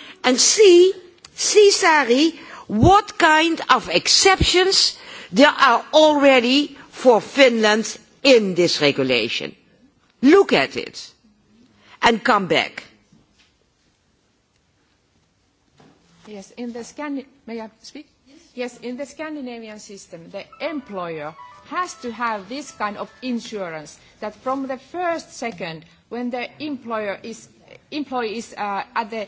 and see, see Sari, what kind of exceptions there are already for Finland in this regulation. Look at it and come back. Yes, in the Scandi- may I speak? Yes. yes, in the Scandinavian system, the employer has to have this kind of insurance that from the first second when the employer is, employee is uh, at the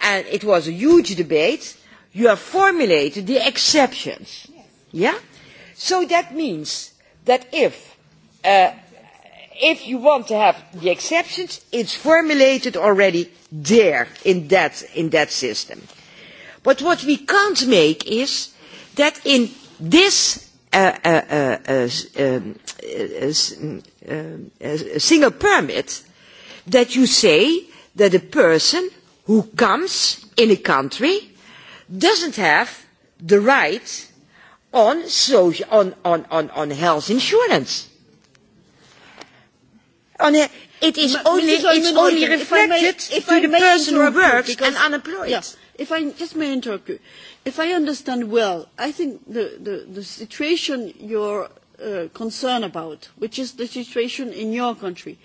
and it was a huge debate, you have formulated the exceptions. Yes. Yeah? So that means that if, uh, if you want to have the exceptions, it's formulated already there in that, in that system. But what we can't make is that in this uh, uh, uh, uh um, uh, uh, uh, single permit, that you say that a person who comes in a country doesn't have the right on, health insurance. it is only, only reflected if to the person who works because, and unemployed. Yes, if I just may interrupt you. If I understand well, I think the, the, the situation you're uh, concerned about, which is the situation in your country, uh,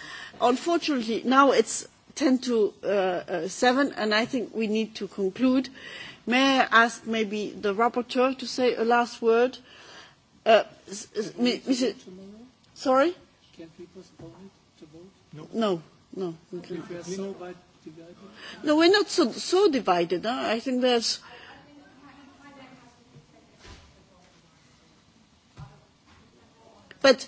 unfortunately, now it's 10 to uh, uh, 7, and I think we need to conclude. May I ask maybe the rapporteur to say a last word? Uh, Sorry? Can we postpone it to vote? No. No, no. Okay. We are so bad divided. No, we're not so, so divided. Huh? I think there's. But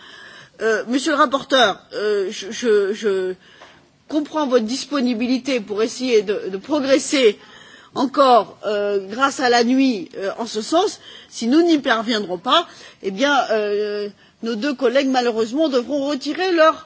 Euh, monsieur le rapporteur, euh, je, je, je comprends votre disponibilité pour essayer de, de progresser encore euh, grâce à la nuit euh, en ce sens. Si nous n'y parviendrons pas, eh bien, euh, nos deux collègues, malheureusement, devront retirer leur